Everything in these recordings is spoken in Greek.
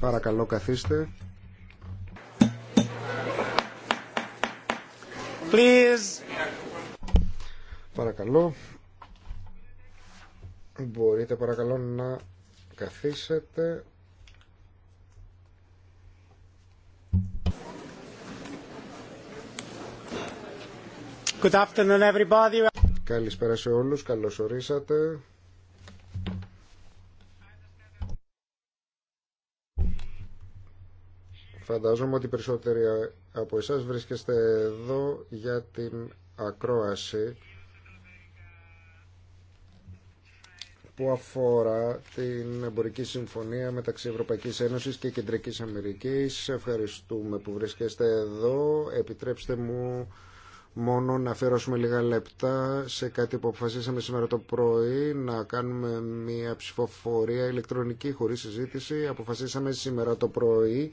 Παρακαλώ καθίστε. Please. Παρακαλώ. Μπορείτε παρακαλώ να καθίσετε. Good afternoon everybody. Καλησπέρα σε όλους, καλώς ορίσατε. Φαντάζομαι ότι περισσότεροι από εσάς βρίσκεστε εδώ για την ακρόαση που αφορά την εμπορική συμφωνία μεταξύ Ευρωπαϊκής Ένωσης και Κεντρικής Αμερικής. Ευχαριστούμε που βρίσκεστε εδώ. Επιτρέψτε μου μόνο να αφιερώσουμε λίγα λεπτά σε κάτι που αποφασίσαμε σήμερα το πρωί να κάνουμε μια ψηφοφορία ηλεκτρονική χωρίς συζήτηση. Αποφασίσαμε σήμερα το πρωί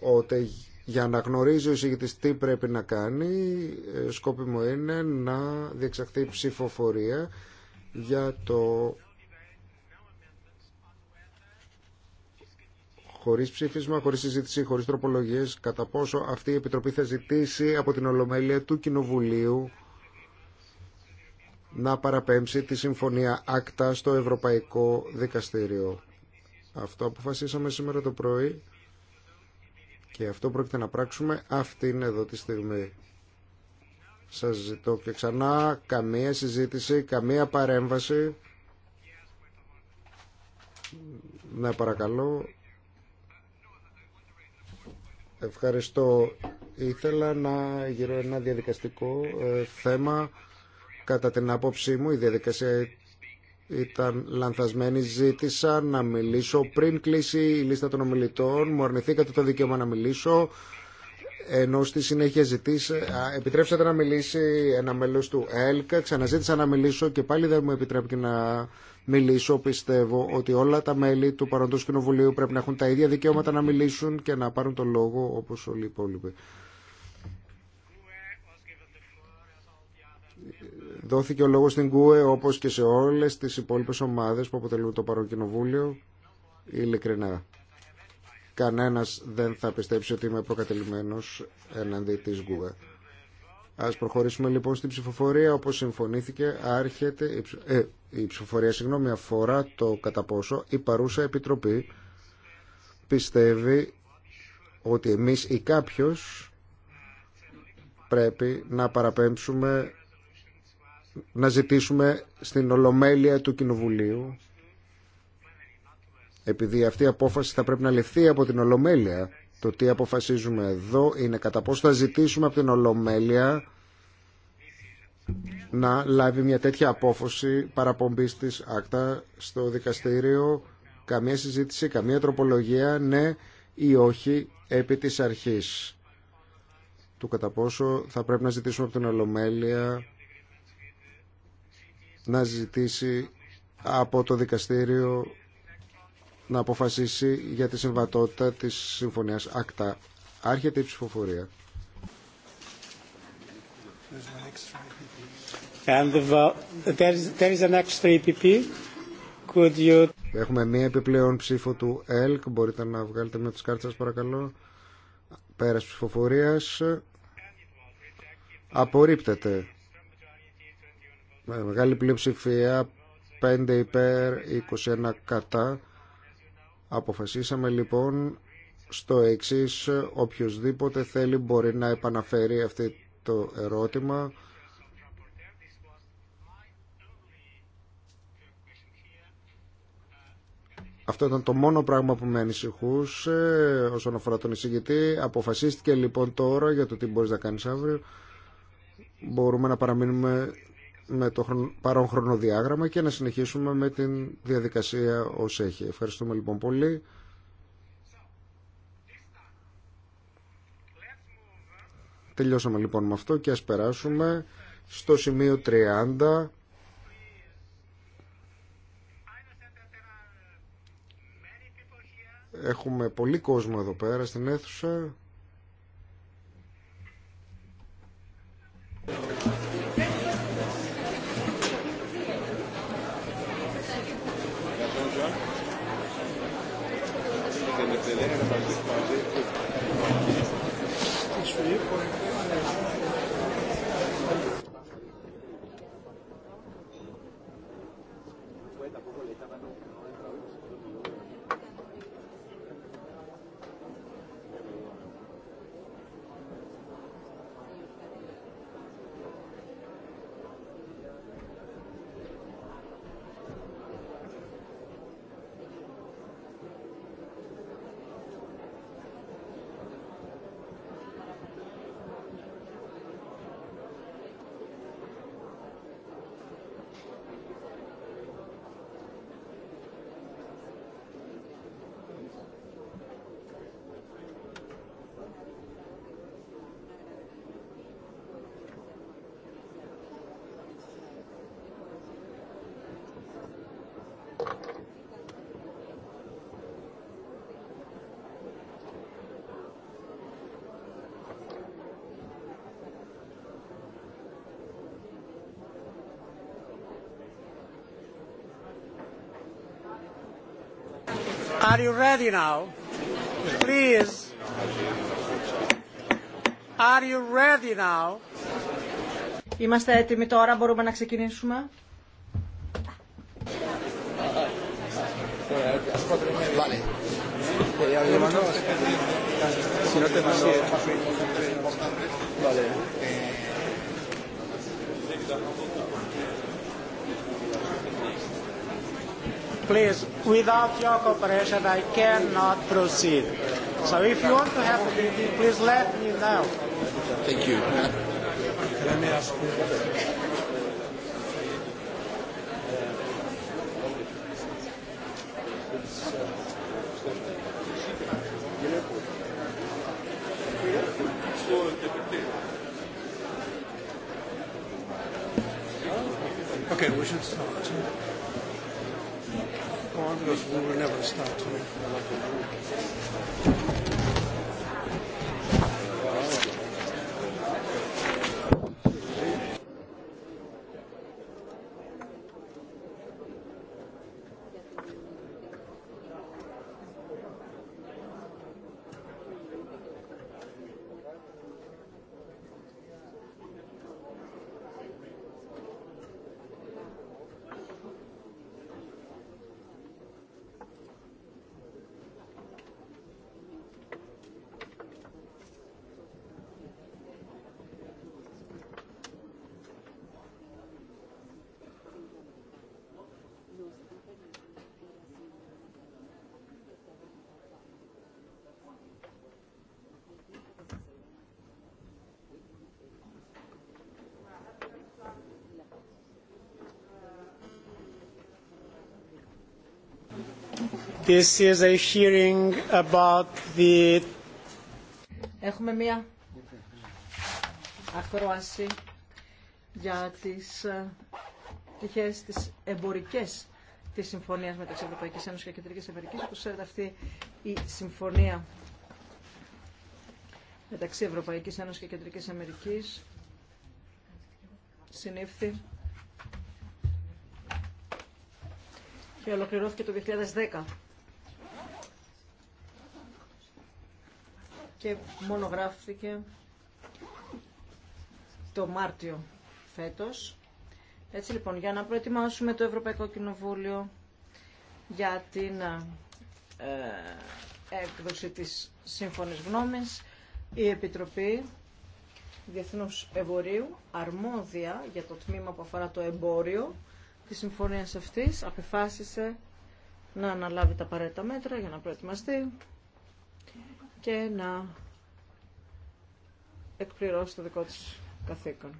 ότι για να γνωρίζει ο εισηγητής τι πρέπει να κάνει, ε, σκόπιμο είναι να διεξαχθεί ψηφοφορία για το χωρί ψήφισμα, χωρί συζήτηση, χωρί τροπολογίες κατά πόσο αυτή η Επιτροπή θα ζητήσει από την Ολομέλεια του Κοινοβουλίου να παραπέμψει τη Συμφωνία Άκτα στο Ευρωπαϊκό Δικαστήριο. Αυτό αποφασίσαμε σήμερα το πρωί και αυτό πρόκειται να πράξουμε αυτήν εδώ τη στιγμή. Σας ζητώ και ξανά καμία συζήτηση, καμία παρέμβαση. Ναι, παρακαλώ. Ευχαριστώ. Ήθελα να γύρω ένα διαδικαστικό ε, θέμα. Κατά την άποψή μου, η διαδικασία ήταν λανθασμένη, Ζήτησα να μιλήσω πριν κλείσει η λίστα των ομιλητών. Μου αρνηθήκατε το δικαίωμα να μιλήσω. Ενώ στη συνέχεια ζητήσα, επιτρέψατε να μιλήσει ένα μέλος του ΕΛΚΑ, ξαναζήτησα να μιλήσω και πάλι δεν μου επιτρέπει να μιλήσω. Πιστεύω ότι όλα τα μέλη του παροντός κοινοβουλίου πρέπει να έχουν τα ίδια δικαιώματα να μιλήσουν και να πάρουν το λόγο όπως όλοι οι υπόλοιποι. δόθηκε ο λόγο στην ΚΟΕ όπως και σε όλες τις υπόλοιπες ομάδες που αποτελούν το παρόν κοινοβούλιο ειλικρινά. Κανένας δεν θα πιστέψει ότι είμαι προκατελημένο εναντί της ΚΟΕ. Ας προχωρήσουμε λοιπόν στην ψηφοφορία όπως συμφωνήθηκε άρχεται ε, η, ψηφοφορία συγγνώμη αφορά το κατά πόσο η παρούσα επιτροπή πιστεύει ότι εμείς ή κάποιος πρέπει να παραπέμψουμε να ζητήσουμε στην Ολομέλεια του Κοινοβουλίου επειδή αυτή η απόφαση θα πρέπει να ληφθεί από την Ολομέλεια το τι αποφασίζουμε εδώ είναι κατά πόσο θα ζητήσουμε από την Ολομέλεια να λάβει μια τέτοια απόφαση παραπομπής της άκτα στο δικαστήριο καμία συζήτηση, καμία τροπολογία ναι ή όχι επί της αρχής του κατά πόσο θα πρέπει να ζητήσουμε από την Ολομέλεια να ζητήσει από το δικαστήριο να αποφασίσει για τη συμβατότητα της συμφωνίας ΑΚΤΑ. Άρχεται η ψηφοφορία. Έχουμε μία επιπλέον ψήφο του ΕΛΚ. Μπορείτε να βγάλετε με από τις κάρτες σας παρακαλώ. Πέρας ψηφοφορίας. Απορρίπτεται με μεγάλη πλειοψηφία 5 υπέρ 21 κατά αποφασίσαμε λοιπόν στο εξή οποιοδήποτε θέλει μπορεί να επαναφέρει αυτό το ερώτημα Αυτό ήταν το μόνο πράγμα που με ανησυχούσε όσον αφορά τον εισηγητή. Αποφασίστηκε λοιπόν τώρα για το τι μπορείς να κάνεις αύριο. Μπορούμε να παραμείνουμε με το παρόν χρονοδιάγραμμα και να συνεχίσουμε με την διαδικασία ως έχει. Ευχαριστούμε λοιπόν πολύ. Τελειώσαμε λοιπόν με αυτό και ας περάσουμε στο σημείο 30. Έχουμε πολύ κόσμο εδώ πέρα στην αίθουσα. Are you ready now? Please. Are you ready now? Είμαστε έτοιμοι τώρα, μπορούμε να ξεκινήσουμε. Vale. Please, without your cooperation, I cannot proceed. So if you want to have a meeting, please let me know. Thank you. ask Okay, we should start we were never start. This is a hearing Έχουμε μία ακρόαση για τις ε, τυχές τις εμπορικές της συμφωνίας μεταξύ Ευρωπαϊκής Ένωσης και Κεντρικής Αμερικής. Όπως ξέρετε αυτή η συμφωνία μεταξύ Ευρωπαϊκής Ένωσης και Κεντρικής Αμερικής συνήφθη και ολοκληρώθηκε το 2010. και μονογράφηκε το Μάρτιο φέτος. Έτσι λοιπόν, για να προετοιμάσουμε το Ευρωπαϊκό Κοινοβούλιο για την ε, έκδοση της σύμφωνης γνώμης, η Επιτροπή Διεθνούς Εμπορίου, αρμόδια για το τμήμα που αφορά το εμπόριο της συμφωνίας αυτής, αποφάσισε να αναλάβει τα απαραίτητα μέτρα για να προετοιμαστεί και να εκπληρώσει το δικό της καθήκον.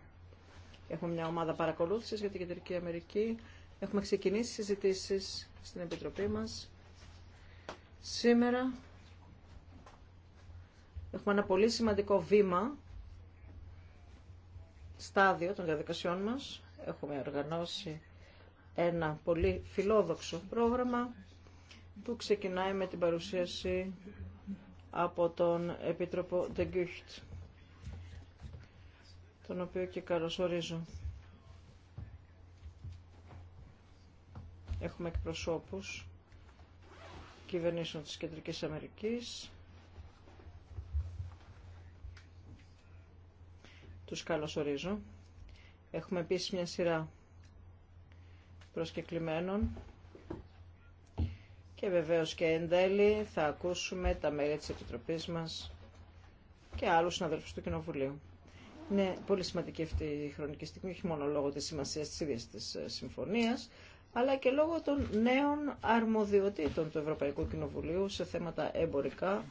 Έχουμε μια ομάδα παρακολούθησης για την Κεντρική Αμερική. Έχουμε ξεκινήσει συζητήσεις στην Επιτροπή μας. Σήμερα έχουμε ένα πολύ σημαντικό βήμα, στάδιο των διαδικασιών μας. Έχουμε οργανώσει ένα πολύ φιλόδοξο πρόγραμμα που ξεκινάει με την παρουσίαση από τον Επίτροπο Δεγκούχτ, τον οποίο και καλωσορίζω. Έχουμε εκπροσώπους κυβερνήσεων της Κεντρικής Αμερικής. Τους καλωσορίζω. Έχουμε επίσης μια σειρά προσκεκλημένων και βεβαίως και εν τέλει θα ακούσουμε τα μέλη της Επιτροπής μας και άλλους συναδέλφους του Κοινοβουλίου. Είναι πολύ σημαντική αυτή η χρονική στιγμή, όχι μόνο λόγω της σημασίας της ίδιας της ε, συμφωνίας, αλλά και λόγω των νέων αρμοδιοτήτων του Ευρωπαϊκού Κοινοβουλίου σε θέματα εμπορικά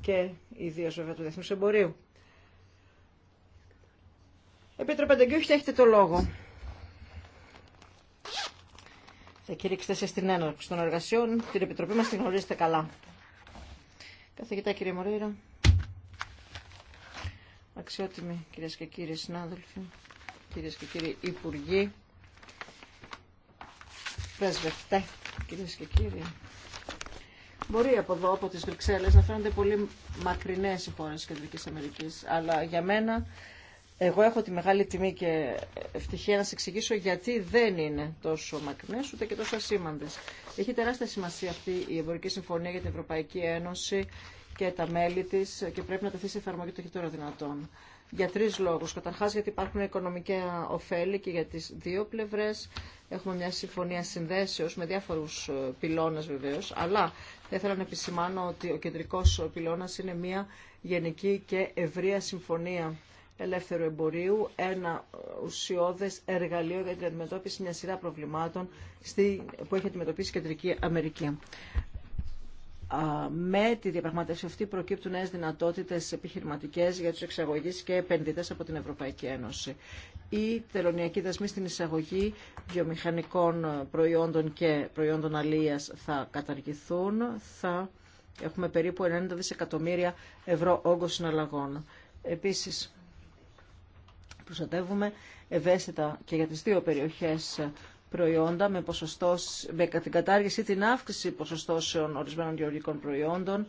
και ιδίω βέβαια του διεθνούς εμπορίου. Επίτροπε έχετε το λόγο θα κηρύξετε εσείς την έναρξη των εργασιών. Την Επιτροπή μας την γνωρίζετε καλά. Καθηγητά κύριε Μωρήρα, αξιότιμοι κυρίε και κύριοι συνάδελφοι, κυρίε και κύριοι υπουργοί, πρεσβευτέ, κυρίε και κύριοι. Μπορεί από εδώ, από τις Βρυξέλλε, να φαίνονται πολύ μακρινές οι χώρε τη Κεντρικής Αμερική. αλλά για μένα εγώ έχω τη μεγάλη τιμή και ευτυχία να σας εξηγήσω γιατί δεν είναι τόσο μακρινέ ούτε και τόσο ασήμαντε. Έχει τεράστια σημασία αυτή η εμπορική συμφωνία για την Ευρωπαϊκή Ένωση και τα μέλη τη, και πρέπει να τεθεί σε εφαρμογή το χειρότερο δυνατόν. Για τρει λόγου. Καταρχά, γιατί υπάρχουν οικονομικά ωφέλη και για τι δύο πλευρέ. Έχουμε μια συμφωνία συνδέσεω με διάφορου ε, πυλώνε βεβαίω. Αλλά θα ήθελα να επισημάνω ότι ο κεντρικό πυλώνα είναι μια γενική και ευρεία συμφωνία ελεύθερου εμπορίου, ένα ουσιώδες εργαλείο για την αντιμετώπιση μια σειρά προβλημάτων που έχει αντιμετωπίσει η Κεντρική Αμερική. Με τη διαπραγματεύση αυτή προκύπτουν νέε δυνατότητε επιχειρηματικέ για του εξαγωγεί και επενδυτέ από την Ευρωπαϊκή Ένωση. Η τελωνιακή δασμή στην εισαγωγή βιομηχανικών προϊόντων και προϊόντων αλληλεία θα καταργηθούν. Θα έχουμε περίπου 90 δισεκατομμύρια ευρώ όγκο συναλλαγών. Επίσης, Προστατεύουμε ευαίσθητα και για τις δύο περιοχές προϊόντα με, ποσοστός, με την κατάργηση την αύξηση ποσοστώσεων ορισμένων γεωργικών προϊόντων.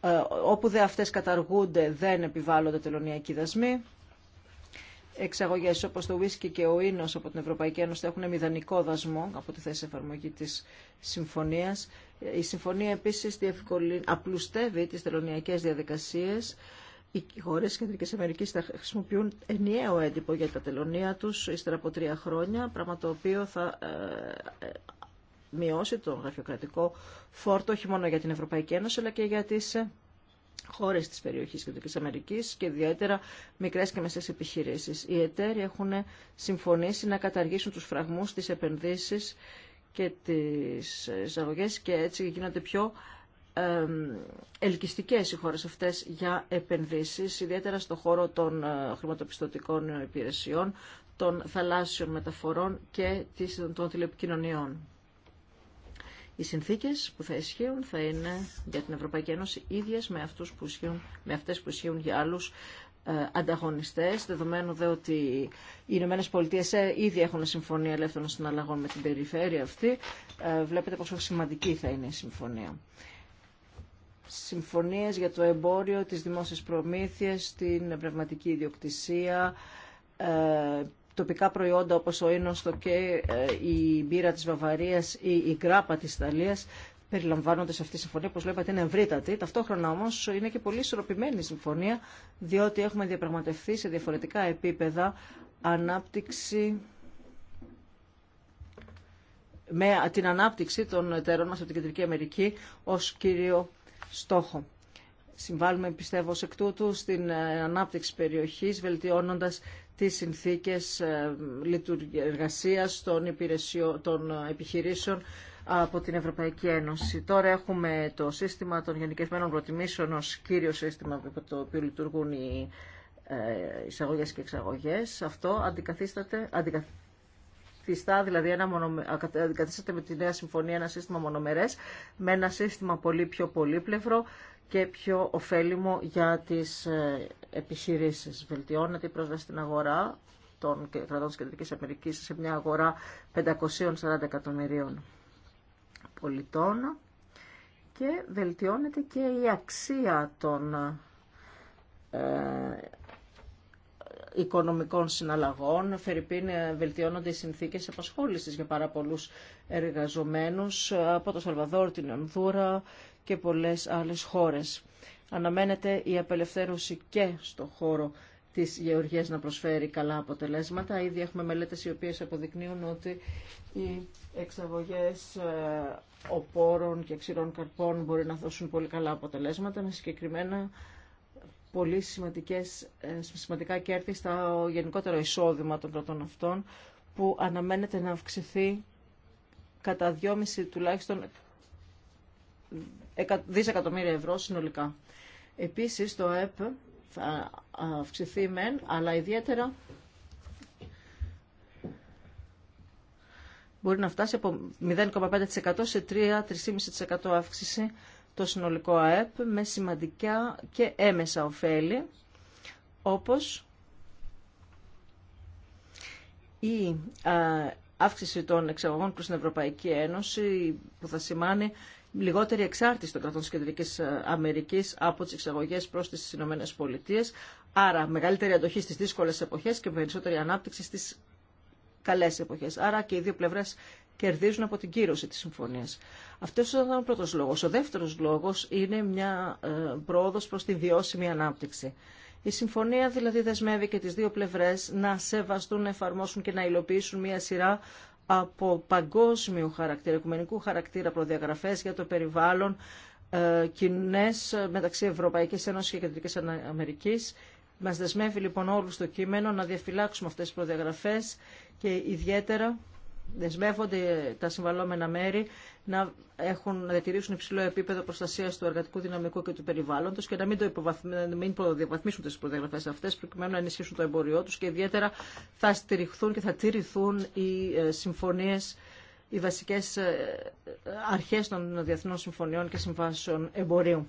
Ε, όπου δε αυτές καταργούνται δεν επιβάλλονται τελωνιακοί δασμοί. Εξαγωγές όπως το ουίσκι και ο ίνος από την Ευρωπαϊκή Ένωση έχουν μηδανικό δασμό από τη θέση εφαρμογή της συμφωνίας. Η συμφωνία επίσης απλουστεύει τις τελωνιακές διαδικασίες οι χώρε τη Κεντρική Αμερική θα χρησιμοποιούν ενιαίο έντυπο για τα τελωνία του ύστερα από τρία χρόνια, πράγμα το οποίο θα ε, ε, μειώσει τον γραφειοκρατικό φόρτο όχι μόνο για την Ευρωπαϊκή Ένωση αλλά και για τι ε, χώρε τη περιοχή Κεντρική Αμερική και ιδιαίτερα μικρέ και μεσαίε επιχειρήσει. Οι εταίροι έχουν συμφωνήσει να καταργήσουν του φραγμού, τι επενδύσει και τι εισαγωγέ και έτσι γίνονται πιο ελκυστικές οι χώρες αυτές για επενδύσεις, ιδιαίτερα στον χώρο των ε, χρηματοπιστωτικών υπηρεσιών, των θαλάσσιων μεταφορών και των τηλεπικοινωνιών. Οι συνθήκες που θα ισχύουν θα είναι για την Ευρωπαϊκή Ένωση ίδιες με, αυτούς που ισχύουν, με αυτές που ισχύουν για άλλους ε, ανταγωνιστές, δεδομένου δε ότι οι Ηνωμένε Πολιτείες ε, ήδη έχουν συμφωνία ελεύθερων συναλλαγών με την περιφέρεια αυτή, βλέπετε πόσο σημαντική θα είναι η συμφωνία συμφωνίες για το εμπόριο, τις δημόσιες προμήθειες, την πνευματική ιδιοκτησία, ε, τοπικά προϊόντα όπως ο το και ε, η μπύρα της Βαβαρίας ή η γκράπα της Ιταλίας περιλαμβάνονται σε αυτή τη συμφωνία, όπως βλέπετε είναι ευρύτατη. Ταυτόχρονα όμως είναι και πολύ ισορροπημένη η συμφωνία, διότι έχουμε διαπραγματευτεί σε διαφορετικά επίπεδα ανάπτυξη με την ανάπτυξη των εταίρων μας από την Κεντρική Αμερική ως κύριο στόχο. Συμβάλλουμε, πιστεύω, ως εκ τούτου στην ε, ανάπτυξη περιοχής, βελτιώνοντας τις συνθήκες ε, εργασίας των, των ε, επιχειρήσεων από την Ευρωπαϊκή Ένωση. Τώρα έχουμε το σύστημα των γενικευμένων προτιμήσεων ως κύριο σύστημα από το οποίο λειτουργούν οι εισαγωγές και εξαγωγές. Αυτό αντικαθίσταται, κλειστά, δηλαδή ένα μονομε... με τη νέα συμφωνία ένα σύστημα μονομερές με ένα σύστημα πολύ πιο πολύπλευρο και πιο ωφέλιμο για τις ε, επιχειρήσεις. Βελτιώνεται η πρόσβαση στην αγορά των κρατών της Κεντρικής Αμερικής σε μια αγορά 540 εκατομμυρίων πολιτών και βελτιώνεται και η αξία των ε, οικονομικών συναλλαγών. Φερρυπίν ε, βελτιώνονται οι συνθήκες απασχόληση για πάρα πολλού εργαζομένους ε, από το Σαλβαδόρ, την Ονδούρα και πολλές άλλες χώρες. Αναμένεται η απελευθέρωση και στο χώρο της γεωργίας να προσφέρει καλά αποτελέσματα. Ήδη έχουμε μελέτες οι οποίες αποδεικνύουν ότι οι εξαγωγέ ε, οπόρων και ξηρών καρπών μπορεί να δώσουν πολύ καλά αποτελέσματα με συγκεκριμένα πολύ σημαντικές, ε, σημαντικά κέρδη στα γενικότερο εισόδημα των πρωτών αυτών που αναμένεται να αυξηθεί κατά 2,5 τουλάχιστον δισεκατομμύρια ευρώ συνολικά. Επίσης το ΕΠ θα αυξηθεί μεν, αλλά ιδιαίτερα μπορεί να φτάσει από 0,5% σε 3-3,5% αύξηση το συνολικό ΑΕΠ με σημαντικά και έμεσα ωφέλη, όπως η αύξηση των εξαγωγών προς την Ευρωπαϊκή Ένωση που θα σημάνει λιγότερη εξάρτηση των κρατών της Κεντρικής Αμερικής από τις εξαγωγές προς τις Ηνωμένες Πολιτείες, άρα μεγαλύτερη αντοχή στις δύσκολες εποχές και περισσότερη ανάπτυξη στις καλές εποχές. Άρα και οι δύο πλευρές κερδίζουν από την κύρωση της συμφωνίας. Αυτός ήταν ο πρώτος λόγος. Ο δεύτερος λόγος είναι μια ε, πρόοδος προς τη βιώσιμη ανάπτυξη. Η συμφωνία δηλαδή δεσμεύει και τις δύο πλευρές να σεβαστούν, να εφαρμόσουν και να υλοποιήσουν μια σειρά από παγκόσμιου χαρακτήρα, οικουμενικού χαρακτήρα προδιαγραφές για το περιβάλλον, ε, κοινέ ε, μεταξύ Ευρωπαϊκής Ένωσης και Κεντρικής Αμερικής, μας δεσμεύει λοιπόν όλους το κείμενο να διαφυλάξουμε αυτές τις προδιαγραφές και ιδιαίτερα δεσμεύονται τα συμβαλόμενα μέρη να, έχουν, να διατηρήσουν υψηλό επίπεδο προστασία του εργατικού δυναμικού και του περιβάλλοντο και να μην, το να τι προδιαγραφέ αυτέ προκειμένου να ενισχύσουν το εμποριό του και ιδιαίτερα θα στηριχθούν και θα τηρηθούν οι ε, συμφωνίε, οι βασικέ ε, αρχέ των διεθνών συμφωνιών και συμβάσεων εμπορίου.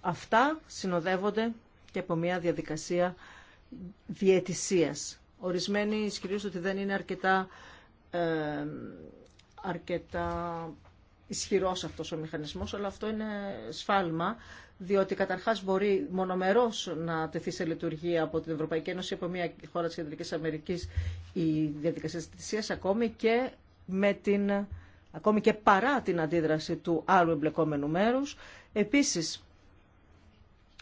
Αυτά συνοδεύονται και από μια διαδικασία διαιτησίας. Ορισμένοι ισχυρίζονται ότι δεν είναι αρκετά ε, αρκετά ισχυρός αυτός ο μηχανισμός, αλλά αυτό είναι σφάλμα, διότι καταρχάς μπορεί μονομερός να τεθεί σε λειτουργία από την Ευρωπαϊκή Ένωση, από μια χώρα της Κεντρικής Αμερικής η διαδικασία της ακόμη και με την ακόμη και παρά την αντίδραση του άλλου εμπλεκόμενου μέρους. Επίσης,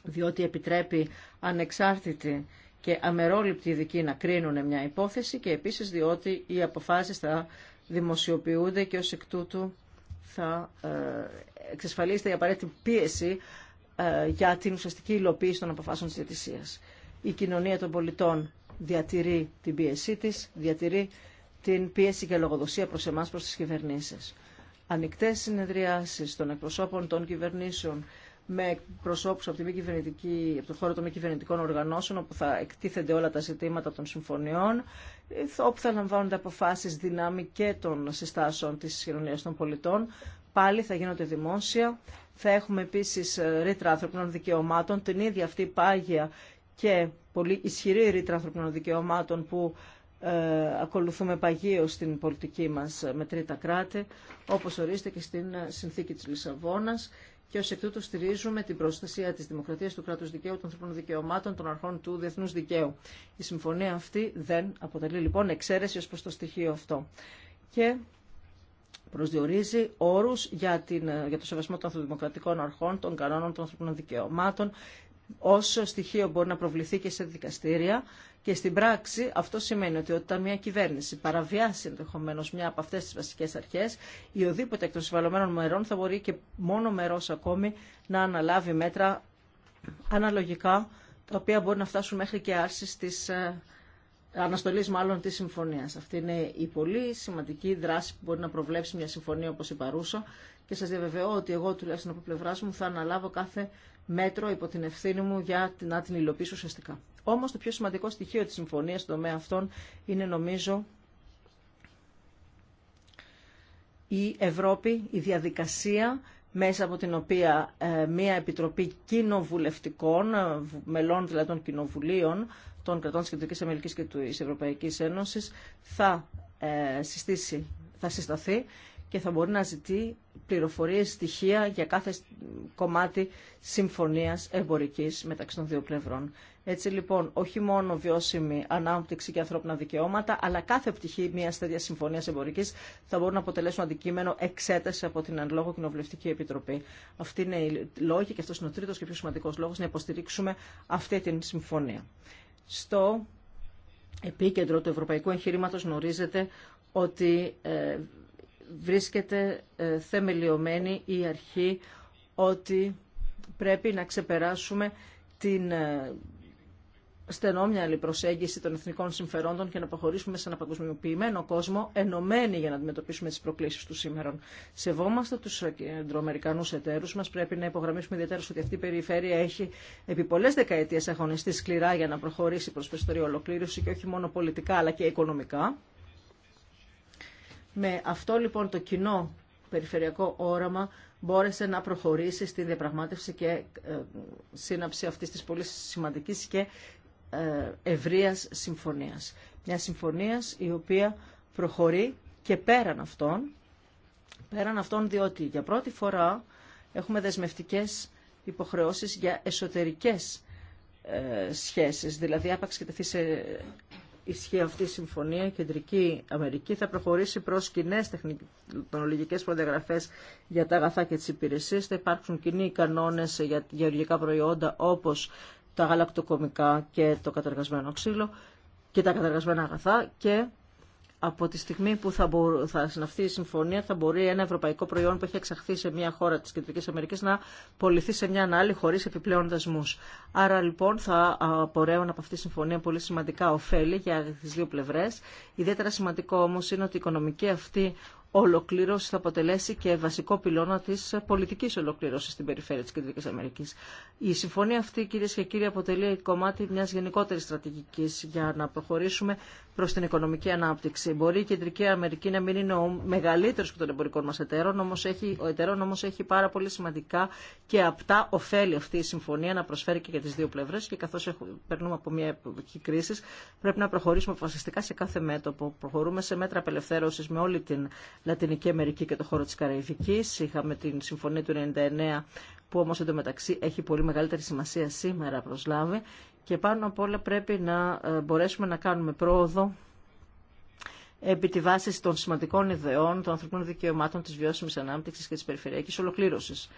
διότι επιτρέπει ανεξάρτητη και αμερόληπτοι ειδικοί να κρίνουν μια υπόθεση και επίσης διότι οι αποφάσεις θα δημοσιοποιούνται και ως εκ τούτου θα ε, εξασφαλίσετε η απαραίτητη πίεση ε, για την ουσιαστική υλοποίηση των αποφάσεων της διατησίας. Η κοινωνία των πολιτών διατηρεί την πίεσή της, διατηρεί την πίεση και λογοδοσία προς εμάς, προς τις κυβερνήσεις. Ανοιχτές συνεδριάσεις των εκπροσώπων των κυβερνήσεων με προσώπους από, από το χώρο των μη κυβερνητικών οργανώσεων, όπου θα εκτίθενται όλα τα ζητήματα των συμφωνιών, όπου θα λαμβάνονται αποφάσεις δυνάμει και των συστάσεων της κοινωνία των πολιτών. Πάλι θα γίνονται δημόσια. Θα έχουμε επίσης ε, ρήτρα ανθρωπινών δικαιωμάτων, την ίδια αυτή πάγια και πολύ ισχυρή ρήτρα ανθρωπινών δικαιωμάτων που ε, ακολουθούμε παγίω στην πολιτική μας ε, με τρίτα κράτη, όπως ορίστε και στην συνθήκη της Λισαβόνας και ω εκ τούτου στηρίζουμε την προστασία της δημοκρατίας, του Κράτου δικαίου, των ανθρωπίνων δικαιωμάτων, των αρχών του διεθνού δικαίου. Η συμφωνία αυτή δεν αποτελεί λοιπόν εξαίρεση ως προς το στοιχείο αυτό. Και προσδιορίζει όρους για, ε, για το σεβασμό των ανθρωπινων αρχών, των κανόνων των ανθρωπίνων δικαιωμάτων, όσο στοιχείο μπορεί να προβληθεί και σε δικαστήρια. Και στην πράξη αυτό σημαίνει ότι όταν μια κυβέρνηση παραβιάσει ενδεχομένω μια από αυτέ τι βασικέ αρχέ, η οδήποτε εκ των συμβαλωμένων μερών θα μπορεί και μόνο μερό ακόμη να αναλάβει μέτρα αναλογικά, τα οποία μπορεί να φτάσουν μέχρι και άρση τη ε, αναστολή μάλλον τη συμφωνία. Αυτή είναι η πολύ σημαντική δράση που μπορεί να προβλέψει μια συμφωνία όπω η παρούσα και σα διαβεβαιώ ότι εγώ τουλάχιστον από πλευρά μου θα αναλάβω κάθε μέτρο υπό την ευθύνη μου για να την υλοποιήσω ουσιαστικά. Όμω το πιο σημαντικό στοιχείο τη συμφωνία στον τομέα αυτών είναι νομίζω η Ευρώπη, η διαδικασία μέσα από την οποία ε, μια επιτροπή κοινοβουλευτικών, ε, μελών δηλαδή των κοινοβουλίων, των κρατών της Κεντρικής Αμερικής και της Ευρωπαϊκής Ένωσης, θα ε, συστήσει, θα συσταθεί και θα μπορεί να ζητεί πληροφορίες, στοιχεία για κάθε κομμάτι συμφωνίας εμπορικής μεταξύ των δύο πλευρών. Έτσι λοιπόν, όχι μόνο βιώσιμη ανάπτυξη και ανθρώπινα δικαιώματα, αλλά κάθε πτυχή μια τέτοια συμφωνία εμπορική θα μπορούν να αποτελέσουν αντικείμενο εξέταση από την Εν Κοινοβουλευτική Επιτροπή. Αυτή είναι η λόγη και αυτό είναι ο τρίτο και πιο σημαντικό λόγο να υποστηρίξουμε αυτή την συμφωνία. Στο επίκεντρο του ευρωπαϊκού εγχειρήματο γνωρίζετε ότι ε, βρίσκεται ε, θεμελιωμένη η αρχή ότι πρέπει να ξεπεράσουμε την ε, στενόμυαλη προσέγγιση των εθνικών συμφερόντων και να προχωρήσουμε σε ένα παγκοσμιοποιημένο κόσμο, ενωμένοι για να αντιμετωπίσουμε τι προκλήσεις του σήμερα. Σεβόμαστε τους κεντροαμερικανού εταίρους μας. Πρέπει να υπογραμμίσουμε ιδιαίτερα ότι αυτή η περιφέρεια έχει επί πολλέ δεκαετίες αγωνιστεί σκληρά για να προχωρήσει προς περισσότερη ολοκλήρωση και όχι μόνο πολιτικά αλλά και οικονομικά. Με αυτό λοιπόν το κοινό περιφερειακό όραμα μπόρεσε να προχωρήσει στη διαπραγμάτευση και ε, σύναψη αυτής της πολύ σημαντικής και ε, ευρείας συμφωνίας. Μια συμφωνίας η οποία προχωρεί και πέραν αυτών, πέραν αυτών διότι για πρώτη φορά έχουμε δεσμευτικές υποχρεώσεις για εσωτερικές ε, σχέσεις, δηλαδή άπαξ και τεθεί σε ισχύει αυτή η συμφωνία, η Κεντρική Αμερική θα προχωρήσει προ κοινέ τεχνολογικέ προδιαγραφέ για τα αγαθά και τι υπηρεσίε. Θα υπάρξουν κοινοί κανόνε για γεωργικά προϊόντα όπω τα γαλακτοκομικά και το καταργασμένο ξύλο και τα καταργασμένα αγαθά και από τη στιγμή που θα, μπο... θα συναυθεί η συμφωνία θα μπορεί ένα ευρωπαϊκό προϊόν που έχει εξαχθεί σε μια χώρα της Κεντρικής Αμερικής να πολιθεί σε μια άλλη χωρί επιπλέον δασμούς. Άρα λοιπόν θα απορρέουν από αυτή τη συμφωνία πολύ σημαντικά ωφέλη για τις δύο πλευρές. Ιδιαίτερα σημαντικό όμως είναι ότι η οικονομική αυτή ολοκλήρωση θα αποτελέσει και βασικό πυλώνα τη πολιτική ολοκλήρωση στην περιφέρεια τη Κεντρική Αμερική. Η συμφωνία αυτή, κυρίε και κύριοι, αποτελεί κομμάτι μια γενικότερη στρατηγική για να προχωρήσουμε προ την οικονομική ανάπτυξη. Μπορεί η Κεντρική Αμερική να μην είναι ο μεγαλύτερο των εμπορικών μα εταίρων, όμως έχει, ο εταίρων όμω έχει πάρα πολύ σημαντικά και απτά ωφέλη αυτή η συμφωνία να προσφέρει και για τι δύο πλευρέ και καθώ περνούμε από μια εποχή κρίση, πρέπει να προχωρήσουμε αποφασιστικά σε κάθε μέτωπο. Προχωρούμε σε μέτρα απελευθέρωση με όλη την Λατινική Αμερική και το χώρο της Καραϊβικής. Είχαμε την συμφωνία του 99 που όμως εντωμεταξύ έχει πολύ μεγαλύτερη σημασία σήμερα προσλάβει και πάνω απ' όλα πρέπει να ε, μπορέσουμε να κάνουμε πρόοδο επί τη βάση των σημαντικών ιδεών, των ανθρωπίνων δικαιωμάτων, της βιώσιμης ανάπτυξης και της περιφερειακής ολοκλήρωσης.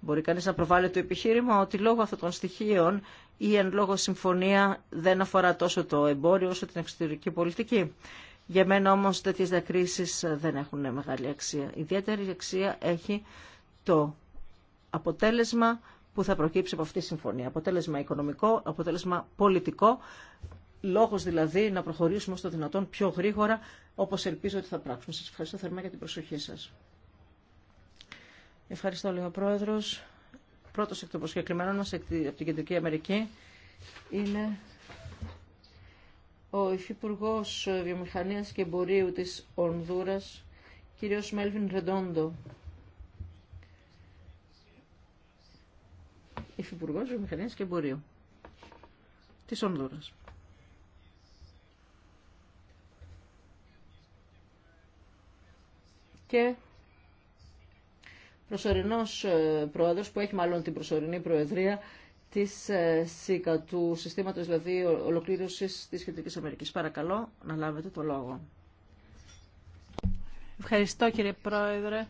Μπορεί κανείς να προβάλλει το επιχείρημα ότι λόγω αυτών των στοιχείων ή εν λόγω συμφωνία δεν αφορά τόσο το εμπόριο όσο την εξωτερική πολιτική. Για μένα όμως τέτοιες διακρίσεις δεν έχουν μεγάλη αξία. ιδιαίτερη αξία έχει το αποτέλεσμα που θα προκύψει από αυτή τη συμφωνία. Αποτέλεσμα οικονομικό, αποτέλεσμα πολιτικό, λόγος δηλαδή να προχωρήσουμε στο δυνατόν πιο γρήγορα, όπως ελπίζω ότι θα πράξουμε. Σας ευχαριστώ θερμά για την προσοχή σας. Ευχαριστώ, λέει Πρόεδρος. Πρώτος εκ των προσκεκλημένων μας από την Κεντρική Αμερική είναι ο Υφυπουργό Βιομηχανίας και Εμπορίου της Ονδούρας, κύριος Μέλβιν Ρεντόντο. Υφυπουργό Βιομηχανίας και Εμπορίου της Ονδούρας. Και προσωρινός ε, πρόεδρος που έχει μάλλον την προσωρινή προεδρία της ε, ΣΥΚΑ, του συστήματος δηλαδή ολοκλήρωσης της Κεντρικής Αμερικής. Παρακαλώ να λάβετε το λόγο. Ευχαριστώ κύριε Πρόεδρε.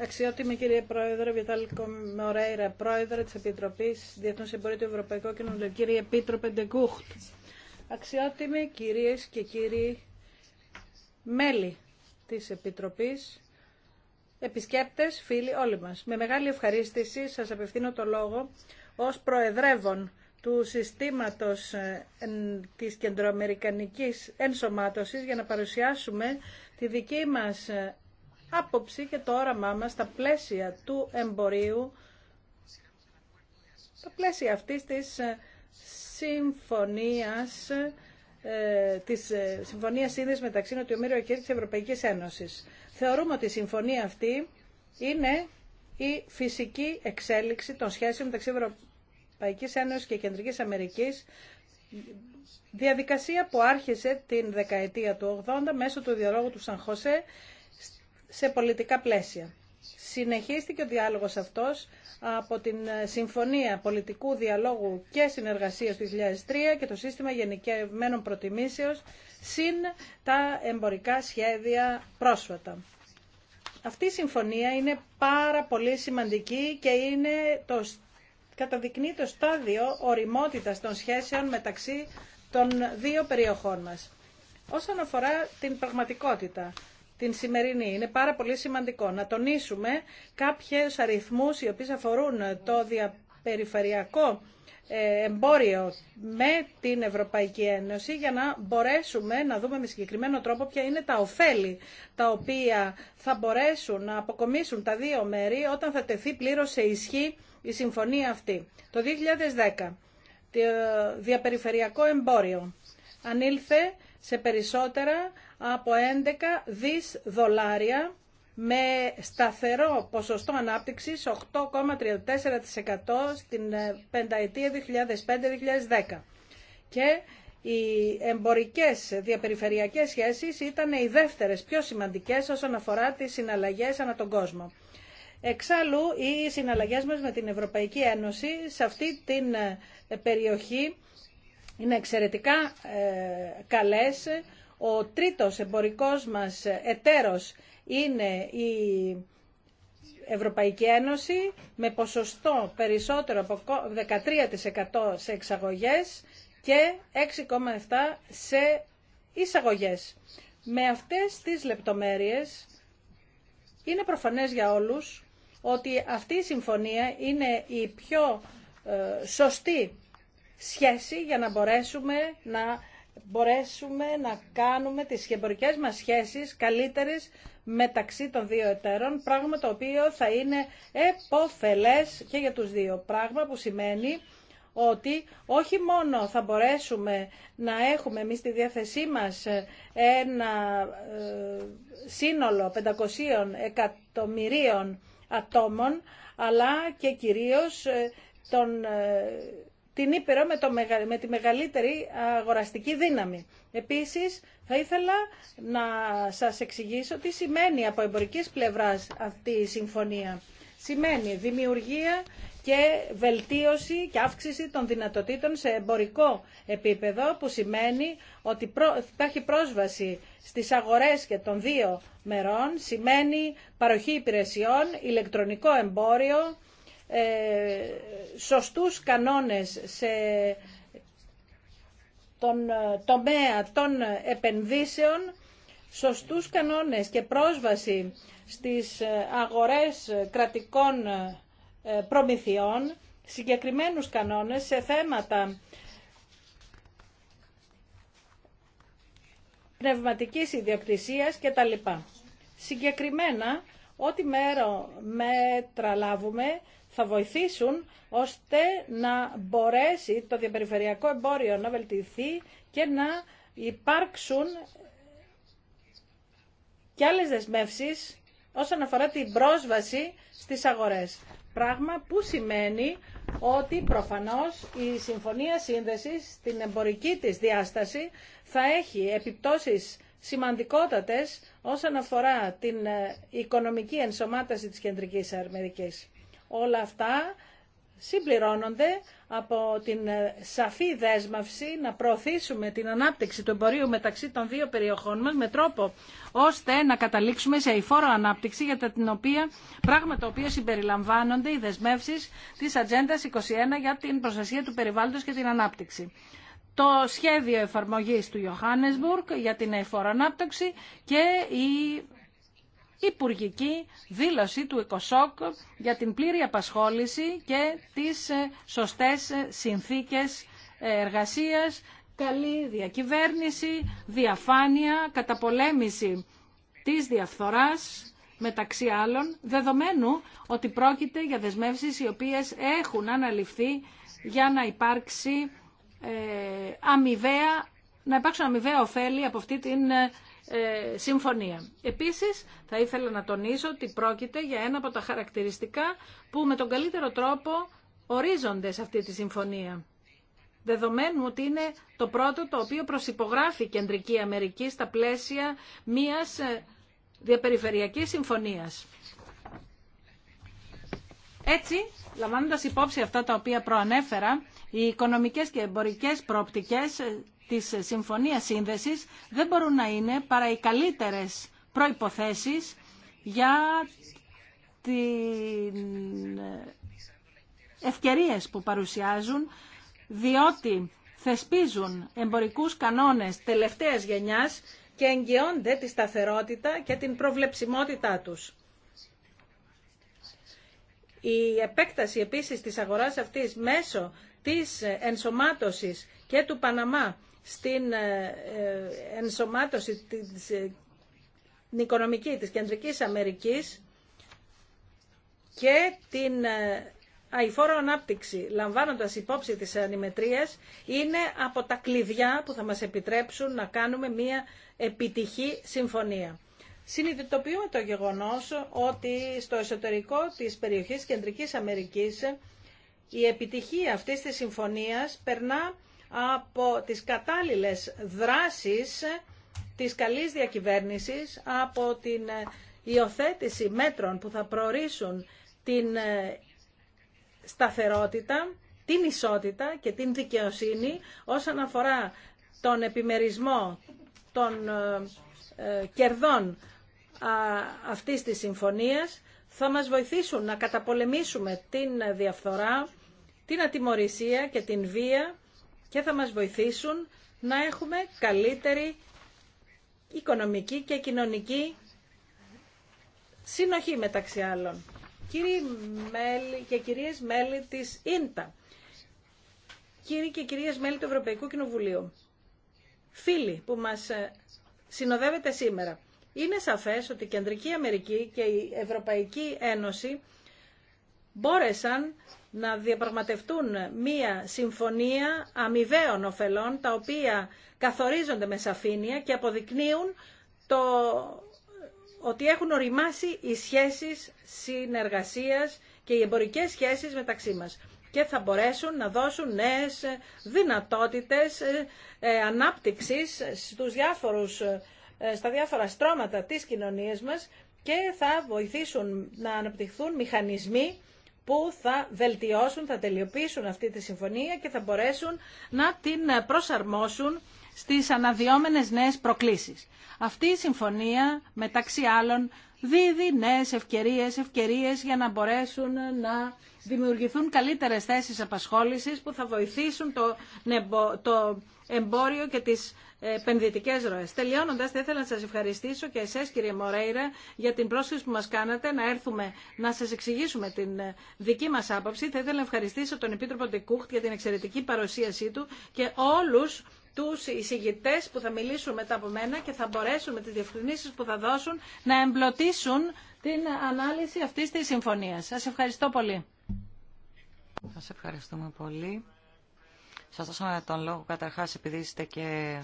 Αξιότιμη κύριε Πρόεδρε, Βιτάλικο Μορέιρα, Πρόεδρε της Επιτροπής Διεθνούς Εμπορίου του Ευρωπαϊκού Κοινωνικού, κύριε Επίτροπε Ντεγκούχτ. Αξιότιμοι κυρίες και κύριοι μέλη της Επιτροπής, επισκέπτες, φίλοι όλοι μας. Με μεγάλη ευχαρίστηση σας απευθύνω το λόγο ως προεδρεύων του συστήματος ε, της κεντροαμερικανικής ενσωμάτωσης για να παρουσιάσουμε τη δική μας ε, άποψη και το όραμά μας στα πλαίσια του εμπορίου, στα πλαίσια αυτής της ε, συμφωνίας της Συμφωνίας μεταξύ Νοτιομήρου και της Ευρωπαϊκής Ένωσης. Θεωρούμε ότι η συμφωνία αυτή είναι η φυσική εξέλιξη των σχέσεων μεταξύ Ευρωπαϊκής Ένωσης και Κεντρικής Αμερικής διαδικασία που άρχισε την δεκαετία του 80 μέσω του διαλόγου του Σαν Χωσέ σε πολιτικά πλαίσια. Συνεχίστηκε ο διάλογος αυτός από την Συμφωνία Πολιτικού Διαλόγου και Συνεργασίας του 2003 και το Σύστημα Γενικευμένων Προτιμήσεως συν τα εμπορικά σχέδια πρόσφατα. Αυτή η συμφωνία είναι πάρα πολύ σημαντική και είναι το καταδεικνύει το στάδιο οριμότητας των σχέσεων μεταξύ των δύο περιοχών μας. Όσον αφορά την πραγματικότητα, την σημερινή, είναι πάρα πολύ σημαντικό να τονίσουμε κάποιες αριθμούς οι οποίοι αφορούν το διαπεριφερειακό ε, εμπόριο με την Ευρωπαϊκή Ένωση για να μπορέσουμε να δούμε με συγκεκριμένο τρόπο ποια είναι τα ωφέλη τα οποία θα μπορέσουν να αποκομίσουν τα δύο μέρη όταν θα τεθεί πλήρως σε ισχύ η συμφωνία αυτή. Το 2010 το διαπεριφερειακό εμπόριο ανήλθε σε περισσότερα από 11 δις δολάρια με σταθερό ποσοστό ανάπτυξης 8,34% στην ε, πενταετία 2005-2010. Και οι εμπορικές διαπεριφερειακές σχέσεις ήταν οι δεύτερες πιο σημαντικές όσον αφορά τις συναλλαγές ανά τον κόσμο. Εξάλλου, οι συναλλαγές μας με την Ευρωπαϊκή Ένωση σε αυτή την ε, περιοχή είναι εξαιρετικά ε, καλές. Ο τρίτος εμπορικός μας εταίρος είναι η Ευρωπαϊκή Ένωση με ποσοστό περισσότερο από 13% σε εξαγωγές και 6,7% σε εισαγωγές. Με αυτές τις λεπτομέρειες είναι προφανές για όλους ότι αυτή η συμφωνία είναι η πιο ε, σωστή σχέση για να μπορέσουμε να μπορέσουμε να κάνουμε τις χεμπορικές μας σχέσεις καλύτερες μεταξύ των δύο εταίρων, πράγμα το οποίο θα είναι εποφελές και για τους δύο. Πράγμα που σημαίνει ότι όχι μόνο θα μπορέσουμε να έχουμε εμείς στη διάθεσή μας ε, ένα ε, σύνολο 500 εκατομμυρίων ατόμων, αλλά και κυρίως ε, τον, ε, την Ήπειρο με, το, με τη μεγαλύτερη αγοραστική δύναμη. Επίσης, θα ήθελα να σας εξηγήσω τι σημαίνει από εμπορικής πλευράς αυτή η συμφωνία. Σημαίνει δημιουργία και βελτίωση και αύξηση των δυνατοτήτων σε εμπορικό επίπεδο που σημαίνει ότι υπάρχει πρόσβαση στις αγορές και των δύο μερών, σημαίνει παροχή υπηρεσιών, ηλεκτρονικό εμπόριο, ε, σωστούς κανόνες σε τον ε, τομέα των επενδύσεων, σωστούς κανόνες και πρόσβαση στις ε, αγορές κρατικών ε, προμηθειών συγκεκριμένους κανόνες σε θέματα πνευματικής ιδιοκτησίας κτλ. Συγκεκριμένα, ό,τι μέρο μέτρα λάβουμε θα βοηθήσουν ώστε να μπορέσει το διαπεριφερειακό εμπόριο να βελτιθεί και να υπάρξουν και άλλες δεσμεύσεις όσον αφορά την πρόσβαση στις αγορές. Πράγμα που σημαίνει ότι προφανώς η Συμφωνία Σύνδεσης στην εμπορική της διάσταση θα έχει επιπτώσεις σημαντικότατες όσον αφορά την ε, οικονομική ενσωμάτωση της Κεντρικής Αμερικής. Όλα αυτά συμπληρώνονται από την ε, σαφή δέσμευση να προωθήσουμε την ανάπτυξη του εμπορίου μεταξύ των δύο περιοχών μας με τρόπο ώστε να καταλήξουμε σε υφόρο ανάπτυξη για την οποία, πράγμα τα οποία συμπεριλαμβάνονται οι δεσμεύσεις της Ατζέντα 21 για την προστασία του περιβάλλοντος και την ανάπτυξη το σχέδιο εφαρμογής του Johannesburg για την ανάπτυξη και η υπουργική δήλωση του ΕΚΟΣΟΚ για την πλήρη απασχόληση και τις ε, σωστές ε, συνθήκες ε, εργασίας, καλή διακυβέρνηση, διαφάνεια, καταπολέμηση της διαφθοράς, μεταξύ άλλων, δεδομένου ότι πρόκειται για δεσμεύσεις οι οποίες έχουν αναλυφθεί για να υπάρξει αμοιβαία, να υπάρξουν αμοιβαία ωφέλη από αυτή την ε, συμφωνία. Επίσης, θα ήθελα να τονίσω ότι πρόκειται για ένα από τα χαρακτηριστικά που με τον καλύτερο τρόπο ορίζονται σε αυτή τη συμφωνία. Δεδομένου ότι είναι το πρώτο το οποίο προσυπογράφει η Κεντρική Αμερική στα πλαίσια μιας ε, διαπεριφερειακής συμφωνίας. Έτσι, λαμβάνοντας υπόψη αυτά τα οποία προανέφερα, οι οικονομικές και εμπορικές προοπτικές ε, της Συμφωνίας Σύνδεσης δεν μπορούν να είναι παρά οι καλύτερες προϋποθέσεις για την ε, ευκαιρίες που παρουσιάζουν, διότι θεσπίζουν εμπορικούς κανόνες τελευταίας γενιάς και εγγυώνται τη σταθερότητα και την προβλεψιμότητά τους. Η επέκταση επίσης της αγοράς αυτής μέσω της ενσωμάτωσης και του Παναμά στην ε, ε, ενσωμάτωση της ε, την οικονομική της Κεντρικής Αμερικής και την αηφόρο ανάπτυξη, λαμβάνοντας υπόψη της ανημετρίας, είναι από τα κλειδιά που θα μας επιτρέψουν να κάνουμε μια επιτυχή συμφωνία. Συνειδητοποιούμε το γεγονός ότι στο εσωτερικό της περιοχής Κεντρικής Αμερικής η επιτυχία αυτής της συμφωνίας περνά από τις κατάλληλες δράσεις της καλής διακυβέρνησης, από την ε, υιοθέτηση μέτρων που θα προορίσουν την ε, σταθερότητα, την ισότητα και την δικαιοσύνη όσον αφορά τον επιμερισμό των ε, κερδών αυτής της συμφωνίας θα μας βοηθήσουν να καταπολεμήσουμε την διαφθορά, την ατιμορρησία και την βία και θα μας βοηθήσουν να έχουμε καλύτερη οικονομική και κοινωνική συνοχή μεταξύ άλλων. Κύριοι μέλη και κυρίες μέλη της ΙΝΤΑ, κύριοι και κυρίες μέλη του Ευρωπαϊκού Κοινοβουλίου, φίλοι που μας ε, συνοδεύετε σήμερα, είναι σαφές ότι η Κεντρική Αμερική και η Ευρωπαϊκή Ένωση μπόρεσαν να διαπραγματευτούν μία συμφωνία αμοιβαίων ωφελών, τα οποία καθορίζονται με σαφήνεια και αποδεικνύουν το ότι έχουν οριμάσει οι σχέσεις συνεργασίας και οι εμπορικές σχέσεις μεταξύ μας και θα μπορέσουν να δώσουν νέες δυνατότητες ε, ανάπτυξης στους διάφορους, ε, στα διάφορα στρώματα της κοινωνίας μας και θα βοηθήσουν να αναπτυχθούν μηχανισμοί που θα βελτιώσουν, θα τελειοποιήσουν αυτή τη συμφωνία και θα μπορέσουν να την προσαρμόσουν στις αναδυόμενες νέες προκλήσεις. Αυτή η συμφωνία, μεταξύ άλλων, δίδει νέες ευκαιρίες, ευκαιρίες για να μπορέσουν να δημιουργηθούν καλύτερες θέσεις απασχόλησης που θα βοηθήσουν το, το εμπόριο και τις επενδυτικέ ροέ. Τελειώνοντα, θα ήθελα να σα ευχαριστήσω και εσέ, κύριε Μορέιρα, για την πρόσκληση που μα κάνατε να έρθουμε να σα εξηγήσουμε την δική μα άποψη. Θα ήθελα να ευχαριστήσω τον Επίτροπο Ντεκούχτ για την εξαιρετική παρουσίασή του και όλου τους εισηγητέ που θα μιλήσουν μετά από μένα και θα μπορέσουν με τις διευκρινήσει που θα δώσουν να εμπλωτίσουν την ανάλυση αυτή τη συμφωνία. Σα ευχαριστώ πολύ. Σας ευχαριστούμε πολύ. Σα δώσαμε τον λόγο καταρχά επειδή είστε και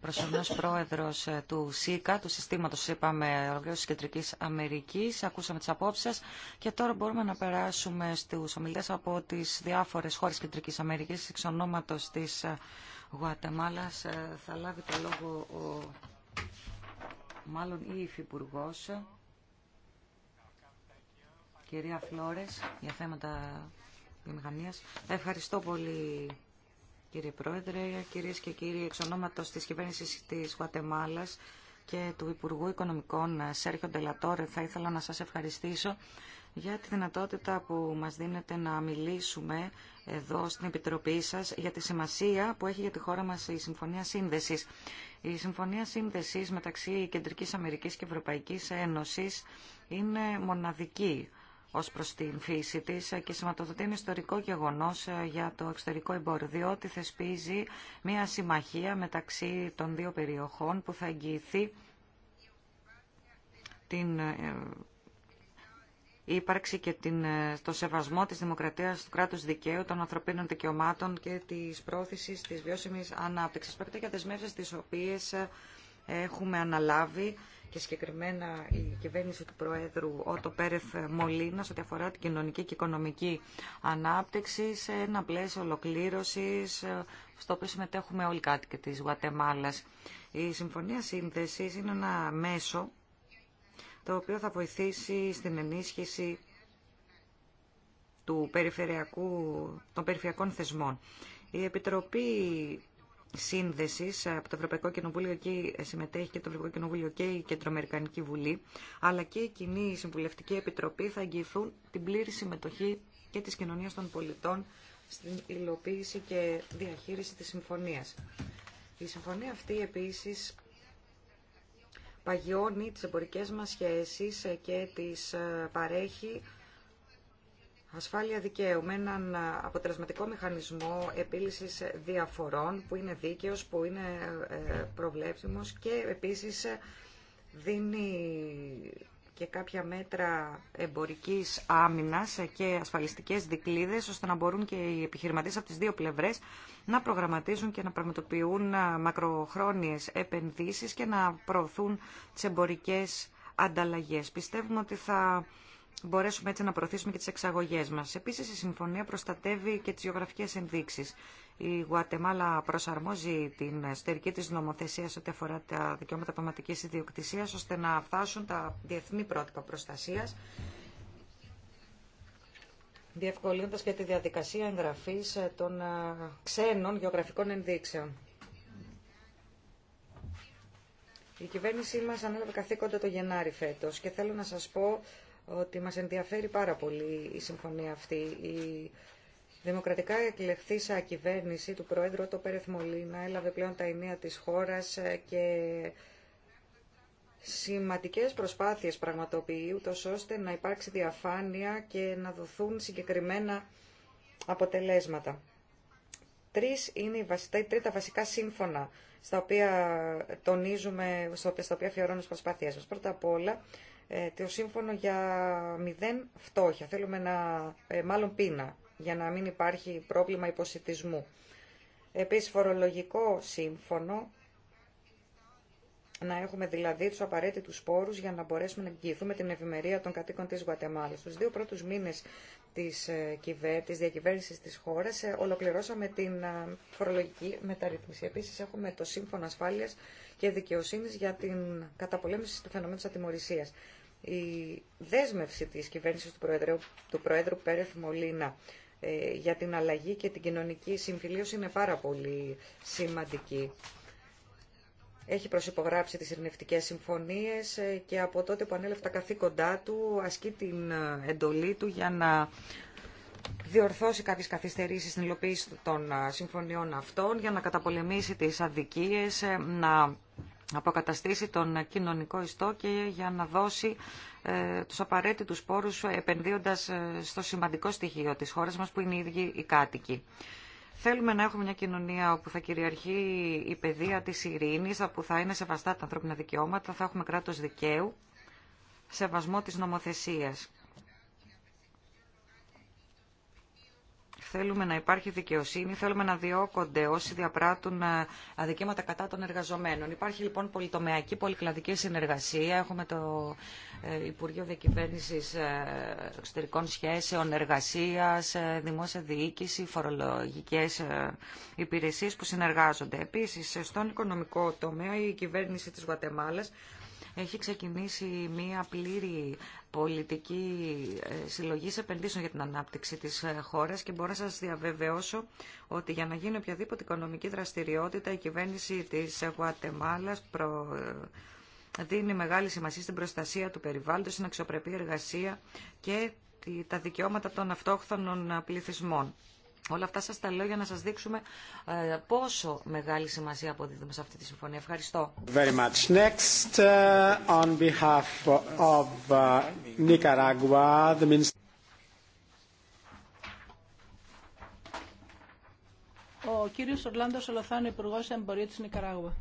προσωρινό πρόεδρο ε, του ΣΥΚΑ, του συστήματο, είπαμε τη Κεντρική Αμερική. Ακούσαμε τι απόψει και τώρα μπορούμε να περάσουμε στου ομιλητές από τι διάφορε χώρε Κεντρική Αμερική, εξ τη. Ε, Γουατεμάλας ε, θα λάβει το λόγο ο, μάλλον η Υφυπουργός, κυρία Φλόρες, για θέματα βιομηχανίας. Ευχαριστώ πολύ κύριε Πρόεδρε, κυρίες και κύριοι, εξ ονόματος της κυβέρνησης της Γουατεμάλας και του Υπουργού Οικονομικών ε, Σέρχιο Ντελατόρε θα ήθελα να σας ευχαριστήσω για τη δυνατότητα που μας δίνεται να μιλήσουμε εδώ στην Επιτροπή σας για τη σημασία που έχει για τη χώρα μας η Συμφωνία Σύνδεσης. Η Συμφωνία Σύνδεσης μεταξύ Κεντρικής Αμερικής και Ευρωπαϊκής Ένωσης είναι μοναδική ως προς την φύση της και σηματοδοτεί ένα ιστορικό γεγονός για το εξωτερικό εμπόριο, διότι θεσπίζει μια συμμαχία μεταξύ των δύο περιοχών που θα εγγυηθεί την ε, ύπαρξη και την, ε, το σεβασμό της δημοκρατίας, του κράτους δικαίου, των ανθρωπίνων δικαιωμάτων και της πρόθεσης της βιώσιμης ανάπτυξης. Πρόκειται για δεσμεύσεις τις οποίες ε, έχουμε αναλάβει και συγκεκριμένα η κυβέρνηση του Προέδρου Ότο Πέρεθ Μολίνας ό,τι αφορά την κοινωνική και οικονομική ανάπτυξη σε ένα πλαίσιο ολοκλήρωσης ε, στο οποίο συμμετέχουμε όλοι κάτοικοι της Γουατεμάλας. Η Συμφωνία Σύνθεσης είναι ένα μέσο το οποίο θα βοηθήσει στην ενίσχυση του περιφερειακού, των περιφερειακών θεσμών. Η Επιτροπή σύνδεση από το Ευρωπαϊκό Κοινοβούλιο. και συμμετέχει και το Ευρωπαϊκό Κοινοβούλιο και η Κεντροαμερικανική Βουλή. Αλλά και η κοινή συμβουλευτική επιτροπή θα εγγυηθούν την πλήρη συμμετοχή και τη κοινωνία των πολιτών στην υλοποίηση και διαχείριση τη συμφωνία. Η συμφωνία αυτή επίση παγιώνει τις εμπορικές μας σχέσεις ε, και τις ε, παρέχει ασφάλεια δικαίου με έναν ε, αποτελεσματικό μηχανισμό επίλυσης διαφορών που είναι δίκαιος, που είναι προβλέψιμος και επίσης δίνει και κάποια μέτρα εμπορικής άμυνας και ασφαλιστικές δικλείδες, ώστε να μπορούν και οι επιχειρηματίες από τις δύο πλευρές να προγραμματίζουν και να πραγματοποιούν μακροχρόνιες επενδύσεις και να προωθούν τις εμπορικές ανταλλαγές. Πιστεύουμε ότι θα μπορέσουμε έτσι να προωθήσουμε και τι εξαγωγέ μα. Επίση η συμφωνία προστατεύει και τι γεωγραφικέ ενδείξει. Η Γουατεμάλα προσαρμόζει την εσωτερική τη νομοθεσία ό,τι αφορά τα δικαιώματα πραγματική ιδιοκτησία, ώστε να φτάσουν τα διεθνή πρότυπα προστασία. διευκολύνοντα και τη διαδικασία εγγραφή των ε, ξένων γεωγραφικών ενδείξεων. Η κυβέρνησή μας ανέλαβε καθήκοντα το Γενάρη φέτος και θέλω να σας πω ότι μας ενδιαφέρει πάρα πολύ η συμφωνία αυτή. Η δημοκρατικά εκλεχθήσα κυβέρνηση του Προέδρου το Πέρεθ έλαβε πλέον τα ενία της χώρας και σημαντικές προσπάθειες πραγματοποιεί, ούτως ώστε να υπάρξει διαφάνεια και να δοθούν συγκεκριμένα αποτελέσματα. Τρεις είναι οι, βασικά, τρίτα βασικά σύμφωνα στα οποία τονίζουμε, στα οποία αφιερώνουμε τις προσπάθειές μας. Πρώτα απ' όλα, ε, το σύμφωνο για μηδέν φτώχεια. Θέλουμε να, ε, μάλλον πείνα, για να μην υπάρχει πρόβλημα υποσυτισμού. Επίσης φορολογικό σύμφωνο, να έχουμε δηλαδή τους απαραίτητους σπόρους για να μπορέσουμε να εγγυηθούμε την ευημερία των κατοίκων της Γουατεμάλας. Στους δύο πρώτους μήνες της, διακυβέρνηση ε, της διακυβέρνησης της χώρας ολοκληρώσαμε την φορολογική μεταρρύθμιση. Επίσης έχουμε το Σύμφωνο Ασφάλειας και Δικαιοσύνης για την καταπολέμηση του φαινομένου της ατιμορρησίας η δέσμευση της κυβέρνησης του Προέδρου, του Προέδρου Πέρεθ Μολίνα ε, για την αλλαγή και την κοινωνική συμφιλίωση είναι πάρα πολύ σημαντική. Έχει προσυπογράψει τις ειρηνευτικές συμφωνίες ε, και από τότε που ανέλευτα τα καθήκοντά του ασκεί την ε, εντολή του για να διορθώσει κάποιες καθυστερήσεις στην υλοποίηση των συμφωνιών αυτών, για να καταπολεμήσει τις αδικίες, να αποκαταστήσει τον κοινωνικό ιστό και για να δώσει ε, τους απαραίτητους πόρους επενδύοντας ε, στο σημαντικό στοιχείο της χώρας μας που είναι οι ίδιοι οι κάτοικοι. Θέλουμε να έχουμε μια κοινωνία όπου θα κυριαρχεί η παιδεία της ειρήνης, όπου θα είναι σεβαστά τα ανθρώπινα δικαιώματα, θα έχουμε κράτος δικαίου, σεβασμό της νομοθεσίας. Θέλουμε να υπάρχει δικαιοσύνη, θέλουμε να διώκονται όσοι διαπράττουν ε, αδικήματα κατά των εργαζομένων. Υπάρχει λοιπόν πολυτομεακή, πολυκλαδική συνεργασία. Έχουμε το ε, Υπουργείο Διακυβέρνηση ε, Εξωτερικών Σχέσεων, Εργασία, Δημόσια Διοίκηση, Φορολογικέ Υπηρεσίε που συνεργάζονται. Επίση, στον οικονομικό τομέα, η κυβέρνηση τη Γουατεμάλα έχει ξεκινήσει μία πλήρη πολιτική ε, συλλογή επενδύσεων για την ανάπτυξη της ε, χώρας και μπορώ να σας διαβεβαιώσω ότι για να γίνει οποιαδήποτε οικονομική δραστηριότητα η κυβέρνηση της Γουατεμάλας προ... Ε, δίνει μεγάλη σημασία στην προστασία του περιβάλλοντος, στην αξιοπρεπή εργασία και τα δικαιώματα των αυτόχθονων πληθυσμών. Όλα αυτά σας τα λέω για να σας δείξουμε ε, πόσο μεγάλη σημασία αποδίδουμε σε αυτή τη συμφωνία. Ευχαριστώ. Very much. Next, uh, on behalf of uh, Nicaragua, the Minister... Ο κύριος Ορλάντος Ολοθάνο, Υπουργός Εμπορίου της Νικαράγουα.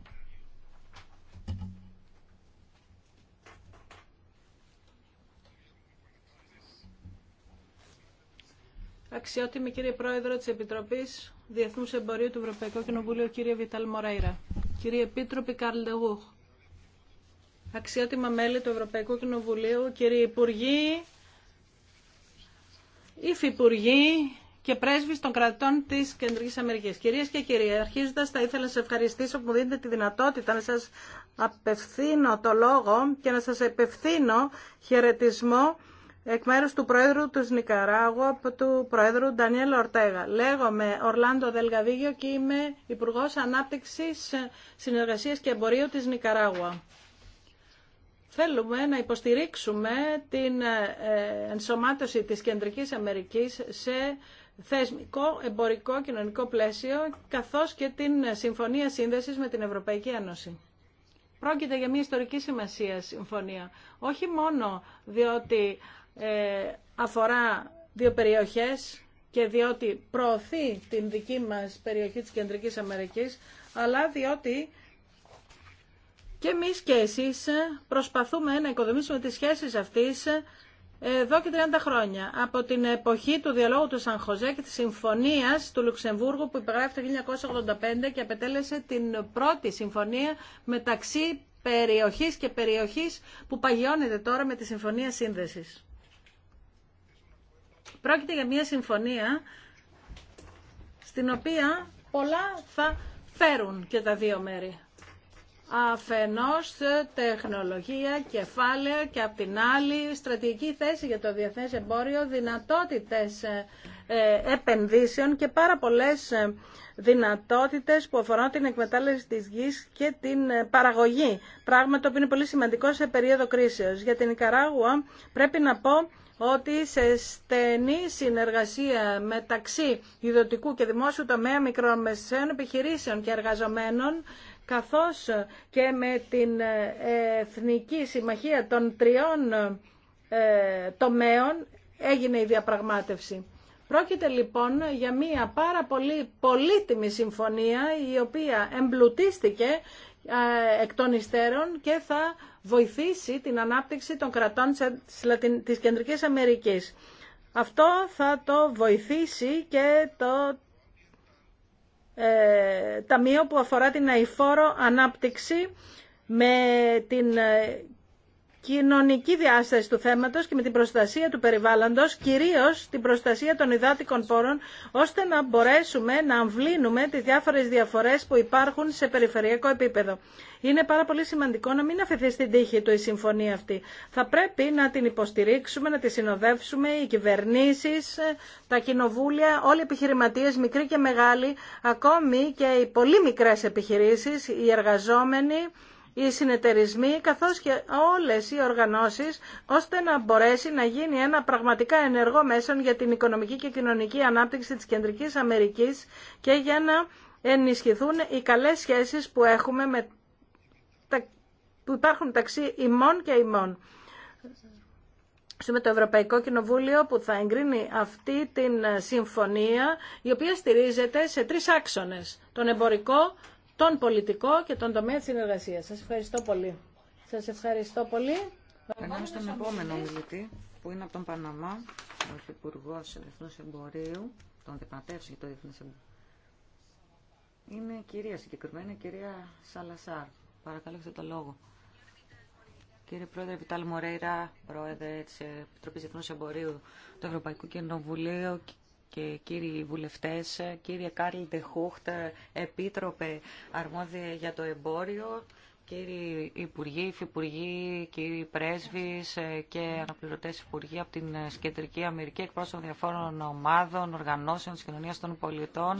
Αξιότιμη κύριε Πρόεδρο της Επιτροπής Διεθνούς Εμπορίου του Ευρωπαϊκού Κοινοβουλίου, κύριε Βιτάλ Μορέιρα. Κύριε Επίτροπη Καρλ Ντεγούχ. Αξιότιμα μέλη του Ευρωπαϊκού Κοινοβουλίου, κύριε Υπουργοί, υφυπουργοί και πρέσβεις των κρατών της Κεντρικής Αμερικής. Κυρίες και κύριοι, αρχίζοντας θα ήθελα να σας ευχαριστήσω που μου δίνετε τη δυνατότητα να σας απευθύνω το λόγο και να σας επευθύνω χαιρετισμό εκ μέρους του Πρόεδρου του Νικαράγου, του Πρόεδρου Ντανιέλ Ορτέγα. Λέγομαι Ορλάντο Δελγαδίγιο και είμαι Υπουργό Ανάπτυξης, Συνεργασίας και Εμπορίου της Νικαράγουα. Θέλουμε να υποστηρίξουμε την ε, ενσωμάτωση της Κεντρικής Αμερικής σε θεσμικό, εμπορικό, κοινωνικό πλαίσιο, καθώς και την Συμφωνία Σύνδεσης με την Ευρωπαϊκή Ένωση. Πρόκειται για μια ιστορική σημασία συμφωνία. Όχι μόνο διότι ε, αφορά δύο περιοχές και διότι προωθεί την δική μας περιοχή της Κεντρικής Αμερικής, αλλά διότι και εμείς και εσείς προσπαθούμε να οικοδομήσουμε τις σχέσεις αυτής εδώ και 30 χρόνια. Από την εποχή του διαλόγου του Σαν Χωζέ και της συμφωνίας του Λουξεμβούργου που υπεγράφει το 1985 και απετέλεσε την πρώτη συμφωνία μεταξύ περιοχής και περιοχής που παγιώνεται τώρα με τη Συμφωνία Σύνδεσης. Πρόκειται για μια συμφωνία στην οποία πολλά θα φέρουν και τα δύο μέρη. Αφενός τεχνολογία, κεφάλαιο και απ' την άλλη στρατηγική θέση για το διεθνές εμπόριο, δυνατότητες ε, επενδύσεων και πάρα πολλές ε, δυνατότητες που αφορούν την εκμετάλλευση της γης και την ε, παραγωγή. Πράγμα το οποίο είναι πολύ σημαντικό σε περίοδο κρίσεως. Για την Ικαράγουα πρέπει να πω ότι σε στενή συνεργασία μεταξύ ιδιωτικού και δημόσιου τομέα μικρών μεσαίων επιχειρήσεων και εργαζομένων καθώς και με την ε, Εθνική Συμμαχία των Τριών ε, Τομέων έγινε η διαπραγμάτευση. Πρόκειται λοιπόν για μια πάρα πολύ πολύτιμη συμφωνία η οποία εμπλουτίστηκε ε, εκ των υστέρων και θα βοηθήσει την ανάπτυξη των κρατών της Κεντρικής Αμερικής. Αυτό θα το βοηθήσει και το ε, ταμείο που αφορά την αηφόρο ανάπτυξη με την ε, κοινωνική διάσταση του θέματος και με την προστασία του περιβάλλοντος, κυρίως την προστασία των υδάτικων πόρων, ώστε να μπορέσουμε να αμβλύνουμε τις διάφορες διαφορές που υπάρχουν σε περιφερειακό επίπεδο. Είναι πάρα πολύ σημαντικό να μην αφαιθεί στην τύχη του η συμφωνία αυτή. Θα πρέπει να την υποστηρίξουμε, να τη συνοδεύσουμε οι κυβερνήσεις, τα κοινοβούλια, όλοι οι επιχειρηματίες, μικροί και μεγάλοι, ακόμη και οι πολύ μικρές επιχειρήσεις, οι εργαζόμενοι, οι συνεταιρισμοί καθώς και όλες οι οργανώσεις ώστε να μπορέσει να γίνει ένα πραγματικά ενεργό μέσον για την οικονομική και κοινωνική ανάπτυξη της Κεντρικής Αμερικής και για να ενισχυθούν οι καλές σχέσεις που, έχουμε με, που υπάρχουν μεταξύ ημών και ημών. Με το Ευρωπαϊκό Κοινοβούλιο που θα εγκρίνει αυτή την ε, συμφωνία η οποία στηρίζεται σε τρεις άξονες. Τον εμπορικό, τον πολιτικό και τον τομέα της συνεργασίας. Σας ευχαριστώ πολύ. Σας ευχαριστώ πολύ. Περνάμε στον επόμενο μιλητή που είναι από τον Παναμά, ο Υπουργό Εθνούς Εμπορίου, τον Διαπραγματεύσεων και το Εθνούς Εμπορίου. Είναι η κυρία συγκεκριμένη, η κυρία Σαλασάρ. Παρακαλώ, έχετε το λόγο. Κύριε Πρόεδρε Βιτάλ Μορέιρα, Πρόεδρε τη Επιτροπής Εθνούς Εμπορίου του Ευρωπαϊκού Κοινοβουλίου, και κύριοι βουλευτές, κύριε Κάρλ Ντεχούχτ, επίτροπε αρμόδια για το εμπόριο, κύριοι υπουργοί, υφυπουργοί, κύριοι πρέσβεις και αναπληρωτές υπουργοί από την Σκεντρική Αμερική, εκπρόσωπο διαφόρων ομάδων, οργανώσεων της κοινωνίας των πολιτών.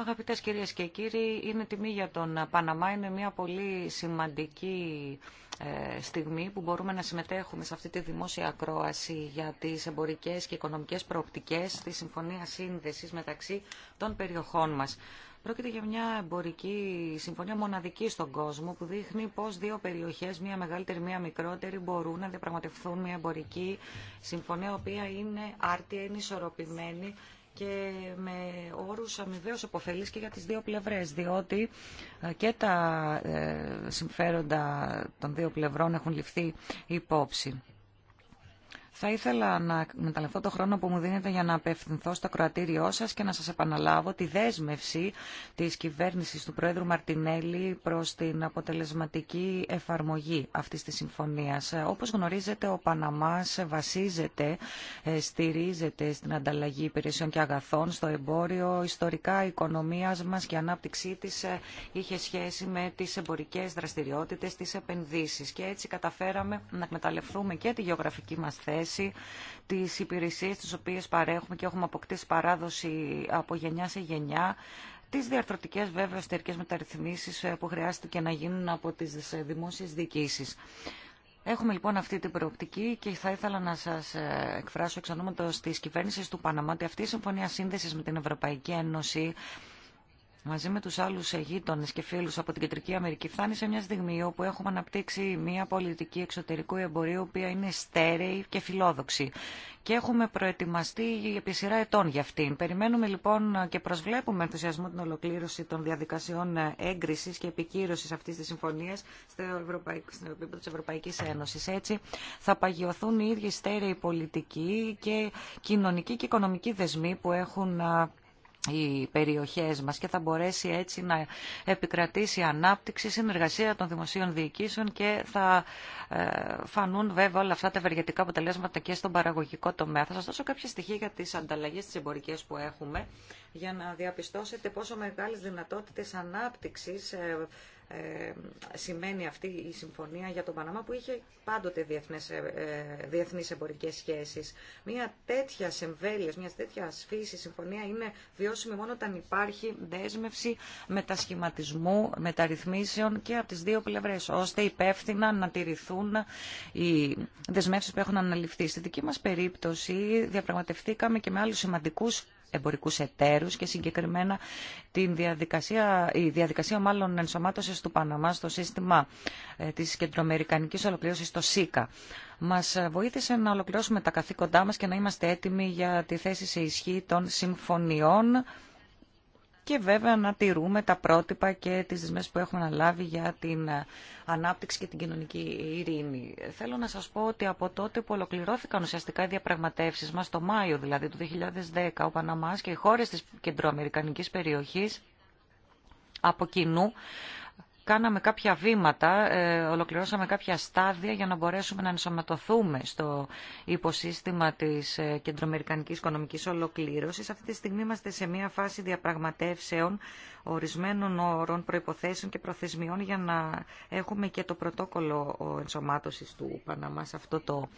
Αγαπητές κυρίες και κύριοι, είναι τιμή για τον Παναμά. Είναι μια πολύ σημαντική ε, στιγμή που μπορούμε να συμμετέχουμε σε αυτή τη δημόσια ακρόαση για τις εμπορικές και οικονομικές προοπτικές της συμφωνια Σύνδεσης μεταξύ των περιοχών μας. Πρόκειται για μια εμπορική συμφωνία μοναδική στον κόσμο που δείχνει πώ δύο περιοχέ, μια μεγαλύτερη, μια μικρότερη, μπορούν να διαπραγματευθούν μια εμπορική συμφωνία, η οποία είναι άρτια, είναι ισορροπημένη και με όρους αμοιβαίως επωφελείς και για τις δύο πλευρές, διότι ε, και τα ε, συμφέροντα των δύο πλευρών έχουν ληφθεί υπόψη. Θα ήθελα να μεταλλευτώ το χρόνο που μου δίνετε για να απευθυνθώ στο κροατήριό σας και να σας επαναλάβω τη δέσμευση της κυβέρνησης του Πρόεδρου Μαρτινέλη προς την αποτελεσματική εφαρμογή αυτής της συμφωνίας. Όπως γνωρίζετε, ο Παναμάς βασίζεται, ε, στηρίζεται στην ανταλλαγή υπηρεσιών και αγαθών, στο εμπόριο. Ιστορικά η οικονομία μας και η ανάπτυξή της ε, είχε σχέση με τις εμπορικές δραστηριότητες, τις επενδύσεις. Και έτσι καταφέραμε να εκμεταλλευτούμε και τη γεωγραφική μας θέση τη τις υπηρεσίες τις οποίες παρέχουμε και έχουμε αποκτήσει παράδοση από γενιά σε γενιά τις διαρθρωτικές βέβαια εσωτερικές μεταρρυθμίσεις ε, που χρειάζεται και να γίνουν από τις ε, δημόσιες διοικήσεις. Έχουμε λοιπόν αυτή την προοπτική και θα ήθελα να σα ε, εκφράσω εξ ονόματο τη κυβέρνηση του Παναμά ότι αυτή η συμφωνία σύνδεση με την Ευρωπαϊκή Ένωση μαζί με τους άλλους γείτονε και φίλους από την Κεντρική Αμερική φτάνει σε μια στιγμή όπου έχουμε αναπτύξει μια πολιτική εξωτερικού εμπορίου που είναι στέρεη και φιλόδοξη και έχουμε προετοιμαστεί επί σειρά ετών για αυτήν. Περιμένουμε λοιπόν και προσβλέπουμε ενθουσιασμό την ολοκλήρωση των διαδικασιών έγκριση και επικύρωση αυτή τη συμφωνία στην επίπεδο τη Ευρωπαϊκή Ένωση. Έτσι θα παγιωθούν οι ίδιοι στέρεοι πολιτικοί και κοινωνικοί και οικονομικοί δεσμοί που έχουν οι περιοχές μας και θα μπορέσει έτσι να επικρατήσει η ανάπτυξη, συνεργασία των δημοσίων διοικήσεων και θα ε, φανούν βέβαια όλα αυτά τα ευεργετικά αποτελέσματα και στον παραγωγικό τομέα. Θα σας δώσω κάποια στοιχεία για τις ανταλλαγές τις εμπορικές που έχουμε για να διαπιστώσετε πόσο μεγάλες δυνατότητες ανάπτυξης ε, σημαίνει αυτή η συμφωνία για τον Παναμά που είχε πάντοτε διεθνές, ε, ε, διεθνείς εμπορικές σχέσεις. Μια τέτοια εμβέλεια, μια τέτοια φύση συμφωνία είναι βιώσιμη μόνο όταν υπάρχει δέσμευση μετασχηματισμού, μεταρρυθμίσεων και από τις δύο πλευρές, ώστε υπεύθυνα να τηρηθούν οι δεσμεύσεις που έχουν αναλυφθεί. Στη δική μας περίπτωση διαπραγματευτήκαμε και με άλλους σημαντικούς εμπορικούς εταίρους και συγκεκριμένα την διαδικασία, η διαδικασία μάλλον ενσωμάτωσης του Παναμά στο σύστημα ε, της κεντροαμερικανικής ολοκλήρωσης, το ΣΥΚΑ. Μας ε, βοήθησε να ολοκληρώσουμε τα καθήκοντά μας και να είμαστε έτοιμοι για τη θέση σε ισχύ των συμφωνιών και βέβαια να τηρούμε τα πρότυπα και τις που έχουμε αναλάβει για την ε, ανάπτυξη και την κοινωνική ειρήνη. Θέλω να σας πω ότι από τότε που ολοκληρώθηκαν ουσιαστικά οι διαπραγματεύσεις μας, το Μάιο δηλαδή του 2010, ο Παναμάς και οι χώρες της κεντροαμερικανικής περιοχής από κοινού κάναμε κάποια βήματα, ε, ολοκληρώσαμε κάποια στάδια για να μπορέσουμε να ενσωματωθούμε στο υποσύστημα της ε, κεντρομερικανικής οικονομικής ολοκλήρωσης. Αυτή τη στιγμή είμαστε σε μια φάση διαπραγματεύσεων ορισμένων όρων, προϋποθέσεων και προθεσμιών για να έχουμε και το πρωτόκολλο ενσωμάτωσης του Παναμά σε αυτό το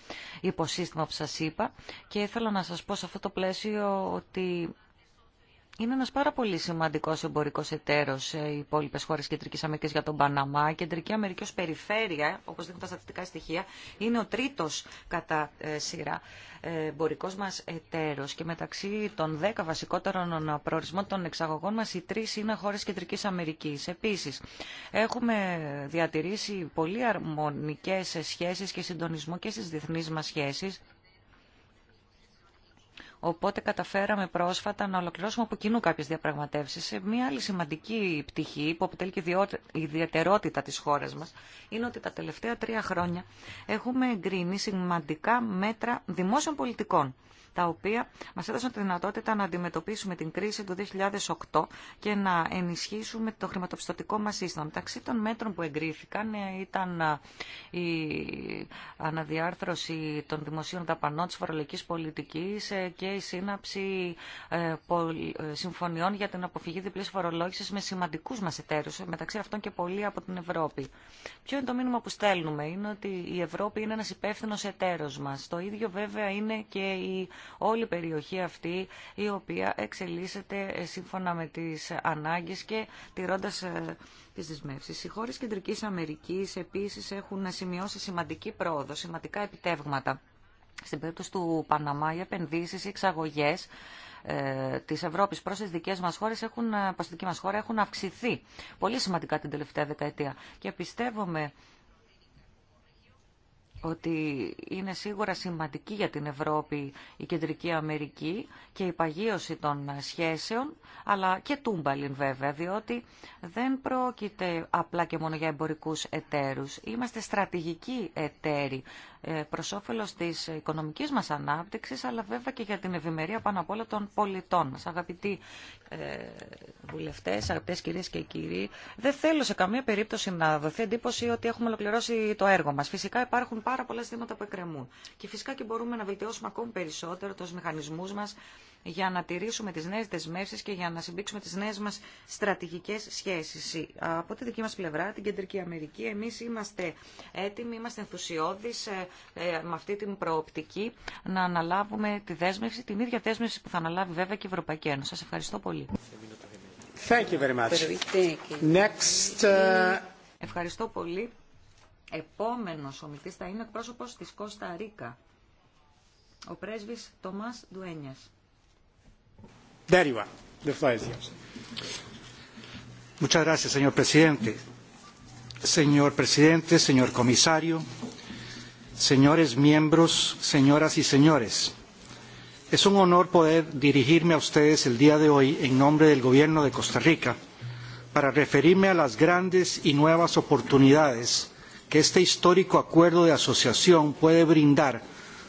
υποσύστημα που σας είπα. Και ήθελα να σας πω σε αυτό το πλαίσιο ότι είναι ένας πάρα πολύ σημαντικός εμπορικός εταίρος ε, οι υπόλοιπε χώρες Κεντρικής Αμερικής για τον Παναμά. Η Κεντρική Αμερική ως περιφέρεια, όπως δείχνουν τα στατιστικά στοιχεία, είναι ο τρίτος κατά ε, σειρά ε, εμπορικός μας εταίρος. Και μεταξύ των δέκα βασικότερων προορισμών των εξαγωγών μας, οι τρεις είναι χώρες Κεντρικής Αμερικής. Επίσης, έχουμε διατηρήσει πολύ αρμονικές σχέσεις και συντονισμό και στις διεθνείς μας σχέσεις Οπότε καταφέραμε πρόσφατα να ολοκληρώσουμε από κοινού κάποιε διαπραγματεύσει. Μία άλλη σημαντική πτυχή που αποτελεί και ιδιαιτερότητα τη χώρα μα είναι ότι τα τελευταία τρία χρόνια έχουμε εγκρίνει σημαντικά μέτρα δημόσιων πολιτικών τα οποία μας έδωσαν τη δυνατότητα να αντιμετωπίσουμε την κρίση του 2008 και να ενισχύσουμε το χρηματοπιστωτικό μας σύστημα. Μεταξύ των μέτρων που εγκρίθηκαν ε, ήταν ε, η αναδιάρθρωση των δημοσίων δαπανών της φορολογικής πολιτικής ε, και η σύναψη συμφωνιών για την αποφυγή διπλής φορολόγησης με σημαντικούς μας εταίρους, μεταξύ αυτών και πολλοί από την Ευρώπη. Ποιο είναι το μήνυμα που στέλνουμε, είναι ότι η Ευρώπη είναι ένας υπεύθυνο εταίρος μας. Το ίδιο βέβαια είναι και η όλη η περιοχή αυτή η οποία εξελίσσεται ε, σύμφωνα με τις ανάγκες και τηρώντας ε, τις δεσμεύσεις. Οι χώρες Κεντρικής Αμερικής επίσης έχουν σημειώσει σημαντική πρόοδο, σημαντικά επιτεύγματα. Στην περίπτωση του Παναμά, οι επενδύσεις, οι εξαγωγές τη ε, της Ευρώπης προς τις δικές μας χώρες έχουν, χώρα έχουν αυξηθεί πολύ σημαντικά την τελευταία δεκαετία. Και πιστεύουμε ότι είναι σίγουρα σημαντική για την Ευρώπη η Κεντρική Αμερική και η παγίωση των σχέσεων, αλλά και τούμπαλιν βέβαια, διότι δεν πρόκειται απλά και μόνο για εμπορικούς εταίρους. Είμαστε στρατηγικοί εταίροι ε, προ όφελο τη οικονομική μα ανάπτυξη, αλλά βέβαια και για την ευημερία πάνω απ' όλα των πολιτών μα. Αγαπητοί ε, βουλευτέ, αγαπητέ κυρίε και κύριοι, δεν θέλω σε καμία περίπτωση να δοθεί εντύπωση ότι έχουμε ολοκληρώσει το έργο μα. Φυσικά υπάρχουν πάρα πολλά ζητήματα που εκκρεμούν. Και φυσικά και μπορούμε να βελτιώσουμε ακόμη περισσότερο του μηχανισμού μα για να τηρήσουμε τι νέε δεσμεύσει και για να συμπίξουμε τι νέε μα στρατηγικέ σχέσει. Από τη δική μα πλευρά, την Κεντρική Αμερική, εμεί είμαστε έτοιμοι, είμαστε ενθουσιώδεις ε, ε, με αυτή την προοπτική να αναλάβουμε τη δέσμευση, την ίδια δέσμευση που θα αναλάβει βέβαια και η Ευρωπαϊκή Ένωση. Σα ευχαριστώ πολύ. Thank you Next, uh, Ευχαριστώ πολύ. Επόμενος ομιλητής θα είναι εκπρόσωπος της Κώστα Ρίκα, ο πρέσβης Τομάς Ντουένιας the Muchas gracias, señor presidente. Señor presidente, señor comisario, señores miembros, señoras y señores. Es un honor poder dirigirme a ustedes el día de hoy en nombre del Gobierno de Costa Rica para referirme a las grandes y nuevas oportunidades que este histórico acuerdo de asociación puede brindar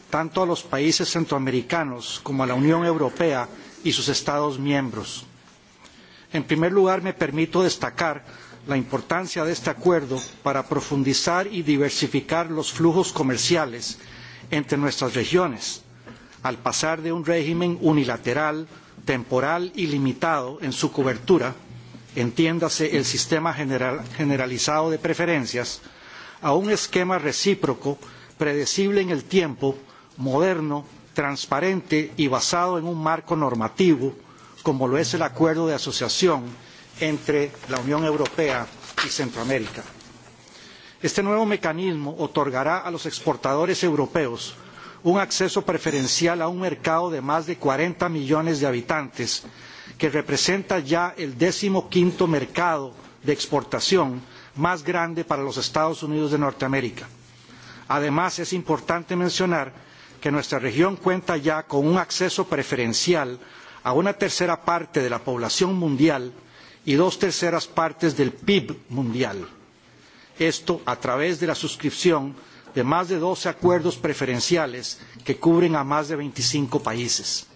tanto a los países centroamericanos como a la Unión Europea y sus Estados miembros. En primer lugar, me permito destacar la importancia de este acuerdo para profundizar y diversificar los flujos comerciales entre nuestras regiones, al pasar de un régimen unilateral, temporal y limitado en su cobertura, entiéndase el sistema generalizado de preferencias, a un esquema recíproco, predecible en el tiempo, moderno, transparente y basado en un marco normativo como lo es el acuerdo de asociación entre la Unión Europea y Centroamérica. Este nuevo mecanismo otorgará a los exportadores europeos un acceso preferencial a un mercado de más de 40 millones de habitantes, que representa ya el decimoquinto mercado de exportación más grande para los Estados Unidos de Norteamérica. Además, es importante mencionar que nuestra región cuenta ya con un acceso preferencial a una tercera parte de la población mundial y dos terceras partes del PIB mundial. Esto a través de la suscripción de más de 12 acuerdos preferenciales que cubren a más de 25 países.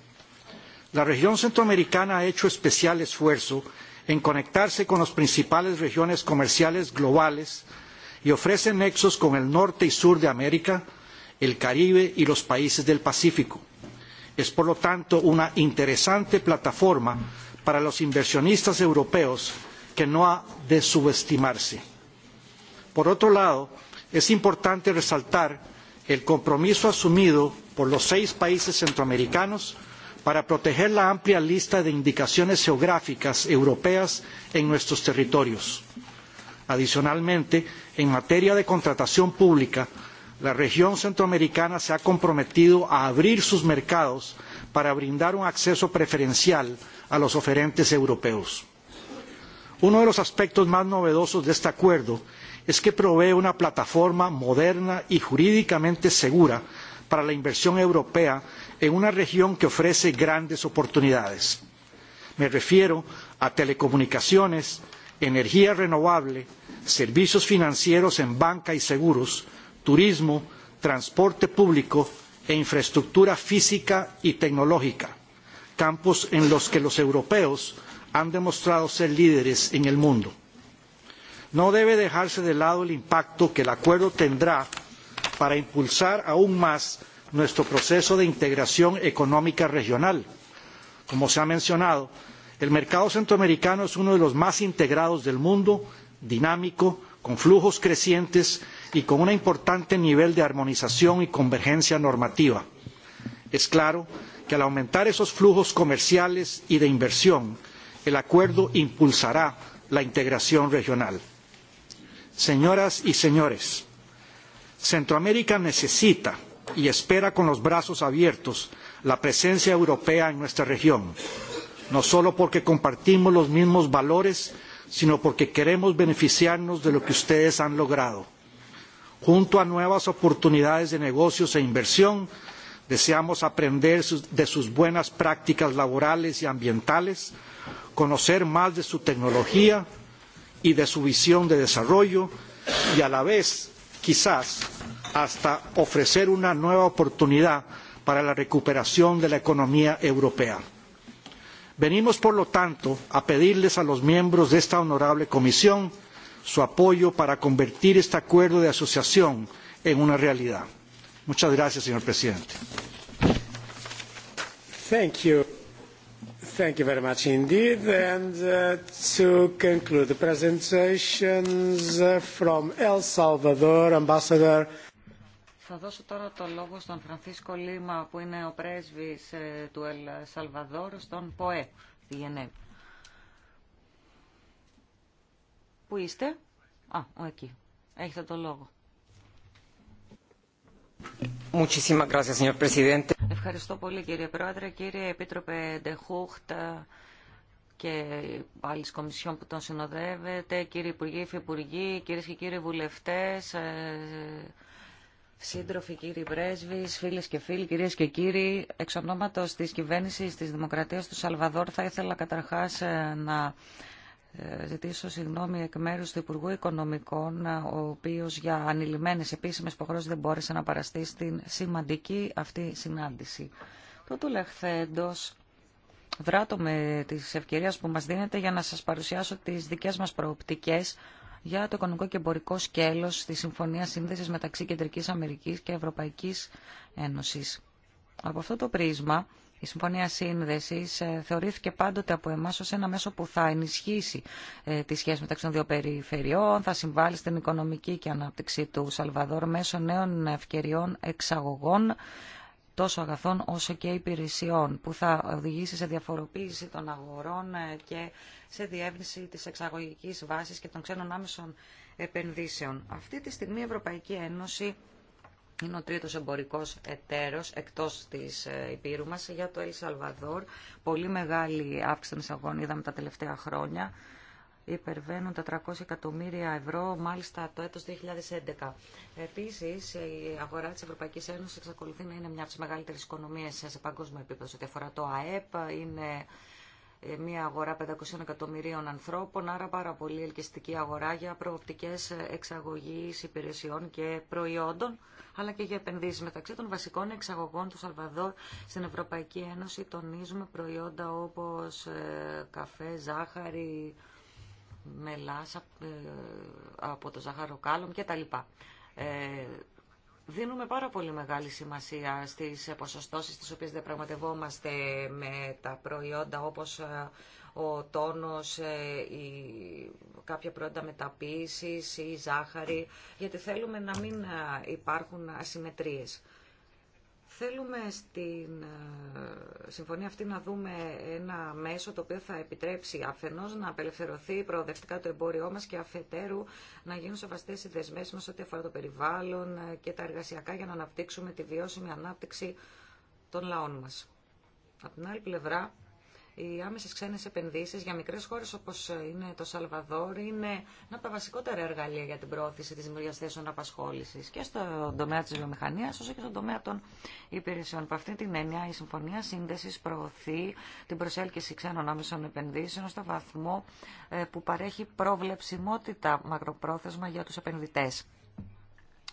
La región centroamericana ha hecho especial esfuerzo en conectarse con las principales regiones comerciales globales y ofrece nexos con el norte y sur de América, el Caribe y los países del Pacífico. Es, por lo tanto, una interesante plataforma para los inversionistas europeos que no ha de subestimarse. Por otro lado, es importante resaltar el compromiso asumido por los seis países centroamericanos para proteger la amplia lista de indicaciones geográficas europeas en nuestros territorios. Adicionalmente, en materia de contratación pública, la región centroamericana se ha comprometido a abrir sus mercados para brindar un acceso preferencial a los oferentes europeos. Uno de los aspectos más novedosos de este acuerdo es que provee una plataforma moderna y jurídicamente segura para la inversión europea en una región que ofrece grandes oportunidades. Me refiero a telecomunicaciones, energía renovable, servicios financieros en banca y seguros, turismo, transporte público e infraestructura física y tecnológica, campos en los que los europeos han demostrado ser líderes en el mundo. No debe dejarse de lado el impacto que el acuerdo tendrá para impulsar aún más nuestro proceso de integración económica regional. Como se ha mencionado, el mercado centroamericano es uno de los más integrados del mundo, dinámico, con flujos crecientes y con un importante nivel de armonización y convergencia normativa. es claro que al aumentar esos flujos comerciales y de inversión el acuerdo impulsará la integración regional. señoras y señores centroamérica necesita y espera con los brazos abiertos la presencia europea en nuestra región no solo porque compartimos los mismos valores sino porque queremos beneficiarnos de lo que ustedes han logrado junto a nuevas oportunidades de negocios e inversión deseamos aprender de sus buenas prácticas laborales y ambientales conocer más de su tecnología y de su visión de desarrollo y a la vez quizás hasta ofrecer una nueva oportunidad para la recuperación de la economía europea. venimos por lo tanto a pedirles a los miembros de esta honorable comisión su apoyo para convertir este acuerdo de asociación en una realidad. Muchas gracias, señor presidente. Thank you. Thank you very much indeed. And to conclude the presentations from El Salvador, Ambassador. Θα δώσω τώρα το λόγο στον Φρανθίσκο Λίμα, που είναι ο πρέσβης του Ελ στον ΠΟΕ, Πού είστε? Α, εκεί. Έχετε το λόγο. Ευχαριστώ πολύ κύριε Πρόεδρε, κύριε Επίτροπε Ντεχούχτα και άλλης κομισιόν που τον συνοδεύετε, κύριε Υπουργοί, Υφυπουργοί, κυρίε και κύριοι βουλευτές, ε, σύντροφοι κύριοι πρέσβεις, φίλες και φίλοι, κυρίες και κύριοι, εξ ονόματος της κυβέρνησης της Δημοκρατίας του Σαλβαδόρ θα ήθελα καταρχάς ε, να ε, ζητήσω συγγνώμη εκ μέρους του Υπουργού Οικονομικών, ε, ο οποίος για ανηλυμένες επίσημες υποχρεώσεις δεν μπόρεσε να παραστεί στην σημαντική αυτή συνάντηση. Το τουλεχθέντος βράτω με τις ευκαιρίες που μας δίνεται για να σας παρουσιάσω τις δικές μας προοπτικές για το οικονομικό και εμπορικό σκέλος της Συμφωνίας Σύνδεσης μεταξύ Κεντρικής Αμερικής και Ευρωπαϊκής Ένωσης. Από αυτό το πρίσμα, η Συμφωνία Σύνδεσης ε, θεωρήθηκε πάντοτε από εμάς ως ένα μέσο που θα ενισχύσει ε, τη σχέση μεταξύ των δύο περιφερειών, θα συμβάλλει στην οικονομική και ανάπτυξη του Σαλβαδόρ μέσω νέων ευκαιριών εξαγωγών τόσο αγαθών όσο και υπηρεσιών, που θα οδηγήσει σε διαφοροποίηση των αγορών ε, και σε διεύνηση της εξαγωγικής βάσης και των ξένων άμεσων επενδύσεων. Αυτή τη στιγμή η Ευρωπαϊκή Ένωση είναι ο τρίτος εμπορικός εταίρος εκτός της ε, Υπήρου μας για το El Πολύ μεγάλη αύξηση των εισαγών είδαμε τα τελευταία χρόνια. Υπερβαίνουν τα 300 εκατομμύρια ευρώ, μάλιστα το έτος 2011. Επίσης, η αγορά της Ευρωπαϊκής Ένωσης εξακολουθεί να είναι μια από τις μεγαλύτερες οικονομίες σε παγκόσμιο επίπεδο. Σε το ΑΕΠ, είναι μια αγορά 500 εκατομμυρίων ανθρώπων, άρα πάρα πολύ ελκυστική αγορά για προοπτικές εξαγωγής υπηρεσιών και προϊόντων, αλλά και για επενδύσεις. Μεταξύ των βασικών εξαγωγών του Σαλβαδόρ στην Ευρωπαϊκή Ένωση τονίζουμε προϊόντα όπως ε, καφέ, ζάχαρη, μελάσα ε, από το ζαχαροκάλωμ και τα λοιπά. Ε, δίνουμε πάρα πολύ μεγάλη σημασία στις ποσοστώσεις τις οποίες πραγματευόμαστε με τα προϊόντα όπως ε, ο τόνος, ε, η, κάποια προϊόντα μεταποίησης, η ζάχαρη, γιατί θέλουμε να μην ε, υπάρχουν ασυμμετρίες. Θέλουμε στην ε, συμφωνία αυτή να δούμε ένα μέσο το οποίο θα επιτρέψει αφενός να απελευθερωθεί προοδευτικά το εμπόριό μας και αφετέρου να γίνουν σεβαστές οι δεσμές μας ό,τι αφορά το περιβάλλον ε, και τα εργασιακά για να αναπτύξουμε τη βιώσιμη ανάπτυξη των λαών μας. Από την άλλη πλευρά οι άμεσε ξένε επενδύσει για μικρέ χώρε όπω είναι το Σαλβαδόρ είναι ένα από τα βασικότερα εργαλεία για την πρόωθηση τη δημιουργία θέσεων απασχόληση και στον τομέα τη βιομηχανία, όσο και στον τομέα των υπηρεσιών. Από αυτή την έννοια η Συμφωνία σύνδεση προωθεί την προσέλκυση ξένων άμεσων επενδύσεων στο βαθμό ε, που παρέχει προβλεψιμότητα μακροπρόθεσμα για του επενδυτέ.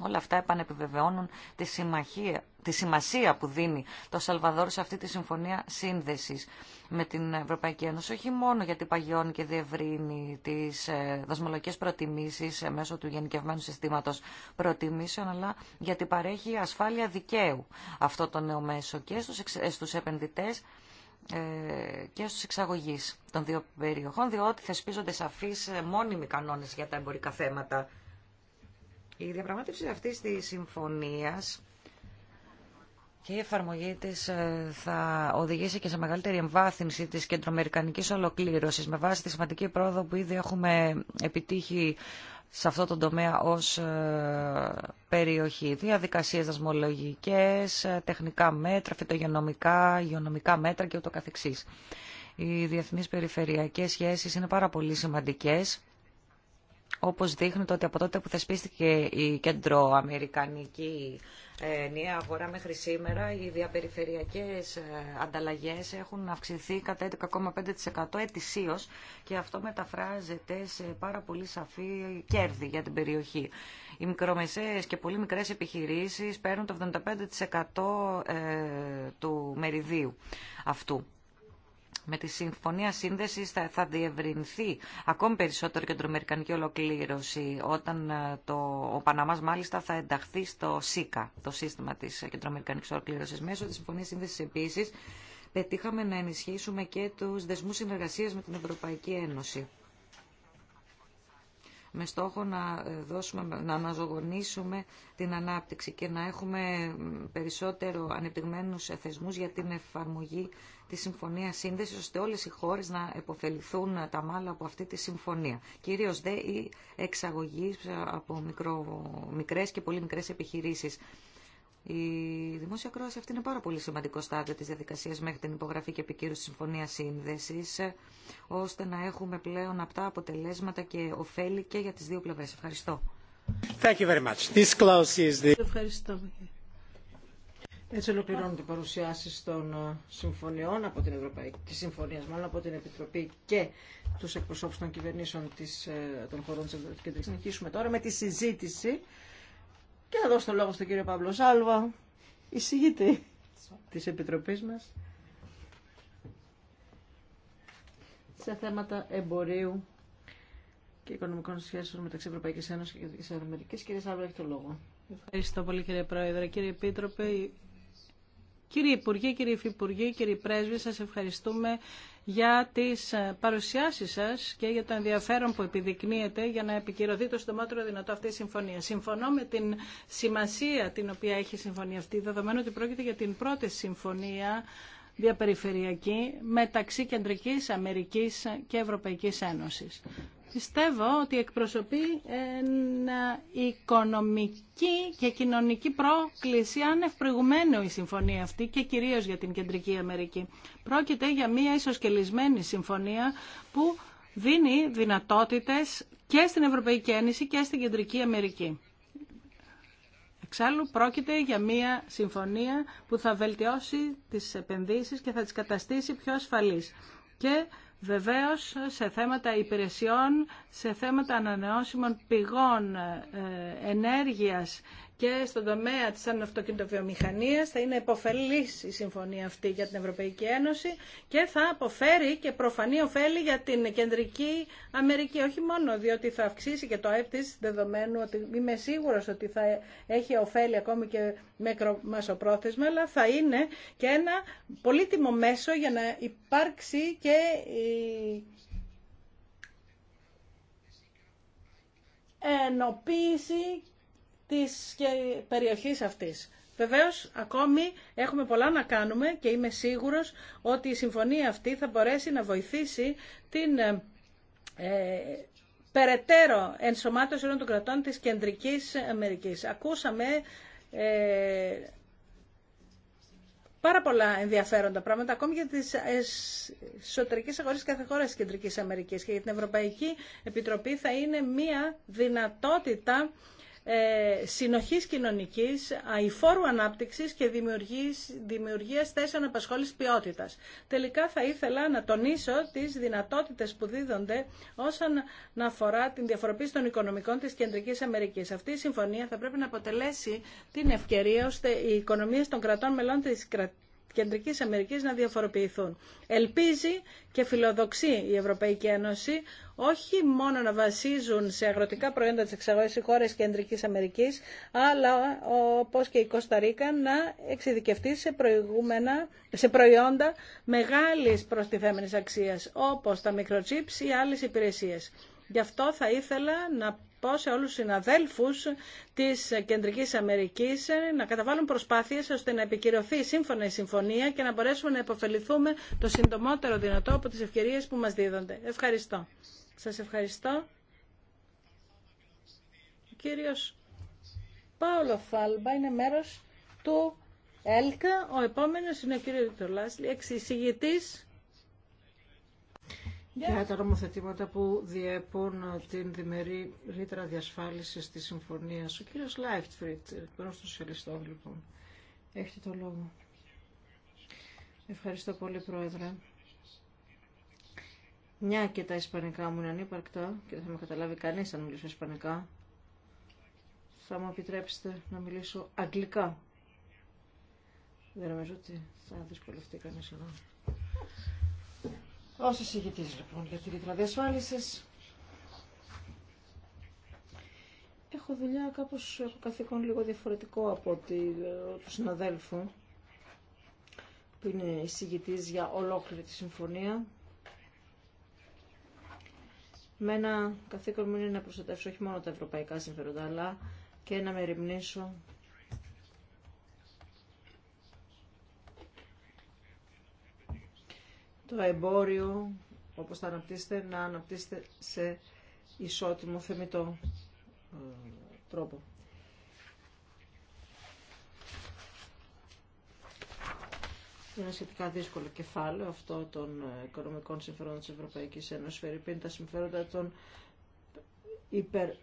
Όλα αυτά επανεπιβεβαιώνουν τη, συμμαχία, τη σημασία που δίνει το Σαλβαδόρ σε αυτή τη συμφωνία σύνδεσης με την Ευρωπαϊκή Ένωση, όχι μόνο γιατί παγιώνει και διευρύνει τις ε, δοσμολογικές προτιμήσεις ε, μέσω του γενικευμένου συστήματος προτιμήσεων, αλλά γιατί παρέχει ασφάλεια δικαίου αυτό το νέο μέσο και στους, ε, στους επενδυτές και στους εξαγωγείς των δύο περιοχών, διότι θεσπίζονται σαφείς μόνιμοι κανόνες για τα εμπορικά θέματα η διαπραγμάτευση αυτής της συμφωνίας και η εφαρμογή της ε, θα οδηγήσει και σε μεγαλύτερη εμβάθυνση της κεντροαμερικανικής ολοκλήρωσης με βάση τη σημαντική πρόοδο που ήδη έχουμε επιτύχει σε αυτό το τομέα ως ε, περιοχή. Διαδικασίες δασμολογικές, ε, τεχνικά μέτρα, φυτογενομικά, υγειονομικά μέτρα και ούτω καθεξής. Οι διεθνείς περιφερειακές σχέσεις είναι πάρα πολύ σημαντικές όπως δείχνει το ότι από τότε που θεσπίστηκε η κεντροαμερικανική ε, νέα αγορά μέχρι σήμερα, οι διαπεριφερειακές ε, ανταλλαγές έχουν αυξηθεί κατά 11,5% ετησίως και αυτό μεταφράζεται σε πάρα πολύ σαφή κέρδη για την περιοχή. Οι μικρομεσαίες και πολύ μικρές επιχειρήσεις παίρνουν το 75% ε, του μεριδίου αυτού. Με τη Συμφωνία Σύνδεσης θα, διευρυνθεί ακόμη περισσότερο η κεντροαμερικανική ολοκλήρωση, όταν ε, το, ο Παναμάς μάλιστα θα ενταχθεί στο ΣΥΚΑ, το σύστημα της κεντροαμερικανικής ολοκλήρωσης. Μέσω της Συμφωνίας Σύνδεσης επίσης, πετύχαμε να ενισχύσουμε και τους δεσμούς συνεργασίας με την Ευρωπαϊκή Ένωση με στόχο να, ε, δώσουμε, να αναζωογονήσουμε την ανάπτυξη και να έχουμε περισσότερο ανεπτυγμένους ε, θεσμούς για την εφαρμογή της Συμφωνία Σύνδεσης ώστε όλες οι χώρες να επωφεληθούν ε, τα μάλλα από αυτή τη συμφωνία. Κυρίως δε η εξαγωγή από μικρές και πολύ μικρές επιχειρήσεις. Η δημόσια κρόαση αυτή είναι πάρα πολύ σημαντικό στάδιο της διαδικασίας μέχρι την υπογραφή και επικύρωση της Συμφωνία Σύνδεσης, ώστε να έχουμε πλέον απτά αποτελέσματα και ωφέλη και για τις δύο πλευρές. Ευχαριστώ. Thank you very much. This close is the... Ευχαριστώ. Έτσι ολοκληρώνουν οι παρουσιάσει των ε, συμφωνιών από την Ευρωπαϊκή Συμφωνία, μάλλον από την Επιτροπή και του εκπροσώπου των κυβερνήσεων της, ε, των χωρών τη Ευρωπαϊκή Κεντρική. Συνεχίσουμε τώρα με τη συζήτηση. Και θα δώσω το λόγο στον κύριο Παύλο Σάλβα, εισηγητή τη Επιτροπή μα σε θέματα εμπορίου και οικονομικών σχέσεων μεταξύ Ευρωπαϊκή Ένωση και τη Αμερική. Κύριε Σάλβα, έχει το λόγο. Ευχαριστώ πολύ κύριε Πρόεδρε. Κύριε Επίτροπε, Κύριε Υπουργοί, κύριε Υφυπουργοί, κύριοι πρέσβοι, σας ευχαριστούμε για τις ε, παρουσιάσεις σας και για το ενδιαφέρον που επιδεικνύεται για να επικυρωθεί το συντομότερο δυνατό αυτή η συμφωνία. Συμφωνώ με την σημασία την οποία έχει η συμφωνία αυτή, δεδομένου ότι πρόκειται για την πρώτη συμφωνία διαπεριφερειακή μεταξύ Κεντρικής Αμερικής και Ευρωπαϊκής Ένωσης πιστεύω ότι εκπροσωπεί ένα οικονομική και κοινωνική πρόκληση ανευπροηγουμένου η συμφωνία αυτή και κυρίως για την Κεντρική Αμερική. Πρόκειται για μια ισοσκελισμένη συμφωνία που δίνει δυνατότητες και στην Ευρωπαϊκή Ένωση και στην Κεντρική Αμερική. Εξάλλου πρόκειται για μια συμφωνία που θα βελτιώσει τις επενδύσεις και θα τις καταστήσει πιο ασφαλείς. Και Βεβαίως σε θέματα υπηρεσιών, σε θέματα ανανεώσιμων πηγών ε, ενέργειας και στον τομέα της αναυτοκινητοβιομηχανίας θα είναι υποφελής η συμφωνία αυτή για την Ευρωπαϊκή Ένωση και θα αποφέρει και προφανή ωφέλη για την Κεντρική Αμερική. Όχι μόνο διότι θα αυξήσει και το ΑΕΠ δεδομένου ότι είμαι σίγουρος ότι θα έχει ωφέλη ακόμη και μεσοπρόθεσμα, αλλά θα είναι και ένα πολύτιμο μέσο για να υπάρξει και η ενοποίηση της περιοχής αυτής. Βεβαίως, ακόμη έχουμε πολλά να κάνουμε και είμαι σίγουρος ότι η συμφωνία αυτή θα μπορέσει να βοηθήσει την ε, ε, περαιτέρω ενσωμάτωση όλων των κρατών της Κεντρικής Αμερικής. Ακούσαμε ε, πάρα πολλά ενδιαφέροντα πράγματα, ακόμη για τις εσωτερικές αγορές κάθε χώρα της Κεντρικής Αμερικής και για την Ευρωπαϊκή Επιτροπή θα είναι μία δυνατότητα ε, συνοχής κοινωνικής, αηφόρου ανάπτυξης και δημιουργίας θέσεων απασχόλησης ποιότητας. Τελικά θα ήθελα να τονίσω τις δυνατότητες που δίδονται όσον αφορά την διαφοροποίηση των οικονομικών της Κεντρικής Αμερικής. Αυτή η συμφωνία θα πρέπει να αποτελέσει την ευκαιρία ώστε οι οικονομίες των κρατών μελών της κρατικής Κεντρικής Αμερικής να διαφοροποιηθούν. Ελπίζει και φιλοδοξεί η Ευρωπαϊκή Ένωση όχι μόνο να βασίζουν σε αγροτικά προϊόντα της εξαγωγής οι χώρες Κεντρικής Αμερικής, αλλά όπως και η Κωνσταντίνα να εξειδικευτεί σε, προηγούμενα, σε προϊόντα μεγάλης προστιθέμενης αξίας, όπως τα microchips ή άλλες υπηρεσίες. Γι' αυτό θα ήθελα να πω σε όλους τους συναδέλφους της Κεντρικής Αμερικής να καταβάλουν προσπάθειες ώστε να επικυρωθεί σύμφωνα η συμφωνία και να μπορέσουμε να υποφεληθούμε το συντομότερο δυνατό από τις ευκαιρίες που μας δίδονται. Ευχαριστώ. Σας ευχαριστώ. Ο κύριος Πάολο Φάλμπα είναι μέρος του ΕΛΚΑ. Ο επόμενος είναι ο κύριος Βιτολάσλη, εξεισηγητής για τα νομοθετήματα που διέπουν την διμερή ρήτρα διασφάλισης της συμφωνίας. Ο κύριο Λάιφτφριτ, εκπρός των σοσιαλιστών, λοιπόν. Έχετε το λόγο. Ευχαριστώ πολύ, Πρόεδρε. Μια και τα ισπανικά μου είναι ανύπαρκτα και δεν θα με καταλάβει κανείς αν μιλήσω ισπανικά, θα μου επιτρέψετε να μιλήσω αγγλικά. Δεν νομίζω ότι θα δυσκολευτεί κανείς εδώ. Ως εισηγητής λοιπόν για τη ρήτρα Έχω δουλειά κάπως έχω καθήκον λίγο διαφορετικό από ε, του συναδέλφου που είναι εισηγητής για ολόκληρη τη συμφωνία. Με ένα καθήκον μου είναι να προστατεύσω όχι μόνο τα ευρωπαϊκά συμφέροντα, αλλά και να μεριμνήσω το εμπόριο όπως θα αναπτύσσετε να αναπτύσσετε σε ισότιμο θεμητό ε, τρόπο. Είναι σχετικά δύσκολο κεφάλαιο αυτό των ε, οικονομικών συμφερόντων της Ευρωπαϊκής Ένωσης. Φερρυπίν τα συμφέροντα των υπερ ε,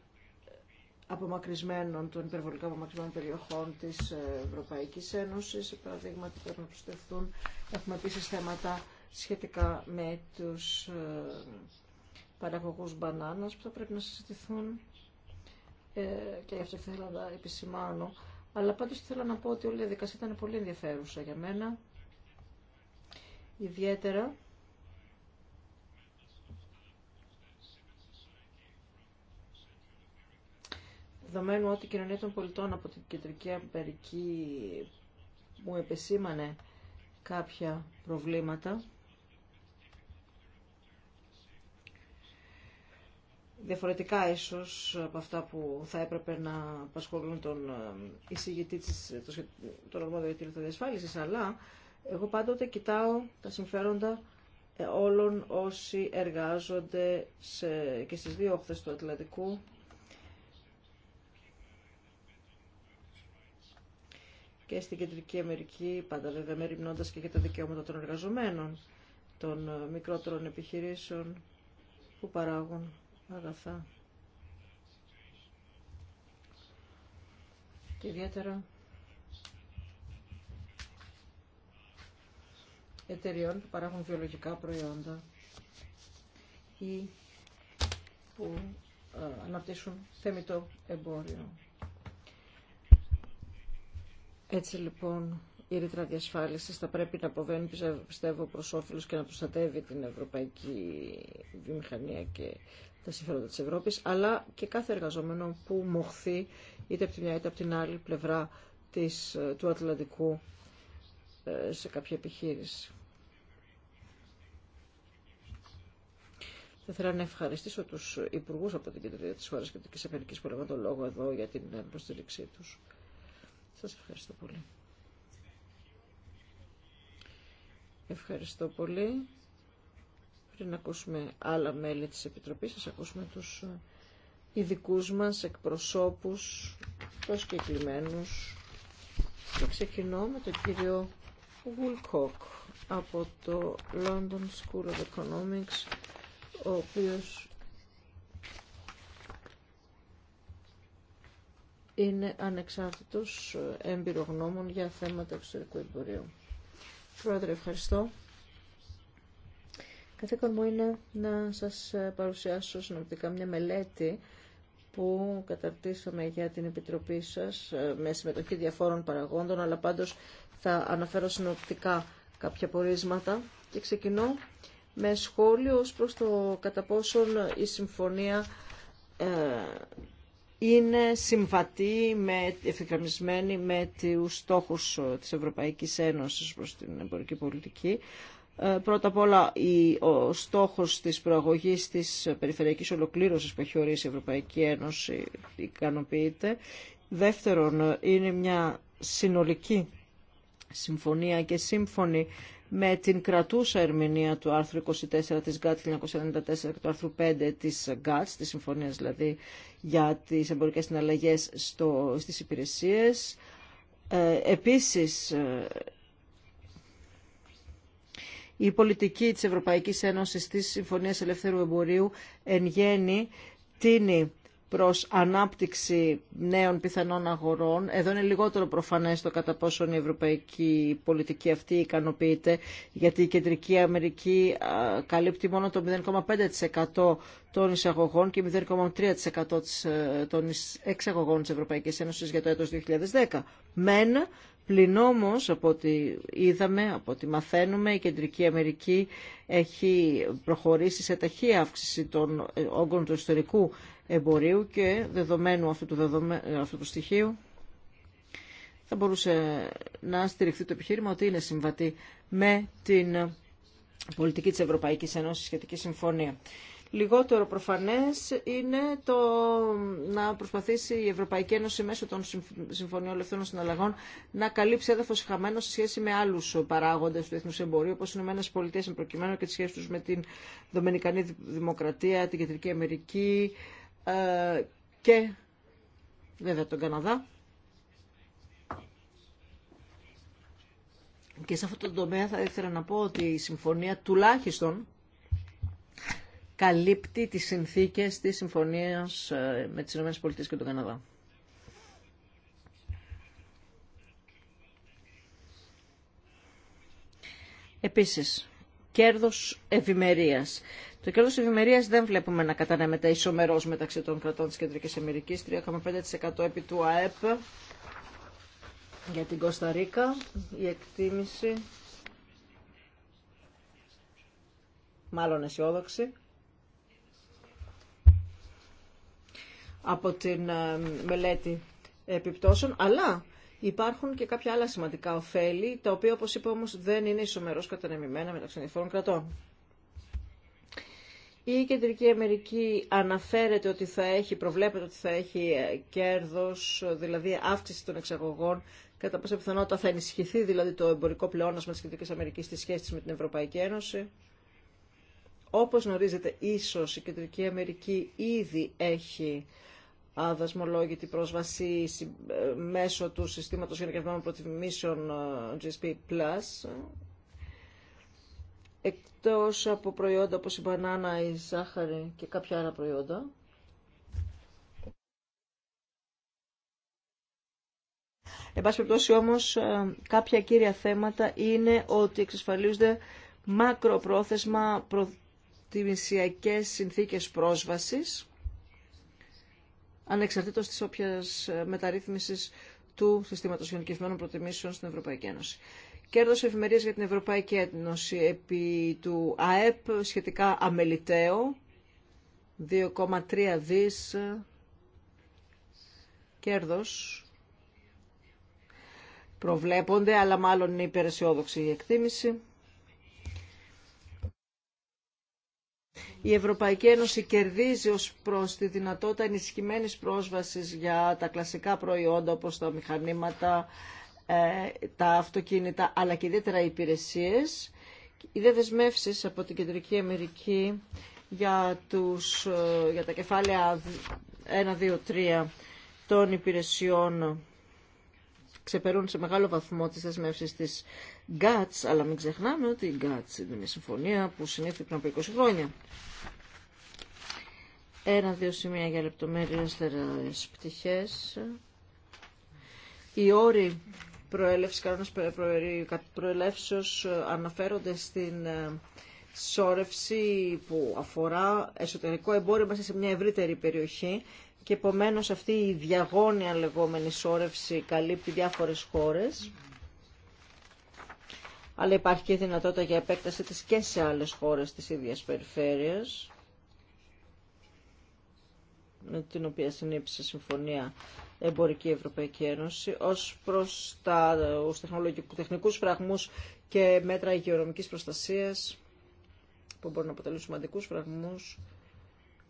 απομακρυσμένων, των υπερβολικά απομακρυσμένων περιοχών της Ευρωπαϊκής Ένωσης. Παραδείγματι πρέπει να προστεθούν. Έχουμε επίσης θέματα σχετικά με τους ε, παραγωγούς μπανάνας που θα πρέπει να συζητηθούν ε, και γι' αυτό ήθελα να επισημάνω. Αλλά πάντως θέλω να πω ότι όλη η διαδικασία ήταν πολύ ενδιαφέρουσα για μένα. Ιδιαίτερα δεδομένου ότι η κοινωνία των πολιτών από την Κεντρική Αμερική μου επεσήμανε κάποια προβλήματα διαφορετικά ίσως από αυτά που θα έπρεπε να απασχολούν τον ε, εισηγητή της, ε, τον αρμόδιο διασφάλισης, αλλά εγώ πάντοτε κοιτάω τα συμφέροντα ε, όλων όσοι εργάζονται σε, και στις δύο όχθες του Ατλαντικού. και στην Κεντρική Αμερική, πάντα βέβαια μεριμνώντας και για τα δικαιώματα των εργαζομένων, των μικρότερων επιχειρήσεων που παράγουν αγαθά. Και ιδιαίτερα εταιριών που παράγουν βιολογικά προϊόντα ή που ε, αναπτύσσουν θεμητό εμπόριο. Έτσι λοιπόν η ρήτρα διασφάλισης θα πρέπει να αποβαίνει πιστεύω προς όφελος και να προστατεύει την ευρωπαϊκή βιομηχανία και τα συμφέροντα της Ευρώπης, αλλά και κάθε εργαζόμενο που μοχθεί είτε από τη μια είτε από την άλλη πλευρά της, του Ατλαντικού ε, σε κάποια επιχείρηση. Θα ήθελα να ευχαριστήσω του υπουργού από την κεντρική τη Χώρα και τη Αμερική που έλαβαν τον λόγο εδώ για την ε, υποστήριξή του. Σα ευχαριστώ πολύ. Ευχαριστώ πολύ πριν ακούσουμε άλλα μέλη της Επιτροπής, σε ακούσουμε τους ε, ειδικού μας εκπροσώπους, προσκεκλημένους. Και ξεκινώ με τον κύριο Woolcock από το London School of Economics, ο οποίος είναι ανεξάρτητος ε, εμπειρογνώμων για θέματα εξωτερικού εμπορίου. Πρόεδρε, ευχαριστώ. Καθήκον μου είναι να σας ε, παρουσιάσω συνοπτικά μια μελέτη που καταρτήσαμε για την Επιτροπή σας ε, με συμμετοχή διαφόρων παραγόντων, αλλά πάντως θα αναφέρω συνοπτικά κάποια πορίσματα και ξεκινώ με σχόλιο ως προς το κατά πόσον η συμφωνία ε, είναι συμβατή, με, ευθυγραμμισμένη με τους στόχους της Ευρωπαϊκής Ένωσης προς την εμπορική πολιτική. Πρώτα απ' όλα, ο στόχος της προαγωγής της περιφερειακής ολοκλήρωσης που έχει ορίσει η Ευρωπαϊκή Ένωση ικανοποιείται. Δεύτερον, είναι μια συνολική συμφωνία και σύμφωνη με την κρατούσα ερμηνεία του άρθρου 24 της ΓΑΤ 1994 και του άρθρου 5 της ΓΑΤ, της Συμφωνίας δηλαδή για τις εμπορικές συναλλαγές στο, στις υπηρεσίες. Ε, επίσης, η πολιτική της Ευρωπαϊκής Ένωσης της Συμφωνίας Ελευθέρου Εμπορίου εν γέννη τίνει προς ανάπτυξη νέων πιθανών αγορών. Εδώ είναι λιγότερο προφανές το κατά πόσο η ευρωπαϊκή πολιτική αυτή ικανοποιείται, γιατί η Κεντρική Αμερική καλύπτει μόνο το 0,5% των εισαγωγών και 0,3% ε, των εξαγωγών της Ευρωπαϊκής Ένωσης για το έτος 2010. Μεν Πλην όμως, από ό,τι είδαμε, από ό,τι μαθαίνουμε, η Κεντρική Αμερική έχει προχωρήσει σε ταχύ αύξηση των όγκων του ιστορικού εμπορίου και δεδομένου αυτού του, αυτού του στοιχείου θα μπορούσε να στηριχθεί το επιχείρημα ότι είναι συμβατή με την πολιτική της Ευρωπαϊκής Ένωσης σχετική συμφωνία. Λιγότερο προφανές είναι το να προσπαθήσει η Ευρωπαϊκή Ένωση μέσω των Συμφωνιών Ελευθερών Συναλλαγών να καλύψει έδαφο χαμένο σε σχέση με άλλου παράγοντε του εθνού εμπορίου, όπω οι ΗΠΑ προκειμένου και τι σχέσει του με την Δομενικανή Δημοκρατία, την Κεντρική Αμερική ε, και βέβαια τον Καναδά. Και σε αυτό το τομέα θα ήθελα να πω ότι η συμφωνία τουλάχιστον καλύπτει τις συνθήκες της συμφωνίας ε, με τις ΗΠΑ και τον Καναδά. Επίσης, κέρδος ευημερίας. Το κέρδος ευημερίας δεν βλέπουμε να κατανέμεται ισομερός μεταξύ των κρατών της Κεντρικής Αμερικής, 3,5% επί του ΑΕΠ για την Κωνσταντίνα, η εκτίμηση μάλλον αισιόδοξη. από την ε, μελέτη επιπτώσεων, αλλά υπάρχουν και κάποια άλλα σημαντικά ωφέλη, τα οποία, όπως είπα όμως, δεν είναι ισομερώς κατανεμημένα μεταξύ των διαφόρων κρατών. Η Κεντρική Αμερική αναφέρεται ότι θα έχει, προβλέπεται ότι θα έχει ε, κέρδος, δηλαδή αύξηση των εξαγωγών, κατά πάσα πιθανότητα θα ενισχυθεί δηλαδή το εμπορικό πλεόνασμα της Κεντρικής Αμερικής στις σχέσεις με την Ευρωπαϊκή Ένωση. Όπως γνωρίζετε, ίσως η Κεντρική Αμερική ήδη έχει αδασμολόγητη πρόσβαση ε, μέσω του συστήματος γενικευμένων προτιμήσεων ε, GSP+, εκτός από προϊόντα όπως η μπανάνα, η ζάχαρη και κάποια άλλα προϊόντα. Εν πάση περιπτώσει όμως ε, κάποια κύρια θέματα είναι ότι εξασφαλίζονται μακροπρόθεσμα τιμησιακές συνθήκες πρόσβασης, ανεξαρτήτως της όποιας ε, μεταρρύθμισης του συστήματος γενικευμένων προτιμήσεων στην Ευρωπαϊκή Ένωση. Κέρδος εφημερίες για την Ευρωπαϊκή Ένωση επί του ΑΕΠ σχετικά αμεληταίο, 2,3 δις ε, κέρδος προβλέπονται, αλλά μάλλον είναι υπεραισιόδοξη η εκτίμηση. η Ευρωπαϊκή Ένωση κερδίζει ως προς τη δυνατότητα ενισχυμένης πρόσβασης για τα κλασικά προϊόντα όπως τα μηχανήματα, ε, τα αυτοκίνητα, αλλά και ιδιαίτερα οι υπηρεσίες. Οι δε από την Κεντρική Αμερική για, τους, ε, για τα κεφάλαια 1, 2, 3 των υπηρεσιών ξεπερούν σε μεγάλο βαθμό τις δεσμεύσεις της GATS, αλλά μην ξεχνάμε ότι η GATS είναι μια συμφωνία που συνήθει από 20 χρόνια ένα-δύο σημεία για λεπτομέρειες πτυχές. Οι όροι προέλευσης, κανόνας προελέυσης ε, αναφέρονται στην ε, σώρευση που αφορά εσωτερικό εμπόριο μέσα σε μια ευρύτερη περιοχή και επομένως αυτή η διαγώνια λεγόμενη σώρευση καλύπτει διάφορες χώρες αλλά υπάρχει και δυνατότητα για επέκταση της και σε άλλες χώρες της ίδιας περιφέρειας με την οποία συνήψε συμφωνία Εμπορική Ευρωπαϊκή Ένωση ως προς τα, ως τεχνικούς φραγμούς και μέτρα υγειονομικής προστασίας που μπορούν να αποτελούν σημαντικούς φραγμούς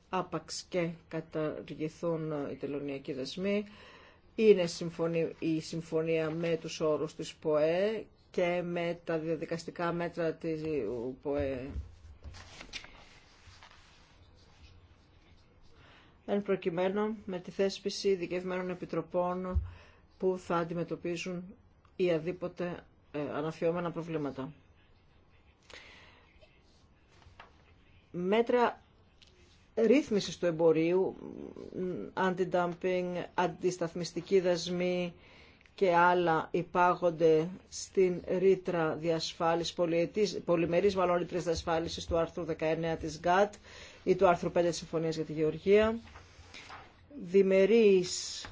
άπαξ και καταργηθούν οι τελωνιακοί δεσμοί. Είναι η συμφωνία με τους όρους της ΠΟΕ και με τα διαδικαστικά μέτρα της ΠΟΕ εν προκειμένου με τη θέσπιση ειδικευμένων επιτροπών που θα αντιμετωπίζουν ή αδίποτε ε, αναφιόμενα προβλήματα. Μέτρα ρύθμισης του εμπορίου, αντι-dumping, αντισταθμιστική δασμή και άλλα υπάγονται στην ρήτρα διασφάλισης, πολυμερής μάλλον ρήτρες διασφάλισης του άρθρου 19 της ΓΑΤ ή του άρθρου 5 της Συμφωνίας για τη Γεωργία διμερείς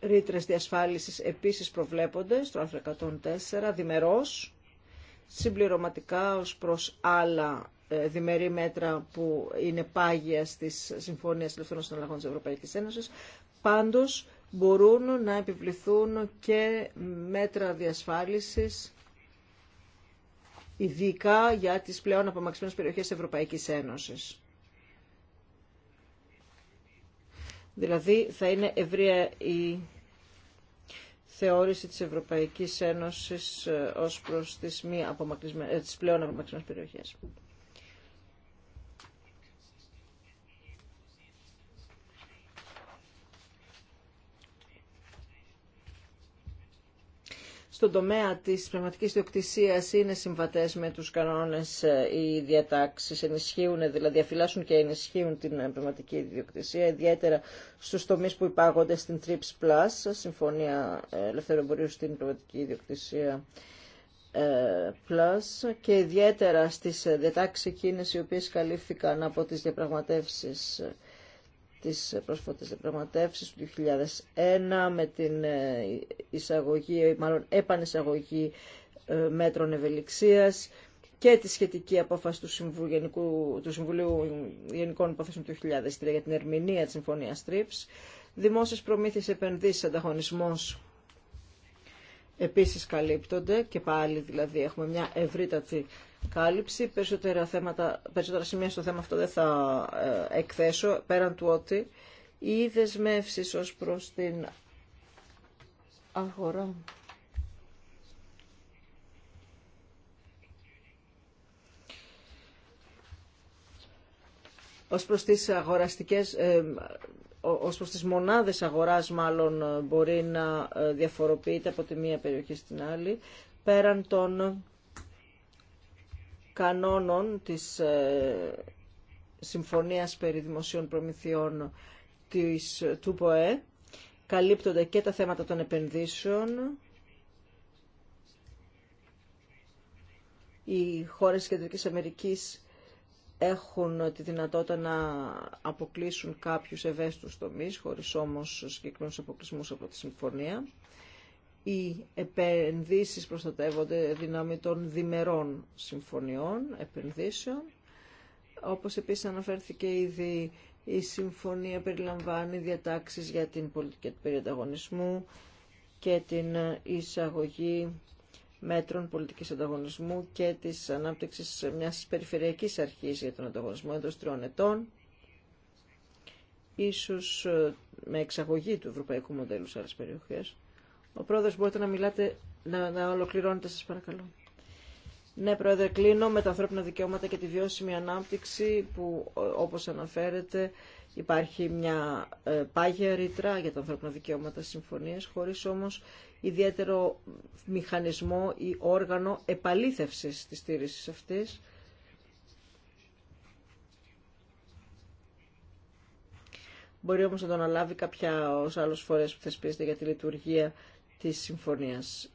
ρήτρες διασφάλισης επίσης προβλέπονται στο άρθρο 104 διμερός συμπληρωματικά ως προς άλλα ε, διμερεί μέτρα που είναι πάγια στις συμφωνίες ελευθερών συναλλαγών της Ευρωπαϊκής Ένωσης. Πάντως μπορούν να επιβληθούν και μέτρα διασφάλισης ειδικά για τις πλέον απομαξιμένες περιοχές της Ευρωπαϊκής Ένωσης. Δηλαδή θα είναι ευρεία η θεώρηση της Ευρωπαϊκής Ένωσης ε, ως προς τις, μη ε, τις πλέον απομακρυσμένες περιοχές. στον τομέα της πνευματικής διοκτησίας είναι συμβατές με τους κανόνες ε, οι διατάξεις, ενισχύουν, ε, δηλαδή αφυλάσσουν και ενισχύουν την ε, πνευματική διοκτησία, ιδιαίτερα στους τομείς που υπάγονται στην TRIPS Plus, Συμφωνία Ελευθεροπορίου στην Πνευματική Διοκτησία Plus, και ιδιαίτερα στις διατάξεις εκείνες οι οποίες καλύφθηκαν από τις διαπραγματεύσεις τις πρόσφατες διαπραγματεύσεις του 2001 με την ε, εισαγωγή, μάλλον επανεισαγωγή ε, μέτρων ευελιξίας και τη σχετική απόφαση του, Συμβουλίου, του Συμβουλίου Γενικών Υποθέσεων του 2003 για την ερμηνεία της Συμφωνίας TRIPS, δημόσιες προμήθειες επενδύσεις, ανταγωνισμός επίσης καλύπτονται και πάλι δηλαδή έχουμε μια ευρύτατη κάλυψη. Περισσότερα, θέματα, περισσότερα σημεία στο θέμα αυτό δεν θα ε, εκθέσω, πέραν του ότι οι δεσμεύσει ως προς την αγορά. Ως προς τις αγοραστικές, ε, ως προς τις μονάδες αγοράς μάλλον ε, μπορεί να διαφοροποιείται από τη μία περιοχή στην άλλη, πέραν των κανόνων της ε, Συμφωνίας περί Δημοσίων Προμηθειών της, του ΠΟΕ. Καλύπτονται και τα θέματα των επενδύσεων. Οι χώρες της Κεντρικής Αμερικής έχουν τη δυνατότητα να αποκλείσουν κάποιους ευαίσθητους τομείς, χωρίς όμως συγκεκριμένους αποκλεισμούς από τη Συμφωνία οι επενδύσεις προστατεύονται δυνάμει των διμερών συμφωνιών, επενδύσεων. Όπως επίσης αναφέρθηκε ήδη, η συμφωνία περιλαμβάνει διατάξεις για την πολιτική του περιανταγωνισμού και την εισαγωγή μέτρων πολιτικής ανταγωνισμού και της ανάπτυξης μιας περιφερειακής αρχής για τον ανταγωνισμό εντός τριών ετών, ίσως με εξαγωγή του ευρωπαϊκού μοντέλου σε άλλες περιοχές. Ο πρόεδρο μπορείτε να μιλάτε, να, να ολοκληρώνετε σας παρακαλώ. Ναι, Πρόεδρε, κλείνω με τα ανθρώπινα δικαιώματα και τη βιώσιμη ανάπτυξη που, όπως αναφέρετε υπάρχει μια ε, πάγια ρήτρα για τα ανθρώπινα δικαιώματα συμφωνίες, χωρίς όμως ιδιαίτερο μηχανισμό ή όργανο επαλήθευση της στήριξη αυτή. Μπορεί όμως να τον αλάβει κάποια ως άλλος φορές που θεσπίζεται για τη λειτουργία της συμφωνίας.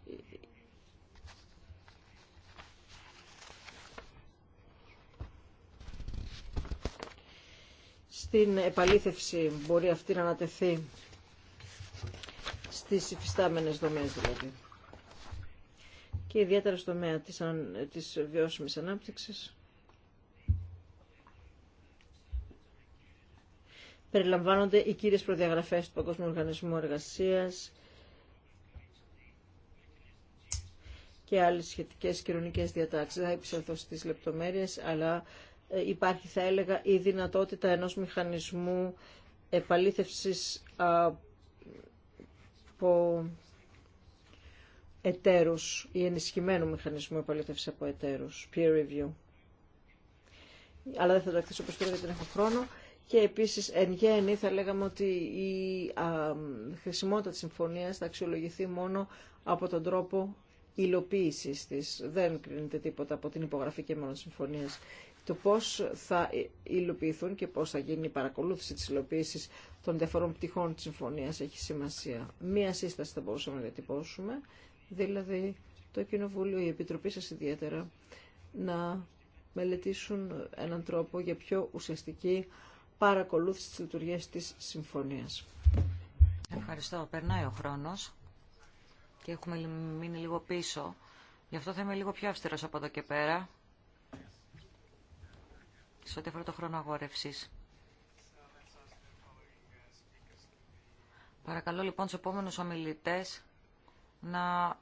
Στην επαλήθευση μπορεί αυτή να ανατεθεί στις υφιστάμενες δομές δηλαδή και ιδιαίτερα στο τομέα της, της βιώσιμης ανάπτυξης. Περιλαμβάνονται οι κύριες προδιαγραφές του Παγκόσμιου Οργανισμού Εργασίας, και άλλες σχετικές κοινωνικές διατάξεις. Θα επισέλθω στις λεπτομέρειες, αλλά ε, υπάρχει θα έλεγα η δυνατότητα ενός μηχανισμού επαλήθευσης από εταίρους ή ενισχυμένου μηχανισμού επαλήθευσης από εταίρους, peer review. Αλλά δεν θα το εκθέσω προς τώρα γιατί δεν έχω χρόνο. Και επίσης εν γέννη θα λέγαμε ότι η α, χρησιμότητα της συμφωνίας θα αξιολογηθεί μόνο από τον τρόπο υλοποίησή τη Δεν κρίνεται τίποτα από την υπογραφή και μόνο συμφωνίας. Το πώς θα ε, υλοποιηθούν και πώς θα γίνει η παρακολούθηση της υλοποίηση των διαφορών πτυχών της συμφωνίας έχει σημασία. Μία σύσταση θα μπορούσαμε να διατυπώσουμε, δηλαδή το Κοινοβούλιο, η Επιτροπή σας ιδιαίτερα, να μελετήσουν έναν τρόπο για πιο ουσιαστική παρακολούθηση της λειτουργίας της συμφωνίας. Ευχαριστώ. Περνάει ο χρόνος και έχουμε μείνει λίγο πίσω. Γι' αυτό θα είμαι λίγο πιο αυστηρός από εδώ και πέρα. Σε ό,τι αφορά το χρόνο αγόρευσης. Παρακαλώ λοιπόν τους επόμενους ομιλητές να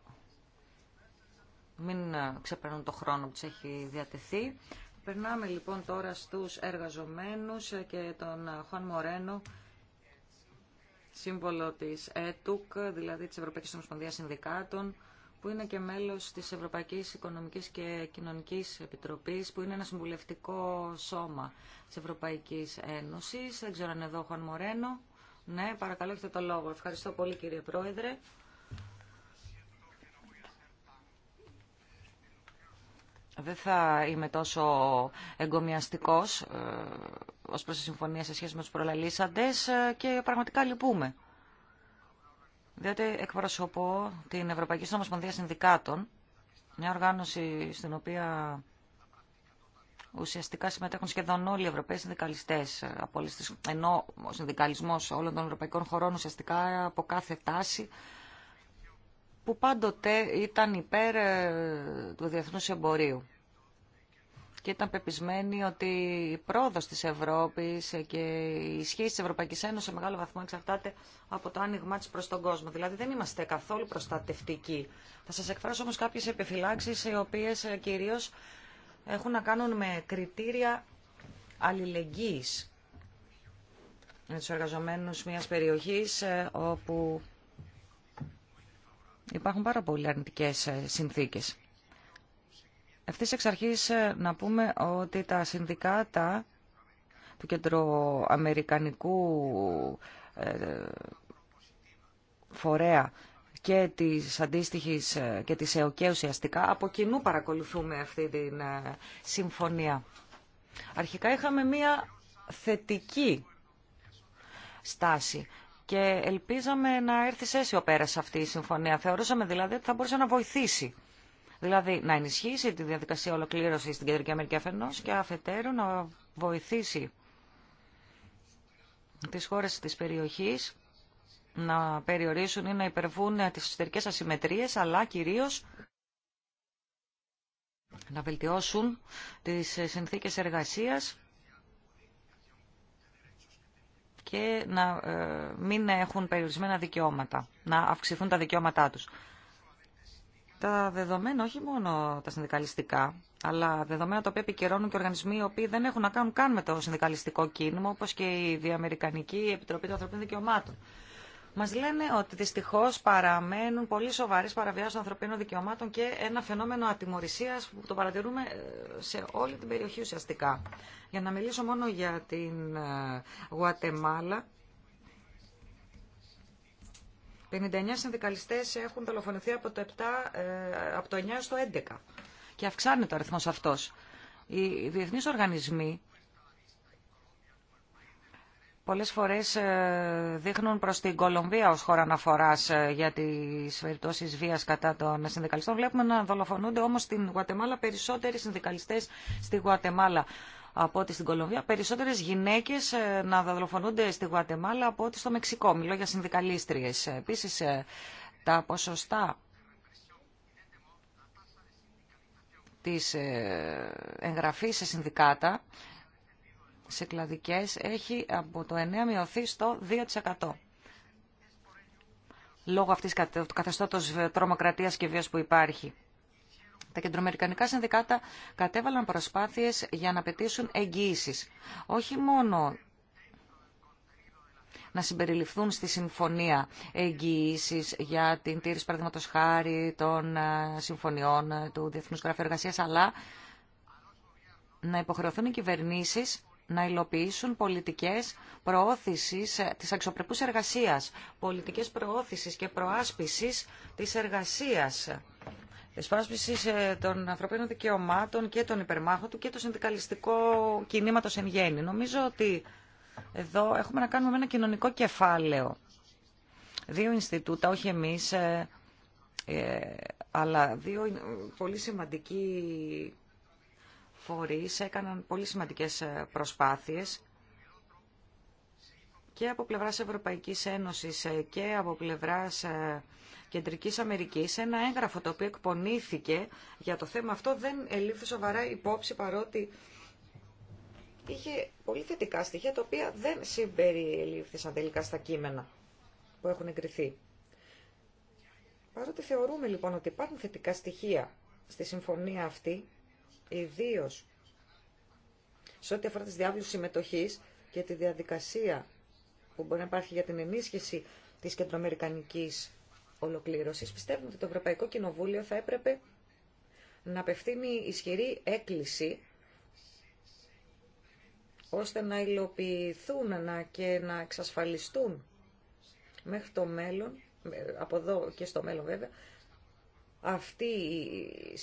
μην ε, ξεπερνούν το χρόνο που τους έχει διατεθεί. Περνάμε λοιπόν τώρα στους εργαζομένους ε, και τον ε, Χωάν Μορένο σύμβολο της ΕΤΟΚ, δηλαδή της Ευρωπαϊκής Ομοσπονδίας Συνδικάτων, που είναι και μέλος της Ευρωπαϊκής Οικονομικής και Κοινωνικής Επιτροπής, που είναι ένα συμβουλευτικό σώμα της Ευρωπαϊκής Ένωσης. Δεν ξέρω αν εδώ ο Ναι, παρακαλώ έχετε το λόγο. Ευχαριστώ πολύ κύριε Πρόεδρε. δεν θα είμαι τόσο εγκομιαστικός ε, ως προς τη συμφωνία σε σχέση με τους προλαλήσαντες ε, και πραγματικά λυπούμε. Διότι εκπροσωπώ την Ευρωπαϊκή Συνομοσπονδία Συνδικάτων, μια οργάνωση στην οποία ουσιαστικά συμμετέχουν σχεδόν όλοι οι Ευρωπαίοι συνδικαλιστές, ε, ενώ ο συνδικαλισμός όλων των ευρωπαϊκών χωρών ουσιαστικά από κάθε τάση που πάντοτε ήταν υπέρ ε, του διεθνούς εμπορίου και ήταν πεπισμένη ότι η πρόοδος της Ευρώπης ε, και η ισχύ της Ευρωπαϊκής Ένωσης σε μεγάλο βαθμό εξαρτάται από το άνοιγμά της προς τον κόσμο. Δηλαδή δεν είμαστε καθόλου προστατευτικοί. Θα σας εκφράσω όμως κάποιες επιφυλάξεις οι οποίες ε, κυρίως έχουν να κάνουν με κριτήρια αλληλεγγύης με τους εργαζομένους μιας περιοχής όπου Υπάρχουν πάρα πολλοί αρνητικές ε, συνθήκες. Ευθύς εξ αρχής ε, να πούμε ότι τα συνδικάτα του κεντροαμερικανικού ε, φορέα και της αντίστοιχης και της ΕΟΚΕ ουσιαστικά από κοινού παρακολουθούμε αυτή την συμφωνία. Αρχικά είχαμε μία θετική στάση και ελπίζαμε να έρθει σε αίσιο πέρα σε αυτή η συμφωνία. Θεωρούσαμε δηλαδή ότι θα μπορούσε να βοηθήσει. Δηλαδή να ενισχύσει τη διαδικασία ολοκλήρωση στην Κεντρική Αμερική αφενό και αφετέρου να βοηθήσει τις χώρες της περιοχής να περιορίσουν ή να υπερβούν τις εσωτερικέ ασυμμετρίες, αλλά κυρίως να βελτιώσουν τις συνθήκες εργασίας και να ε, μην έχουν περιορισμένα δικαιώματα, να αυξηθούν τα δικαιώματά τους. Τα δεδομένα, όχι μόνο τα συνδικαλιστικά, αλλά δεδομένα τα οποία επικαιρώνουν και οργανισμοί οι οποίοι δεν έχουν να κάνουν καν με το συνδικαλιστικό κίνημα, όπως και η Διαμερικανική Επιτροπή των Ανθρωπίνων Δικαιωμάτων. Μα λένε ότι δυστυχώ παραμένουν πολύ σοβαρέ παραβιάσει των ανθρωπίνων δικαιωμάτων και ένα φαινόμενο ατιμορρησία που το παρατηρούμε ε, σε όλη την περιοχή ουσιαστικά. Για να μιλήσω μόνο για την ε, Γουατεμάλα, 59 συνδικαλιστές έχουν δολοφονηθεί από το, 7, ε, από το 9 στο 11 και αυξάνεται ο αριθμός αυτός. Οι διεθνείς οργανισμοί πολλές φορές ε, δείχνουν προς την Κολομβία ως χώρα αναφοράς ε, για τις περιπτώσεις βίας κατά των συνδικαλιστών. Βλέπουμε να δολοφονούνται όμως στην Γουατεμάλα περισσότεροι συνδικαλιστές στη Γουατεμάλα από ό,τι στην Κολομβία. Περισσότερες γυναίκες ε, να δολοφονούνται στη Γουατεμάλα από ό,τι στο Μεξικό. Μιλώ για συνδικαλίστριες. Επίσης τα ποσοστά της εγγραφής σε συνδικάτα σε κλαδικές έχει από το 9 μειωθεί στο 2%. Λόγω αυτής του καθεστώτος ε, τρομοκρατίας και βίας που υπάρχει. Τα κεντροαμερικανικά συνδικάτα κατέβαλαν προσπάθειες για να πετύσουν εγγύησεις. Όχι μόνο να συμπεριληφθούν στη συμφωνία εγγυήσει για την τήρηση, παραδείγματο χάρη, των ε, συμφωνιών ε, του Διεθνού Γραφείου Εργασία, αλλά να υποχρεωθούν οι κυβερνήσει να υλοποιήσουν πολιτικές προώθησης ε, της αξιοπρεπούς εργασίας, πολιτικές προώθησης και προάσπισης της εργασίας, της προάσπισης ε, των ανθρωπίνων δικαιωμάτων και των υπερμάχων του και του συνδικαλιστικού κινήματος εν γέννη. Νομίζω ότι εδώ έχουμε να κάνουμε ένα κοινωνικό κεφάλαιο. Δύο Ινστιτούτα, όχι εμείς, ε, αλλά δύο πολύ σημαντικοί φορείς έκαναν πολύ σημαντικές ε, προσπάθειες και από πλευράς Ευρωπαϊκής Ένωσης ε, και από πλευράς ε, Κεντρικής Αμερικής ένα έγγραφο το οποίο εκπονήθηκε για το θέμα αυτό δεν ελήφθη σοβαρά υπόψη παρότι είχε πολύ θετικά στοιχεία τα οποία δεν συμπεριελήφθησαν τελικά στα κείμενα που έχουν εγκριθεί. Παρότι θεωρούμε λοιπόν ότι υπάρχουν θετικά στοιχεία στη συμφωνία αυτή ιδίω σε ό,τι αφορά τι διάβλους συμμετοχή και τη διαδικασία που μπορεί να υπάρχει για την ενίσχυση της κεντροαμερικανική ολοκλήρωση, πιστεύουμε ότι το Ευρωπαϊκό Κοινοβούλιο θα έπρεπε να απευθύνει ισχυρή έκκληση ώστε να υλοποιηθούν και να εξασφαλιστούν μέχρι το μέλλον, ε, από εδώ και στο μέλλον βέβαια, αυτοί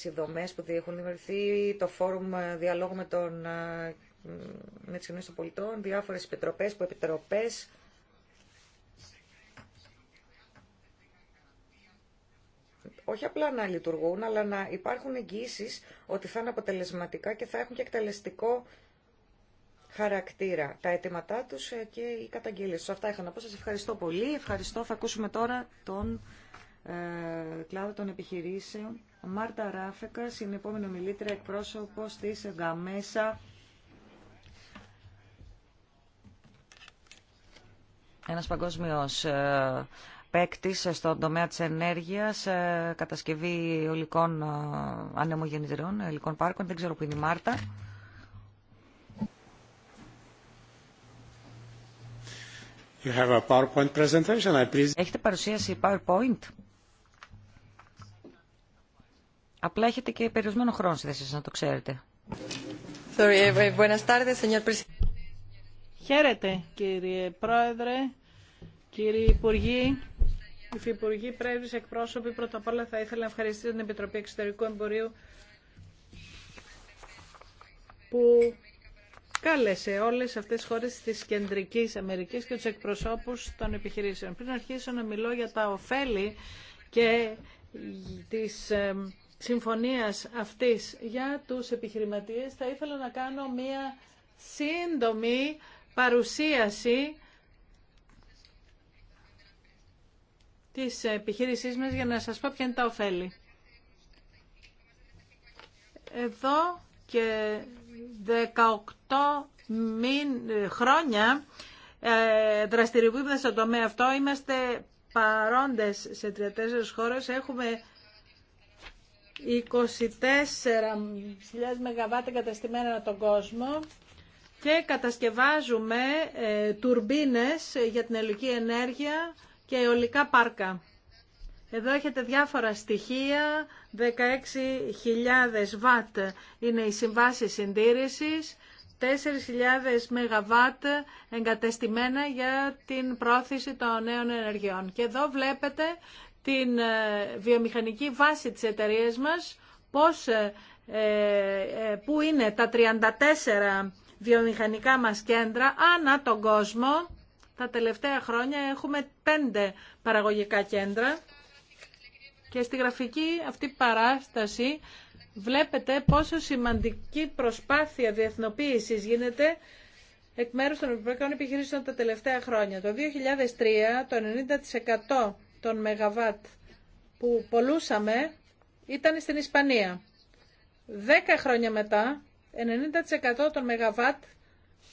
οι δομές που έχουν δημιουργηθεί, το φόρουμ ε, διαλόγου με, τον, ε, με τις κοινωνίες των πολιτών, διάφορες επιτροπές που επιτροπές, όχι απλά να λειτουργούν, αλλά να υπάρχουν εγγύσει ότι θα είναι αποτελεσματικά και θα έχουν και εκτελεστικό χαρακτήρα τα αιτήματά τους ε, και οι καταγγελίες τους. Αυτά είχα να πω. Σας ευχαριστώ πολύ. Ευχαριστώ. Θα ακούσουμε τώρα τον ε, κλάδο των επιχειρήσεων. Μάρτα Ράφεκα είναι η επόμενη ομιλήτρια εκπρόσωπος της ΓΑΜΕΣΑ. Ένας παγκόσμιος ε, παίκτη στον τομέα της ενέργειας, ε, κατασκευή ολικών ανεμογεννητριών, ολικών πάρκων. Δεν ξέρω που είναι η Μάρτα. Έχετε παρουσίαση PowerPoint. Απλά έχετε και περιορισμένο χρόνο στη θέση να το ξέρετε. Ε, ε, Χαίρετε κύριε Πρόεδρε, κύριοι Υπουργοί, Υφυπουργοί, Πρέβης, Εκπρόσωποι. Πρώτα απ' όλα θα ήθελα να ευχαριστήσω την Επιτροπή Εξωτερικού Εμπορίου που κάλεσε όλες αυτές τις χώρες της Κεντρικής Αμερικής και τους εκπροσώπους των επιχειρήσεων. Πριν αρχίσω να μιλώ για τα ωφέλη και τις ε, συμφωνίας αυτής για τους επιχειρηματίες, θα ήθελα να κάνω μία σύντομη παρουσίαση της επιχείρησής μας για να σας πω ποια είναι τα ωφέλη. Εδώ και 18 χρόνια ε, δραστηριοποιούμε στο τομέα αυτό. Είμαστε παρόντες σε 34 χώρες. Έχουμε 24.000 ΜΒ εγκαταστημένα ανά τον κόσμο και κατασκευάζουμε ε, τουρμπίνες για την ελληνική ενέργεια και αιωλικά πάρκα. Εδώ έχετε διάφορα στοιχεία, 16.000 βατ είναι οι συμβάσεις συντήρησης, 4.000 ΜΒ εγκατεστημένα για την πρόθεση των νέων ενεργειών. Και εδώ βλέπετε την ε, βιομηχανική βάση της εταιρείας μας, πώς, ε, ε, που είναι τα 34 βιομηχανικά μας κέντρα ανά τον κόσμο. Τα τελευταία χρόνια έχουμε πέντε παραγωγικά κέντρα και στη γραφική αυτή παράσταση βλέπετε πόσο σημαντική προσπάθεια διεθνοποίησης γίνεται εκ μέρους των ευρωπαϊκών επιχειρήσεων τα τελευταία χρόνια. Το 2003 το 90% των μεγαβάτ που πολλούσαμε ήταν στην Ισπανία. Δέκα χρόνια μετά, 90% των ΜΒ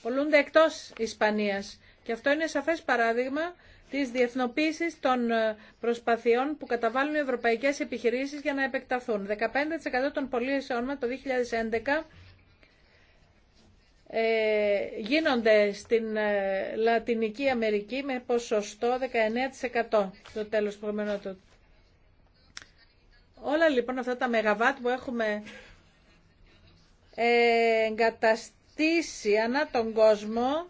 πολλούνται εκτός Ισπανίας. Και αυτό είναι σαφές παράδειγμα της διεθνοποίησης των ε, προσπαθειών που καταβάλουν οι ευρωπαϊκές επιχειρήσεις για να επεκταθούν. 15% των πολίσεων μας το 2011 ε, γίνονται στην ε, Λατινική Αμερική με ποσοστό 19% το τέλος προηγουμένου του. Όλα λοιπόν αυτά τα μεγαβάτ που έχουμε ε, εγκαταστήσει ανά τον κόσμο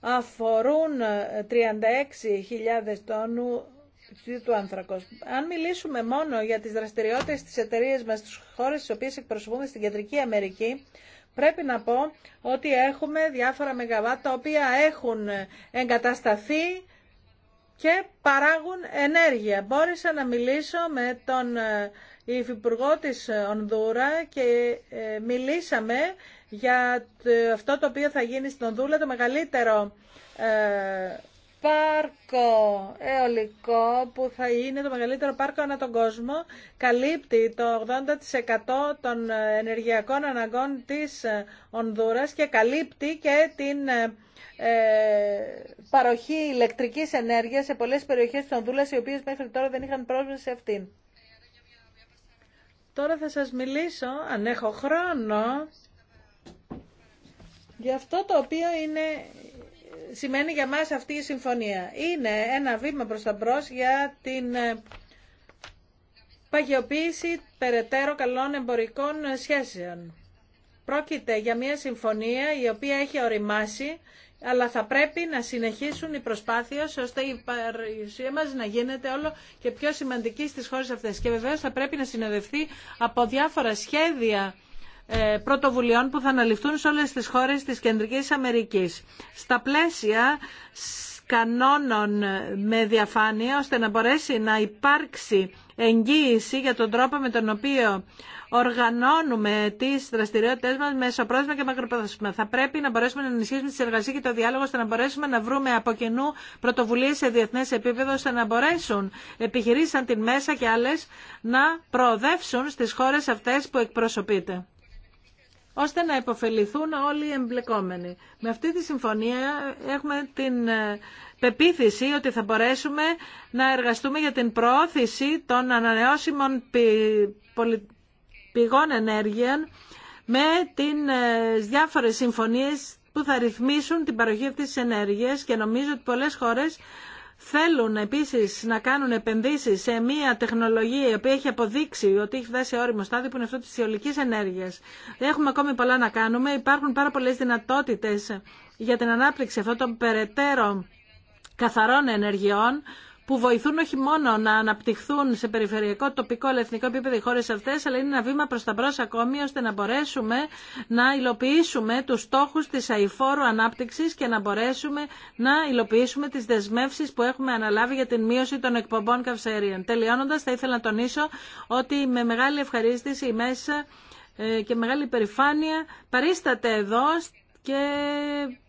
αφορούν 36.000 τόνου του άνθρακος. Αν μιλήσουμε μόνο για τις δραστηριότητες της εταιρείας μας στις χώρες στις οποίες εκπροσωπούμε στην Κεντρική Αμερική, Πρέπει να πω ότι έχουμε διάφορα μεγαβάτ τα οποία έχουν εγκατασταθεί και παράγουν ενέργεια. Μπόρεσα να μιλήσω με τον ε, υφυπουργό της Ονδούρα και ε, μιλήσαμε για αυτό το οποίο θα γίνει στην Ονδούλα, το μεγαλύτερο ε, πάρκο αιωλικό που θα είναι το μεγαλύτερο πάρκο ανά τον κόσμο καλύπτει το 80% των ενεργειακών αναγκών της Ονδούρας και καλύπτει και την ε, παροχή ηλεκτρικής ενέργειας σε πολλές περιοχές της Ονδούρας, οι οποίες μέχρι τώρα δεν είχαν πρόσβαση σε αυτήν. Τώρα θα σας μιλήσω, αν έχω χρόνο, για αυτό το οποίο είναι σημαίνει για μας αυτή η συμφωνία. Είναι ένα βήμα προς τα μπρος για την ε, παγιοποίηση περαιτέρω καλών εμπορικών σχέσεων. Πρόκειται για μια συμφωνία η οποία έχει οριμάσει, αλλά θα πρέπει να συνεχίσουν οι προσπάθειες ώστε η παρουσία μας να γίνεται όλο και πιο σημαντική στις χώρες αυτές. Και βεβαίως θα πρέπει να συνοδευτεί από διάφορα σχέδια ε, πρωτοβουλειών που θα αναλυφθούν σε όλες τις χώρες της Κεντρικής Αμερικής. Στα πλαίσια κανόνων με διαφάνεια ώστε να μπορέσει να υπάρξει εγγύηση για τον τρόπο με τον οποίο οργανώνουμε τις δραστηριότητες μας μεσοπρόθεσμα και μακροπρόθεσμα. Θα πρέπει να μπορέσουμε να ενισχύσουμε τη συνεργασία και το διάλογο ώστε να μπορέσουμε να βρούμε από κοινού πρωτοβουλίες σε διεθνές επίπεδο ώστε να μπορέσουν επιχειρήσεις σαν την Μέσα και άλλες να προοδεύσουν στις χώρες αυτές που εκπροσωπείται ώστε να υποφεληθούν όλοι οι εμπλεκόμενοι. Με αυτή τη συμφωνία έχουμε την ε, πεποίθηση ότι θα μπορέσουμε να εργαστούμε για την προώθηση των ανανεώσιμων πηγών ενέργειας με τις ε, διάφορες συμφωνίες που θα ρυθμίσουν την παροχή αυτής της ενέργειας και νομίζω ότι πολλές χώρες θέλουν επίσης να κάνουν επενδύσεις σε μια τεχνολογία η οποία έχει αποδείξει ότι έχει φτάσει σε όριμο στάδιο που είναι αυτό της ιολικής ενέργειας. Έχουμε ακόμη πολλά να κάνουμε. Υπάρχουν πάρα πολλές δυνατότητες για την ανάπτυξη αυτών των περαιτέρω καθαρών ενεργειών που βοηθούν όχι μόνο να αναπτυχθούν σε περιφερειακό, τοπικό, αλλά εθνικό επίπεδο οι χώρε αυτέ, αλλά είναι ένα βήμα προ τα μπρο ακόμη ώστε να μπορέσουμε να υλοποιήσουμε του στόχου τη αηφόρου ανάπτυξη και να μπορέσουμε να υλοποιήσουμε τι δεσμεύσει που έχουμε αναλάβει για την μείωση των εκπομπών καυσαερίων. Τελειώνοντα, θα ήθελα να τονίσω ότι με μεγάλη ευχαρίστηση η μέσα ε, και μεγάλη περηφάνεια παρίσταται εδώ και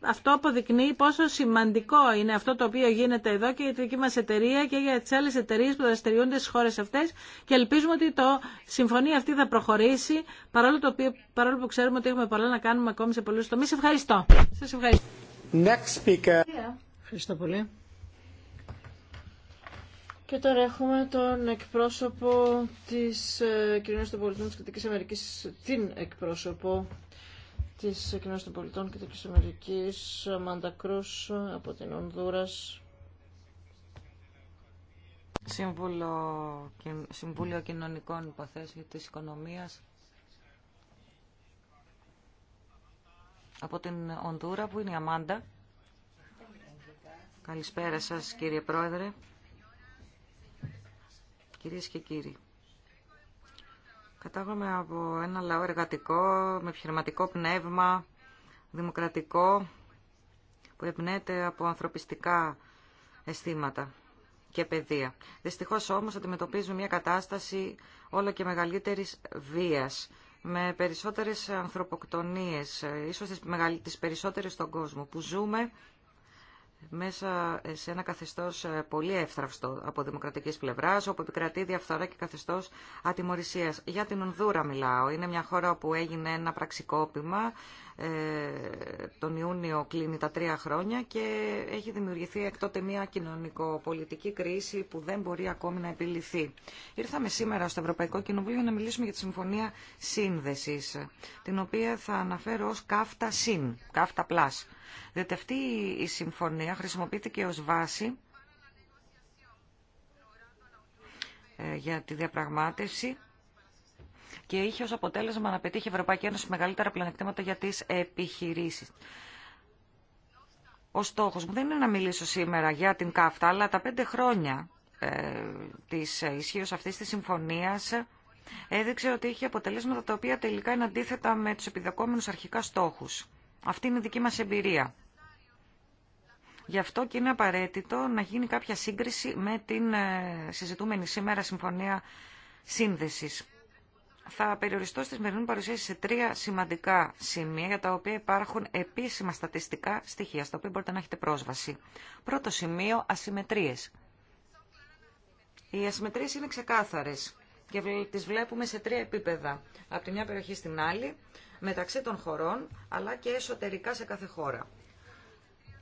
αυτό αποδεικνύει πόσο σημαντικό είναι αυτό το οποίο γίνεται εδώ και για τη δική μας εταιρεία και για τις άλλες εταιρείες που δραστηριούνται στις χώρες αυτές και ελπίζουμε ότι το συμφωνία αυτή θα προχωρήσει παρόλο, το οποίο, παρόλο που ξέρουμε ότι έχουμε πολλά να κάνουμε ακόμη σε πολλούς τομείς. Ευχαριστώ. Σας ευχαριστώ. Next speaker. Και τώρα έχουμε τον εκπρόσωπο της ε, Κοινωνίας των Πολιτών της Κρατικής Αμερικής, την εκπρόσωπο της κοινότητας των Πολιτών και της Μάντα Μαντακρούς από την Ονδούρας. Συμβούλιο Κοινωνικών Υποθέσεων της Οικονομίας από την Ονδούρα που είναι η Αμάντα. Καλησπέρα σας κύριε Πρόεδρε. Κυρίες και κύριοι. Κατάγομαι από ένα λαό εργατικό, με επιχειρηματικό πνεύμα, δημοκρατικό, που εμπνέεται από ανθρωπιστικά αισθήματα και παιδεία. Δυστυχώς όμως αντιμετωπίζουμε μια κατάσταση όλο και μεγαλύτερης βίας, με περισσότερες ανθρωποκτονίες, ίσως τις, μεγαλύτερες, περισσότερες στον κόσμο, που ζούμε μέσα σε ένα καθεστώ ε, πολύ εύθραυστο από δημοκρατική πλευρά, όπου επικρατεί διαφθορά και καθεστώς ατιμορρησία. Για την Ονδούρα μιλάω. Είναι μια χώρα όπου έγινε ένα πραξικόπημα ε, τον Ιούνιο κλείνει τα τρία χρόνια και έχει δημιουργηθεί εκ τότε μια κοινωνικοπολιτική κρίση που δεν μπορεί ακόμη να επιληθεί. Ήρθαμε σήμερα στο Ευρωπαϊκό Κοινοβούλιο να μιλήσουμε για τη Συμφωνία Σύνδεσης, την οποία θα αναφέρω ως ΚΑΦΤΑ ΣΥΝ, ΚΑΦΤΑ ΠΛΑΣ. Διότι αυτή η συμφωνία χρησιμοποιήθηκε ως βάση ε, για τη διαπραγμάτευση και είχε ως αποτέλεσμα να πετύχει η Ευρωπαϊκή Ένωση μεγαλύτερα πλανεκτήματα για τις επιχειρήσεις. Ο στόχος μου δεν είναι να μιλήσω σήμερα για την ΚΑΦΤΑ, αλλά τα πέντε χρόνια ε, της ισχύω αυτής της συμφωνίας έδειξε ότι είχε αποτελέσματα τα οποία τελικά είναι αντίθετα με τους επιδεκόμενους αρχικά στόχους. Αυτή είναι η δική μας εμπειρία. Γι' αυτό και είναι απαραίτητο να γίνει κάποια σύγκριση με την ε, συζητούμενη σήμερα Συμφωνία Σύνδεσης. Θα περιοριστώ στη σημερινή παρουσίαση σε τρία σημαντικά σημεία για τα οποία υπάρχουν επίσημα στατιστικά στοιχεία, στα οποία μπορείτε να έχετε πρόσβαση. Πρώτο σημείο, ασυμμετρίες. Οι ασυμμετρίες είναι ξεκάθαρες και τις βλέπουμε σε τρία επίπεδα. Από τη μια περιοχή στην άλλη, μεταξύ των χωρών, αλλά και εσωτερικά σε κάθε χώρα.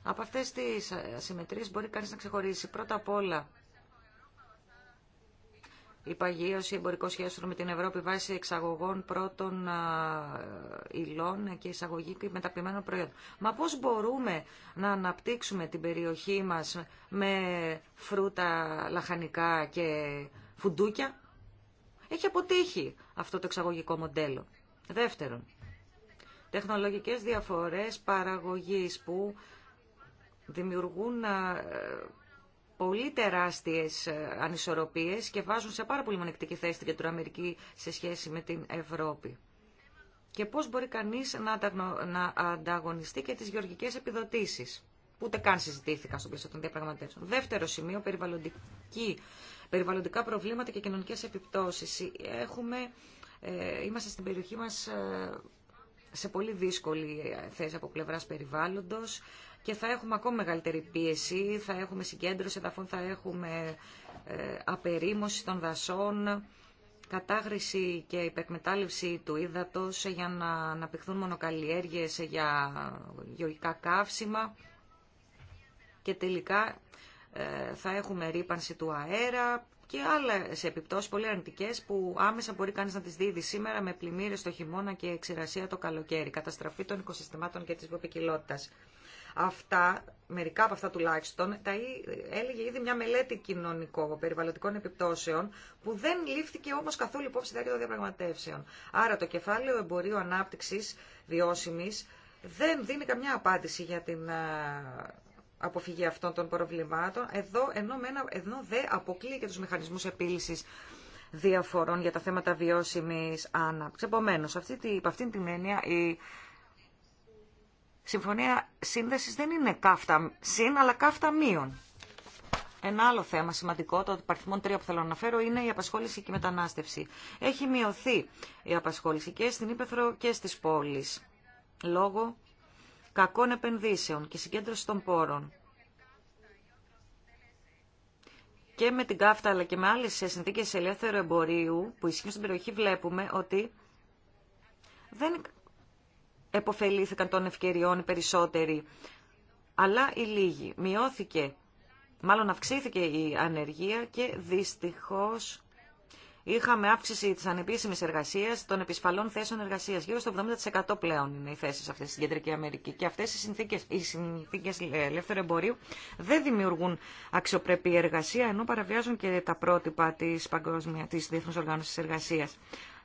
Από αυτές τις ασυμμετρίες μπορεί κανείς να ξεχωρίσει πρώτα απ' όλα η παγίωση εμπορικών σχέσεων με την Ευρώπη βάσει εξαγωγών πρώτων υλών και εισαγωγή και μεταπημένων προϊόντων. Μα πώς μπορούμε να αναπτύξουμε την περιοχή μας με φρούτα, λαχανικά και φουντούκια. Έχει αποτύχει αυτό το εξαγωγικό μοντέλο. Δεύτερον, τεχνολογικές διαφορές παραγωγής που δημιουργούν πολύ τεράστιε ε, ανισορροπίες και βάζουν σε πάρα πολύ μονεκτική θέση την Αμερική σε σχέση με την Ευρώπη. Και πώς μπορεί κανείς να ανταγωνιστεί και τις γεωργικές επιδοτήσεις, που ούτε καν συζητήθηκαν στο πλαίσιο των διαπραγματεύσεων. Δεύτερο σημείο, περιβαλλοντική, περιβαλλοντικά προβλήματα και κοινωνικές επιπτώσεις. Ε, έχουμε, ε, είμαστε στην περιοχή μας ε, σε πολύ δύσκολη θέση από πλευράς περιβάλλοντος και θα έχουμε ακόμα μεγαλύτερη πίεση, θα έχουμε συγκέντρωση εδαφών, θα έχουμε ε, απερίμωση των δασών, κατάχρηση και υπεκμετάλλευση του ύδατος για να αναπτυχθούν μονοκαλλιέργειες για γεωργικά καύσιμα και τελικά ε, θα έχουμε ρήπανση του αέρα και άλλε επιπτώσει πολύ αρνητικέ που άμεσα μπορεί κανεί να τι δίδει σήμερα με πλημμύρε το χειμώνα και ξηρασία το καλοκαίρι, Καταστραφή των οικοσυστημάτων και τη βιοπικιλότητα. Αυτά, μερικά από αυτά τουλάχιστον, τα έλεγε ήδη μια μελέτη κοινωνικών περιβαλλοντικών επιπτώσεων που δεν λήφθηκε όμω καθόλου υπόψη διάρκεια των διαπραγματεύσεων. Άρα το κεφάλαιο εμπορίου ανάπτυξη βιώσιμη, δεν δίνει καμιά απάντηση για την αποφυγή αυτών των προβλημάτων, εδώ, ενώ, με ένα, ενώ δε αποκλείει και τους μηχανισμούς επίλυσης διαφορών για τα θέματα βιώσιμης ανάπτυξης. Επομένω, αυτή, την έννοια η συμφωνία σύνδεση δεν είναι καύτα συν, αλλά καύτα μείον. Ένα άλλο θέμα σημαντικό, το παριθμό 3 που θέλω να αναφέρω, είναι η απασχόληση και η μετανάστευση. Έχει μειωθεί η απασχόληση και στην Ήπεθρο και στις πόλεις, λόγω κακών επενδύσεων και συγκέντρωση των πόρων. Και με την καύτα αλλά και με άλλε συνθήκες ελεύθερου εμπορίου που ισχύουν στην περιοχή βλέπουμε ότι δεν εποφελήθηκαν των ευκαιριών οι περισσότεροι, αλλά οι λίγοι. Μειώθηκε, μάλλον αυξήθηκε η ανεργία και δυστυχώς είχαμε αύξηση της ανεπίσημης εργασίας των επισφαλών θέσεων εργασίας. Γύρω στο 70% πλέον είναι οι θέσεις αυτές στην Κεντρική Αμερική και αυτές οι συνθήκες, ελεύθερου εμπορίου δεν δημιουργούν αξιοπρεπή εργασία ενώ παραβιάζουν και τα πρότυπα της, παγκόσμια, της Διεθνούς Οργάνωσης Εργασίας.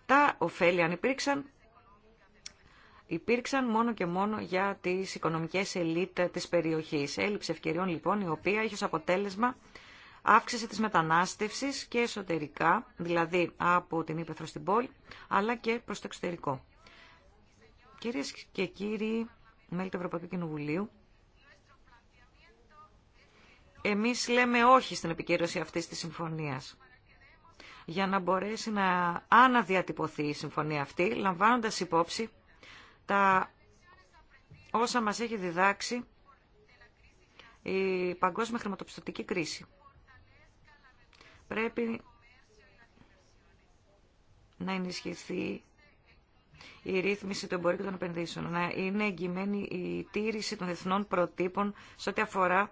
Τα ωφέλη αν υπήρξαν υπήρξαν μόνο και μόνο για τις οικονομικές ελίτ της περιοχής. Έλλειψη ευκαιριών λοιπόν η οποία είχε ως αποτέλεσμα αύξηση της μετανάστευσης και εσωτερικά, δηλαδή από την Ήπεθρο στην πόλη, αλλά και προς το εξωτερικό. Κυρίες και κύριοι μέλη του Ευρωπαϊκού Κοινοβουλίου, εμείς λέμε όχι στην επικύρωση αυτής της συμφωνίας για να μπορέσει να αναδιατυπωθεί η συμφωνία αυτή, λαμβάνοντας υπόψη τα όσα μας έχει διδάξει η παγκόσμια χρηματοπιστωτική κρίση. Πρέπει να ενισχυθεί η ρύθμιση του εμπορίου και των επενδύσεων, να είναι εγγυημένη η τήρηση των εθνών προτύπων σε ό,τι αφορά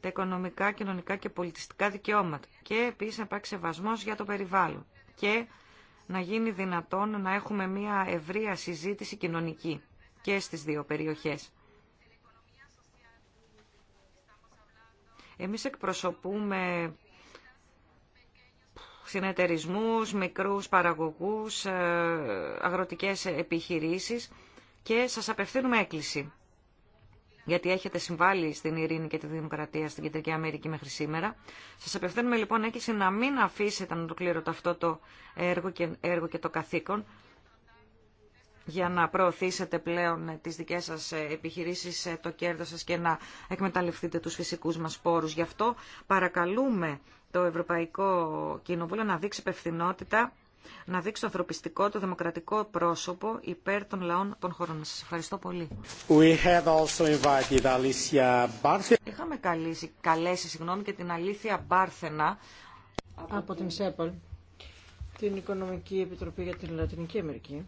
τα οικονομικά, κοινωνικά και πολιτιστικά δικαιώματα και επίσης να υπάρξει σεβασμός για το περιβάλλον και να γίνει δυνατόν να έχουμε μια ευρεία συζήτηση κοινωνική και στις δύο περιοχές. Εμείς εκπροσωπούμε συνεταιρισμούς, μικρούς παραγωγούς, ε, αγροτικές επιχειρήσεις και σας απευθύνουμε έκκληση γιατί έχετε συμβάλει στην ειρήνη και τη δημοκρατία στην Κεντρική Αμερική μέχρι σήμερα. Σας απευθύνουμε λοιπόν έκκληση να μην αφήσετε να το αυτό το έργο και, έργο και το καθήκον για να προωθήσετε πλέον τις δικές σας επιχειρήσεις, ε, το κέρδος σας και να εκμεταλλευτείτε τους φυσικούς μας πόρους. Γι' αυτό παρακαλούμε το Ευρωπαϊκό Κοινοβούλιο να δείξει υπευθυνότητα να δείξει το ανθρωπιστικό, το δημοκρατικό πρόσωπο υπέρ των λαών των χωρών. Σας ευχαριστώ πολύ. Είχαμε καλέσει, καλέσει συγγνώμη, και την Αλήθεια Μπάρθενα από, την ΣΕΠΑΛ, την Οικονομική Επιτροπή για την Λατινική Αμερική,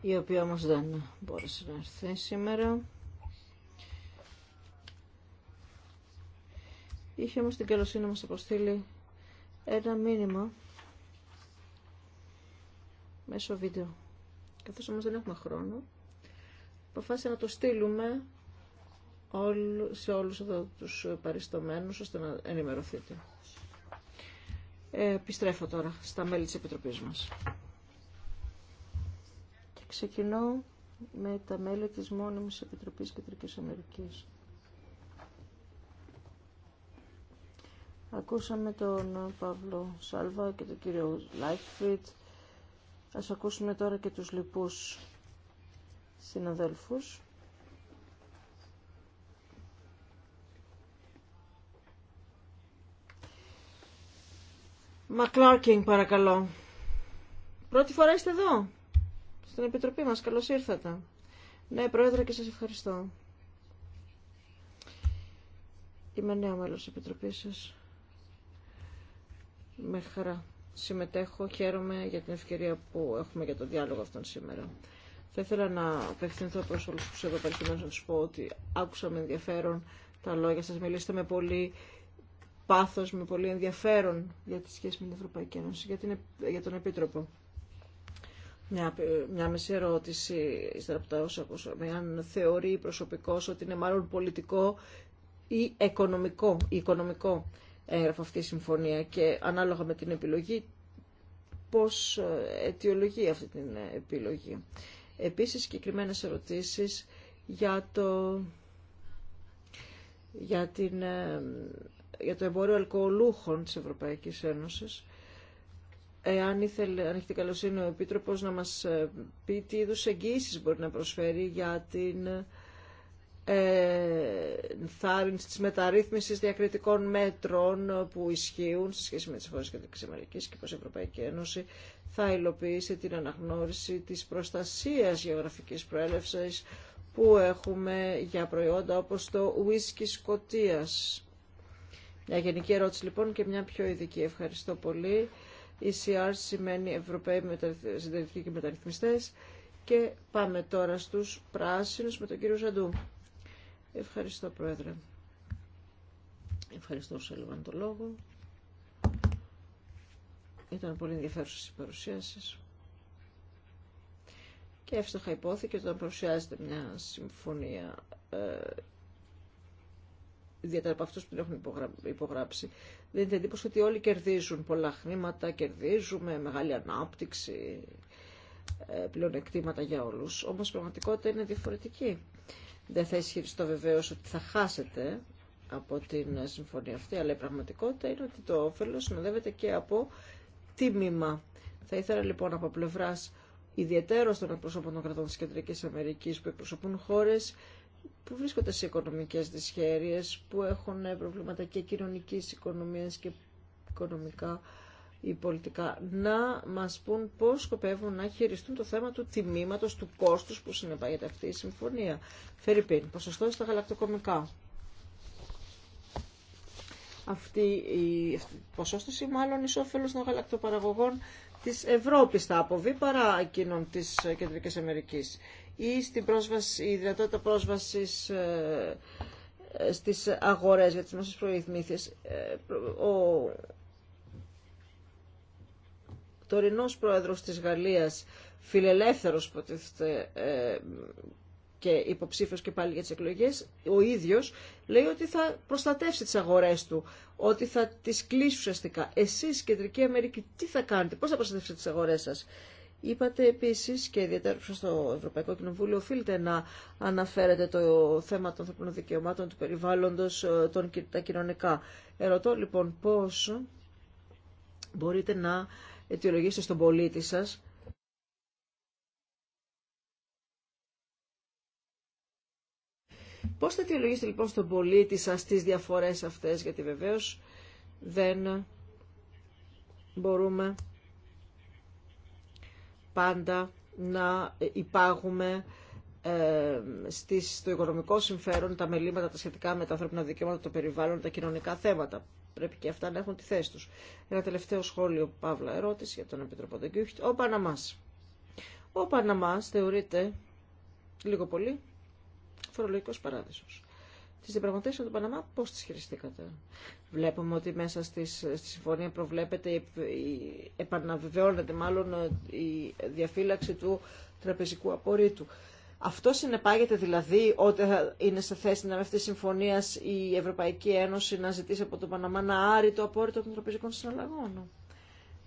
η οποία όμως δεν μπόρεσε να έρθει σήμερα. Είχε όμως την καλοσύνη να μας αποστείλει ένα μήνυμα μέσω βίντεο. Καθώς όμως δεν έχουμε χρόνο, αποφάσισα να το στείλουμε σε όλους εδώ τους παριστομένους ώστε να ενημερωθείτε. Ε, επιστρέφω τώρα στα μέλη της Επιτροπής μας. Και ξεκινώ με τα μέλη της μόνιμης Επιτροπής Κεντρικής Αμερικής. Ακούσαμε τον Παύλο Σάλβα και τον κύριο Λάιφριτ. Ας ακούσουμε τώρα και τους λοιπούς συναδέλφους. Μακλάρκινγκ παρακαλώ. Πρώτη φορά είστε εδώ. Στην Επιτροπή μας. Καλώς ήρθατε. Ναι, Πρόεδρε και σας ευχαριστώ. Είμαι νέο μέλος της Επιτροπής σας. Με χαρά συμμετέχω. Χαίρομαι για την ευκαιρία που έχουμε για τον διάλογο αυτόν σήμερα. Θα ήθελα να απευθυνθώ προς όλους τους εδώ παρκημένους να τους πω ότι άκουσα με ενδιαφέρον τα λόγια σας. Μιλήσατε με πολύ πάθος, με πολύ ενδιαφέρον για τη σχέση με την Ευρωπαϊκή Ένωση, για, την, για τον Επίτροπο. Μια, μια μισή ερώτηση, ύστερα από τα όσα ακούσαμε, αν θεωρεί προσωπικός ότι είναι μάλλον πολιτικό ή οικονομικό, οικονομικό έγραφε αυτή η συμφωνία και ανάλογα με την επιλογή πώς ε, αιτιολογεί αυτή την ε, επιλογή. Επίσης συγκεκριμένε ερωτήσεις για το, για, την, ε, για το εμπόριο αλκοολούχων της Ευρωπαϊκής Ένωσης. Εάν ήθελε, αν έχει την καλοσύνη ο Επίτροπος να μας πει τι είδους εγγύησεις μπορεί να προσφέρει για την ενθάρρυνση της μεταρρύθμισης διακριτικών μέτρων που ισχύουν σε σχέση με τις χώρες κατεξιμερικής και πως η Ευρωπαϊκή Ένωση θα υλοποιήσει την αναγνώριση της προστασίας γεωγραφικής προέλευσης που έχουμε για προϊόντα όπως το ουίσκι σκοτίας. Μια γενική ερώτηση λοιπόν και μια πιο ειδική. Ευχαριστώ πολύ. ECR σημαίνει Ευρωπαίοι Συντηρητικοί και Μεταρρυθμιστές. Και πάμε τώρα στους πράσινους με τον κύριο Ζαντού. Ευχαριστώ, Πρόεδρε. Ευχαριστώ σε έλαβαν το λόγο. Ήταν πολύ η παρουσία παρουσιάσει. Και εύστοχα υπόθηκε όταν παρουσιάζεται μια συμφωνία, ε, ιδιαίτερα από αυτού που την έχουν υπογράψει. είναι εντύπωση ότι όλοι κερδίζουν πολλά χρήματα, κερδίζουμε μεγάλη ανάπτυξη, ε, πλεονεκτήματα για όλους. Όμως η πραγματικότητα είναι διαφορετική. Δεν θα ισχυριστώ βεβαίω ότι θα χάσετε από την συμφωνία αυτή, αλλά η πραγματικότητα είναι ότι το όφελο συνοδεύεται και από τίμημα. Θα ήθελα λοιπόν από πλευρά ιδιαίτερω των εκπροσώπων των κρατών τη Κεντρική Αμερική που εκπροσωπούν χώρε που βρίσκονται σε οικονομικέ δυσχέρειε, που έχουν προβλήματα και κοινωνική οικονομία και οικονομικά οι πολιτικά να μας πούν πώς σκοπεύουν να χειριστούν το θέμα του τιμήματος, του κόστους που συνεπάγεται αυτή η συμφωνία. Φερρυπίν, ποσοστό στα γαλακτοκομικά. Αυτή η ποσόστοση μάλλον είναι των γαλακτοπαραγωγών της Ευρώπης θα αποβεί παρά εκείνων της Κεντρικής Αμερικής ή στην πρόσβαση, η δυνατότητα πρόσβασης ε, ε, στις αγορές για τις μέσες Ε, Ο τωρινός πρόεδρος της Γαλλίας, φιλελεύθερος φιλελεύθερο ε, και υποψήφιος και πάλι για τις εκλογές, ο ίδιος λέει ότι θα προστατεύσει τις αγορές του, ότι θα τις κλείσει ουσιαστικά. Εσείς, Κεντρική Αμερική, τι θα κάνετε, πώς θα προστατεύσετε τις αγορές σας. Είπατε επίσης και ιδιαίτερα στο Ευρωπαϊκό Κοινοβούλιο οφείλετε να αναφέρετε το θέμα των ανθρωπίνων δικαιωμάτων, του περιβάλλοντος, ε, των, τα κοινωνικά. Ερωτώ λοιπόν πώς μπορείτε να αιτιολογήσετε στον πολίτη σας. Πώς θα αιτιολογήσετε λοιπόν στον πολίτη σας τις διαφορές αυτές, γιατί βεβαίως δεν μπορούμε πάντα να υπάγουμε ε, στις, στο οικονομικό συμφέρον τα μελήματα τα σχετικά με τα ανθρώπινα δικαιώματα, το περιβάλλον, τα κοινωνικά θέματα πρέπει και αυτά να έχουν τη θέση τους. Ένα τελευταίο σχόλιο, Παύλα, ερώτηση για τον Επιτροπό Ο Παναμάς. Ο Παναμάς θεωρείται λίγο πολύ φορολογικός παράδεισος. Τις διαπραγματεύσεις του Παναμά πώ τις χειριστήκατε. Βλέπουμε ότι μέσα στις, στη συμφωνία προβλέπεται, η, επαναβεβαιώνεται μάλλον η διαφύλαξη του τραπεζικού απορρίτου. Αυτό συνεπάγεται δηλαδή ότι είναι σε θέση να με αυτή τη συμφωνία η Ευρωπαϊκή Ένωση να ζητήσει από τον Παναμά να άρει το απόρριτο των τραπεζικών συναλλαγών.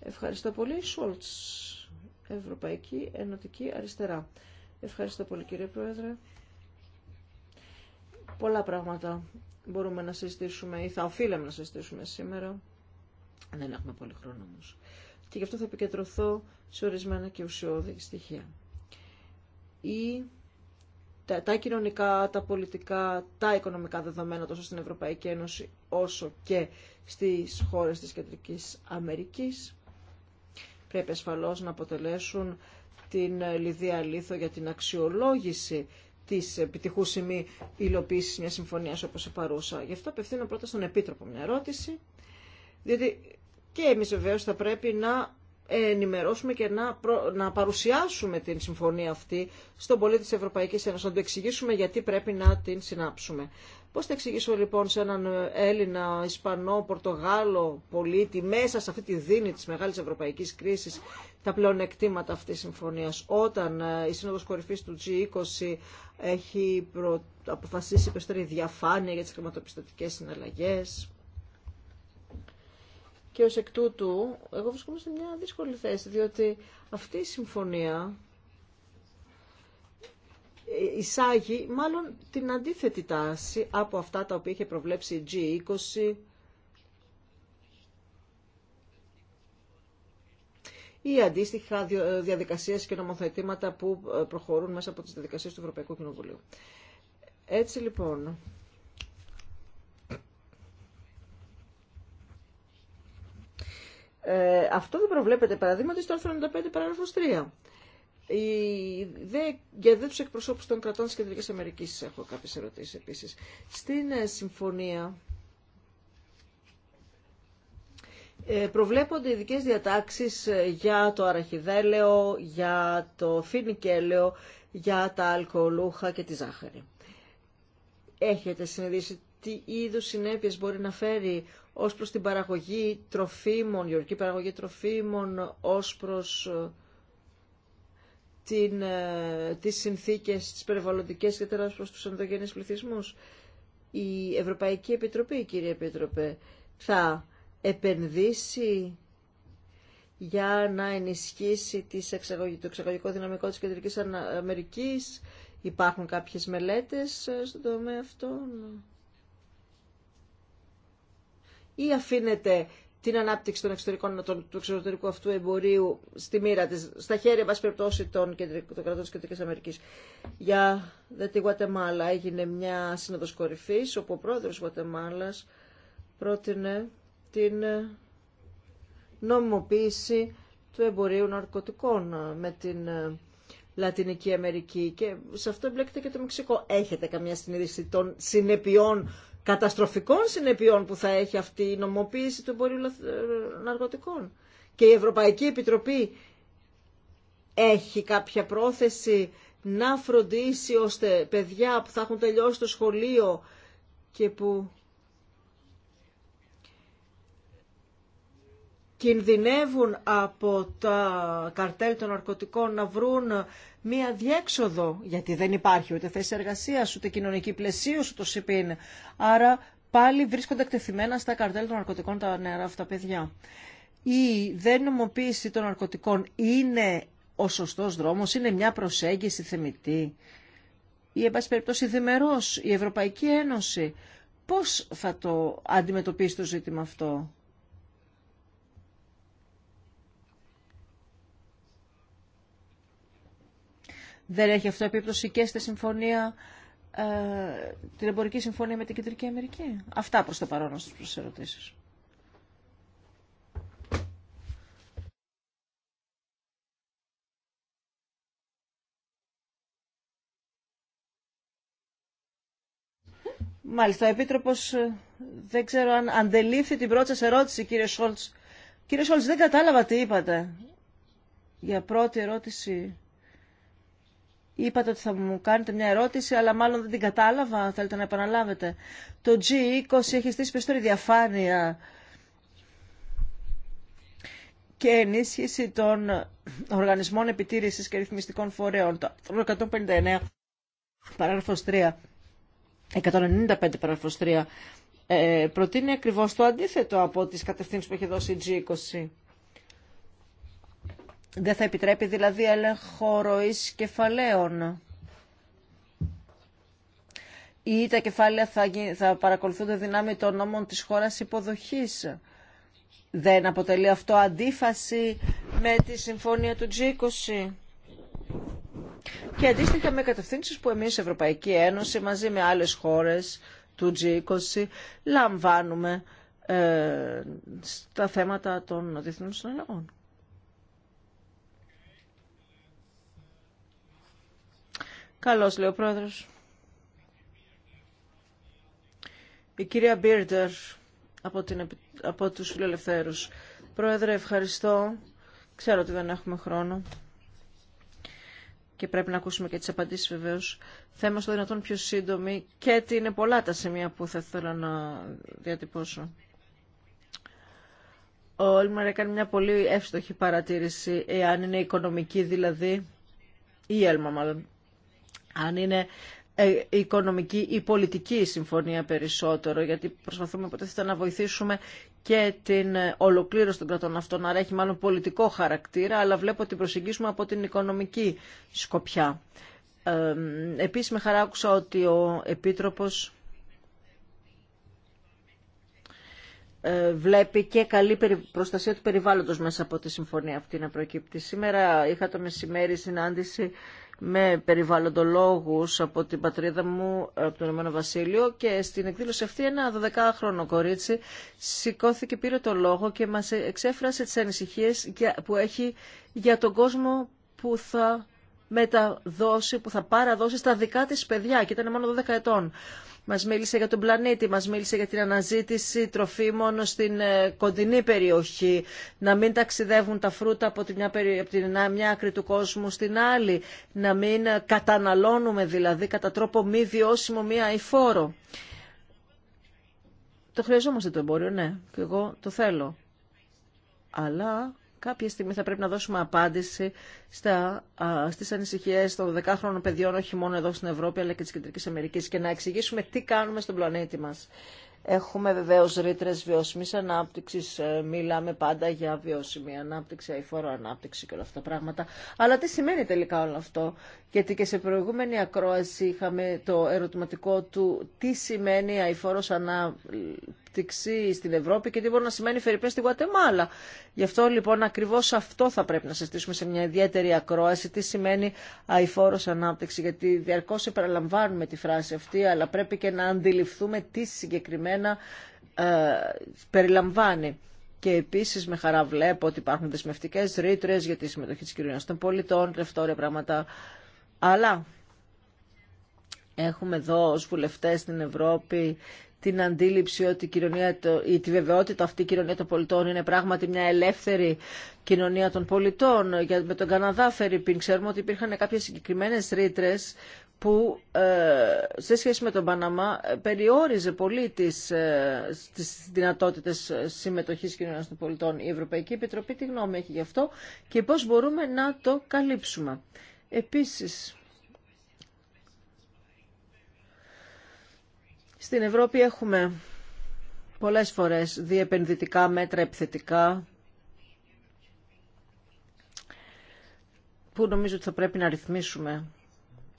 Ευχαριστώ πολύ. Σόλτ, Ευρωπαϊκή Ενωτική Αριστερά. Ευχαριστώ πολύ κύριε Πρόεδρε. Πολλά πράγματα μπορούμε να συζητήσουμε ή θα οφείλαμε να συζητήσουμε σήμερα. Δεν έχουμε πολύ χρόνο όμω. Και γι' αυτό θα επικεντρωθώ σε ορισμένα και ουσιώδη στοιχεία. Η τα κοινωνικά, τα πολιτικά, τα οικονομικά δεδομένα τόσο στην Ευρωπαϊκή Ένωση όσο και στις χώρες της Κεντρικής Αμερικής. Πρέπει ασφαλώς να αποτελέσουν την λιδία λίθο για την αξιολόγηση της επιτυχούς υλοποίησης μιας συμφωνίας όπως η παρούσα. Γι' αυτό απευθύνω πρώτα στον Επίτροπο μια ερώτηση, διότι και εμείς βεβαίως θα πρέπει να ενημερώσουμε και να, προ... να παρουσιάσουμε την συμφωνία αυτή στον πολίτη της Ευρωπαϊκής Ένωσης, να του εξηγήσουμε γιατί πρέπει να την συνάψουμε. Πώς θα εξηγήσω λοιπόν σε έναν Έλληνα, Ισπανό, Πορτογάλο πολίτη μέσα σε αυτή τη δίνη της μεγάλης ευρωπαϊκής κρίσης τα πλεονεκτήματα αυτής της συμφωνίας όταν ε, η Σύνοδος Κορυφής του G20 έχει προ... αποφασίσει περισσότερη διαφάνεια για τις χρηματοπιστωτικές συναλλαγές. Και ως εκ τούτου, εγώ βρισκόμαι σε μια δύσκολη θέση, διότι αυτή η συμφωνία εισάγει μάλλον την αντίθετη τάση από αυτά τα οποία είχε προβλέψει η G20 ή αντίστοιχα διαδικασίες και νομοθετήματα που ε, προχωρούν μέσα από τις διαδικασίες του Ευρωπαϊκού Κοινοβουλίου. Έτσι λοιπόν, Ε, αυτό δεν προβλέπεται παραδείγματι στο άρθρο 95 παράγραφο 3. Η, δε, για δε εκπροσώπους των κρατών της Κεντρικής Αμερικής έχω κάποιες ερωτήσεις επίσης. Στην ε, συμφωνία ε, προβλέπονται ειδικέ διατάξεις ε, για το αραχιδέλαιο, για το φινικέλαιο, για τα αλκοολούχα και τη ζάχαρη. Έχετε συνειδήσει τι είδους συνέπειες μπορεί να φέρει ως προς την παραγωγή τροφίμων, γεωργική παραγωγή τροφίμων, ως προς ε, την, ε, τις συνθήκες, τις περιβαλλοντικές και τέλος προς τους ενδογενείς πληθυσμούς. Η Ευρωπαϊκή Επιτροπή, κύριε Επίτροπε, θα επενδύσει για να ενισχύσει τις εξαγωγή, το εξαγωγικό δυναμικό της Κεντρικής Αμερικής. Υπάρχουν κάποιες μελέτες ε, στον τομέα αυτόν ή αφήνεται την ανάπτυξη των εξωτερικών, του εξωτερικού αυτού εμπορίου στη μοίρα της, στα χέρια μας περιπτώσει των, των κρατών της Κεντρικής Αμερικής. Για δε τη Γουατεμάλα έγινε μια σύνοδος κορυφής, όπου ο πρόεδρος Γουατεμάλας πρότεινε την νομιμοποίηση του εμπορίου ναρκωτικών με την Λατινική Αμερική και σε αυτό εμπλέκεται και το Μεξικό. Έχετε καμιά συνείδηση των συνεπειών καταστροφικών συνεπειών που θα έχει αυτή η νομοποίηση του εμπορίου ε, ναρκωτικών. Και η Ευρωπαϊκή Επιτροπή έχει κάποια πρόθεση να φροντίσει ώστε παιδιά που θα έχουν τελειώσει το σχολείο και που κινδυνεύουν από τα καρτέλ των ναρκωτικών να βρουν μία διέξοδο, γιατί δεν υπάρχει ούτε θέση εργασίας, ούτε κοινωνική πλαισίωση το ΣΥΠΗΝ. Άρα πάλι βρίσκονται εκτεθειμένα στα καρτέλ των ναρκωτικών τα νεαρά αυτά παιδιά. Η δεν νομοποίηση των ναρκωτικών είναι ο σωστός δρόμος, είναι μια προσέγγιση θεμητή. Ή, εν πάση περιπτώσει, διμερός, η Ευρωπαϊκή Ένωση. Πώς θα το αντιμετωπίσει το ζήτημα αυτό. Δεν έχει αυτό επίπτωση και στη συμφωνία, ε, την εμπορική συμφωνία με την Κεντρική Αμερική. Αυτά προς το παρόν στις προς Μάλιστα, ο Επίτροπος ε, δεν ξέρω αν αντελήφθη την πρώτη σας ερώτηση, κύριε Σόλτς. Κύριε Σόλτς, δεν κατάλαβα τι είπατε. Για πρώτη ερώτηση Είπατε ότι θα μου κάνετε μια ερώτηση, αλλά μάλλον δεν την κατάλαβα. Θέλετε να επαναλάβετε. Το G20 έχει στήσει περισσότερη διαφάνεια και ενίσχυση των οργανισμών επιτήρησης και ρυθμιστικών φορέων. Το 159 παράγραφος 3, 195 παράγραφος 3, ε, προτείνει ακριβώς το αντίθετο από τις κατευθύνσεις που έχει δώσει η G20. Δεν θα επιτρέπει δηλαδή έλεγχο ροής κεφαλαίων. Ή τα κεφάλαια θα, θα παρακολουθούνται δυνάμει των νόμων της χώρας υποδοχής. Δεν αποτελεί αυτό αντίφαση με τη συμφωνία του G20. Και αντίστοιχα με κατευθύνσεις που εμείς Ευρωπαϊκή Ένωση μαζί με άλλες χώρες του G20 λαμβάνουμε ε, στα θέματα των διεθνών συναλλαγών. Καλώς λέει ο πρόεδρος. Η κυρία Μπίρντερ από, την, από τους φιλελευθέρους. Πρόεδρε, ευχαριστώ. Ξέρω ότι δεν έχουμε χρόνο και πρέπει να ακούσουμε και τις απαντήσεις βεβαίως. Θα είμαστε δυνατόν πιο σύντομοι και ότι είναι πολλά τα σημεία που θα ήθελα να διατυπώσω. Ο Όλμαρ έκανε μια πολύ εύστοχη παρατήρηση, εάν είναι οικονομική δηλαδή, ή έλμα μάλλον, αν είναι ε, οικονομική ή πολιτική συμφωνία περισσότερο, γιατί προσπαθούμε ποτέ να βοηθήσουμε και την ε, ολοκλήρωση των κρατών αυτών, άρα έχει μάλλον πολιτικό χαρακτήρα, αλλά βλέπω ότι προσεγγίσουμε από την οικονομική σκοπιά. Ε, επίσης με χαρά άκουσα ότι ο Επίτροπος ε, βλέπει και καλή προστασία του περιβάλλοντος μέσα από τη συμφωνία αυτή να προκύπτει. Σήμερα είχα το μεσημέρι συνάντηση με περιβαλλοντολόγους από την πατρίδα μου, από το Ηνωμένο Βασίλειο και στην εκδήλωση αυτή ένα 12χρονο κορίτσι σηκώθηκε, πήρε το λόγο και μας εξέφρασε τις ανησυχίες που έχει για τον κόσμο που θα μεταδώσει, που θα παραδώσει στα δικά της παιδιά και ήταν μόνο 12 ετών. Μας μίλησε για τον πλανήτη, μας μίλησε για την αναζήτηση τροφίμων στην ε, κοντινή περιοχή, να μην ταξιδεύουν τα φρούτα από την μια, από την μια άκρη του κόσμου στην άλλη, να μην ε, καταναλώνουμε δηλαδή κατά τρόπο μη βιώσιμο μία αηφόρο. Το χρειαζόμαστε το εμπόριο, ναι, και εγώ το θέλω. Αλλά κάποια στιγμή θα πρέπει να δώσουμε απάντηση στα, α, στις ανησυχίες των δεκάχρονων παιδιών, όχι μόνο εδώ στην Ευρώπη, αλλά και της Κεντρικής Αμερικής και να εξηγήσουμε τι κάνουμε στον πλανήτη μας. Έχουμε βεβαίω ρήτρε βιώσιμη ανάπτυξη. Ε, μιλάμε πάντα για βιώσιμη ανάπτυξη, αηφόρο ανάπτυξη και όλα αυτά τα πράγματα. Αλλά τι σημαίνει τελικά όλο αυτό, γιατί και σε προηγούμενη ακρόαση είχαμε το ερωτηματικό του τι σημαίνει αηφόρο ανά ανάπτυξη στην Ευρώπη και τι μπορεί να σημαίνει φερειπέ στη Γουατεμάλα. Γι' αυτό λοιπόν ακριβώ αυτό θα πρέπει να συζητήσουμε σε μια ιδιαίτερη ακρόαση, τι σημαίνει αηφόρο ανάπτυξη. Γιατί διαρκώ επαναλαμβάνουμε τη φράση αυτή, αλλά πρέπει και να αντιληφθούμε τι συγκεκριμένα ε, περιλαμβάνει. Και επίση με χαρά βλέπω ότι υπάρχουν δεσμευτικέ ρήτρε για τη συμμετοχή τη κοινωνία των πολιτών, ρευτόρια πράγματα. Αλλά έχουμε εδώ ω βουλευτέ στην Ευρώπη την αντίληψη ότι η, κοινωνία, η, τη βεβαιότητα αυτή η κοινωνία των πολιτών είναι πράγματι μια ελεύθερη κοινωνία των πολιτών. Για, με τον Καναδά, Φερρυπίν, ξέρουμε ότι υπήρχαν κάποιες συγκεκριμένες ρήτρε που ε, σε σχέση με τον Παναμά ε, περιόριζε πολύ τις, ε, τις δυνατότητες συμμετοχής κοινωνίας των πολιτών. Η Ευρωπαϊκή Επιτροπή τι γνώμη έχει γι' αυτό και πώς μπορούμε να το καλύψουμε. Επίσης, Στην Ευρώπη έχουμε πολλές φορές διεπενδυτικά μέτρα επιθετικά που νομίζω ότι θα πρέπει να ρυθμίσουμε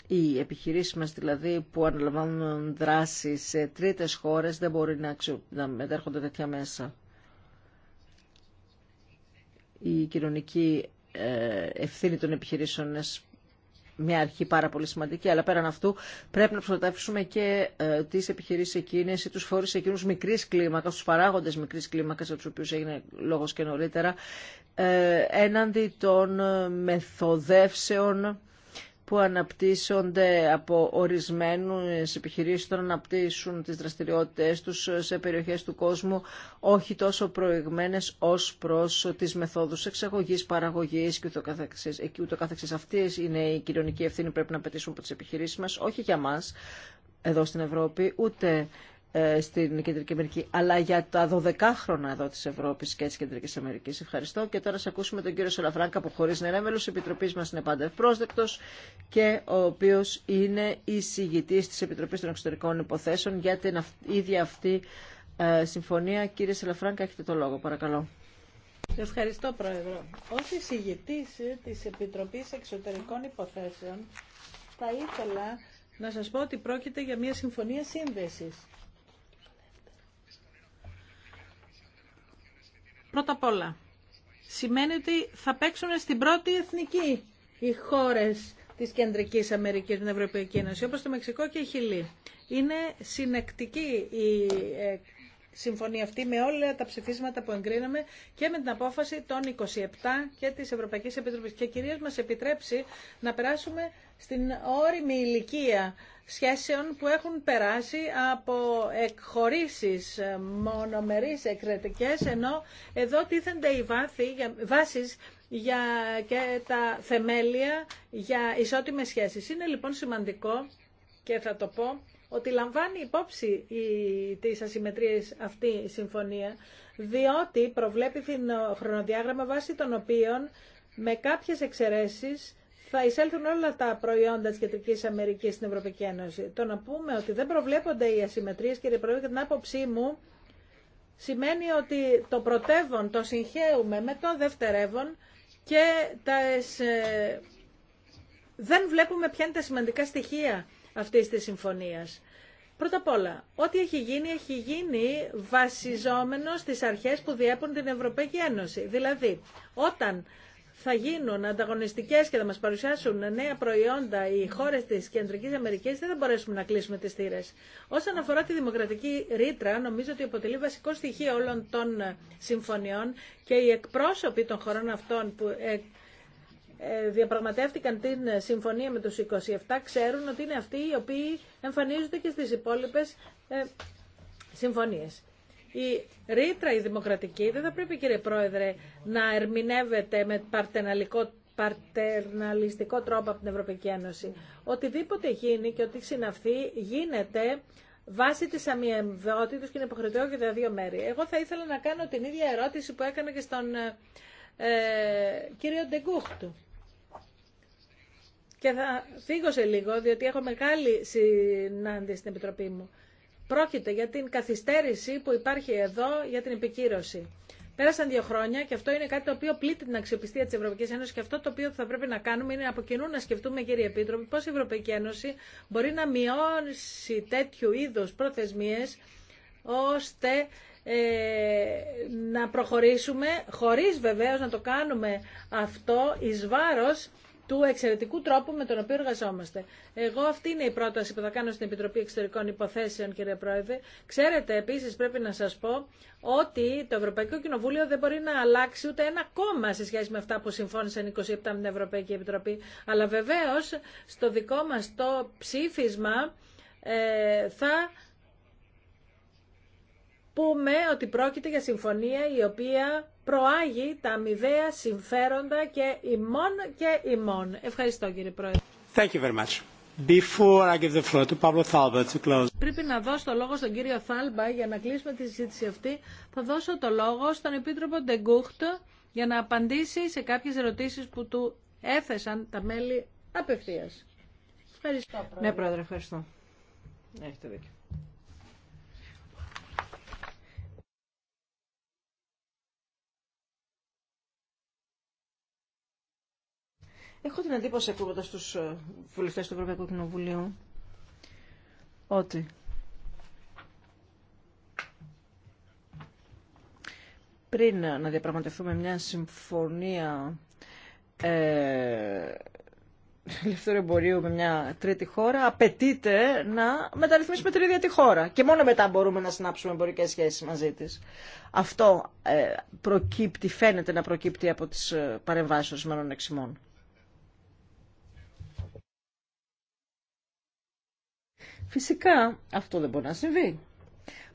οι επιχειρήσεις μας δηλαδή που αναλαμβάνουν δράση σε τρίτες χώρες δεν μπορεί να, να μετέρχονται τέτοια μέσα. Η κοινωνική ε, ευθύνη των επιχειρήσεων είναι μια αρχή πάρα πολύ σημαντική, αλλά πέραν αυτού πρέπει να προστατεύσουμε και ε, τι επιχειρήσει εκείνε ή του φορεί εκείνου μικρή κλίμακα, του παράγοντε μικρή κλίμακα, από του οποίου έγινε λόγο και νωρίτερα, ε, έναντι των ε, μεθοδεύσεων που αναπτύσσονται από ορισμένους επιχειρήσεις να αναπτύσσουν τις δραστηριότητες τους σε περιοχές του κόσμου όχι τόσο προηγμένες ως προς τις μεθόδους εξαγωγής, παραγωγής και ούτω καθεξής. Εκεί ούτω καθεξής. Αυτή είναι η κοινωνική ευθύνη που πρέπει να πετύσουν από τις επιχειρήσεις μας, όχι για μας εδώ στην Ευρώπη, ούτε ε, στην Κεντρική Αμερική, αλλά για τα 12 χρόνια εδώ τη Ευρώπη και τη Κεντρική Αμερική. Ευχαριστώ και τώρα σε ακούσουμε τον κύριο Σολαφράνκα, που χωρί να είναι τη Επιτροπής μας είναι πάντα ευπρόσδεκτο και ο οποίο είναι εισηγητή τη Επιτροπή των Εξωτερικών Υποθέσεων για την ίδια αυτή ε, συμφωνία. Κύριε Σολαφράνκα, έχετε το λόγο, παρακαλώ. Ευχαριστώ, Πρόεδρο. Ω εισηγητή ε, τη Επιτροπή Εξωτερικών Υποθέσεων θα ήθελα να σας πω ότι πρόκειται για μια συμφωνία σύνδεσης Πρώτα απ' όλα, σημαίνει ότι θα παίξουν στην πρώτη εθνική οι χώρες της Κεντρικής Αμερικής την Ευρωπαϊκή Ένωση, όπως το Μεξικό και η Χιλή. Είναι συνεκτική η ε, συμφωνεί αυτή με όλα τα ψηφίσματα που εγκρίναμε και με την απόφαση των 27 και της Ευρωπαϊκής Επιτροπής. Και κυρίως μας επιτρέψει να περάσουμε στην όριμη ηλικία σχέσεων που έχουν περάσει από εκχωρήσεις μονομερείς εκκριτικές, ενώ εδώ τίθενται οι βάσει βάσεις για και τα θεμέλια για ισότιμες σχέσεις. Είναι λοιπόν σημαντικό και θα το πω ότι λαμβάνει υπόψη η, τις αυτή η συμφωνία, διότι προβλέπει την χρονοδιάγραμμα βάσει των οποίων με κάποιες εξαιρέσεις θα εισέλθουν όλα τα προϊόντα της Κεντρικής Αμερικής στην Ευρωπαϊκή Ένωση. Το να πούμε ότι δεν προβλέπονται οι ασυμμετρίες, κύριε Πρόεδρε, για την άποψή μου, σημαίνει ότι το πρωτεύον το συγχαίουμε με το δευτερεύον και ε, δεν βλέπουμε ποια είναι τα σημαντικά στοιχεία αυτής της συμφωνίας. Πρώτα απ' όλα, ό,τι έχει γίνει, έχει γίνει βασιζόμενο στι αρχές που διέπουν την Ευρωπαϊκή Ένωση. Δηλαδή, όταν θα γίνουν ανταγωνιστικές και θα μας παρουσιάσουν νέα προϊόντα οι χώρε της Κεντρικής Αμερικής, δεν θα μπορέσουμε να κλείσουμε τις θύρε. Όσον αφορά τη δημοκρατική ρήτρα, νομίζω ότι αποτελεί βασικό στοιχείο όλων των συμφωνιών και οι εκπρόσωποι των χωρών αυτών που ε, διαπραγματεύτηκαν την συμφωνία με τους 27 ξέρουν ότι είναι αυτοί οι οποίοι εμφανίζονται και στις υπόλοιπες ε, συμφωνίες. Η ρήτρα η δημοκρατική δεν θα πρέπει κύριε Πρόεδρε να ερμηνεύεται με παρτεναλικό παρτερναλιστικό τρόπο από την Ευρωπαϊκή Ένωση. Οτιδήποτε γίνει και ό,τι συναυθεί γίνεται βάσει της αμοιευότητας και είναι υποχρεωτικό για τα δύο μέρη. Εγώ θα ήθελα να κάνω την ίδια ερώτηση που έκανα και στον ε, ε κύριο Ντεγκούχτου και θα φύγω σε λίγο διότι έχω μεγάλη συνάντηση στην Επιτροπή μου. Πρόκειται για την καθυστέρηση που υπάρχει εδώ για την επικύρωση. Πέρασαν δύο χρόνια και αυτό είναι κάτι το οποίο πλήττει την αξιοπιστία τη Ευρωπαϊκή Ένωση και αυτό το οποίο θα πρέπει να κάνουμε είναι από κοινού να σκεφτούμε, κύριε Επίτροπε, πώ η Ευρωπαϊκή Ένωση μπορεί να μειώσει τέτοιου είδου προθεσμίε ώστε ε, να προχωρήσουμε χωρίς βεβαίως να το κάνουμε αυτό εις βάρος του εξαιρετικού τρόπου με τον οποίο εργαζόμαστε. Εγώ αυτή είναι η πρόταση που θα κάνω στην Επιτροπή Εξωτερικών Υποθέσεων, κύριε Πρόεδρε. Ξέρετε, επίση πρέπει να σα πω ότι το Ευρωπαϊκό Κοινοβούλιο δεν μπορεί να αλλάξει ούτε ένα κόμμα σε σχέση με αυτά που συμφώνησαν 27 με την Ευρωπαϊκή Επιτροπή. Αλλά βεβαίω στο δικό μα το ψήφισμα ε, θα πούμε ότι πρόκειται για συμφωνία η οποία προάγει τα αμοιβαία συμφέροντα και ημών και ημών. Ευχαριστώ κύριε Πρόεδρε. Thank you very much. Before I give the floor to Pablo Thalba to close. Πρέπει να δώσω το λόγο στον κύριο Θάλμπα για να κλείσουμε τη συζήτηση αυτή. Θα δώσω το λόγο στον Επίτροπο Ντεγκούχτ για να απαντήσει σε κάποιες ερωτήσεις που του έθεσαν τα μέλη απευθείας. Ευχαριστώ, Πρόεδρε. Ναι, Πρόεδρε, ευχαριστώ. Ναι, έχετε δίκιο. Έχω την εντύπωση ακούγοντα του ε, βουλευτέ του Ευρωπαϊκού Κοινοβουλίου ότι πριν να διαπραγματευτούμε μια συμφωνία ε, εμπορίου με μια τρίτη χώρα, απαιτείται να μεταρρυθμίσουμε την ίδια τη χώρα. Και μόνο μετά μπορούμε να συνάψουμε εμπορικέ σχέσει μαζί της. Αυτό ε, προκύπτει, φαίνεται να προκύπτει από τις ε, παρεμβάσει ορισμένων εξημών. Φυσικά αυτό δεν μπορεί να συμβεί.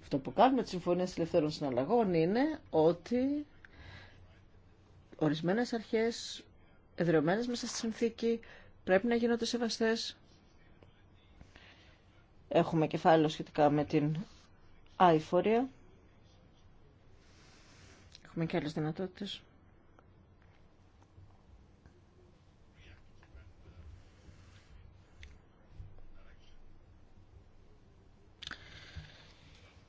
Αυτό που κάνουμε τις συμφωνίες ελευθέρων συναλλαγών είναι ότι ορισμένες αρχές εδρεωμένες μέσα στη συνθήκη πρέπει να γίνονται σεβαστές. Έχουμε κεφάλαιο σχετικά με την αηφορία. Έχουμε και άλλες δυνατότητες.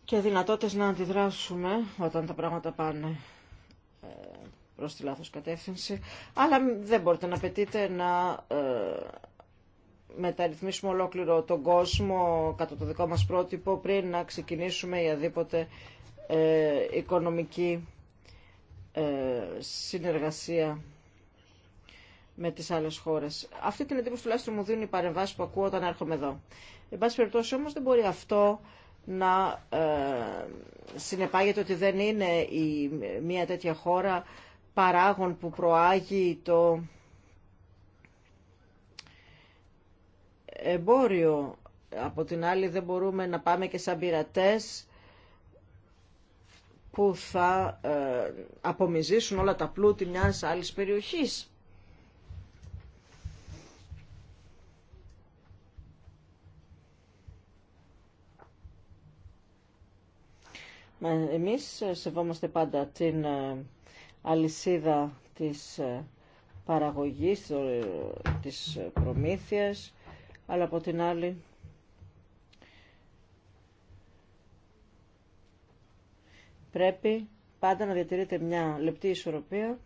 και δυνατότητες να αντιδράσουμε όταν τα πράγματα πάνε ε, προς τη λάθος κατεύθυνση. Αλλά δεν μπορείτε να απαιτείτε να ε, μεταρρυθμίσουμε ολόκληρο τον κόσμο κατά το δικό μας πρότυπο πριν να ξεκινήσουμε η αδίποτε ε, οικονομική συνεργασία με τις άλλες χώρες. Αυτή την εντύπωση τουλάχιστον μου δίνουν οι παρεμβάσεις που ακούω όταν έρχομαι εδώ. Εν πάση περιπτώσει όμως δεν μπορεί αυτό να ε, συνεπάγεται ότι δεν είναι η, μια τέτοια χώρα παράγων που προάγει το εμπόριο. Από την άλλη δεν μπορούμε να πάμε και σαν πειρατές που θα ε, απομυζήσουν όλα τα πλούτη μιας άλλης περιοχής. Εμείς ε, σεβόμαστε πάντα την ε, αλυσίδα της ε, παραγωγής, της προμήθειας, αλλά από την άλλη πρέπει πάντα να διατηρείται μια λεπτή ισορροπία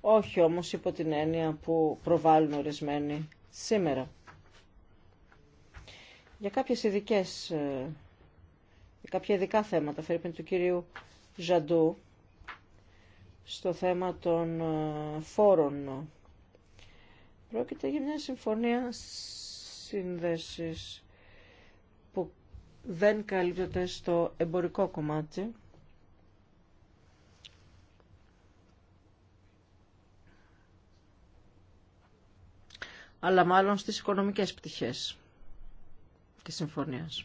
όχι όμως υπό την έννοια που προβάλλουν ορισμένοι σήμερα για κάποιες ειδικές ε, για κάποια ειδικά θέματα, φέρνει του κυρίου Ζαντού, στο θέμα των ε, φόρων. Πρόκειται για μια συμφωνία σύνδεσης που δεν καλύπτεται στο εμπορικό κομμάτι. αλλά μάλλον στις οικονομικές πτυχές και συμφωνίας.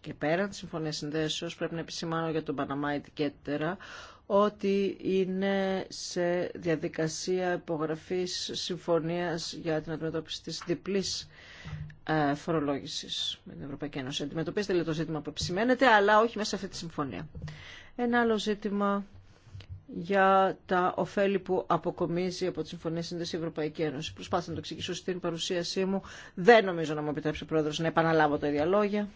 Και πέραν τη συμφωνία συνδέσεως πρέπει να επισημάνω για τον Παναμά ειδικέτερα ότι είναι σε διαδικασία υπογραφή συμφωνίας για την αντιμετώπιση της διπλής ε, φορολόγηση με την Ευρωπαϊκή Ένωση. Αντιμετωπίζεται λοιπόν το ζήτημα που επισημαίνεται, αλλά όχι μέσα σε αυτή τη συμφωνία. Ένα άλλο ζήτημα για τα ωφέλη που αποκομίζει από τη Συμφωνία Σύνδεση Ευρωπαϊκή Ένωση. Προσπάθησα να το εξηγήσω στην παρουσίασή μου. Δεν νομίζω να μου επιτρέψει ο πρόεδρο να επαναλάβω τα ίδια λόγια.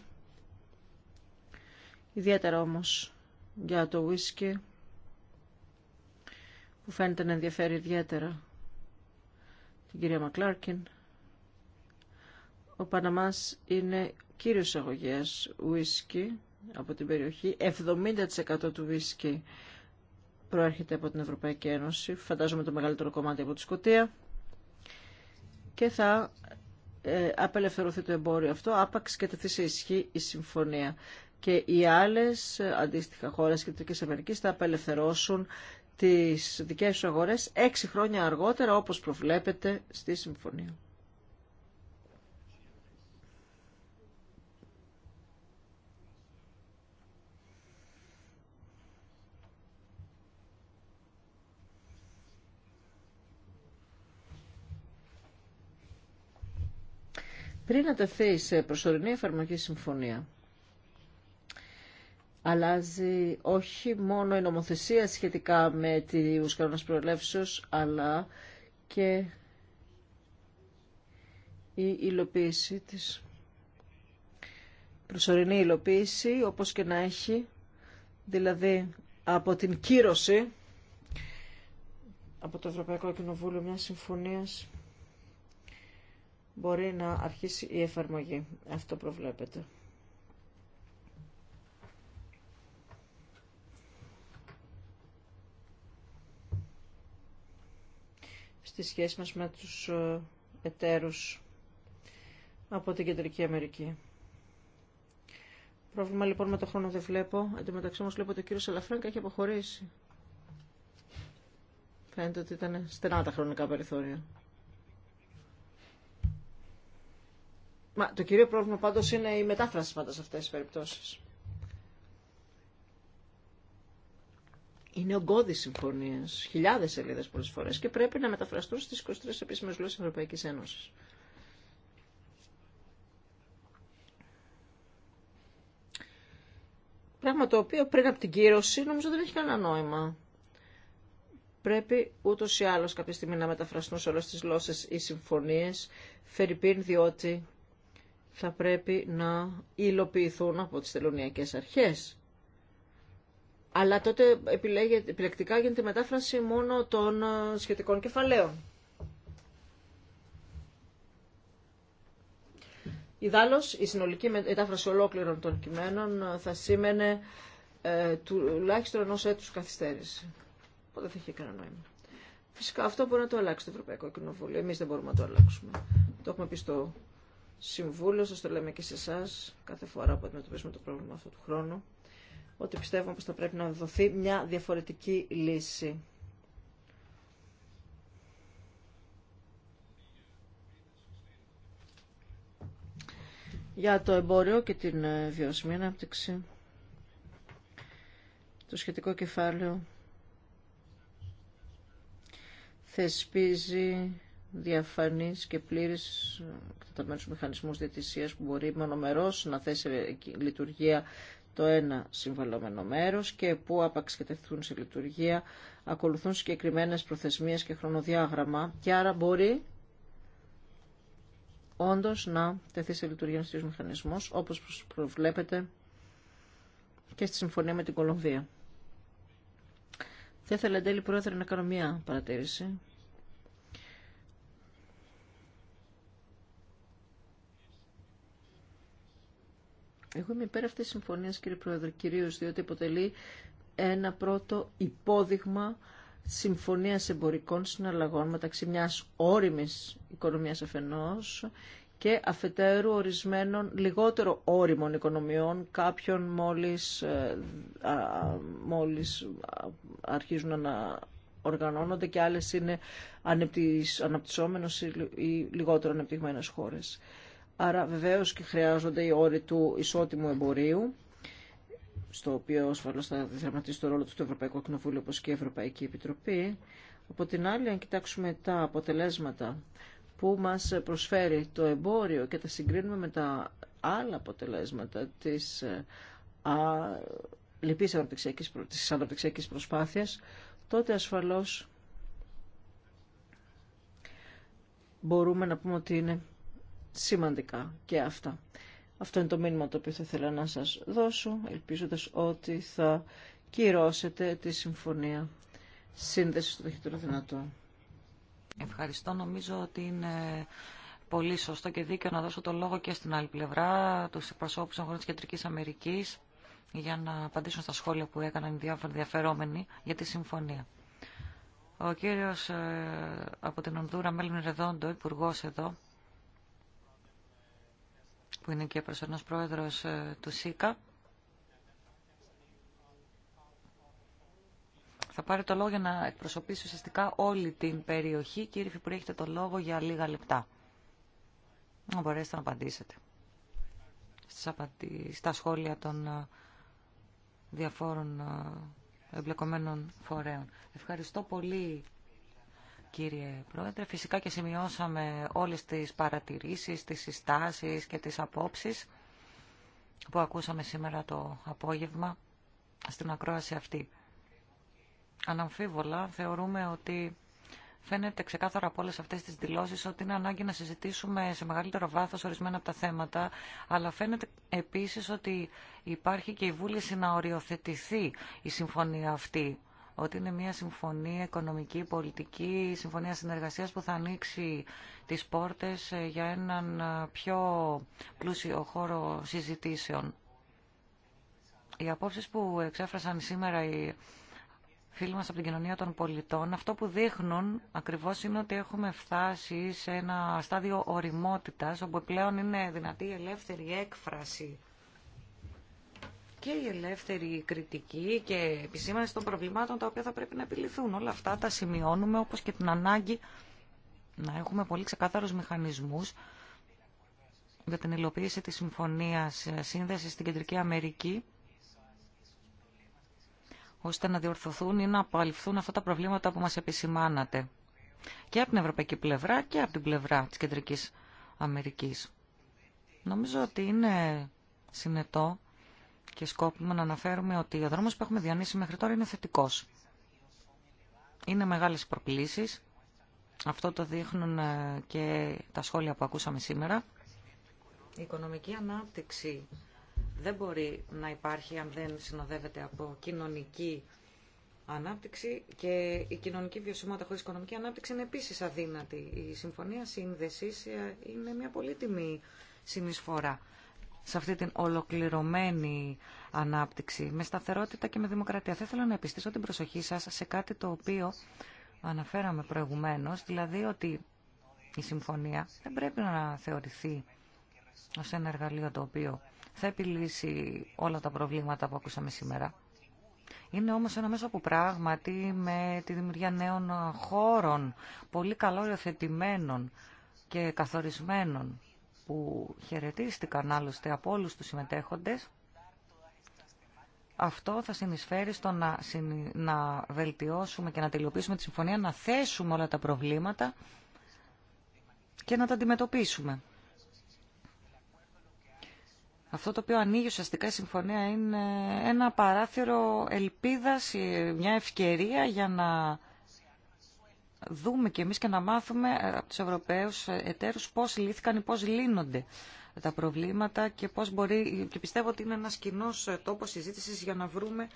Ιδιαίτερα όμω για το ουίσκι που φαίνεται να ενδιαφέρει ιδιαίτερα την κυρία Μακλάρκιν. Ο Παναμάς είναι κύριος αγωγέας ουίσκι από την περιοχή. 70% του ουίσκι προέρχεται από την Ευρωπαϊκή Ένωση, φαντάζομαι το μεγαλύτερο κομμάτι από τη Σκωτία, και θα ε, απελευθερωθεί το εμπόριο αυτό, άπαξ και τεθεί σε ισχύ η συμφωνία. Και οι άλλες αντίστοιχα χώρες Κεντρικής Αμερικής θα απελευθερώσουν τις δικές τους αγορές έξι χρόνια αργότερα, όπως προβλέπεται στη συμφωνία. Πριν να τεθεί σε προσωρινή εφαρμογή συμφωνία, αλλάζει όχι μόνο η νομοθεσία σχετικά με τη κανόνες προελεύσεως, αλλά και η υλοποίησή της. Προσωρινή υλοποίηση, όπως και να έχει, δηλαδή από την κύρωση από το Ευρωπαϊκό Κοινοβούλιο μιας συμφωνίας μπορεί να αρχίσει η εφαρμογή. Αυτό προβλέπεται. Στη σχέση μας με τους ε, εταίρους από την Κεντρική Αμερική. Πρόβλημα λοιπόν με το χρόνο δεν βλέπω. Εν τω μεταξύ όμως βλέπω ότι ο κύριος Σαλαφράγκα έχει αποχωρήσει. Φαίνεται ότι ήταν στενά τα χρονικά περιθώρια. Μα, το κύριο πρόβλημα πάντω είναι η μετάφραση πάντα σε αυτές τι περιπτώσεις. Είναι ογκώδει συμφωνίε, χιλιάδε σελίδε πολλέ φορέ και πρέπει να μεταφραστούν στι 23 επίσημε γλώσσε τη Ευρωπαϊκή Ένωση. Πράγμα το οποίο πριν από την κύρωση νομίζω δεν έχει κανένα νόημα. Πρέπει ούτω ή άλλω κάποια στιγμή να μεταφραστούν σε όλε τι γλώσσε οι συμφωνίε, φερειπίν διότι θα πρέπει να υλοποιηθούν από τις τελωνιακές αρχές. Αλλά τότε επιλεκτικά γίνεται μετάφραση μόνο των ε, σχετικών κεφαλαίων. Ιδάλλως, η συνολική μετάφραση ολόκληρων των κειμένων ε, θα σήμαινε ε, τουλάχιστον ενός έτους καθυστέρηση. Οπότε θα είχε κανένα νόημα. Φυσικά αυτό μπορεί να το αλλάξει το Ευρωπαϊκό Κοινοβούλιο. Εμείς δεν μπορούμε να το αλλάξουμε. Το έχουμε πει στο συμβούλιο, σας το λέμε και σε εσά κάθε φορά που αντιμετωπίζουμε το πρόβλημα αυτού του χρόνου, ότι πιστεύουμε πως θα πρέπει να δοθεί μια διαφορετική λύση. για το εμπόριο και την ε, βιώσιμη ανάπτυξη, το σχετικό κεφάλαιο θεσπίζει διαφανείς και πλήρης ε, εκτεταμένους μηχανισμούς διαιτησίας που μπορεί μονομερός να θέσει λειτουργία το ένα συμβαλλόμενο μέρος και που άπαξ και σε λειτουργία ακολουθούν συγκεκριμένε προθεσμίες και χρονοδιάγραμμα και άρα μπορεί όντω να τεθεί σε λειτουργία στους μηχανισμούς όπως προβλέπετε και στη συμφωνία με την Κολομβία. Θα ήθελα εν τέλει πρόεδρε να κάνω μια παρατήρηση Εγώ είμαι υπέρ αυτής της συμφωνίας, κύριε Πρόεδρε, κυρίως διότι αποτελεί ένα πρώτο υπόδειγμα συμφωνίας εμπορικών συναλλαγών μεταξύ μιας όριμης οικονομίας αφενός και αφετέρου ορισμένων λιγότερο όριμων οικονομιών, κάποιων μόλις, ε, μόλις αρχίζουν να οργανώνονται και άλλες είναι αναπτυσσόμενες ή λιγότερο αναπτυγμένες χώρες. Άρα βεβαίως και χρειάζονται οι όροι του ισότιμου εμπορίου, στο οποίο ασφαλώς θα διδραματίσει το ρόλο του το Ευρωπαϊκό Κοινοβούλιο όπως και η Ευρωπαϊκή Επιτροπή. Από την άλλη, αν κοιτάξουμε τα αποτελέσματα που μας προσφέρει το εμπόριο και τα συγκρίνουμε με τα άλλα αποτελέσματα της ε, α, λυπής της προσπάθειας, τότε ασφαλώς μπορούμε να πούμε ότι είναι σημαντικά και αυτά. Αυτό είναι το μήνυμα το οποίο θα ήθελα να σας δώσω, ελπίζοντας ότι θα κυρώσετε τη συμφωνία σύνδεσης του ταχύτερο δυνατό. Ευχαριστώ. Νομίζω ότι είναι πολύ σωστό και δίκαιο να δώσω το λόγο και στην άλλη πλευρά, του εκπροσώπου των χωρών της Κεντρικής Αμερικής, για να απαντήσουν στα σχόλια που έκαναν οι διάφοροι ενδιαφερόμενοι για τη συμφωνία. Ο κύριος ε, από την Ονδούρα Μέλμιν Ρεδόντο, υπουργό εδώ, που είναι και προσωρινός πρόεδρος ε, του ΣΥΚΑ, θα πάρει το λόγο για να εκπροσωπήσει ουσιαστικά όλη την περιοχή. Κύριε Φιπουρή, έχετε το λόγο για λίγα λεπτά. Να μπορέσετε να απαντήσετε στα σχόλια των ε, διαφόρων ε, εμπλεκομένων φορέων. Ευχαριστώ πολύ κύριε Πρόεδρε. Φυσικά και σημειώσαμε όλες τις παρατηρήσεις, τις συστάσεις και τις απόψεις που ακούσαμε σήμερα το απόγευμα στην ακρόαση αυτή. Αναμφίβολα θεωρούμε ότι φαίνεται ξεκάθαρα από όλε αυτέ τι δηλώσει ότι είναι ανάγκη να συζητήσουμε σε μεγαλύτερο βάθος ορισμένα από τα θέματα, αλλά φαίνεται επίση ότι υπάρχει και η βούληση να οριοθετηθεί η συμφωνία αυτή ότι είναι μια συμφωνία οικονομική, πολιτική, συμφωνία συνεργασίας που θα ανοίξει τις πόρτες ε, για έναν ε, πιο πλούσιο χώρο συζητήσεων. Οι απόψεις που εξέφρασαν σήμερα οι φίλοι μας από την κοινωνία των πολιτών, αυτό που δείχνουν ακριβώς είναι ότι έχουμε φτάσει σε ένα στάδιο οριμότητας, όπου πλέον είναι δυνατή η ελεύθερη έκφραση και η ελεύθερη κριτική και επισήμανση των προβλημάτων τα οποία θα πρέπει να επιληθούν. Όλα αυτά τα σημειώνουμε όπως και την ανάγκη να έχουμε πολύ ξεκάθαρους μηχανισμούς για την υλοποίηση της Συμφωνίας Σύνδεσης στην Κεντρική Αμερική ώστε να διορθωθούν ή να απαλληφθούν αυτά τα προβλήματα που μας επισημάνατε και από την ευρωπαϊκή πλευρά και από την πλευρά της Κεντρικής Αμερικής. Νομίζω ότι είναι συνετό και σκόπιμο να αναφέρουμε ότι ο δρόμος που έχουμε διανύσει μέχρι τώρα είναι θετικός. Είναι μεγάλες προκλήσεις. Αυτό το δείχνουν ε, και τα σχόλια που ακούσαμε σήμερα. Η οικονομική ανάπτυξη δεν μπορεί να υπάρχει αν δεν συνοδεύεται από κοινωνική ανάπτυξη και η κοινωνική βιωσιμότητα χωρίς οικονομική ανάπτυξη είναι επίσης αδύνατη. Η Συμφωνία Σύνδεσης ε, είναι μια πολύτιμη συνεισφορά σε αυτή την ολοκληρωμένη ανάπτυξη, με σταθερότητα και με δημοκρατία. Θα ήθελα να επιστήσω την προσοχή σας σε κάτι το οποίο αναφέραμε προηγουμένως, δηλαδή ότι η συμφωνία δεν πρέπει να θεωρηθεί ως ένα εργαλείο το οποίο θα επιλύσει όλα τα προβλήματα που ακούσαμε σήμερα. Είναι όμως ένα μέσο που πράγματι με τη δημιουργία νέων χώρων, πολύ καλό και καθορισμένων που χαιρετίστηκαν άλλωστε από όλους τους συμμετέχοντες, αυτό θα συνεισφέρει στο να, να βελτιώσουμε και να τελειοποιήσουμε τη συμφωνία, να θέσουμε όλα τα προβλήματα και να τα αντιμετωπίσουμε. Αυτό το οποίο ανοίγει ουσιαστικά η συμφωνία είναι ένα παράθυρο ελπίδας, μια ευκαιρία για να δούμε και εμείς και να μάθουμε ε, από τους Ευρωπαίους ε, εταίρους πώς λύθηκαν ή πώς λύνονται τα προβλήματα και πώς μπορεί, και πιστεύω ότι είναι ένας κοινό ε, τόπος συζήτησης για να βρούμε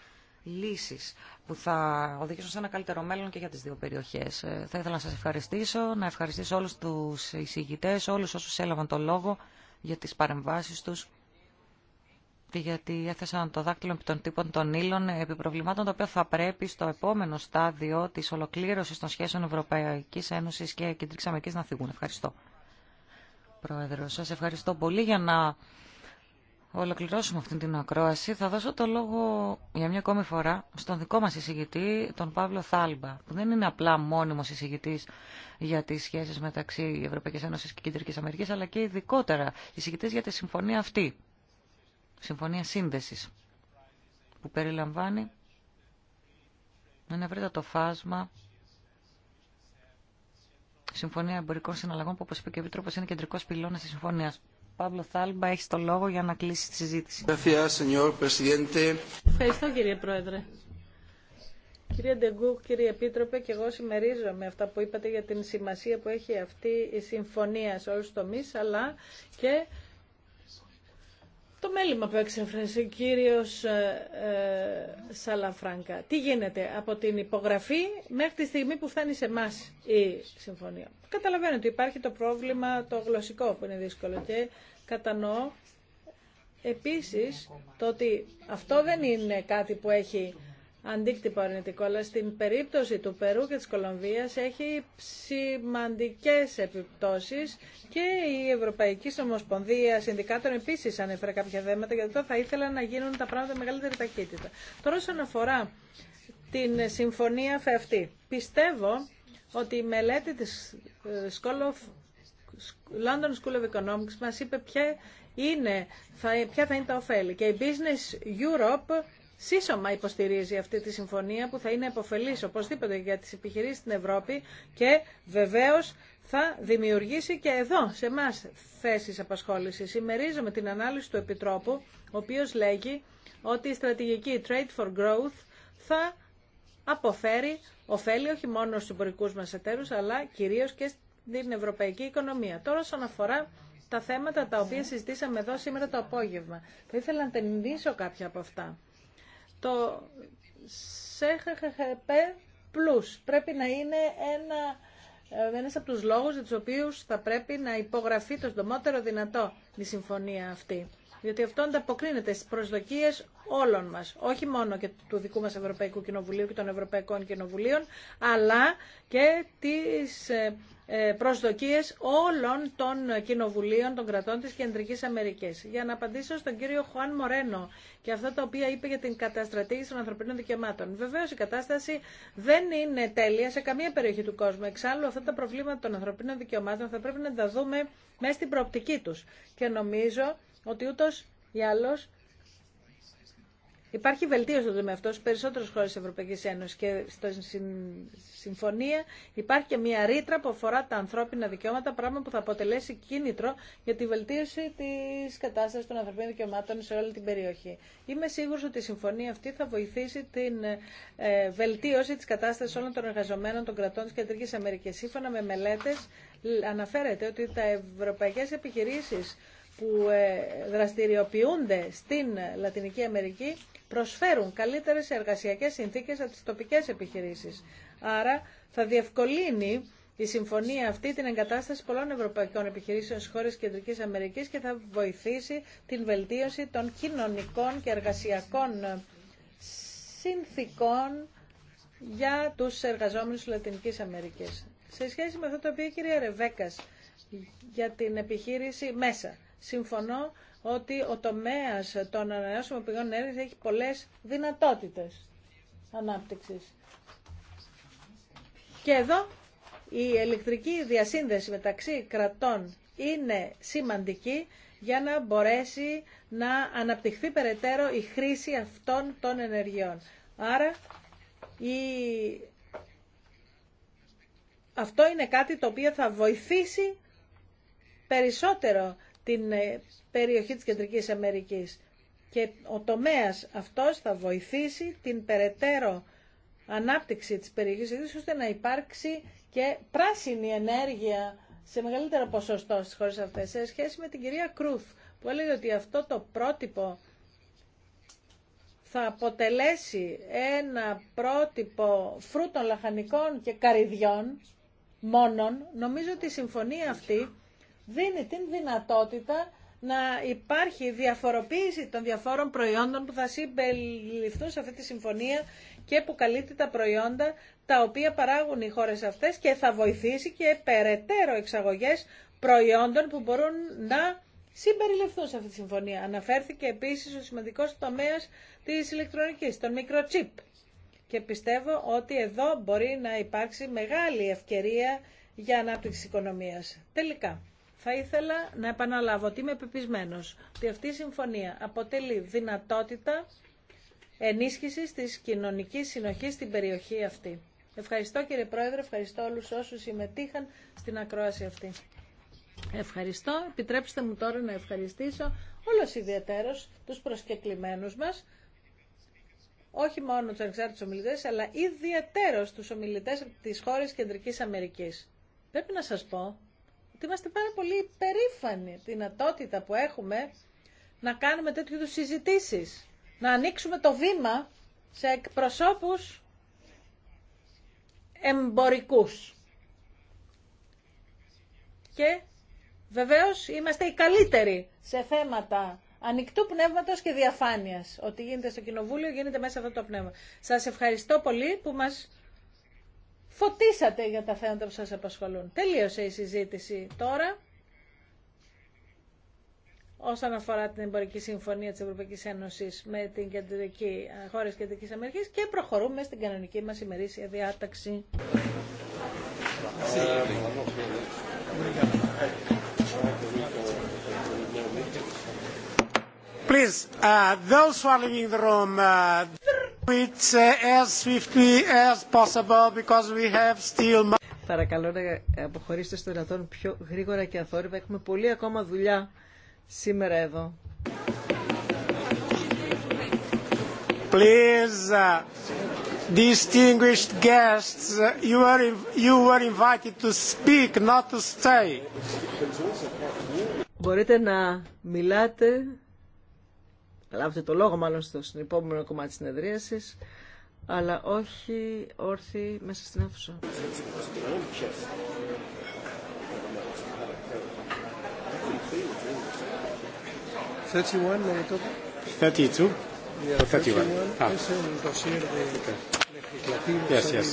λύσεις που θα οδηγήσουν σε ένα καλύτερο μέλλον και για τις δύο περιοχές. Θα ήθελα να σας ευχαριστήσω, να ευχαριστήσω όλους τους εισηγητές, όλους όσους έλαβαν το λόγο για τις παρεμβάσεις τους γιατί έθεσαν το δάκτυλο επί των τύπων των ύλων επί προβλημάτων τα οποία θα πρέπει στο επόμενο στάδιο τη ολοκλήρωση των σχέσεων Ευρωπαϊκή Ένωση και Κεντρική Αμερική να φύγουν. Ευχαριστώ. Πρόεδρο, σας ευχαριστώ πολύ για να ολοκληρώσουμε αυτή την ακρόαση. Θα δώσω το λόγο για μια ακόμη φορά στον δικό μα εισηγητή, τον Παύλο Θάλμπα, που δεν είναι απλά μόνιμος εισηγητή για τι σχέσει μεταξύ Ευρωπαϊκή Ένωση και Κεντρική Αμερική, αλλά και ειδικότερα εισηγητή για τη συμφωνία αυτή συμφωνία σύνδεσης που περιλαμβάνει ένα ευρύτατο φάσμα Συμφωνία Εμπορικών Συναλλαγών που όπως είπε και ο Επίτροπος είναι κεντρικός πυλώνας της συμφωνίας. Παύλο Θάλμπα, έχει το λόγο για να κλείσει τη συζήτηση. Ευχαριστώ κύριε Πρόεδρε. Κύριε Ντεγκού, κύριε Επίτροπε, και εγώ συμμερίζομαι αυτά που είπατε για την σημασία που έχει αυτή η συμφωνία σε όλους τους τομείς, αλλά και το μέλημα που εξέφρασε ο κύριος ε, ε, Σαλαφράγκα. Τι γίνεται από την υπογραφή μέχρι τη στιγμή που φτάνει σε εμά η συμφωνία. Καταλαβαίνω ότι υπάρχει το πρόβλημα το γλωσσικό που είναι δύσκολο και κατανοώ επίσης το ότι αυτό δεν είναι κάτι που έχει αντίκτυπο αρνητικό, αλλά στην περίπτωση του Περού και της Κολομβίας έχει σημαντικές επιπτώσεις και η Ευρωπαϊκή Ομοσπονδία Συνδικάτων επίσης ανέφερε κάποια θέματα, γιατί θα ήθελα να γίνουν τα πράγματα μεγαλύτερη ταχύτητα. Τώρα όσον αφορά την συμφωνία αυτή, πιστεύω ότι η μελέτη της ε, London School of Economics μας είπε είναι, ποια θα είναι τα ωφέλη. Και η Business Europe σύσσωμα υποστηρίζει αυτή τη συμφωνία που θα είναι επωφελής οπωσδήποτε για τις επιχειρήσεις στην Ευρώπη και βεβαίως θα δημιουργήσει και εδώ σε εμά θέσεις απασχόλησης. Σημερίζομαι την ανάλυση του Επιτρόπου, ο οποίος λέγει ότι η στρατηγική Trade for Growth θα αποφέρει ωφέλη όχι μόνο στους εμπορικού μας εταίρους, αλλά κυρίως και στην ευρωπαϊκή οικονομία. Τώρα, όσον αφορά τα θέματα τα οποία συζητήσαμε εδώ σήμερα το απόγευμα, θα ήθελα να ταινίσω κάποια από αυτά. Το ΣΕΧΕΧΕΠ πρέπει να είναι ένα ε, ένας από τους λόγους για τους οποίους θα πρέπει να υπογραφεί το συντομότερο δυνατό η συμφωνία αυτή διότι αυτό ανταποκρίνεται στις προσδοκίες όλων μας, όχι μόνο και του δικού μας Ευρωπαϊκού Κοινοβουλίου και των Ευρωπαϊκών Κοινοβουλίων, αλλά και τις ε, ε, προσδοκίες όλων των κοινοβουλίων των κρατών της Κεντρικής Αμερικής. Για να απαντήσω στον κύριο Χουάν Μορένο και αυτά τα οποία είπε για την καταστρατήγηση των ανθρωπίνων δικαιωμάτων. Βεβαίως η κατάσταση δεν είναι τέλεια σε καμία περιοχή του κόσμου. Εξάλλου αυτά τα προβλήματα των ανθρωπίνων δικαιωμάτων θα πρέπει να τα δούμε μέσα στην προοπτική τους. Και νομίζω ότι ούτω ή άλλω Υπάρχει βελτίωση του τομέα αυτό στι περισσότερε χώρε τη Ευρωπαϊκή Ένωση και στην συμφωνία υπάρχει και μια ρήτρα που αφορά τα ανθρώπινα δικαιώματα, πράγμα που θα αποτελέσει κίνητρο για τη βελτίωση τη κατάσταση των ανθρωπίνων δικαιωμάτων σε όλη την περιοχή. Είμαι σίγουρο ότι η συμφωνία αυτή θα βοηθήσει την ε, βελτίωση τη κατάσταση όλων των εργαζομένων των κρατών τη Κεντρική Αμερική. Σύμφωνα με μελέτε, αναφέρεται ότι τα ευρωπαϊκέ επιχειρήσει που ε, δραστηριοποιούνται στην Λατινική Αμερική προσφέρουν καλύτερες εργασιακές συνθήκες από τις τοπικές επιχειρήσεις. Άρα θα διευκολύνει η συμφωνία αυτή την εγκατάσταση πολλών ευρωπαϊκών επιχειρήσεων στις χώρες Κεντρικής Αμερικής και θα βοηθήσει την βελτίωση των κοινωνικών και εργασιακών ε, συνθήκων για τους εργαζόμενους της Λατινικής Αμερικής. Σε σχέση με αυτό το οποίο η κυρία Ρεβέκας για την επιχείρηση μέσα συμφωνώ ότι ο τομέας των ανανεώσιμων πηγών ενέργειας έχει πολλές δυνατότητες ανάπτυξης. Και εδώ η ηλεκτρική διασύνδεση μεταξύ κρατών είναι σημαντική για να μπορέσει να αναπτυχθεί περαιτέρω η χρήση αυτών των ενεργειών. Άρα η... αυτό είναι κάτι το οποίο θα βοηθήσει περισσότερο την ε, περιοχή της Κεντρικής Αμερικής. Και ο τομέας αυτός θα βοηθήσει την περαιτέρω ανάπτυξη της περιοχής ώστε να υπάρξει και πράσινη ενέργεια σε μεγαλύτερο ποσοστό στις χώρες αυτές, σε σχέση με την κυρία Κρούθ, που έλεγε ότι αυτό το πρότυπο θα αποτελέσει ένα πρότυπο φρούτων, λαχανικών και καρυδιών μόνον, νομίζω ότι η συμφωνία αυτή δίνει την δυνατότητα να υπάρχει διαφοροποίηση των διαφόρων προϊόντων που θα συμπεριληφθούν σε αυτή τη συμφωνία και που καλύπτει τα προϊόντα τα οποία παράγουν οι χώρες αυτές και θα βοηθήσει και περαιτέρω εξαγωγές προϊόντων που μπορούν να συμπεριληφθούν σε αυτή τη συμφωνία. Αναφέρθηκε επίσης ο σημαντικός τομέας της ηλεκτρονικής, τον microchip. Και πιστεύω ότι εδώ μπορεί να υπάρξει μεγάλη ευκαιρία για ανάπτυξη οικονομίας. Τελικά. Θα ήθελα να επαναλάβω ότι είμαι πεπισμένο ότι αυτή η συμφωνία αποτελεί δυνατότητα ενίσχυση τη κοινωνική συνοχή στην περιοχή αυτή. Ευχαριστώ κύριε Πρόεδρε, ευχαριστώ όλους όσους συμμετείχαν στην ακρόαση αυτή. Ευχαριστώ. Επιτρέψτε μου τώρα να ευχαριστήσω όλος ιδιαίτερος τους προσκεκλημένους μας, όχι μόνο τους ανεξάρτητους ομιλητές, αλλά ιδιαίτερος τους ομιλητές τη τις χώρες Κεντρικής Αμερικής. Πρέπει να σας πω ότι είμαστε πάρα πολύ περήφανοι τη δυνατότητα που έχουμε να κάνουμε τέτοιου είδους συζητήσεις. Να ανοίξουμε το βήμα σε εκπροσώπους εμπορικούς. Και βεβαίως είμαστε οι καλύτεροι σε θέματα ανοιχτού πνεύματος και διαφάνειας. Ό,τι γίνεται στο Κοινοβούλιο γίνεται μέσα αυτό το πνεύμα. Σας ευχαριστώ πολύ που μας φωτίσατε για τα θέματα που σας απασχολούν. Τελείωσε η συζήτηση τώρα όσον αφορά την εμπορική συμφωνία της Ευρωπαϊκής Ένωσης με την κεντρική, ε, χώρες Κεντρικής Αμερικής και προχωρούμε στην κανονική μας ημερήσια διάταξη. Please, uh, those who are in the room, uh, Uh, Παρακαλώ να αποχωρήσετε στο δυνατόν πιο γρήγορα και αθόρυβα. Έχουμε πολύ ακόμα δουλειά σήμερα εδώ. Please, uh, distinguished guests, uh, you were, you were invited to speak, not to stay. Μπορείτε να μιλάτε λάβετε το λόγο μάλλον στο επόμενο κομμάτι της συνεδρίασης, αλλά όχι όρθιοι μέσα στην αίθουσα. Ah. Yes, yes.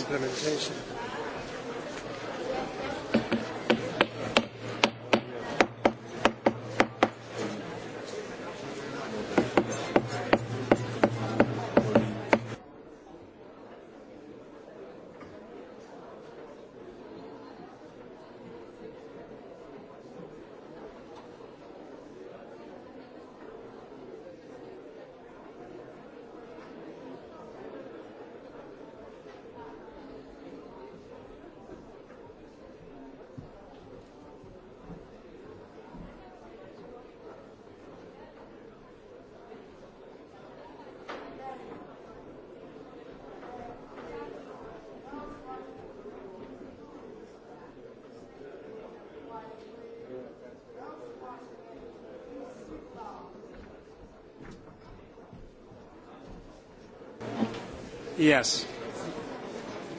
Yes.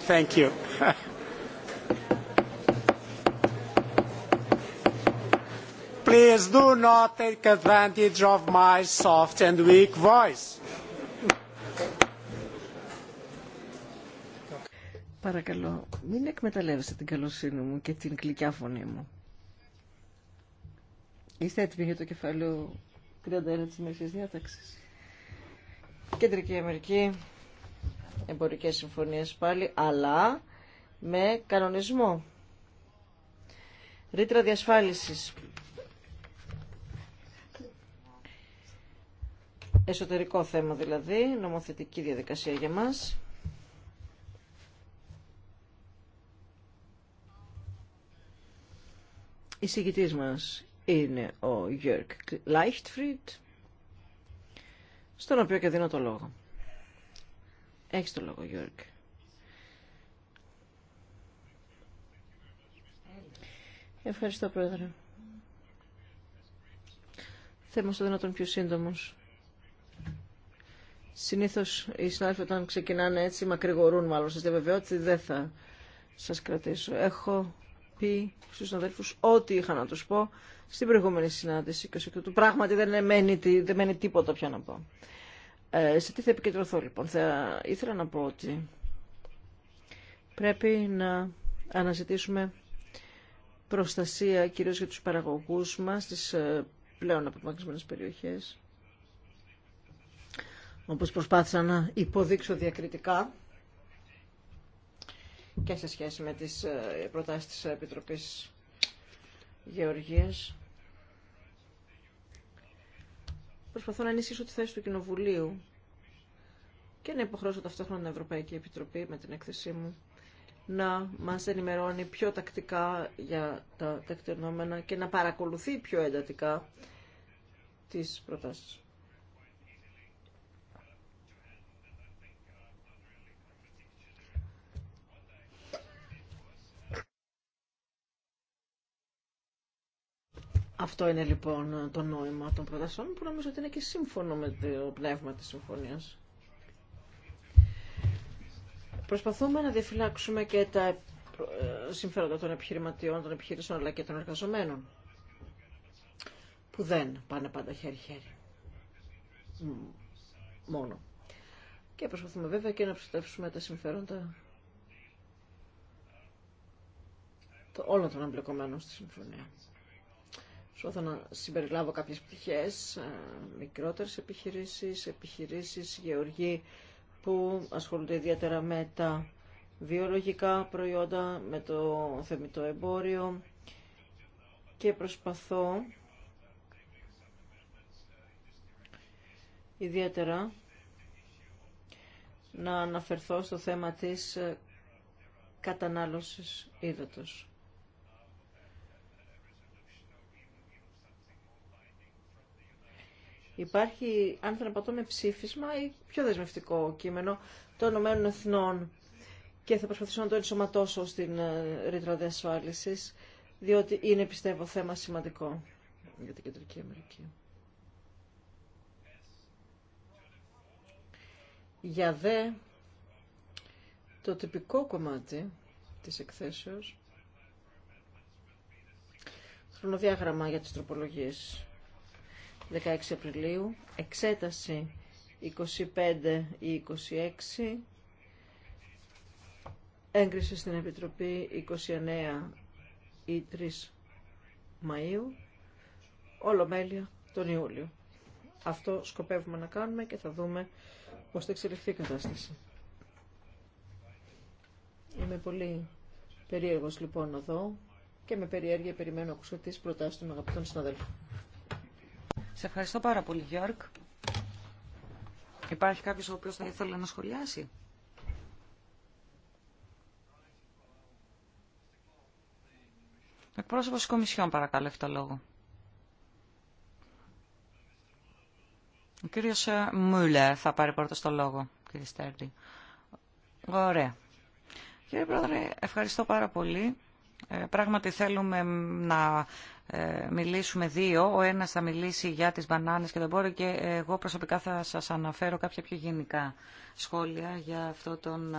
Thank you. Please do not take advantage of my soft and weak voice. Παρακαλώ, μην εκμεταλλεύεστε την καλοσύνη μου και την κλικιά φωνή μου. Είστε έτοιμοι για το κεφάλαιο 31 της Μεσής Διάταξης. Κεντρική Αμερική, εμπορικές συμφωνίες πάλι, αλλά με κανονισμό. Ρήτρα διασφάλισης. Εσωτερικό θέμα δηλαδή, νομοθετική διαδικασία για μας. Η συγκητής μας είναι ο Γιώργ Λάιχτφριντ, στον οποίο και δίνω το λόγο. Έχεις το λόγο, Γιώργη. Ευχαριστώ, Πρόεδρε. Θέμα στο δυνατόν πιο σύντομο. Συνήθω, οι συνάδελφοι όταν ξεκινάνε έτσι μακρηγορούν μάλλον. Σας διαβεβαιώ ότι δεν θα σας κρατήσω. Έχω πει στους συναδέλφου ό,τι είχα να του πω στην προηγούμενη συνάντηση και του. Πράγματι δεν μένει, δεν μένει τίποτα πια να πω. Ε, σε τι θα επικεντρωθώ λοιπόν. Θα ήθελα να πω ότι πρέπει να αναζητήσουμε προστασία κυρίως για τους παραγωγούς μας στις ε, πλέον απομακρυσμένες περιοχές όπως προσπάθησα να υποδείξω διακριτικά και σε σχέση με τις ε, προτάσεις της Επιτροπής Γεωργίας προσπαθώ να ενισχύσω τη θέση του Κοινοβουλίου και να υποχρώσω ταυτόχρονα την Ευρωπαϊκή Επιτροπή με την έκθεσή μου να μας ενημερώνει πιο τακτικά για τα τεκτενόμενα και να παρακολουθεί πιο εντατικά τις προτάσεις. Αυτό είναι λοιπόν το νόημα των προτάσεων που νομίζω ότι είναι και σύμφωνο με το πνεύμα της συμφωνίας. Προσπαθούμε να διαφυλάξουμε και τα ε, συμφέροντα των επιχειρηματιών, των επιχειρήσεων αλλά και των εργαζομένων που δεν πάνε πάντα χέρι-χέρι. Μόνο. Και προσπαθούμε βέβαια και να προστατεύσουμε τα συμφέροντα όλων των εμπλεκομένων στη συμφωνία. Προσπαθώ να συμπεριλάβω κάποιες πτυχές, ε, μικρότερες επιχειρήσεις, επιχειρήσεις, γεωργοί που ασχολούνται ιδιαίτερα με τα βιολογικά προϊόντα, με το θεμητό εμπόριο και προσπαθώ ιδιαίτερα να αναφερθώ στο θέμα της κατανάλωσης ύδατος. Υπάρχει, αν πατώ με ψήφισμα ή πιο δεσμευτικό κείμενο των Ηνωμένων Εθνών και θα προσπαθήσω να το ενσωματώσω στην ε, ρήτρα διασφάλιση, διότι είναι, πιστεύω, θέμα σημαντικό για την Κεντρική Αμερική. Για δε το τυπικό κομμάτι της εκθέσεως, χρονοδιάγραμμα για τις τροπολογίες 16 Απριλίου, εξέταση 25 ή 26, έγκριση στην Επιτροπή 29 ή 3 Μαΐου, ολομέλεια τον Ιούλιο. Αυτό σκοπεύουμε να κάνουμε και θα δούμε πώς θα εξελιχθεί η κατάσταση. Είμαι πολύ περίεργος λοιπόν εδώ και με περιέργεια περιμένω ακούσω τις προτάσεις των αγαπητών συναδέλφων. Σε ευχαριστώ πάρα πολύ, Γιώργ. Υπάρχει κάποιος ο οποίος θα ήθελε να σχολιάσει. Εκπρόσωπο τη Κομισιόν, παρακαλώ, έχει το λόγο. Ο κύριο ε, Μούλε θα πάρει πρώτο το λόγο, κύριε Στέρντι. Ωραία. Κύριε Πρόεδρε, ευχαριστώ πάρα πολύ. Ε, πράγματι θέλουμε να ε, μιλήσουμε δύο. Ο ένας θα μιλήσει για τις μπανάνες και τον πόρο και εγώ προσωπικά θα σας αναφέρω κάποια πιο γενικά σχόλια για αυτό τον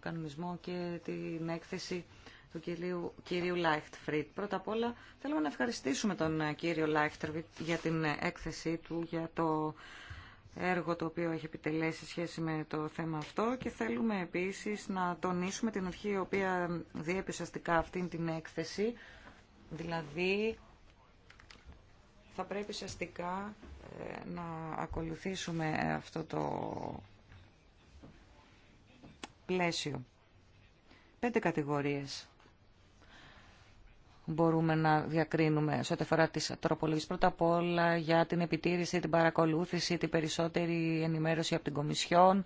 κανονισμό και την έκθεση του κυρίου, κυρίου Λάιχτφριτ. Πρώτα απ' όλα θέλουμε να ευχαριστήσουμε τον κύριο Λάιχτφριτ για την έκθεσή του, για το έργο το οποίο έχει επιτελέσει σχέση με το θέμα αυτό και θέλουμε επίσης να τονίσουμε την αρχή η οποία διέπει ουσιαστικά αυτήν την έκθεση, δηλαδή θα πρέπει ουσιαστικά ε, να ακολουθήσουμε αυτό το πλαίσιο. Πέντε κατηγορίες μπορούμε να διακρίνουμε σε ό,τι αφορά τις τροπολογίες. Πρώτα απ' όλα για την επιτήρηση, την παρακολούθηση, την περισσότερη ενημέρωση από την Κομισιόν.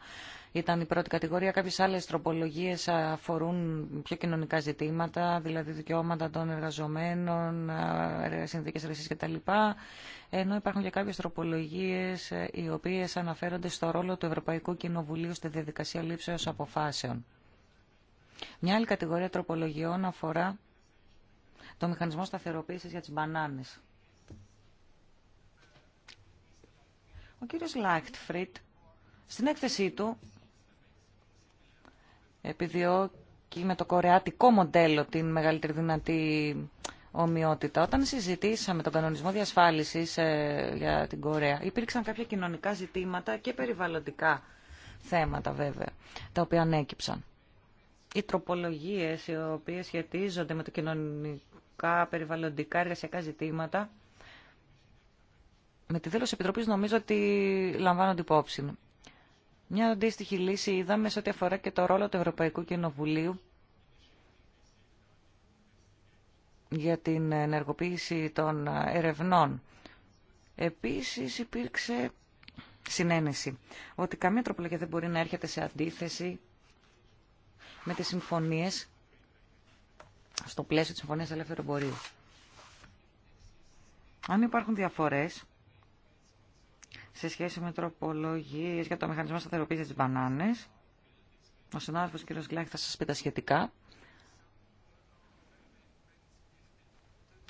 Ήταν η πρώτη κατηγορία. κάποιε άλλες τροπολογίες αφορούν πιο κοινωνικά ζητήματα, δηλαδή δικαιώματα των εργαζομένων, ε, συνδίκες εργασίας κτλ. Ενώ υπάρχουν και κάποιες τροπολογίες ε, οι οποίες αναφέρονται στο ρόλο του Ευρωπαϊκού Κοινοβουλίου στη διαδικασία λήψεως αποφάσεων. Μια άλλη κατηγορία τροπολογιών αφορά το μηχανισμό σταθεροποίησης για τις μπανάνες. Ο κύριος Λάχτφριτ, στην έκθεσή του επιδιώκει με το κορεάτικο μοντέλο την μεγαλύτερη δυνατή ομοιότητα. Όταν συζητήσαμε τον κανονισμό διασφάλισης ε, για την Κορέα υπήρξαν κάποια κοινωνικά ζητήματα και περιβαλλοντικά θέματα βέβαια, τα οποία ανέκυψαν. Οι τροπολογίες οι οποίες σχετίζονται με το κοινωνικό περιβαλλοντικά, εργασιακά ζητήματα. Με τη δήλωση Επιτροπής νομίζω ότι λαμβάνονται υπόψη. Μια αντίστοιχη λύση είδαμε σε ό,τι αφορά και το ρόλο του Ευρωπαϊκού Κοινοβουλίου για την ενεργοποίηση των ερευνών. Επίσης υπήρξε συνένεση ότι καμία τροπολογία δεν μπορεί να έρχεται σε αντίθεση με τις συμφωνίες στο πλαίσιο της Συμφωνίας Ελεύθερου Εμπορίου. Αν υπάρχουν διαφορές σε σχέση με τροπολογίες για το μηχανισμό σταθεροποίησης της μπανάνες, ο συνάδελφος κ. Γκλάχη θα σας πει τα σχετικά.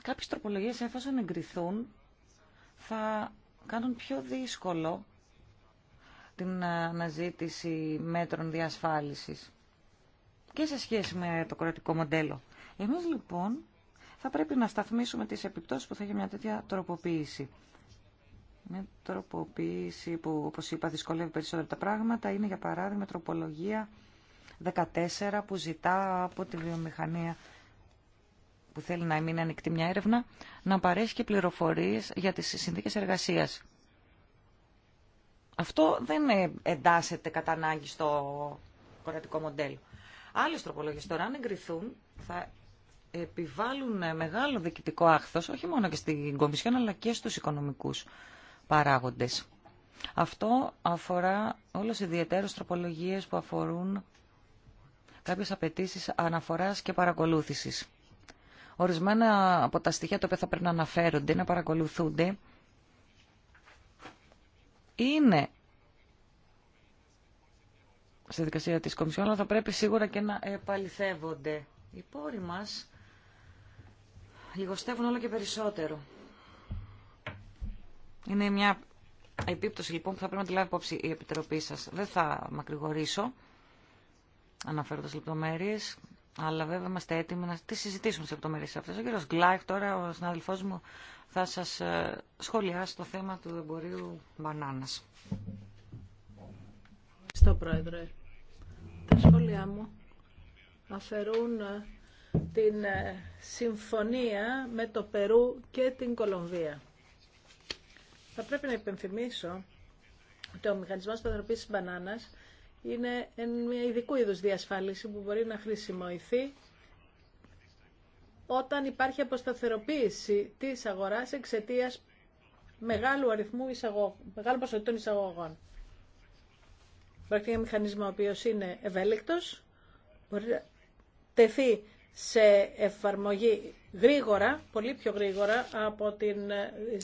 Κάποιες τροπολογίες εφόσον εγκριθούν θα κάνουν πιο δύσκολο την αναζήτηση μέτρων διασφάλισης και σε σχέση με το κρατικό μοντέλο. Εμείς λοιπόν θα πρέπει να σταθμίσουμε τις επιπτώσεις που θα έχει μια τέτοια τροποποίηση. Μια τροποποίηση που, όπως είπα, δυσκολεύει περισσότερα τα πράγματα. Είναι, για παράδειγμα, τροπολογία 14 που ζητά από τη βιομηχανία που θέλει να μείνει ανοιχτή μια έρευνα, να παρέχει και πληροφορίες για τις συνθήκες εργασίας. Αυτό δεν ε, εντάσσεται κατά ανάγκη στο κρατικό μοντέλο. Άλλες τροπολογίες τώρα, αν εγκριθούν, θα επιβάλλουν μεγάλο διοικητικό άχθος, όχι μόνο και στην Κομισιόν, αλλά και στους οικονομικούς παράγοντες. Αυτό αφορά όλες ιδιαίτερες τροπολογίες που αφορούν κάποιες απαιτήσει αναφοράς και παρακολούθησης. Ορισμένα από τα στοιχεία τα οποία θα πρέπει να αναφέρονται, να παρακολουθούνται, είναι στη δικασία της Κομισιόν, αλλά θα πρέπει σίγουρα και να επαληθεύονται. Οι πόροι μας λιγοστεύουν όλο και περισσότερο. Είναι μια επίπτωση λοιπόν που θα πρέπει να τη λάβει υπόψη η Επιτροπή σας. Δεν θα μακρηγορήσω αναφέροντας λεπτομέρειες, αλλά βέβαια είμαστε έτοιμοι να τις συζητήσουμε τις λεπτομέρειες αυτές. Ο κύριος Γκλάιφ τώρα, ο συνάδελφός μου, θα σας ε, σχολιάσει το θέμα του εμπορίου μπανάνας. Ευχαριστώ Πρόεδρε. Τα σχόλιά μου αφαιρούν ε, την ε, συμφωνία με το Περού και την Κολομβία. Θα πρέπει να υπενθυμίσω ότι ο μηχανισμός παντροπής μπανάνας είναι μια ειδικού είδους διασφάλιση που μπορεί να χρησιμοποιηθεί όταν υπάρχει αποσταθεροποίηση της αγοράς εξαιτίας μεγάλου αριθμού εισαγωγών, μεγάλου ποσοτήτων εισαγωγών. Πρόκειται για μηχανισμό ο οποίος είναι ευέλικτος, μπορεί να τεθεί σε εφαρμογή γρήγορα, πολύ πιο γρήγορα από την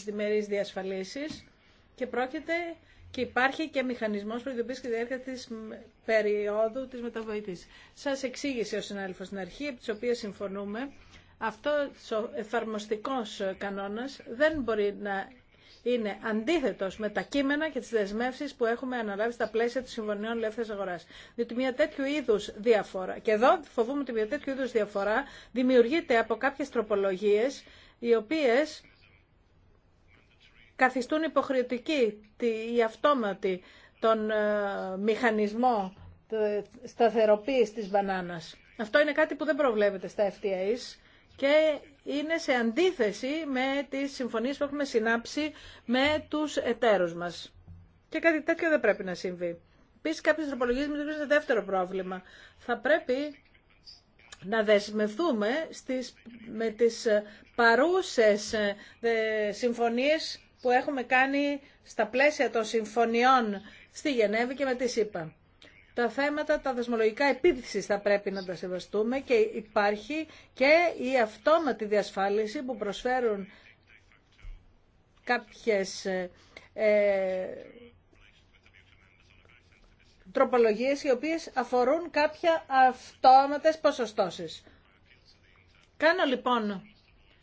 διμερείς διασφαλίσεις και πρόκειται και υπάρχει και μηχανισμός προειδοποίησης και διάρκεια της περίοδου της μεταβοήτης. Σας εξήγησε ο συνάδελφος στην αρχή, από της συμφωνούμε, αυτό ο εφαρμοστικός κανόνας δεν μπορεί να είναι αντίθετο με τα κείμενα και τις δεσμεύσει που έχουμε αναλάβει στα πλαίσια των Συμφωνιών ελεύθερη Αγοράς. Διότι μια τέτοιου είδους διαφορά, και εδώ φοβούμαι ότι μια τέτοιου είδους διαφορά δημιουργείται από κάποιες τροπολογίες οι οποίες καθιστούν υποχρεωτική η αυτόματη τον ε, μηχανισμό σταθεροποίηση της μπανάνας. Αυτό είναι κάτι που δεν προβλέπεται στα FTAs και είναι σε αντίθεση με τις συμφωνίες που έχουμε συνάψει με τους εταίρους μας. Και κάτι τέτοιο δεν πρέπει να συμβεί. Επίση, κάποιε τροπολογίε με δημιουργούν δεύτερο πρόβλημα. Θα πρέπει να δεσμευθούμε στις, με τις παρούσες ε, συμφωνίες που έχουμε κάνει στα πλαίσια των συμφωνιών στη Γενέβη και με τη ΣΥΠΑ τα θέματα τα δεσμολογικά επίθεσης θα πρέπει να τα σεβαστούμε και υπάρχει και η αυτόματη διασφάλιση που προσφέρουν κάποιες ε, ε τροπολογίες οι οποίες αφορούν κάποια αυτόματες ποσοστώσεις. Κάνω λοιπόν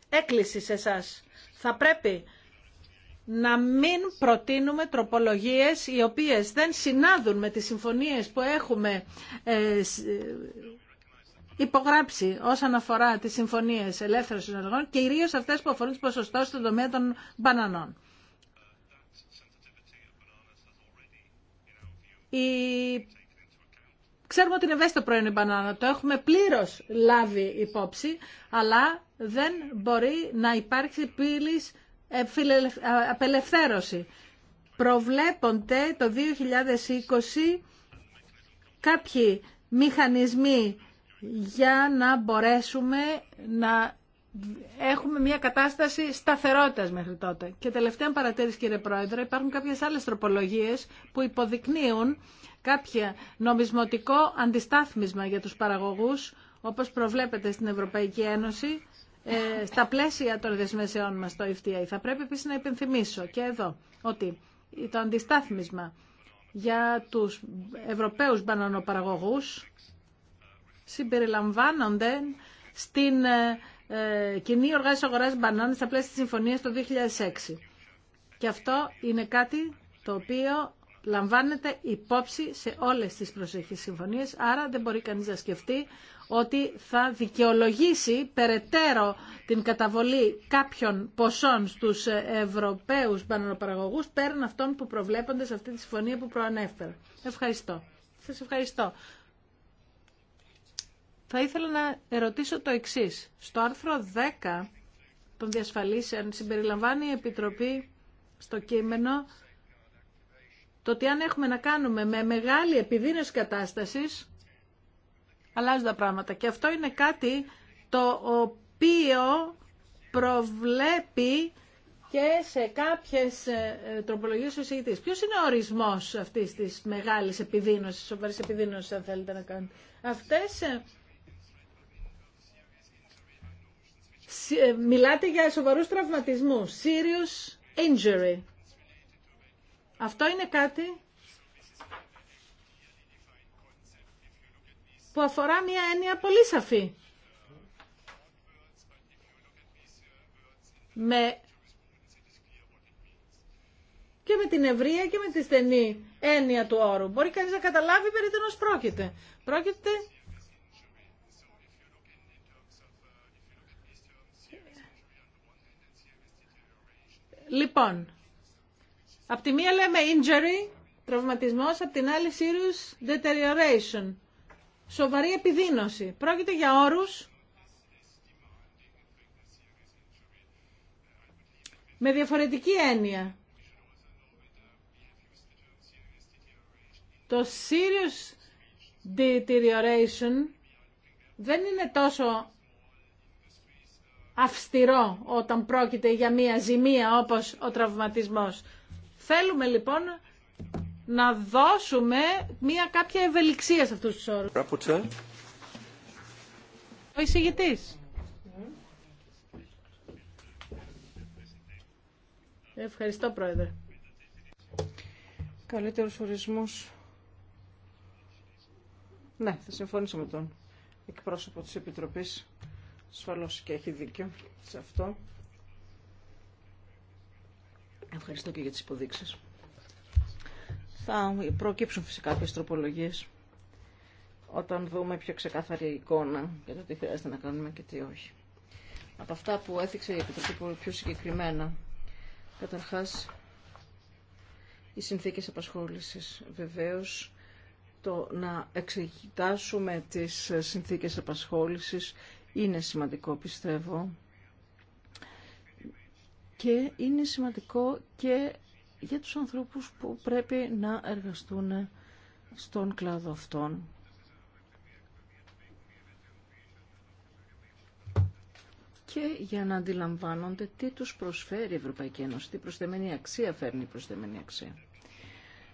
έκκληση σε εσά. Θα πρέπει να μην προτείνουμε τροπολογίες οι οποίες δεν συνάδουν με τις συμφωνίες που έχουμε ε, ε, υπογράψει όσον αφορά τις συμφωνίες ελεύθερων συναλλαγών, κυρίως αυτές που αφορούν τις ποσοστώσεις στον τομέα των μπανανών. Η... Ξέρουμε ότι είναι ευαίσθητο προϊόν η μπανάνα, το έχουμε πλήρως λάβει υπόψη, αλλά δεν μπορεί να υπάρξει πύλης ε, απελευθέρωση. Προβλέπονται το 2020 κάποιοι μηχανισμοί για να μπορέσουμε να έχουμε μια κατάσταση σταθερότητας μέχρι τότε. Και τελευταία παρατήρηση κύριε Πρόεδρε, υπάρχουν κάποιες άλλες τροπολογίες που υποδεικνύουν κάποιο νομισματικό αντιστάθμισμα για τους παραγωγούς, όπως προβλέπεται στην Ευρωπαϊκή Ένωση, ε, στα πλαίσια των δεσμεσεών μας στο FTA. Θα πρέπει επίσης να υπενθυμίσω και εδώ ότι το αντιστάθμισμα για τους Ευρωπαίους μπανανοπαραγωγούς συμπεριλαμβάνονται στην ε, ε, κοινή οργάνωση αγοράς μπανάνων στα πλαίσια της συμφωνίας το 2006. Και αυτό είναι κάτι το οποίο λαμβάνεται υπόψη σε όλες τις προσεχείς συμφωνίες, άρα δεν μπορεί κανείς να σκεφτεί ότι θα δικαιολογήσει περαιτέρω την καταβολή κάποιων ποσών στους Ευρωπαίους μπανανοπαραγωγούς πέραν αυτών που προβλέπονται σε αυτή τη συμφωνία που προανέφερα. Ευχαριστώ. Σας ευχαριστώ. Θα ήθελα να ερωτήσω το εξής. Στο άρθρο 10 των διασφαλίσεων συμπεριλαμβάνει η Επιτροπή στο κείμενο το ότι αν έχουμε να κάνουμε με μεγάλη επιδείνωση κατάστασης αλλάζουν τα πράγματα. Και αυτό είναι κάτι το οποίο προβλέπει και σε κάποιες ε, τροπολογίες ο εισηγητής. Ποιος είναι ο ορισμός αυτής της μεγάλης επιδείνωσης, σοβαρής επιδείνωσης αν θέλετε να κάνετε. Αυτές ε, ε, μιλάτε για σοβαρούς τραυματισμούς, serious injury. Αυτό είναι κάτι που αφορά μια έννοια πολύ σαφή. Με... Και με την ευρεία και με τη στενή έννοια του όρου. Μπορεί κανείς να καταλάβει περί τίνος πρόκειται. Πρόκειται Λοιπόν, από τη μία λέμε injury, τραυματισμός, από την άλλη serious deterioration σοβαρή επιδείνωση. Πρόκειται για όρους με διαφορετική έννοια. Το serious deterioration δεν είναι τόσο αυστηρό όταν πρόκειται για μία ζημία όπως ο τραυματισμός. Θέλουμε λοιπόν να δώσουμε μια κάποια ευελιξία σε αυτούς τους όρους. Ο εισηγητής. Ευχαριστώ, Πρόεδρε. Καλύτερος ορισμός. Ναι, θα συμφωνήσω με τον εκπρόσωπο της Επιτροπής. Ασφαλώς και έχει δίκιο σε αυτό. Ευχαριστώ και για τις υποδείξεις. Θα προκύψουν φυσικά κάποιες τροπολογίες όταν δούμε πιο ξεκάθαρη εικόνα για το τι χρειάζεται να κάνουμε και τι όχι. Από αυτά που έθιξε η Επιτροπή πιο συγκεκριμένα, καταρχάς οι συνθήκες απασχόλησης βεβαίως, το να εξετάσουμε τις συνθήκες απασχόλησης είναι σημαντικό πιστεύω και είναι σημαντικό και για τους ανθρώπους που πρέπει να εργαστούν στον κλάδο αυτόν. και για να αντιλαμβάνονται τι τους προσφέρει η Ευρωπαϊκή Ένωση, τι προσθεμένη αξία φέρνει η προσθεμένη αξία.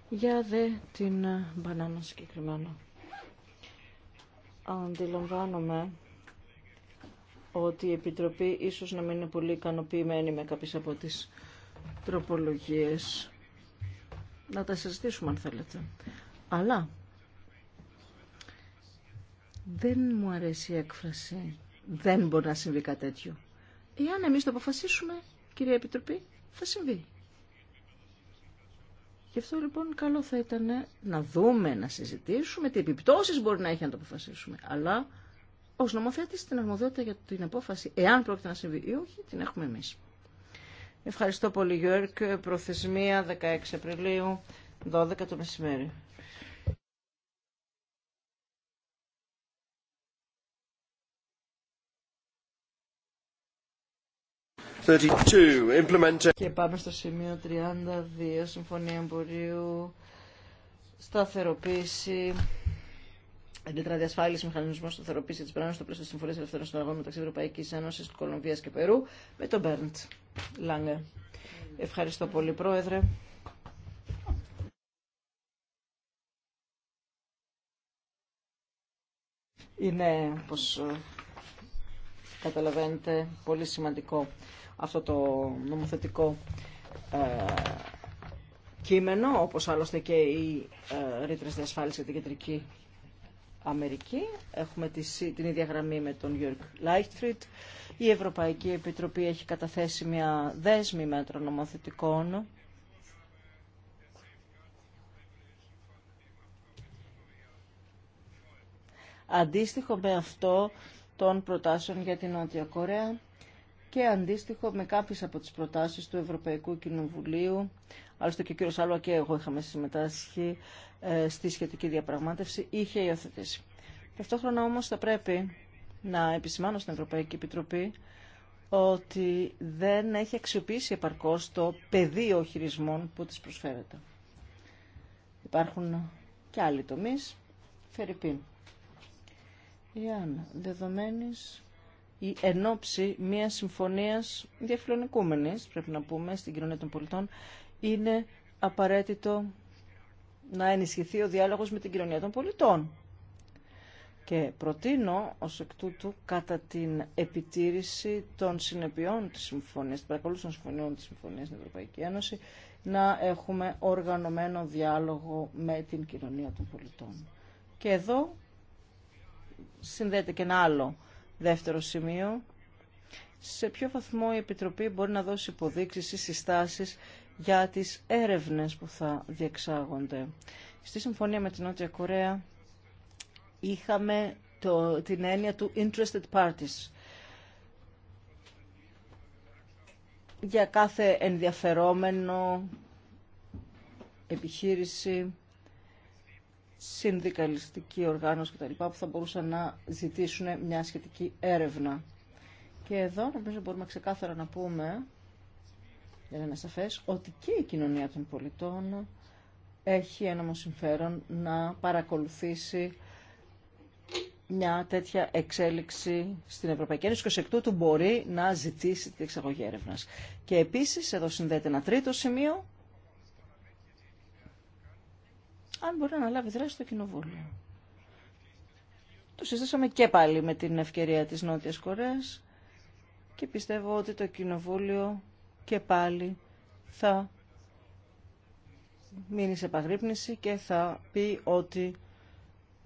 Για δε την μπανάνα συγκεκριμένα. Αντιλαμβάνομαι ότι η Επιτροπή ίσως να μην είναι πολύ ικανοποιημένη με κάποιες από τις τροπολογίες. Να τα συζητήσουμε αν θέλετε. Αλλά δεν μου αρέσει η έκφραση. Δεν μπορεί να συμβεί κάτι τέτοιο. Εάν εμείς το αποφασίσουμε, κυρία Επιτροπή, θα συμβεί. Γι' αυτό λοιπόν καλό θα ήταν να δούμε, να συζητήσουμε τι επιπτώσεις μπορεί να έχει αν το αποφασίσουμε. Αλλά ως νομοθέτης την αρμοδιότητα για την απόφαση, εάν πρόκειται να συμβεί ή όχι, την έχουμε εμείς. Ευχαριστώ πολύ Γιώργ. Προθεσμία 16 Απριλίου, 12 το μεσημέρι. Και πάμε στο σημείο 32, Συμφωνία Εμπορίου, Σταθεροποίηση. Αντίτρα διασφάλιση μηχανισμού σταθεροποίηση τη πράγμα στο πλαίσιο τη Συμφωνία Ελευθερών Συναγών μεταξύ Ευρωπαϊκή Ένωση, Κολομβία και Περού με τον Μπέρντ Λάγκε. Ευχαριστώ πολύ, Πρόεδρε. Είναι, όπως ε, καταλαβαίνετε, πολύ σημαντικό αυτό το νομοθετικό ε, κείμενο, όπως άλλωστε και οι ε, ρήτρες διασφάλισης για την κεντρική Αμερική. Έχουμε την ίδια γραμμή με τον Γιώργ Λάιχτφριτ. Η Ευρωπαϊκή Επιτροπή έχει καταθέσει μια δέσμη μέτρων νομοθετικών αντίστοιχο με αυτό των προτάσεων για την Νότια Κορέα και αντίστοιχο με κάποιες από τις προτάσεις του Ευρωπαϊκού Κοινοβουλίου. Άλλωστε και ο κύριος άλλο και εγώ είχαμε συμμετάσχει ε, στη σχετική διαπραγμάτευση, είχε υιοθετήσει. Ταυτόχρονα όμως θα πρέπει να επισημάνω στην Ευρωπαϊκή Επιτροπή ότι δεν έχει αξιοποιήσει επαρκώς το πεδίο χειρισμών που της προσφέρεται. Υπάρχουν και άλλοι τομείς, φερρυπίν. Ιάννα, δεδομένης ή ενόψη μία μιας συμφωνίας διαφιλονικούμενης, πρέπει να πούμε, στην κοινωνία των πολιτών, είναι απαραίτητο να ενισχυθεί ο διάλογος με την κοινωνία των πολιτών. Και προτείνω ως εκ τούτου κατά την επιτήρηση των συνεπειών της συμφωνίας, των παρακολούσεων συμφωνιών της συμφωνίας στην Ευρωπαϊκή Ένωση, να έχουμε οργανωμένο διάλογο με την κοινωνία των πολιτών. Και εδώ συνδέεται και ένα άλλο Δεύτερο σημείο, σε ποιο βαθμό η Επιτροπή μπορεί να δώσει υποδείξεις ή συστάσεις για τις έρευνες που θα διεξάγονται. Στη συμφωνία με την Νότια Κορέα είχαμε το, την έννοια του interested parties. Για κάθε ενδιαφερόμενο επιχείρηση συνδικαλιστική οργάνωση κτλ. που θα μπορούσαν να ζητήσουν μια σχετική έρευνα. Και εδώ νομίζω μπορούμε ξεκάθαρα να πούμε, για να είναι σαφέ, ότι και η κοινωνία των πολιτών έχει ένα συμφέρον να παρακολουθήσει μια τέτοια εξέλιξη στην Ευρωπαϊκή Ένωση και ως εκ τούτου μπορεί να ζητήσει την εξαγωγή έρευνα. Και επίσης εδώ συνδέεται ένα τρίτο σημείο αν μπορεί να λάβει δράση το Κοινοβούλιο. Το συζητήσαμε και πάλι με την ευκαιρία της Νότιας Κορέας και πιστεύω ότι το Κοινοβούλιο και πάλι θα μείνει σε επαγρύπνηση και θα πει ότι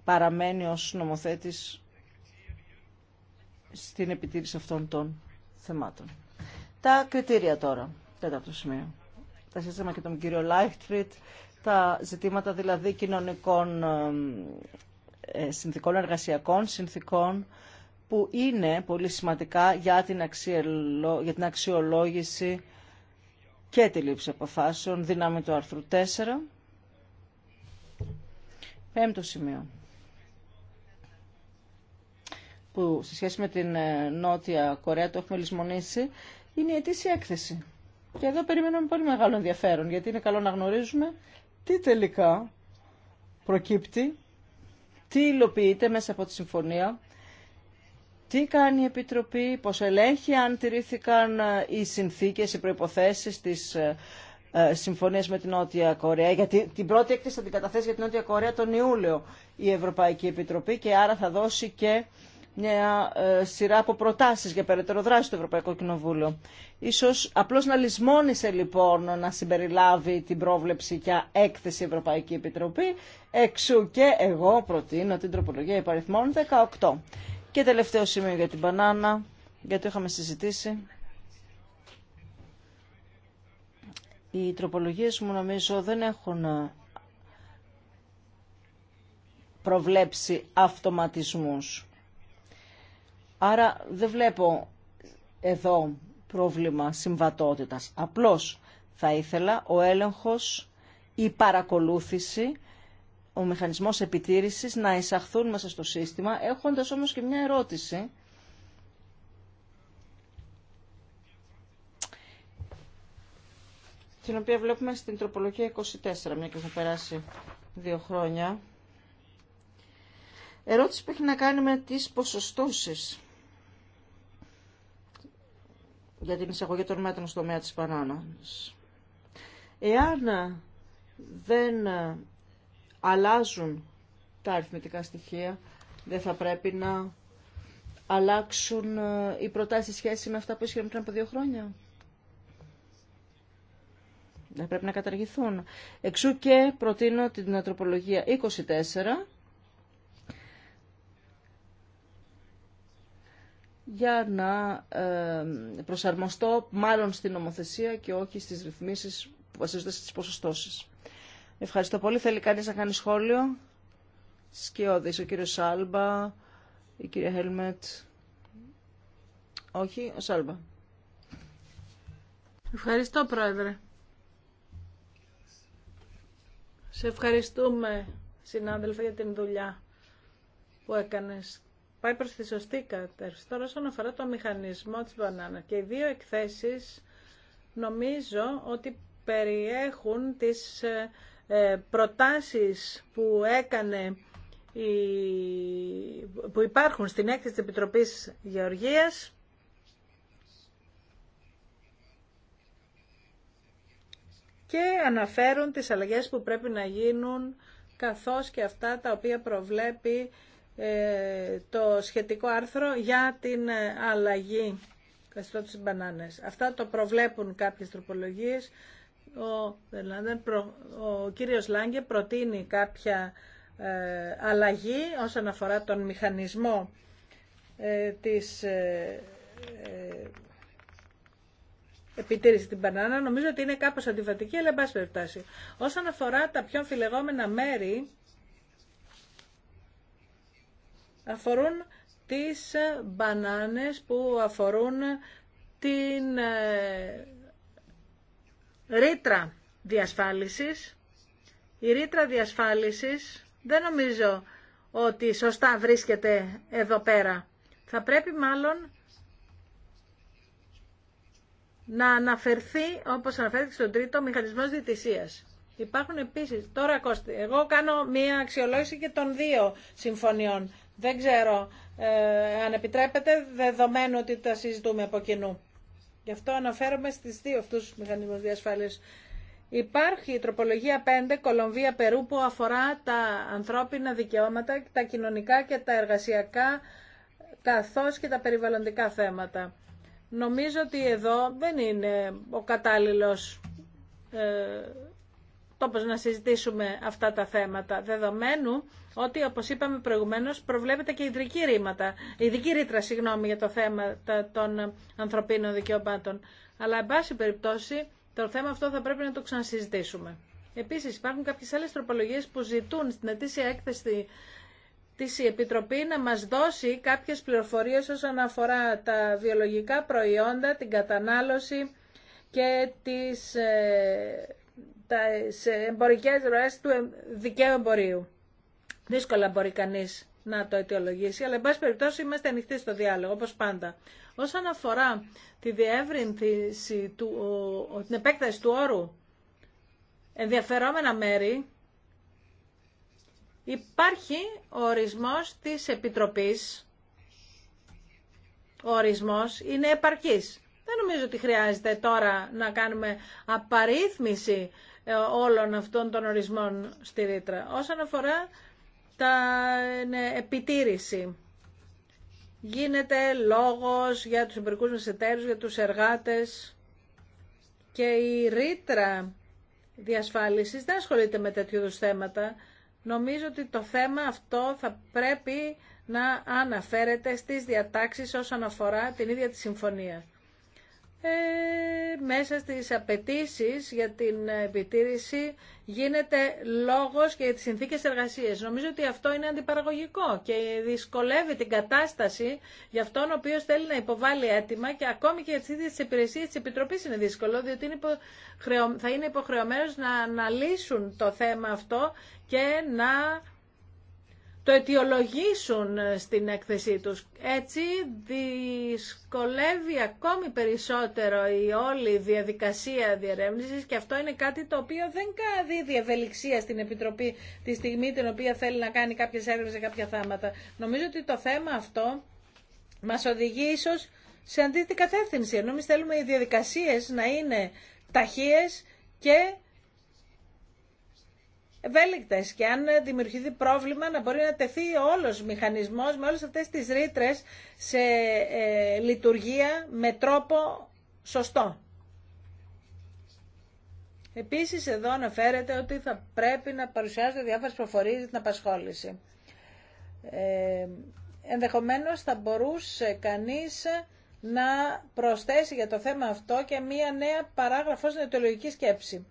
παραμένει ως νομοθέτης στην επιτήρηση αυτών των θεμάτων. Τα κριτήρια τώρα, τέταρτο σημείο. Τα συζήτησαμε και τον κύριο Λάιχτφριτ τα ζητήματα δηλαδή κοινωνικών ε, συνθήκων εργασιακών, συνθήκων που είναι πολύ σημαντικά για την, για την αξιολόγηση και τη λήψη αποφάσεων, δύναμη του άρθρου 4. Πέμπτο σημείο που σε σχέση με την ε, Νότια Κορέα το έχουμε λησμονήσει, είναι η ετήσια έκθεση. Και εδώ περιμένουμε πολύ μεγάλο ενδιαφέρον, γιατί είναι καλό να γνωρίζουμε τι τελικά προκύπτει, τι υλοποιείται μέσα από τη συμφωνία, τι κάνει η Επιτροπή, πώς ελέγχει αν τηρήθηκαν ε, οι συνθήκες, οι προϋποθέσεις της ε, ε, συμφωνίας με την Νότια Κορέα, γιατί την πρώτη έκθεση θα την καταθέσει για την Νότια Κορέα τον Ιούλιο η Ευρωπαϊκή Επιτροπή και άρα θα δώσει και μια ε, σειρά από προτάσεις για περαιτέρω δράση στο Ευρωπαϊκό Κοινοβούλιο. Ίσως απλώς να λησμόνησε λοιπόν να συμπεριλάβει την πρόβλεψη για έκθεση Ευρωπαϊκή Επιτροπή, εξού και εγώ προτείνω την τροπολογία υπαριθμών 18. Και τελευταίο σημείο για την μπανάνα, γιατί το είχαμε συζητήσει. Οι τροπολογίες μου νομίζω δεν έχουν ε, προβλέψει αυτοματισμούς. Άρα δεν βλέπω εδώ πρόβλημα συμβατότητας. Απλώς θα ήθελα ο έλεγχος, η παρακολούθηση, ο μηχανισμός επιτήρησης να εισαχθούν μέσα στο σύστημα, έχοντας όμως και μια ερώτηση. την οποία βλέπουμε στην τροπολογία 24, μια και θα περάσει δύο χρόνια. Ερώτηση που έχει να κάνει με τις ποσοστώσεις για την εισαγωγή των μέτρων στο τομέα της μπανάνας. Εάν δεν αλλάζουν τα αριθμητικά στοιχεία, δεν θα πρέπει να αλλάξουν ε, οι προτάσεις σχέση με αυτά που ισχύουν πριν από δύο χρόνια. Δεν πρέπει να καταργηθούν. Εξού και προτείνω την ανθρωπολογία 24, για να ε, προσαρμοστώ μάλλον στην νομοθεσία και όχι στις ρυθμίσεις που βασίζονται στις ποσοστώσεις. Ευχαριστώ πολύ. Θέλει κανείς να κάνει σχόλιο. Σκιώδης, ο κύριος Σάλμπα, η κυρία Χέλμετ. Όχι, ο Σάλμπα. Ευχαριστώ, Πρόεδρε. Σε ευχαριστούμε, συνάδελφε, για την δουλειά που έκανες πάει προς τη σωστή κατεύθυνση. Τώρα όσον αφορά το μηχανισμό της μπανάνα και οι δύο εκθέσεις νομίζω ότι περιέχουν τις ε, ε, προτάσεις που έκανε που υπάρχουν στην έκθεση της Επιτροπής Γεωργίας και αναφέρουν τις αλλαγές που πρέπει να γίνουν καθώς και αυτά τα οποία προβλέπει ε, το σχετικό άρθρο για την ε, αλλαγή καθιστώτηση τις μπανάνες. Αυτά το προβλέπουν κάποιες τροπολογίες. Ο, ο κύριος Λάγκε προτείνει κάποια ε, αλλαγή όσον αφορά τον μηχανισμό της επιτήρηση την μπανάνα. Νομίζω ότι είναι κάπως αντιβατική, αλλά εν πάση περιπτώσει. Όσον αφορά τα πιο φιλεγόμενα μέρη, αφορούν τις ε, μπανάνες που αφορούν την ε, ρήτρα διασφάλισης. Η ρήτρα διασφάλισης δεν νομίζω ότι σωστά βρίσκεται εδώ πέρα. Θα πρέπει μάλλον να αναφερθεί, όπως αναφέρθηκε στον τρίτο, μηχανισμός διετησίας. Υπάρχουν επίσης, τώρα Κώστη, εγώ κάνω μία αξιολόγηση και των δύο συμφωνιών. Δεν ξέρω ε, αν επιτρέπεται, δεδομένου ότι τα συζητούμε από κοινού. Γι' αυτό αναφέρομαι στις δύο αυτούς τους μηχανισμούς Διασφάλειας. Υπάρχει η τροπολογία 5, Κολομβία, Περού, που αφορά τα ανθρώπινα δικαιώματα, τα κοινωνικά και τα εργασιακά, καθώς και τα περιβαλλοντικά θέματα. Νομίζω ότι εδώ δεν είναι ο κατάλληλος ε, τόπος να συζητήσουμε αυτά τα θέματα, δεδομένου ότι, όπως είπαμε προηγουμένως, προβλέπεται και ειδική, ρήματα, ειδική ρήτρα συγγνώμη, για το θέμα των ανθρωπίνων δικαιωμάτων. Αλλά, εν πάση περιπτώσει, το θέμα αυτό θα πρέπει να το ξανασυζητήσουμε. Επίσης, υπάρχουν κάποιες άλλες τροπολογίες που ζητούν στην ετήσια έκθεση της Επιτροπή να μας δώσει κάποιες πληροφορίες όσον αφορά τα βιολογικά προϊόντα, την κατανάλωση και τις ε, σε εμπορικές ροές του δικαίου εμπορίου. Δύσκολα μπορεί κανεί να το αιτιολογήσει, αλλά εν πάση περιπτώσει είμαστε ανοιχτοί στο διάλογο, όπως πάντα. Όσον αφορά τη διεύρυνση, του, την επέκταση του όρου ενδιαφερόμενα μέρη, υπάρχει ο ορισμός της Επιτροπής, ο ορισμός είναι επαρκής. Δεν νομίζω ότι χρειάζεται τώρα να κάνουμε απαρίθμηση ε, όλων αυτών των ορισμών στη ρήτρα. Όσον αφορά τα ναι, επιτήρηση. Γίνεται λόγος για τους εμπορικούς μας εταίρους, για τους εργάτες και η ρήτρα διασφάλισης δεν ασχολείται με τέτοιου είδους θέματα. Νομίζω ότι το θέμα αυτό θα πρέπει να αναφέρεται στις διατάξεις όσον αφορά την ίδια τη συμφωνία. Ε, μέσα στις απαιτήσει για την επιτήρηση γίνεται λόγος και για τις συνθήκες εργασίας. Νομίζω ότι αυτό είναι αντιπαραγωγικό και δυσκολεύει την κατάσταση για αυτόν ο οποίος θέλει να υποβάλει αίτημα και ακόμη και για τις ίδιες υπηρεσίες της Επιτροπής είναι δύσκολο διότι είναι θα είναι υποχρεωμένος να αναλύσουν το θέμα αυτό και να το αιτιολογήσουν ε, στην έκθεσή τους. Έτσι δυσκολεύει ακόμη περισσότερο η όλη διαδικασία διερεύνησης και αυτό είναι κάτι το οποίο δεν δίδει ευελιξία στην Επιτροπή τη στιγμή την οποία θέλει να κάνει κάποιες έρευνες για κάποια θέματα. Νομίζω ότι το θέμα αυτό μας οδηγεί ίσως σε αντίθετη κατεύθυνση. Ενώ εμείς θέλουμε οι διαδικασίες να είναι ταχείες και ευέλικτες και αν δημιουργηθεί πρόβλημα να μπορεί να τεθεί όλος ο μηχανισμός με όλες αυτές τις ρήτρε σε ε, λειτουργία με τρόπο σωστό. Επίσης εδώ αναφέρεται ότι θα πρέπει να παρουσιάζονται διάφορε προφορίες για την απασχόληση. Ε, ενδεχομένως θα μπορούσε κανείς να προσθέσει για το θέμα αυτό και μία νέα παράγραφος νεοτολογική σκέψη.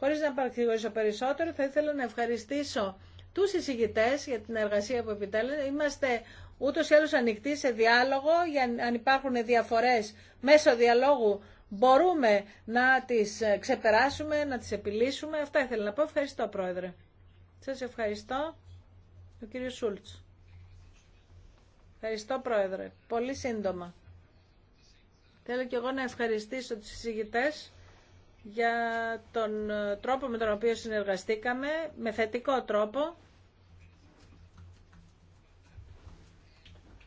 Χωρίς να παρακολουθήσω περισσότερο, θα ήθελα να ευχαριστήσω τους εισηγητές για την εργασία που επιτέλεσαν. Είμαστε ούτως ή άλλως ανοιχτοί σε διάλογο, για αν υπάρχουν διαφορές μέσω διαλόγου μπορούμε να τις ξεπεράσουμε, να τις επιλύσουμε. Αυτά ήθελα να πω. Ευχαριστώ, Πρόεδρε. Σας ευχαριστώ. Ο κύριος Σούλτς. Ευχαριστώ, Πρόεδρε. Πολύ σύντομα. Θέλω και εγώ να ευχαριστήσω τους συζητητές για τον τρόπο με τον οποίο συνεργαστήκαμε, με θετικό τρόπο.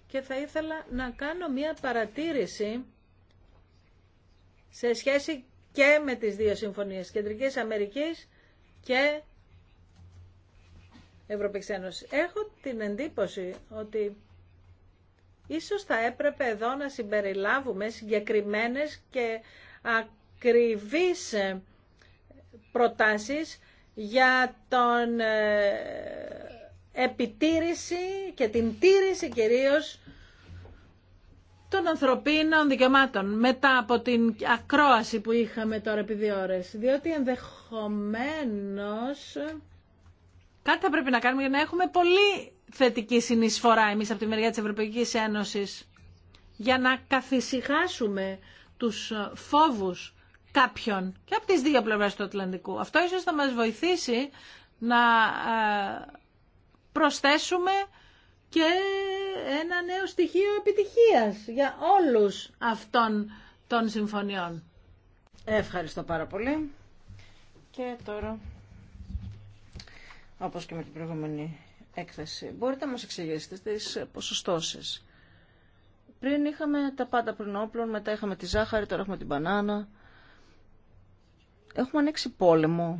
Και θα ήθελα να κάνω μία παρατήρηση σε σχέση και με τις δύο συμφωνίες, Κεντρικής Αμερικής και Ευρωπαϊκής Ένωσης. Έχω την εντύπωση ότι ίσως θα έπρεπε εδώ να συμπεριλάβουμε συγκεκριμένες και ακριβείς ε, προτάσεις για τον ε, επιτήρηση και την τήρηση κυρίως των ανθρωπίνων δικαιωμάτων μετά από την ακρόαση που είχαμε τώρα επί δύο ώρες. Διότι ενδεχομένως κάτι θα πρέπει να κάνουμε για να έχουμε πολύ θετική συνεισφορά εμείς από τη μεριά της Ευρωπαϊκής Ένωσης για να καθησυχάσουμε τους φόβους κάποιον και από τις δύο πλευρές του Ατλαντικού. Αυτό ίσως θα μας βοηθήσει να ε, προσθέσουμε και ένα νέο στοιχείο επιτυχίας για όλους αυτών των συμφωνιών. Ευχαριστώ πάρα πολύ. Και τώρα, όπως και με την προηγούμενη έκθεση, μπορείτε να μας εξηγήσετε τις ποσοστώσεις. Πριν είχαμε τα πάντα πριν όπλων, μετά είχαμε τη ζάχαρη, τώρα έχουμε την μπανάνα. Έχουμε ανοίξει πόλεμο.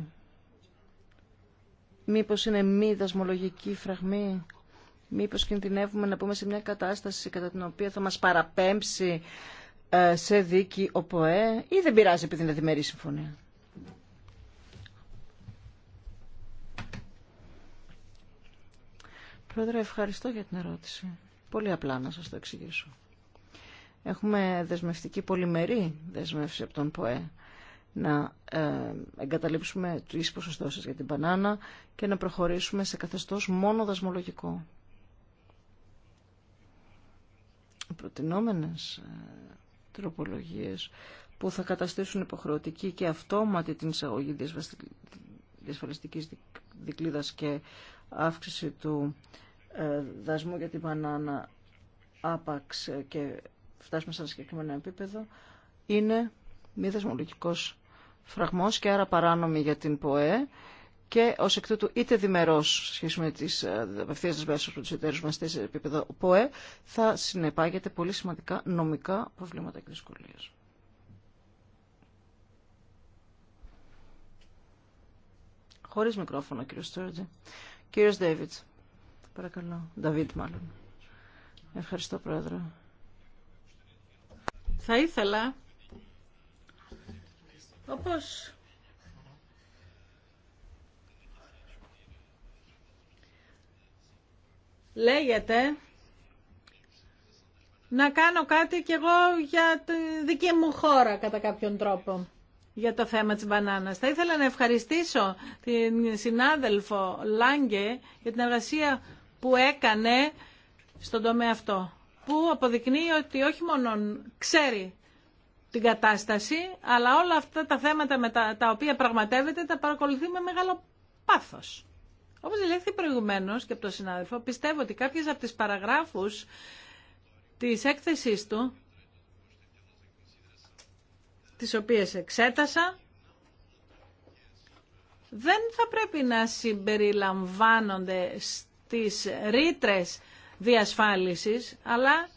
Μήπως είναι μη δασμολογική φραγμή. Μήπως κινδυνεύουμε να πούμε σε μια κατάσταση κατά την οποία θα μας παραπέμψει ε, σε δίκη ο ΠΟΕ ή δεν πειράζει επειδή είναι διμερή συμφωνία. Πρόεδρε, ευχαριστώ για την ερώτηση. Πολύ απλά να σας το εξηγήσω. Έχουμε δεσμευτική πολυμερή δεσμεύση από τον ΠΟΕ να ε, εγκαταλείψουμε τις ποσοστώσεις για την μπανάνα και να προχωρήσουμε σε καθεστώς μόνο δασμολογικό. Οι ε, τροπολογίες που θα καταστήσουν υποχρεωτική και αυτόματη την εισαγωγή διασφαλιστικής δικλίδας και αύξηση του ε, δασμού για την μπανάνα άπαξ και φτάσουμε σε ένα συγκεκριμένο επίπεδο είναι μη δεσμολογικός φραγμός και άρα παράνομη για την ΠΟΕ και ω εκ τούτου είτε διμερό σχέση με τι ε, απευθεία δεσμεύσει από του εταίρου μα σε επίπεδο ΠΟΕ, θα συνεπάγεται πολύ σημαντικά νομικά προβλήματα και δυσκολίε. Χωρίς μικρόφωνο, κύριο Στόρτζη. Κύριος Ντέιβιτς. παρακαλώ. Νταβίτ, μάλλον. Ευχαριστώ, Πρόεδρε. Θα ήθελα όπως λέγεται να κάνω κάτι κι εγώ για τη δική μου χώρα κατά κάποιον τρόπο για το θέμα της μπανάνας. Θα ήθελα να ευχαριστήσω την συνάδελφο Λάγκε για την εργασία που έκανε στον τομέα αυτό, που αποδεικνύει ότι όχι μόνο ξέρει την κατάσταση, αλλά όλα αυτά τα θέματα με τα, τα οποία πραγματεύεται τα παρακολουθεί με μεγάλο πάθος. Όπως ελέγχθη προηγουμένως και από τον συνάδελφο, πιστεύω ότι κάποιες από τις παραγράφους της έκθεσής του, τις οποίες εξέτασα, δεν θα πρέπει να συμπεριλαμβάνονται στις ρήτρες διασφάλισης, αλλά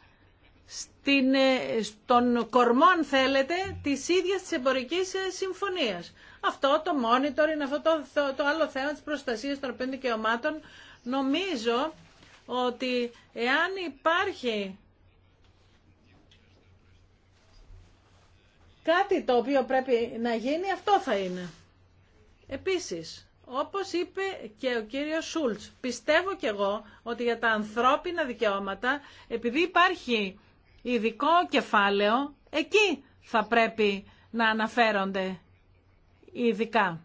στην, ε, στον κορμόν θέλετε της ίδιας της εμπορικής ε, συμφωνίας. Αυτό το monitoring, αυτό το, το άλλο θέμα της προστασίας των πέντε δικαιωμάτων νομίζω ότι εάν υπάρχει κάτι το οποίο πρέπει να γίνει, αυτό θα είναι. Επίσης, όπως είπε και ο κύριος Σούλτς, πιστεύω και εγώ ότι για τα ανθρώπινα δικαιώματα, επειδή υπάρχει ειδικό κεφάλαιο, εκεί θα πρέπει να αναφέρονται ειδικά.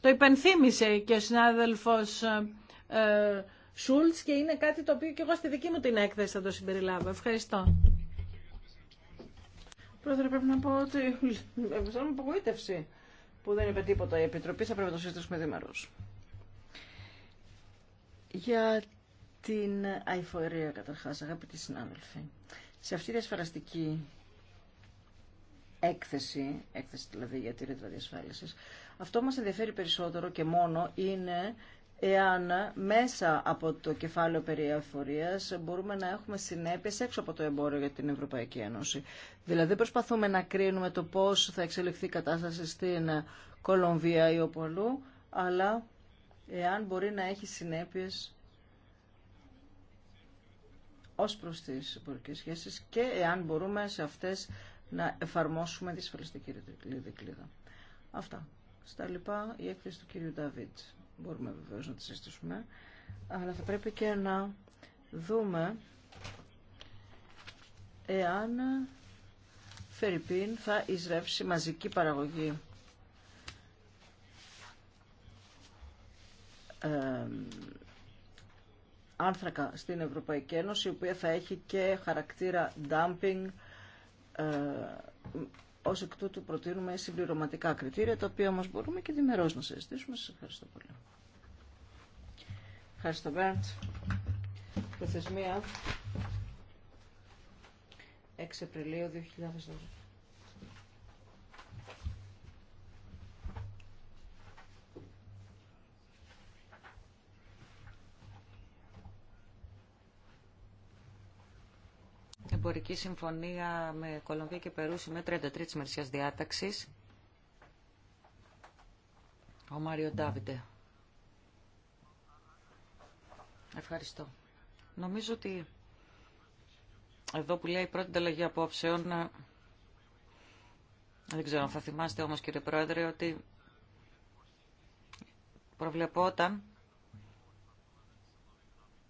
Το υπενθύμησε και ο συνάδελφος ε, ε, Σούλτς και είναι κάτι το οποίο και εγώ στη δική μου την έκθεση θα το συμπεριλάβω. Ευχαριστώ. Πρόεδρε, πρέπει να πω ότι αισθάνομαι απογοήτευση που δεν είπε τίποτα η Επιτροπή. Θα πρέπει να το συζητήσουμε δήμερος για την αηφορία καταρχάς αγαπητοί συνάδελφοι. Σε αυτή τη ασφαλιστική έκθεση, έκθεση δηλαδή για τη ρήτρα διασφάλισης, αυτό μας ενδιαφέρει περισσότερο και μόνο είναι εάν μέσα από το κεφάλαιο περί αφορίας μπορούμε να έχουμε συνέπειες έξω από το εμπόριο για την Ευρωπαϊκή Ένωση. Δηλαδή προσπαθούμε να κρίνουμε το πώς θα εξελιχθεί η κατάσταση στην Κολομβία ή όπου αλλού, αλλά εάν μπορεί να έχει συνέπειες ως προς τις εμπορικές σχέσεις και εάν μπορούμε σε αυτές να εφαρμόσουμε τη σφαλιστική δικλίδα. Αυτά. Στα λοιπά, η έκθεση του κύριου Νταβίτ. Μπορούμε βεβαίως να τη συζητήσουμε, αλλά θα πρέπει και να δούμε εάν Φερρυπίν θα εισρεύσει μαζική παραγωγή άνθρακα στην Ευρωπαϊκή Ένωση, η οποία θα έχει και χαρακτήρα dumping. Ε, ως εκ τούτου προτείνουμε συμπληρωματικά κριτήρια, τα οποία μας μπορούμε και διμερώς να συζητήσουμε. Σας ευχαριστώ πολύ. Ευχαριστώ, Μπέρντ. Προθεσμία 6 Απριλίου 2012. Εμπορική συμφωνία με Κολομβία και Περού με 33 της διάταξης. Ο Μάριο Ντάβιντε. Ευχαριστώ. Νομίζω ότι εδώ που λέει η πρώτη ανταλλαγή απόψεων, ε, δεν ξέρω αν θα θυμάστε όμως κύριε Πρόεδρε, ότι προβλεπόταν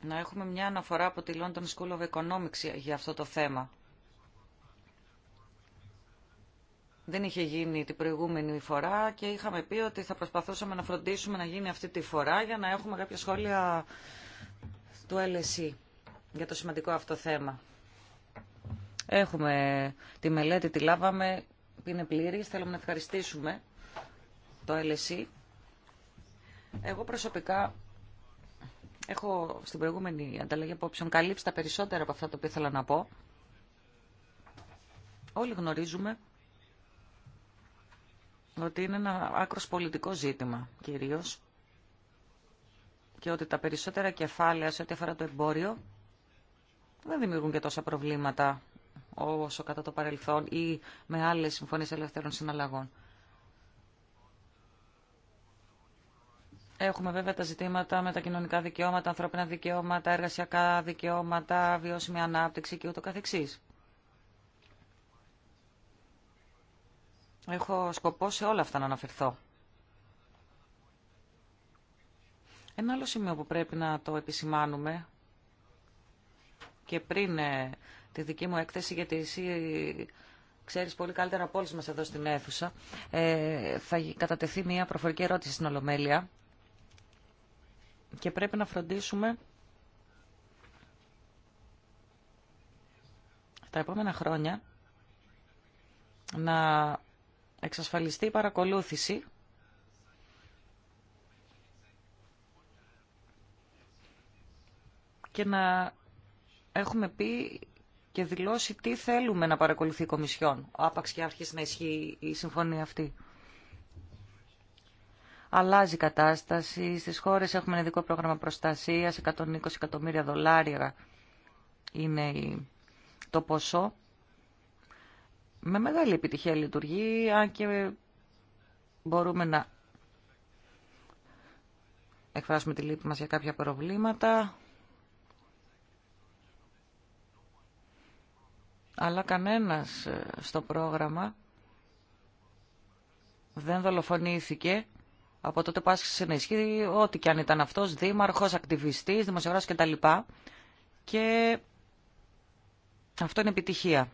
να έχουμε μια αναφορά από τη London School of Economics για αυτό το θέμα. Δεν είχε γίνει την προηγούμενη φορά και είχαμε πει ότι θα προσπαθούσαμε να φροντίσουμε να γίνει αυτή τη φορά για να έχουμε κάποια σχόλια του LSE για το σημαντικό αυτό θέμα. Έχουμε τη μελέτη, τη λάβαμε, είναι πλήρη. θέλουμε να ευχαριστήσουμε το LSE. Εγώ προσωπικά Έχω στην προηγούμενη ανταλλαγή απόψεων καλύψει τα περισσότερα από αυτά τα οποία ήθελα να πω. Όλοι γνωρίζουμε ότι είναι ένα άκρος πολιτικό ζήτημα κυρίως και ότι τα περισσότερα κεφάλαια σε ό,τι αφορά το εμπόριο δεν δημιουργούν και τόσα προβλήματα όσο κατά το παρελθόν ή με άλλες συμφωνίες ελευθέρων συναλλαγών. Έχουμε βέβαια τα ζητήματα με τα κοινωνικά δικαιώματα, ανθρώπινα δικαιώματα, εργασιακά δικαιώματα, βιώσιμη ανάπτυξη και ούτω καθεξής. Έχω σκοπό σε όλα αυτά να αναφερθώ. Ένα άλλο σημείο που πρέπει να το επισημάνουμε και πριν ε, τη δική μου έκθεση, γιατί εσύ ξέρεις πολύ καλύτερα από όλους μας εδώ στην αίθουσα, ε, θα κατατεθεί μια προφορική ερώτηση στην Ολομέλεια και πρέπει να φροντίσουμε τα επόμενα χρόνια να εξασφαλιστεί η παρακολούθηση και να έχουμε πει και δηλώσει τι θέλουμε να παρακολουθεί η Κομισιόν, άπαξ και άρχισε να ισχύει η συμφωνία αυτή αλλάζει η κατάσταση. Στις χώρες έχουμε ένα ειδικό πρόγραμμα προστασίας, 120 εκατομμύρια δολάρια είναι το ποσό. Με μεγάλη επιτυχία λειτουργεί, αν και μπορούμε να εκφράσουμε τη λύπη μας για κάποια προβλήματα. Αλλά κανένας ε, στο πρόγραμμα δεν δολοφονήθηκε από τότε που άσχησε να ισχύει ό,τι και αν ήταν αυτός, δήμαρχος, ακτιβιστής, δημοσιογράφος κτλ. Και αυτό είναι επιτυχία.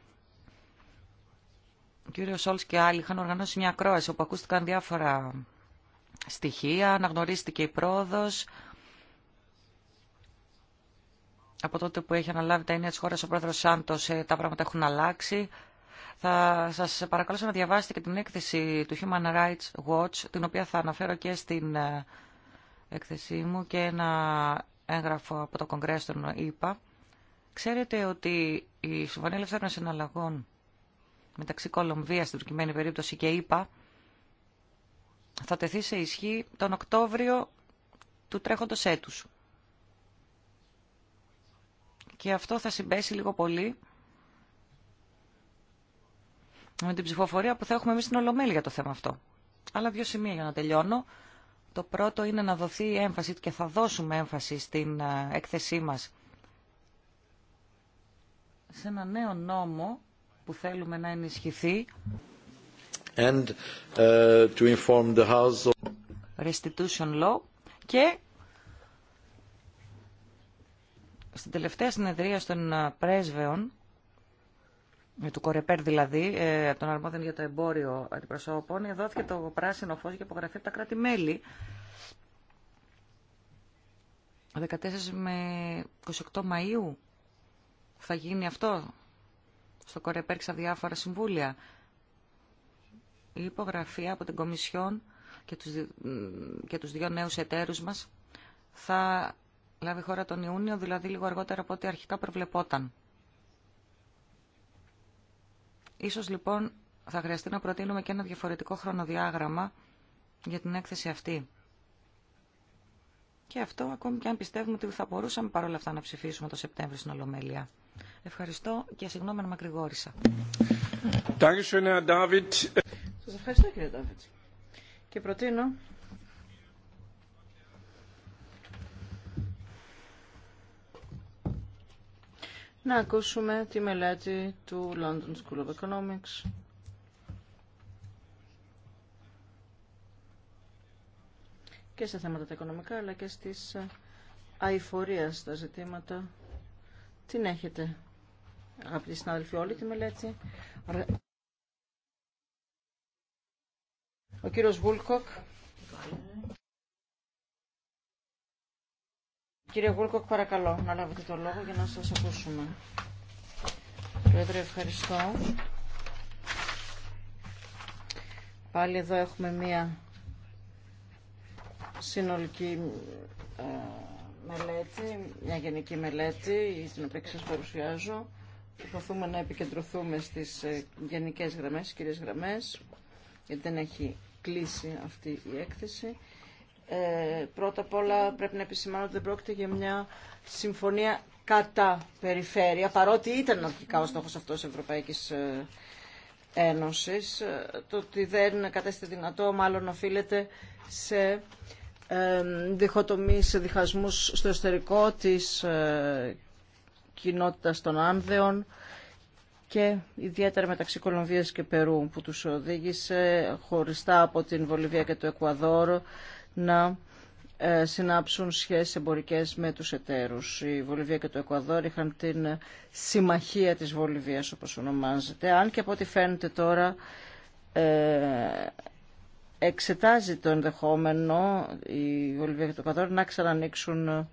Ο κύριος Σόλς και άλλοι είχαν οργανώσει μια ακρόαση όπου ακούστηκαν διάφορα στοιχεία, αναγνωρίστηκε η πρόοδος. Από τότε που έχει αναλάβει τα ενία της χώρας ο πρόεδρος Σάντος ε, τα πράγματα έχουν αλλάξει. Θα σας παρακαλώ να διαβάσετε και την έκθεση του Human Rights Watch, την οποία θα αναφέρω και στην ε, έκθεσή μου και ένα έγγραφο από το Κογκρέας των ΗΠΑ. Ξέρετε ότι η Συμφωνία Ελευθέρων Συναλλαγών μεταξύ Κολομβίας στην προκειμένη περίπτωση και ΗΠΑ θα τεθεί σε ισχύ τον Οκτώβριο του τρέχοντος έτους. Και αυτό θα συμπέσει λίγο πολύ με την ψηφοφορία που θα έχουμε εμείς στην Ολομέλη για το θέμα αυτό. Αλλά δύο σημεία για να τελειώνω. Το πρώτο είναι να δοθεί έμφαση και θα δώσουμε έμφαση στην ε, έκθεσή μας σε ένα νέο νόμο που θέλουμε να ενισχυθεί. And, ε, to inform the house of... Restitution law και στην τελευταία συνεδρία των ε, πρέσβεων ε, του Κορεπέρ δηλαδή, ε, από τον αρμόδιο για το εμπόριο αντιπροσώπων, ε, δόθηκε το πράσινο φως για υπογραφή από τα κράτη-μέλη. 14 με 28 Μαΐου θα γίνει αυτό. Στο Κορεπέρ διάφορα συμβούλια. Η υπογραφή από την Κομισιόν και τους, και τους δύο νέους εταίρους μας θα λάβει χώρα τον Ιούνιο, δηλαδή λίγο αργότερα από ό,τι αρχικά προβλεπόταν. Ίσως λοιπόν θα χρειαστεί να προτείνουμε και ένα διαφορετικό χρονοδιάγραμμα για την έκθεση αυτή. Και αυτό ακόμη και αν πιστεύουμε ότι θα μπορούσαμε παρόλα αυτά να ψηφίσουμε το Σεπτέμβριο στην Ολομέλεια. Ευχαριστώ και συγγνώμη να μακρηγόρησα. Σας ευχαριστώ κύριε Ντάβιτ. Και προτείνω να ακούσουμε τη μελέτη του London School of Economics. και στα θέματα τα οικονομικά, αλλά και στις ε, αηφορίες τα ζητήματα. Την έχετε, αγαπητοί συνάδελφοι, όλη τη μελέτη. Ο κύριος Βούλκοκ. Κύριε Γούλκοκ, παρακαλώ να λάβετε το λόγο για να σας ακούσουμε. Πρόεδρε, ευχαριστώ. Πάλι εδώ έχουμε μία συνολική ε, μελέτη, μια γενική μελέτη, στην οποία σας παρουσιάζω. Προσπαθούμε να επικεντρωθούμε στις ε, γενικές γραμμές, κυρίες γραμμές, γιατί δεν έχει κλείσει αυτή η έκθεση. Ε, πρώτα απ' όλα πρέπει να επισημάνω ότι δεν πρόκειται για μια συμφωνία κατά περιφέρεια, παρότι ήταν αρχικά ο στόχος αυτός της Ευρωπαϊκής ε, Ένωσης. Ε, το ότι δεν κατέστη δυνατό μάλλον οφείλεται σε διχοτομή, σε διχασμούς στο εσωτερικό της κοινότητας των Άνδεων και ιδιαίτερα μεταξύ Κολομβίας και Περού που τους οδήγησε χωριστά από την Βολιβία και το Εκουαδόρο να ε, συνάψουν σχέσεις εμπορικές με τους εταίρους. Η Βολιβία και το Εκουαδόρ είχαν την συμμαχία της Βολιβίας όπως ονομάζεται. Αν και από ό,τι φαίνεται τώρα ε, εξετάζει το ενδεχόμενο η Βολιβία και το Εκουαδόρ να ξανανοίξουν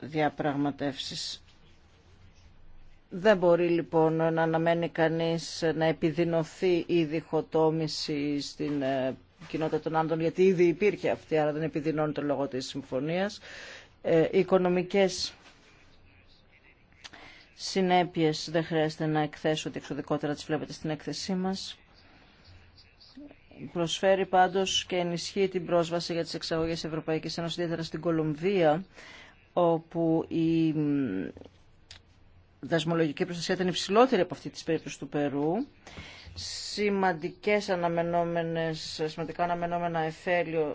διαπραγματεύσεις. Δεν μπορεί λοιπόν να αναμένει κανείς να επιδεινωθεί η διχοτόμηση στην ε, κοινότητα των άντων, γιατί ήδη υπήρχε αυτή, άρα δεν επιδεινώνεται λόγω της συμφωνίας. Ε, οι οικονομικές συνέπειες δεν χρειάζεται να εκθέσω εξωδικότερα τις βλέπετε στην έκθεσή μας. Προσφέρει πάντως και ενισχύει την πρόσβαση για τις εξαγωγές Ευρωπαϊκής Ένωσης, ιδιαίτερα στην Κολομβία, όπου η δασμολογική προστασία ήταν υψηλότερη από αυτή της περίπτωσης του Περού σημαντικές αναμενόμενες, σημαντικά αναμενόμενα εφέλιο,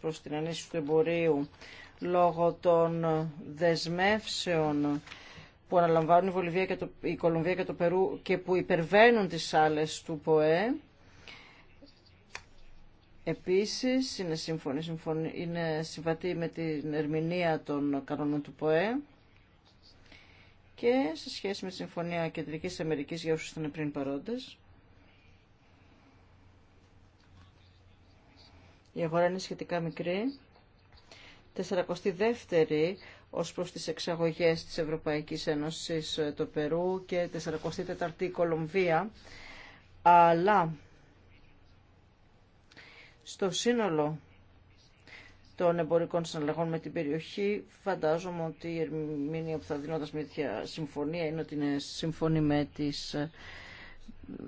προς την ενίσχυση του εμπορίου λόγω των δεσμεύσεων που αναλαμβάνουν η, Βολιβία και το, η Κολομβία και το Περού και που υπερβαίνουν τις άλλες του ΠΟΕ. Επίσης, είναι, σύμφωνη, σύμφωνη, είναι συμβατή με την ερμηνεία των κανόνων του ΠΟΕ και σε σχέση με τη Συμφωνία Κεντρικής Αμερικής για όσους ήταν πριν παρόντες. Η αγορά είναι σχετικά μικρή. 42η ως προς τις εξαγωγές της Ευρωπαϊκής Ένωσης ε, το Περού και 44η η Κολομβία. Αλλά στο σύνολο των εμπορικών συναλλαγών με την περιοχή. Φαντάζομαι ότι η ερμηνεία που θα δίνοντα μια συμφωνία είναι ότι είναι σύμφωνη με τις ε,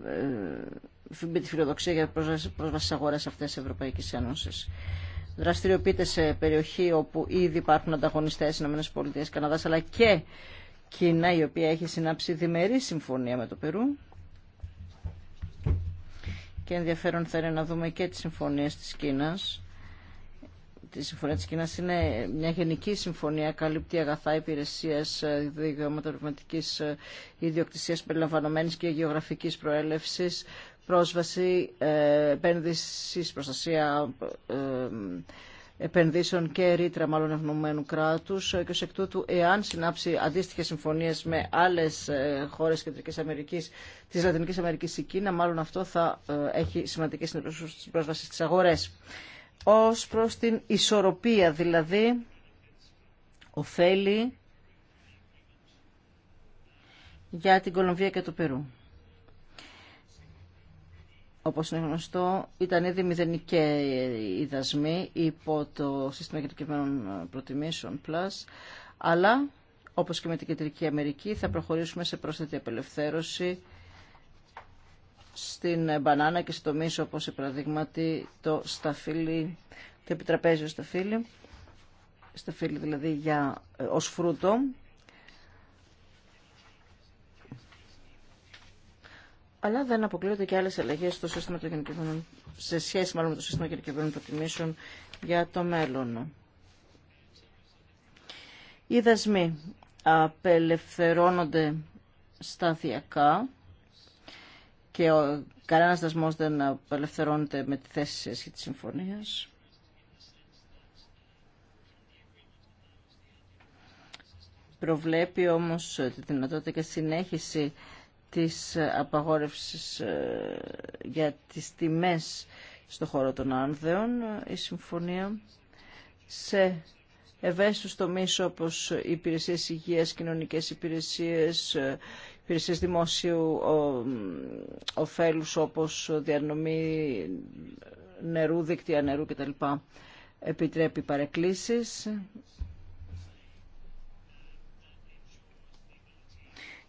ε, με τη φιλοδοξία για πρόσβαση στις αγορές αυτές της Ευρωπαϊκής Ένωσης. Δραστηριοποιείται σε περιοχή όπου ήδη υπάρχουν ανταγωνιστές ΗΠΑ, Καναδάς, αλλά και Κίνα, η οποία έχει συνάψει διμερή συμφωνία με το Περού. Και ενδιαφέρον θα είναι να δούμε και τις συμφωνίες της Κίνας η Συμφωνία της Κίνας είναι μια γενική συμφωνία, καλύπτει αγαθά υπηρεσίες ε, δικαιώματα ιδιοκτησία, ε, ιδιοκτησίας και γεωγραφικής προέλευσης, πρόσβαση, ε, επένδυση, προστασία επενδύσεων και ρήτρα μάλλον ευνομένου κράτου και ω εκ τούτου, εάν συνάψει αντίστοιχε συμφωνίε με άλλε χώρε Κεντρική Αμερική, τη Λατινική Αμερική η Κίνα, μάλλον αυτό θα έχει σημαντική συνεπίση στις πρόσβαση τη αγορέ ως προς την ισορροπία, δηλαδή ωφέλη για την Κολομβία και το Περού. Όπως είναι γνωστό, ήταν ήδη μηδενικέ οι δασμοί υπό το σύστημα κεντρικευμένων προτιμήσεων Plus, αλλά όπως και με την Κεντρική Αμερική θα προχωρήσουμε σε πρόσθετη απελευθέρωση στην μπανάνα και στο μίσο όπως η παραδείγματι το σταφύλι, το επιτραπέζιο σταφύλι, σταφύλι δηλαδή για, ε, ως φρούτο. Αλλά δεν αποκλείονται και άλλες αλλαγές στο σύστημα των σε σχέση μάλλον με το σύστημα γενικευμένων προτιμήσεων για το μέλλον. Οι δασμοί απελευθερώνονται σταδιακά και ο, κανένας δασμός δεν απελευθερώνεται με τη θέση σε σχέση της συμφωνίας. Προβλέπει όμως τη δυνατότητα και συνέχιση της απαγόρευσης ε, για τις τιμές στο χώρο των άνδεων ε, η συμφωνία σε ευαίσθητους τομείς όπως οι υπηρεσίες υγείας, κοινωνικές υπηρεσίες, ε, υπηρεσίες δημόσιου ωφέλους όπως διανομή νερού, δίκτυα νερού κτλ. Επιτρέπει παρεκκλήσεις.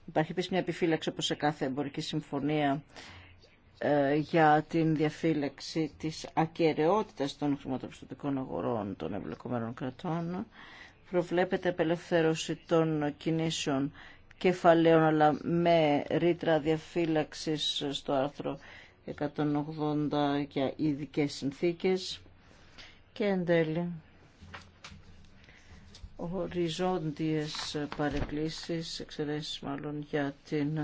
Υπάρχει επίσης μια επιφύλαξη όπως σε κάθε εμπορική συμφωνία ε, για την διαφύλαξη της ακαιρεότητας των χρηματοπιστωτικών αγορών των εμπλεκομένων κρατών. Προβλέπεται απελευθέρωση των κινήσεων κεφαλαίων αλλά με ρήτρα διαφύλαξης στο άρθρο 180 για ειδικέ συνθήκες και εν τέλει οριζόντιες παρεκκλήσεις, εξαιρέσεις μάλλον για την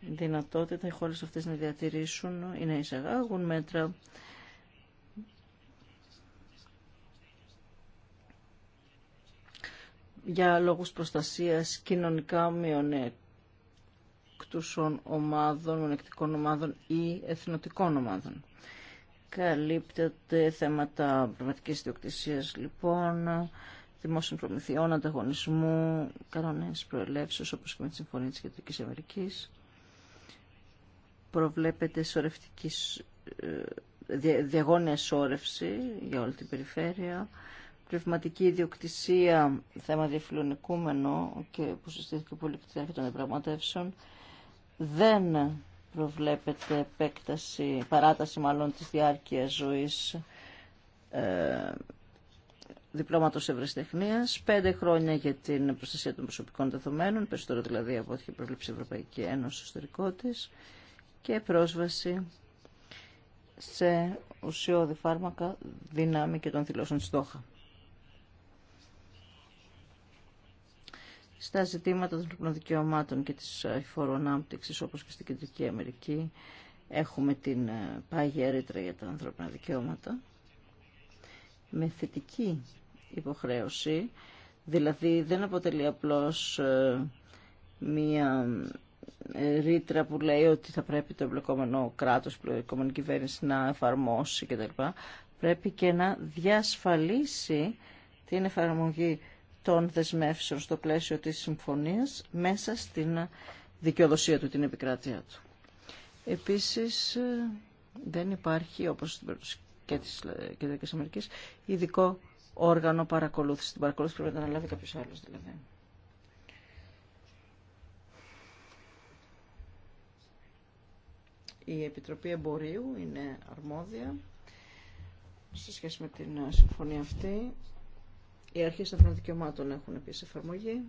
δυνατότητα οι χώρες αυτές να διατηρήσουν ή να εισαγάγουν μέτρα για λόγους προστασίας κοινωνικά μειονέκτουσων ομάδων, μειονεκτικών ομάδων ή εθνοτικών ομάδων. Καλύπτεται θέματα πραγματική διοκτησία λοιπόν, δημόσιων προμηθειών, ανταγωνισμού, κανόνες προελεύσεως όπως και με τη Συμφωνία της Κεντρικής Αμερικής. Προβλέπεται σωρευτική ε, διαγώνια σώρευση για όλη την περιφέρεια πνευματική ιδιοκτησία, θέμα διαφιλονικούμενο και που συστήθηκε πολύ αρχή των διαπραγματεύσεων, δεν προβλέπεται επέκταση, παράταση μάλλον της διάρκειας ζωής ε, διπλώματος ευρεσιτεχνίας, πέντε χρόνια για την προστασία των προσωπικών δεδομένων, περισσότερο δηλαδή από ό,τι είχε προβλέψει η Ευρωπαϊκή Ένωση ιστορικό τη και πρόσβαση σε ουσιώδη φάρμακα δυνάμει και των θηλώσεων στόχα. στα ζητήματα των ανθρωπινών δικαιωμάτων και της ε, φοροανάπτυξης όπως και στην Κεντρική Αμερική. Έχουμε την ε, πάγια ρήτρα για τα ανθρώπινα δικαιώματα με θετική υποχρέωση, δηλαδή δεν αποτελεί απλώς ε, μία ρήτρα που λέει ότι θα πρέπει το εμπλεκόμενο κράτος, η εμπλεκόμενη κυβέρνηση να εφαρμόσει κτλ. Πρέπει και να διασφαλίσει την εφαρμογή των δεσμεύσεων στο πλαίσιο της συμφωνίας μέσα στην δικαιοδοσία του, την επικράτειά του. Επίσης, ε, δεν υπάρχει, όπως στην περίπτωση και της ε, Κεντρικής Αμερικής, ειδικό όργανο παρακολούθηση. Την παρακολούθηση πρέπει να αναλάβει κάποιος άλλος δηλαδή. Η Επιτροπή Εμπορίου είναι αρμόδια σε σχέση με την ε, συμφωνία αυτή. Οι αρχές των δικαιωμάτων έχουν επίσης εφαρμογή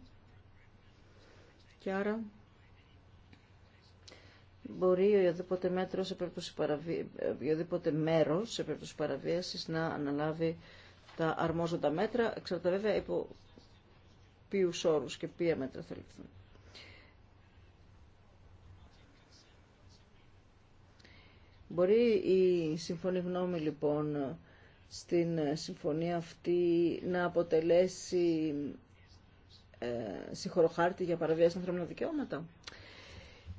και άρα μπορεί οποιοδήποτε μέτρο σε περίπτωση παραβίαση, μέρος σε περίπτωση παραβίασης να αναλάβει τα αρμόζοντα μέτρα, εξαρτάται βέβαια υπό ποιου όρου και ποια μέτρα θα ληφθούν. Μπορεί η συμφωνή γνώμη λοιπόν στην ε, συμφωνία αυτή να αποτελέσει ε, συγχωροχάρτη για παραβίαση ανθρώπινων δικαιώματα.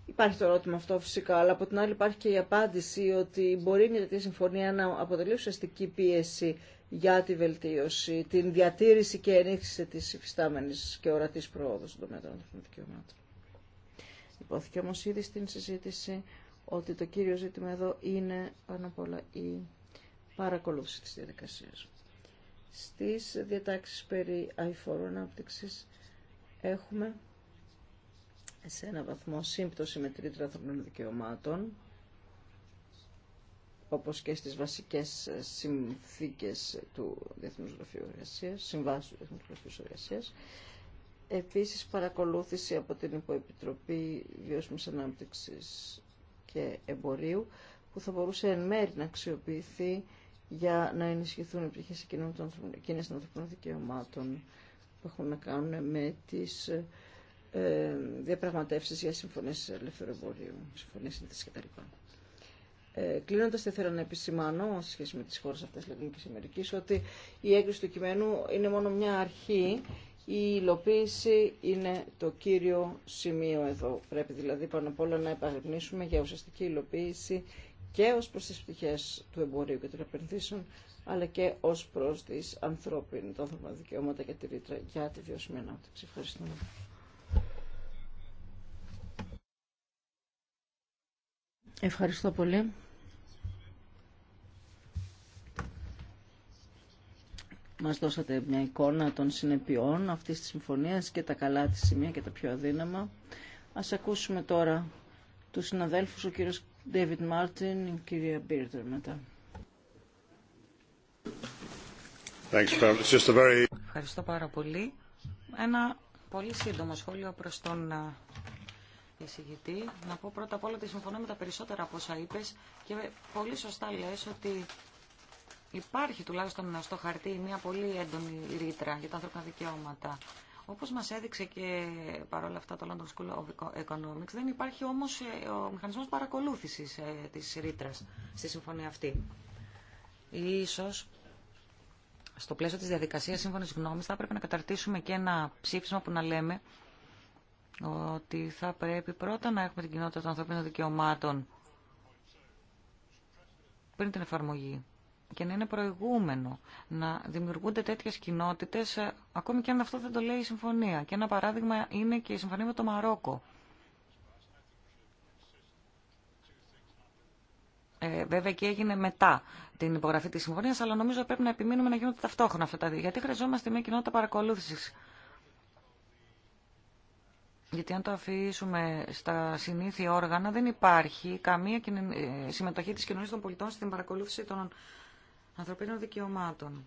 Υπάρχει το ερώτημα αυτό φυσικά, αλλά από την άλλη υπάρχει και η απάντηση ότι μπορεί μια τέτοια συμφωνία να αποτελεί ουσιαστική πίεση για τη βελτίωση, την διατήρηση και ενίσχυση τη υφιστάμενη και ορατή πρόοδου στον τομέα των ανθρώπινων δικαιωμάτων. Υπόθηκε όμω ήδη στην συζήτηση ότι το κύριο ζήτημα εδώ είναι πάνω απ' όλα η παρακολούθηση της διαδικασίας. Στις διατάξεις περί αηφόρου ανάπτυξης έχουμε σε ένα βαθμό σύμπτωση με τρίτρα ανθρωπινών δικαιωμάτων, όπως και στις βασικές συνθήκες του Διεθνούς Γραφείου Εργασίας, συμβάσεις του Διεθνούς Γραφείου Εργασίας. Επίσης, παρακολούθηση από την Υποεπιτροπή Βιώσιμης Ανάπτυξης και Εμπορίου, που θα μπορούσε εν μέρη να αξιοποιηθεί για να ενισχυθούν οι πτυχές εκείνων των, εκείνες των ανθρωπίνων δικαιωμάτων που έχουν να κάνουν με τις ε, διαπραγματεύσεις για συμφωνίες ελεύθερου συμφωνίες συνθήσεις κτλ. Ε, Κλείνοντα, θα ήθελα να επισημάνω, σε σχέση με τις χώρες αυτές τη Λατινική Αμερικής, ότι η έγκριση του κειμένου είναι μόνο μια αρχή. Η υλοποίηση είναι το κύριο σημείο εδώ. Πρέπει δηλαδή πάνω απ' όλα να επαγνήσουμε για ουσιαστική υλοποίηση και ως προς τις πτυχές του εμπορίου και των επενδύσεων, αλλά και ως προς τις ανθρώπινες, τα δικαιώματα και τη ρήτρα για τη βιώσιμη ανάπτυξη. Ευχαριστούμε. Ευχαριστώ πολύ. Μας δώσατε μια εικόνα των συνεπειών αυτής της συμφωνίας και τα καλά της σημεία και τα πιο αδύναμα. Ας ακούσουμε τώρα τους συναδέλφους, ο κύριος David Martin, Ευχαριστώ πάρα πολύ. Ένα πολύ σύντομο σχόλιο προς τον εισηγητή. Να πω πρώτα απ' όλα ότι συμφωνώ με τα περισσότερα από όσα είπες και πολύ σωστά λες ότι υπάρχει τουλάχιστον στο χαρτί μια πολύ έντονη ρήτρα για τα ανθρώπινα δικαιώματα. Όπως μας έδειξε και παρόλα αυτά το London School of Economics, δεν υπάρχει όμως ε, ο μηχανισμός παρακολούθησης ε, της ρήτρα στη συμφωνία αυτή. Ίσως στο πλαίσιο της διαδικασίας σύμφωνης γνώμης θα πρέπει να καταρτήσουμε και ένα ψήφισμα που να λέμε ότι θα πρέπει πρώτα να έχουμε την κοινότητα των ανθρωπίνων δικαιωμάτων πριν την εφαρμογή και να είναι προηγούμενο να δημιουργούνται τέτοιες κοινότητες, ε, ακόμη και αν αυτό δεν το λέει η συμφωνία. Και ένα παράδειγμα είναι και η συμφωνία με το Μαρόκο. Ε, βέβαια και έγινε μετά την υπογραφή της συμφωνίας, αλλά νομίζω πρέπει να επιμείνουμε να γίνονται ταυτόχρονα αυτά τα δύο. Γιατί χρειαζόμαστε μια κοινότητα παρακολούθησης. Γιατί αν το αφήσουμε στα συνήθεια όργανα δεν υπάρχει καμία ε, συμμετοχή της κοινωνίας των πολιτών στην παρακολούθηση των ανθρωπίνων δικαιωμάτων.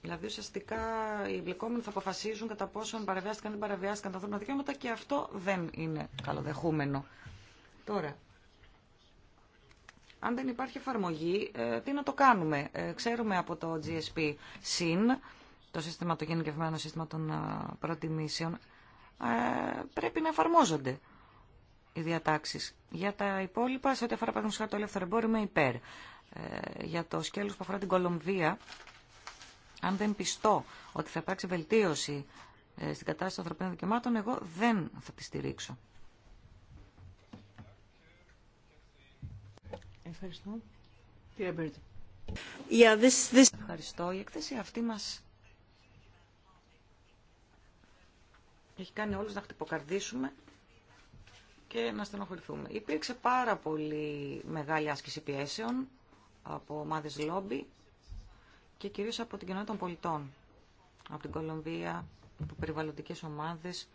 Δηλαδή ουσιαστικά οι εμπλεκόμενοι θα αποφασίζουν κατά πόσον παραβιάστηκαν ή δεν παραβιάστηκαν τα ανθρώπινα δικαιώματα και αυτό δεν είναι καλοδεχούμενο. Τώρα, αν δεν υπάρχει εφαρμογή, ε, τι να το κάνουμε. Ε, ξέρουμε από το GSP SIN, το, σύστημα, το γενικευμένο σύστημα των ε, προτιμήσεων, πρέπει να εφαρμόζονται οι διατάξεις. Για τα υπόλοιπα, σε ό,τι αφορά παραδείγματος το ελεύθερο εμπόριο, είμαι υπέρ. Ε, για το σκέλος που αφορά την Κολομβία, αν δεν πιστώ ότι θα υπάρξει βελτίωση ε, στην κατάσταση των ανθρωπίνων δικαιωμάτων, εγώ δεν θα τη στηρίξω. Ευχαριστώ. Κύριε this, this... Ευχαριστώ. Η εκθέση αυτή μας έχει κάνει όλους να χτυποκαρδίσουμε και να στενοχωρηθούμε. Υπήρξε πάρα πολύ μεγάλη άσκηση πιέσεων από ομάδες λόμπι και κυρίως από την κοινότητα των πολιτών. Από την Κολομβία, από περιβαλλοντικές ομάδες.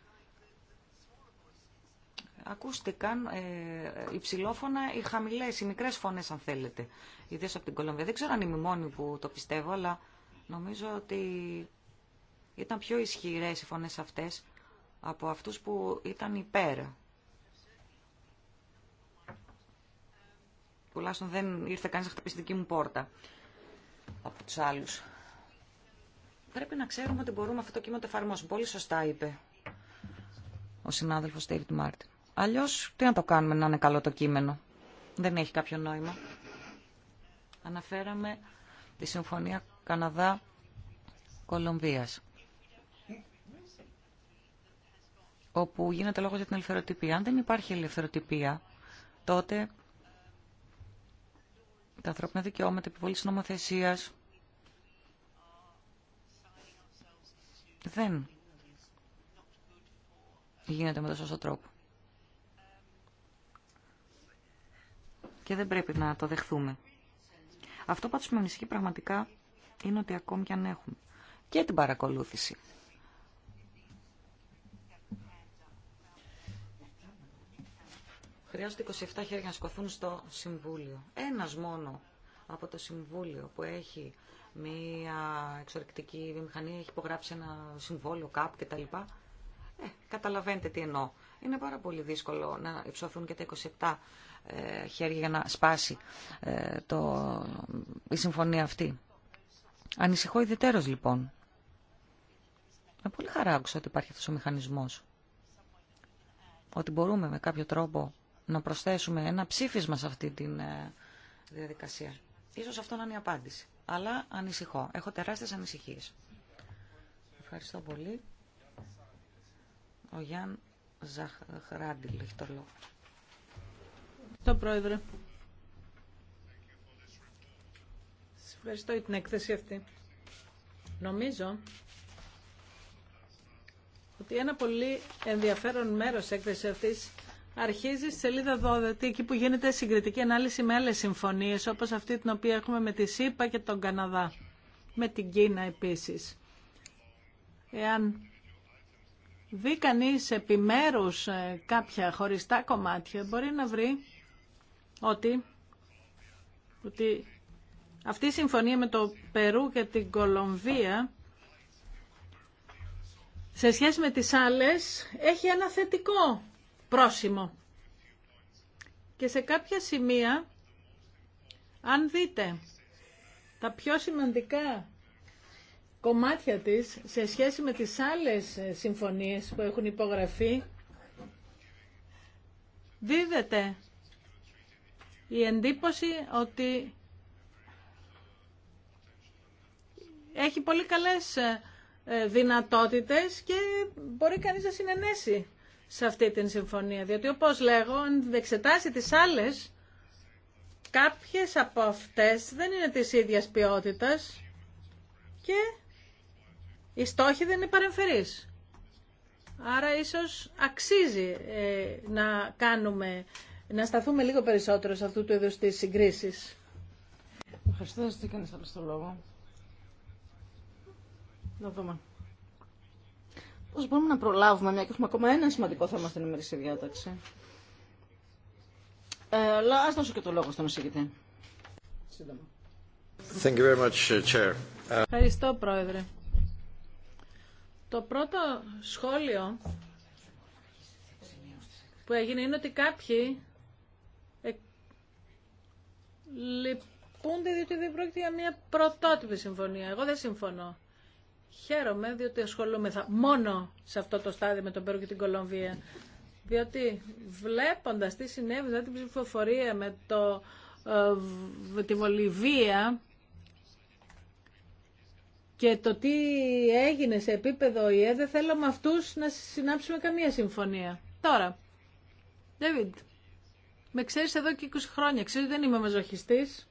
Ακούστηκαν ε, ψηλόφωνα ή χαμηλές ή μικρές φωνές, αν θέλετε, ιδίως από την Κολομβία. Δεν ξέρω αν είμαι οι χαμηλές, οι μικρές φωνές αν θέλετε, ιδίως από την Κολομβία. Δεν ξέρω αν είμαι μόνη που το πιστεύω, αλλά νομίζω ότι ήταν πιο ισχυρές οι φωνές αυτές από αυτούς που ήταν υπέρ. Τουλάχιστον δεν ήρθε κανείς να χτυπήσει δική μου πόρτα από τους άλλους. Πρέπει να ξέρουμε ότι μπορούμε αυτό το κείμενο το εφαρμόσουμε. Πολύ σωστά είπε ο συνάδελφος David Μάρτιν. Αλλιώς τι να το κάνουμε να είναι καλό το κείμενο. Δεν έχει κάποιο νόημα. Αναφέραμε τη Συμφωνία Καναδά-Κολομβίας όπου γίνεται λόγος για την ελευθεροτυπία. Αν δεν υπάρχει ελευθεροτυπία, τότε τα ανθρώπινα δικαιώματα, επιβολή της νομοθεσίας, δεν γίνεται με τον σωστό τρόπο. Και δεν πρέπει να το δεχθούμε. Αυτό που με ανησυχεί πραγματικά είναι ότι ακόμη και αν έχουμε και την παρακολούθηση Χρειάζονται 27 χέρια να σκοθούν στο Συμβούλιο. Ένας μόνο από το Συμβούλιο που έχει μία εξορρυκτική βιομηχανία, έχει υπογράψει ένα συμβόλαιο κάπ κτλ. Ε, καταλαβαίνετε τι εννοώ. Είναι πάρα πολύ δύσκολο να υψωθούν και τα 27 ε, χέρια για να σπάσει ε, το, η συμφωνία αυτή. Ανησυχώ ιδιαίτερος λοιπόν. Με πολύ χαρά άκουσα ότι υπάρχει αυτός ο μηχανισμός. Ότι μπορούμε με κάποιο τρόπο να προσθέσουμε ένα ψήφισμα σε αυτή τη ε, διαδικασία. Ίσως αυτό να είναι η απάντηση. Αλλά ανησυχώ. Έχω τεράστιες ανησυχίες. Ευχαριστώ πολύ. Ο Γιάν Ζαχράντιλ έχει το λόγο. Το πρόεδρε. Σας ευχαριστώ για την έκθεση αυτή. Νομίζω ότι ένα πολύ ενδιαφέρον μέρος έκθεση αυτής αρχίζει στη σελίδα 12, εκεί που γίνεται συγκριτική ανάλυση με άλλε συμφωνίε, όπως αυτή την οποία έχουμε με τη ΣΥΠΑ και τον Καναδά, με την Κίνα επίση. Εάν δει κανεί επιμέρου ε, κάποια χωριστά κομμάτια, μπορεί να βρει ότι, ότι αυτή η συμφωνία με το Περού και την Κολομβία σε σχέση με τις άλλες έχει ένα θετικό πρόσημο. Και σε κάποια σημεία, αν δείτε τα πιο σημαντικά κομμάτια της σε σχέση με τις άλλες ε, συμφωνίες που έχουν υπογραφεί, δίδεται η εντύπωση ότι έχει πολύ καλές ε, ε, δυνατότητες και μπορεί κανείς να συνενέσει σε αυτή την συμφωνία. Διότι όπως λέγω, αν εξετάσει τις άλλες, κάποιες από αυτές δεν είναι της ίδιας ποιότητας και οι στόχοι δεν είναι παρεμφερείς. Άρα ίσως αξίζει ε, να κάνουμε, να σταθούμε λίγο περισσότερο σε αυτού του είδους της συγκρίσεις. Ευχαριστώ, δεν ζητήκανε άλλο στο λόγο. Να δούμε. Πώ μπορούμε να προλάβουμε, μια και έχουμε ακόμα ένα σημαντικό θέμα στην ημερήσια διάταξη. Ε, αλλά ας δώσω και το λόγο στον εισηγητή. Thank you very much, uh, Chair. Uh, Ευχαριστώ, Πρόεδρε. Το πρώτο σχόλιο που έγινε είναι ότι κάποιοι ε, λυπούνται διότι δεν πρόκειται για μια πρωτότυπη συμφωνία. Εγώ δεν συμφωνώ. Χαίρομαι διότι θα μόνο σε αυτό το στάδιο με τον Πέρο και την Κολομβία. Διότι βλέποντας τι συνέβη δηλαδή την ψηφοφορία με, το, με τη Βολιβία και το τι έγινε σε επίπεδο ΙΕ, δεν θέλω με αυτούς να συνάψουμε καμία συμφωνία. Τώρα, David, με ξέρεις εδώ και 20 χρόνια. Ξέρεις δεν είμαι μαζοχιστής.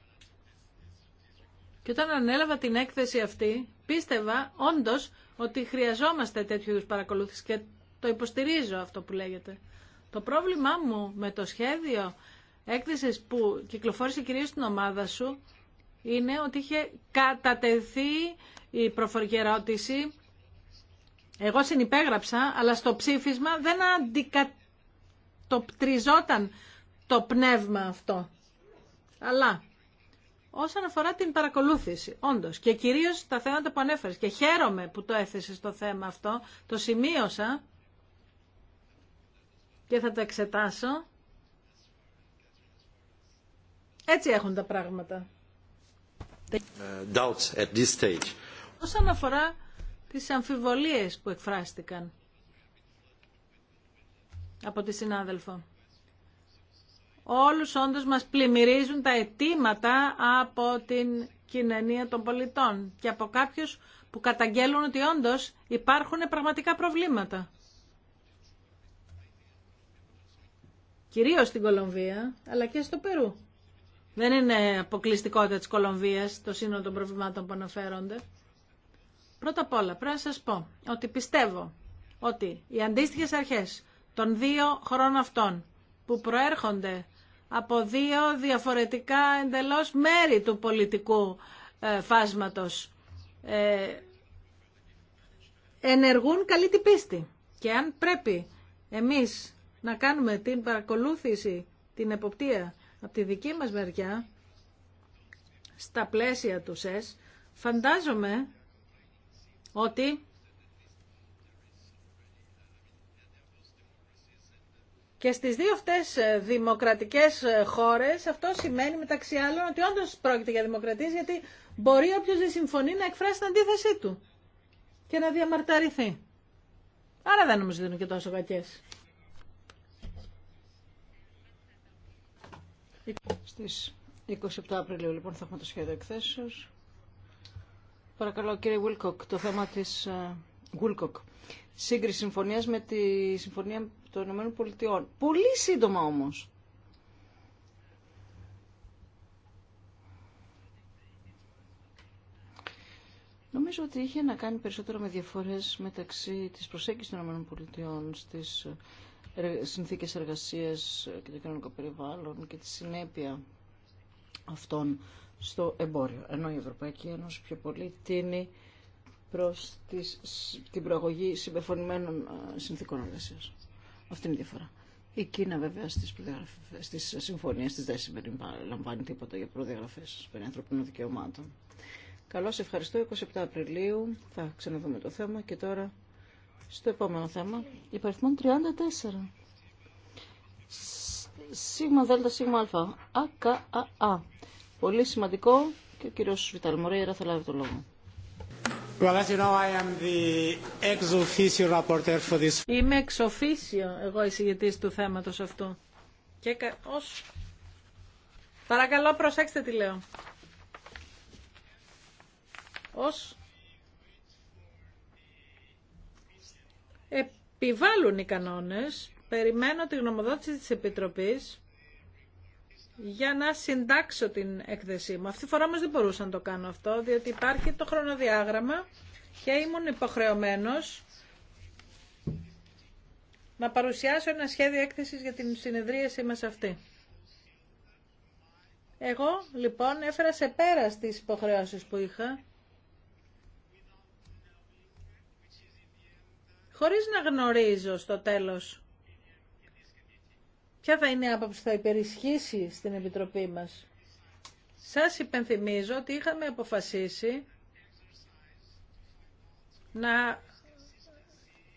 Και όταν ανέλαβα την έκθεση αυτή, πίστευα όντω ότι χρειαζόμαστε τέτοιου παρακολούθηση και το υποστηρίζω αυτό που λέγεται. Το πρόβλημά μου με το σχέδιο έκθεση που κυκλοφόρησε κυρίω στην ομάδα σου είναι ότι είχε κατατεθεί η προφορική ερώτηση. Εγώ συνυπέγραψα, αλλά στο ψήφισμα δεν αντικατοπτριζόταν το πνεύμα αυτό. Αλλά όσον αφορά την παρακολούθηση, όντω. και κυρίω τα θέματα που ανέφερε Και χαίρομαι που το έθεσε το θέμα αυτό, το σημείωσα και θα το εξετάσω. Έτσι έχουν τα πράγματα. Doubts at this stage. Όσον αφορά τις αμφιβολίες που εκφράστηκαν από τη συνάδελφο όλους όντως μας πλημμυρίζουν τα αιτήματα από την κοινωνία των πολιτών και από κάποιους που καταγγέλουν ότι όντως υπάρχουν πραγματικά προβλήματα. Κυρίως στην Κολομβία, αλλά και στο Περού. Δεν είναι αποκλειστικότητα της Κολομβίας το σύνολο των προβλημάτων που αναφέρονται. Πρώτα απ' όλα, πρέπει να σας πω ότι πιστεύω ότι οι αντίστοιχες αρχές των δύο χωρών αυτών που προέρχονται από δύο διαφορετικά εντελώς μέρη του πολιτικού ε, φάσματος. Ε, ενεργούν καλή την πίστη. Και αν πρέπει εμείς να κάνουμε την παρακολούθηση, την εποπτεία από τη δική μας μεριά, στα πλαίσια του ΣΕΣ, φαντάζομαι ότι Και στις δύο αυτές ε, δημοκρατικές ε, χώρες αυτό σημαίνει μεταξύ άλλων ότι όντως πρόκειται για δημοκρατία, γιατί μπορεί όποιος δεν συμφωνεί να εκφράσει την αντίθεσή του και να διαμαρτυρηθεί. Άρα δεν νομίζω είναι και τόσο κακές. Στις 27 Απριλίου λοιπόν θα έχουμε το σχέδιο εκθέσεως. Παρακαλώ κύριε Βουλκοκ, το θέμα της ε, Γουλκοκ. Σύγκριση συμφωνίας με τη συμφωνία των Πολιτειών. Πολύ σύντομα όμως. Νομίζω ότι είχε να κάνει περισσότερο με διαφορές μεταξύ της προσέγγισης των Πολιτειών στις ε, συνθήκες εργασίας και το κοινωνικό περιβάλλον και τη συνέπεια αυτών στο εμπόριο. Ενώ η Ευρωπαϊκή Ένωση πιο πολύ τίνει προς τις, την προαγωγή συμπεφωνημένων ε, συνθήκων εργασίας. Αυτή είναι η διαφορά. Η Κίνα βέβαια στις, στις συμφωνίες της δεν συμπεριλαμβάνει τίποτα για προδιαγραφές περί ανθρωπίνων δικαιωμάτων. Καλώς ευχαριστώ. 27 Απριλίου θα ξαναδούμε το θέμα και τώρα στο επόμενο θέμα. Υπαριθμόν 34. Σίγμα δέλτα σίγμα αλφα. ΑΚΑΑ. Πολύ σημαντικό και ο κύριος Βιταλ θα λάβει το λόγο. Είμαι εξ officio εγώ εισηγητής του θέματος αυτού. Και ως... Παρακαλώ προσέξτε τι λέω. Ως επιβάλλουν οι κανόνες, περιμένω τη γνωμοδότηση της Επιτροπής για να συντάξω την έκθεσή μου. Αυτή τη φορά όμως δεν μπορούσα να το κάνω αυτό, διότι υπάρχει το χρονοδιάγραμμα και ήμουν υποχρεωμένος να παρουσιάσω ένα σχέδιο έκθεσης για την συνεδρίαση μας αυτή. Εγώ, λοιπόν, έφερα σε πέρα στις υποχρεώσεις που είχα, χωρίς να γνωρίζω στο τέλος Ποια θα είναι η άποψη που θα υπερισχύσει στην Επιτροπή μας. Σας υπενθυμίζω ότι είχαμε αποφασίσει να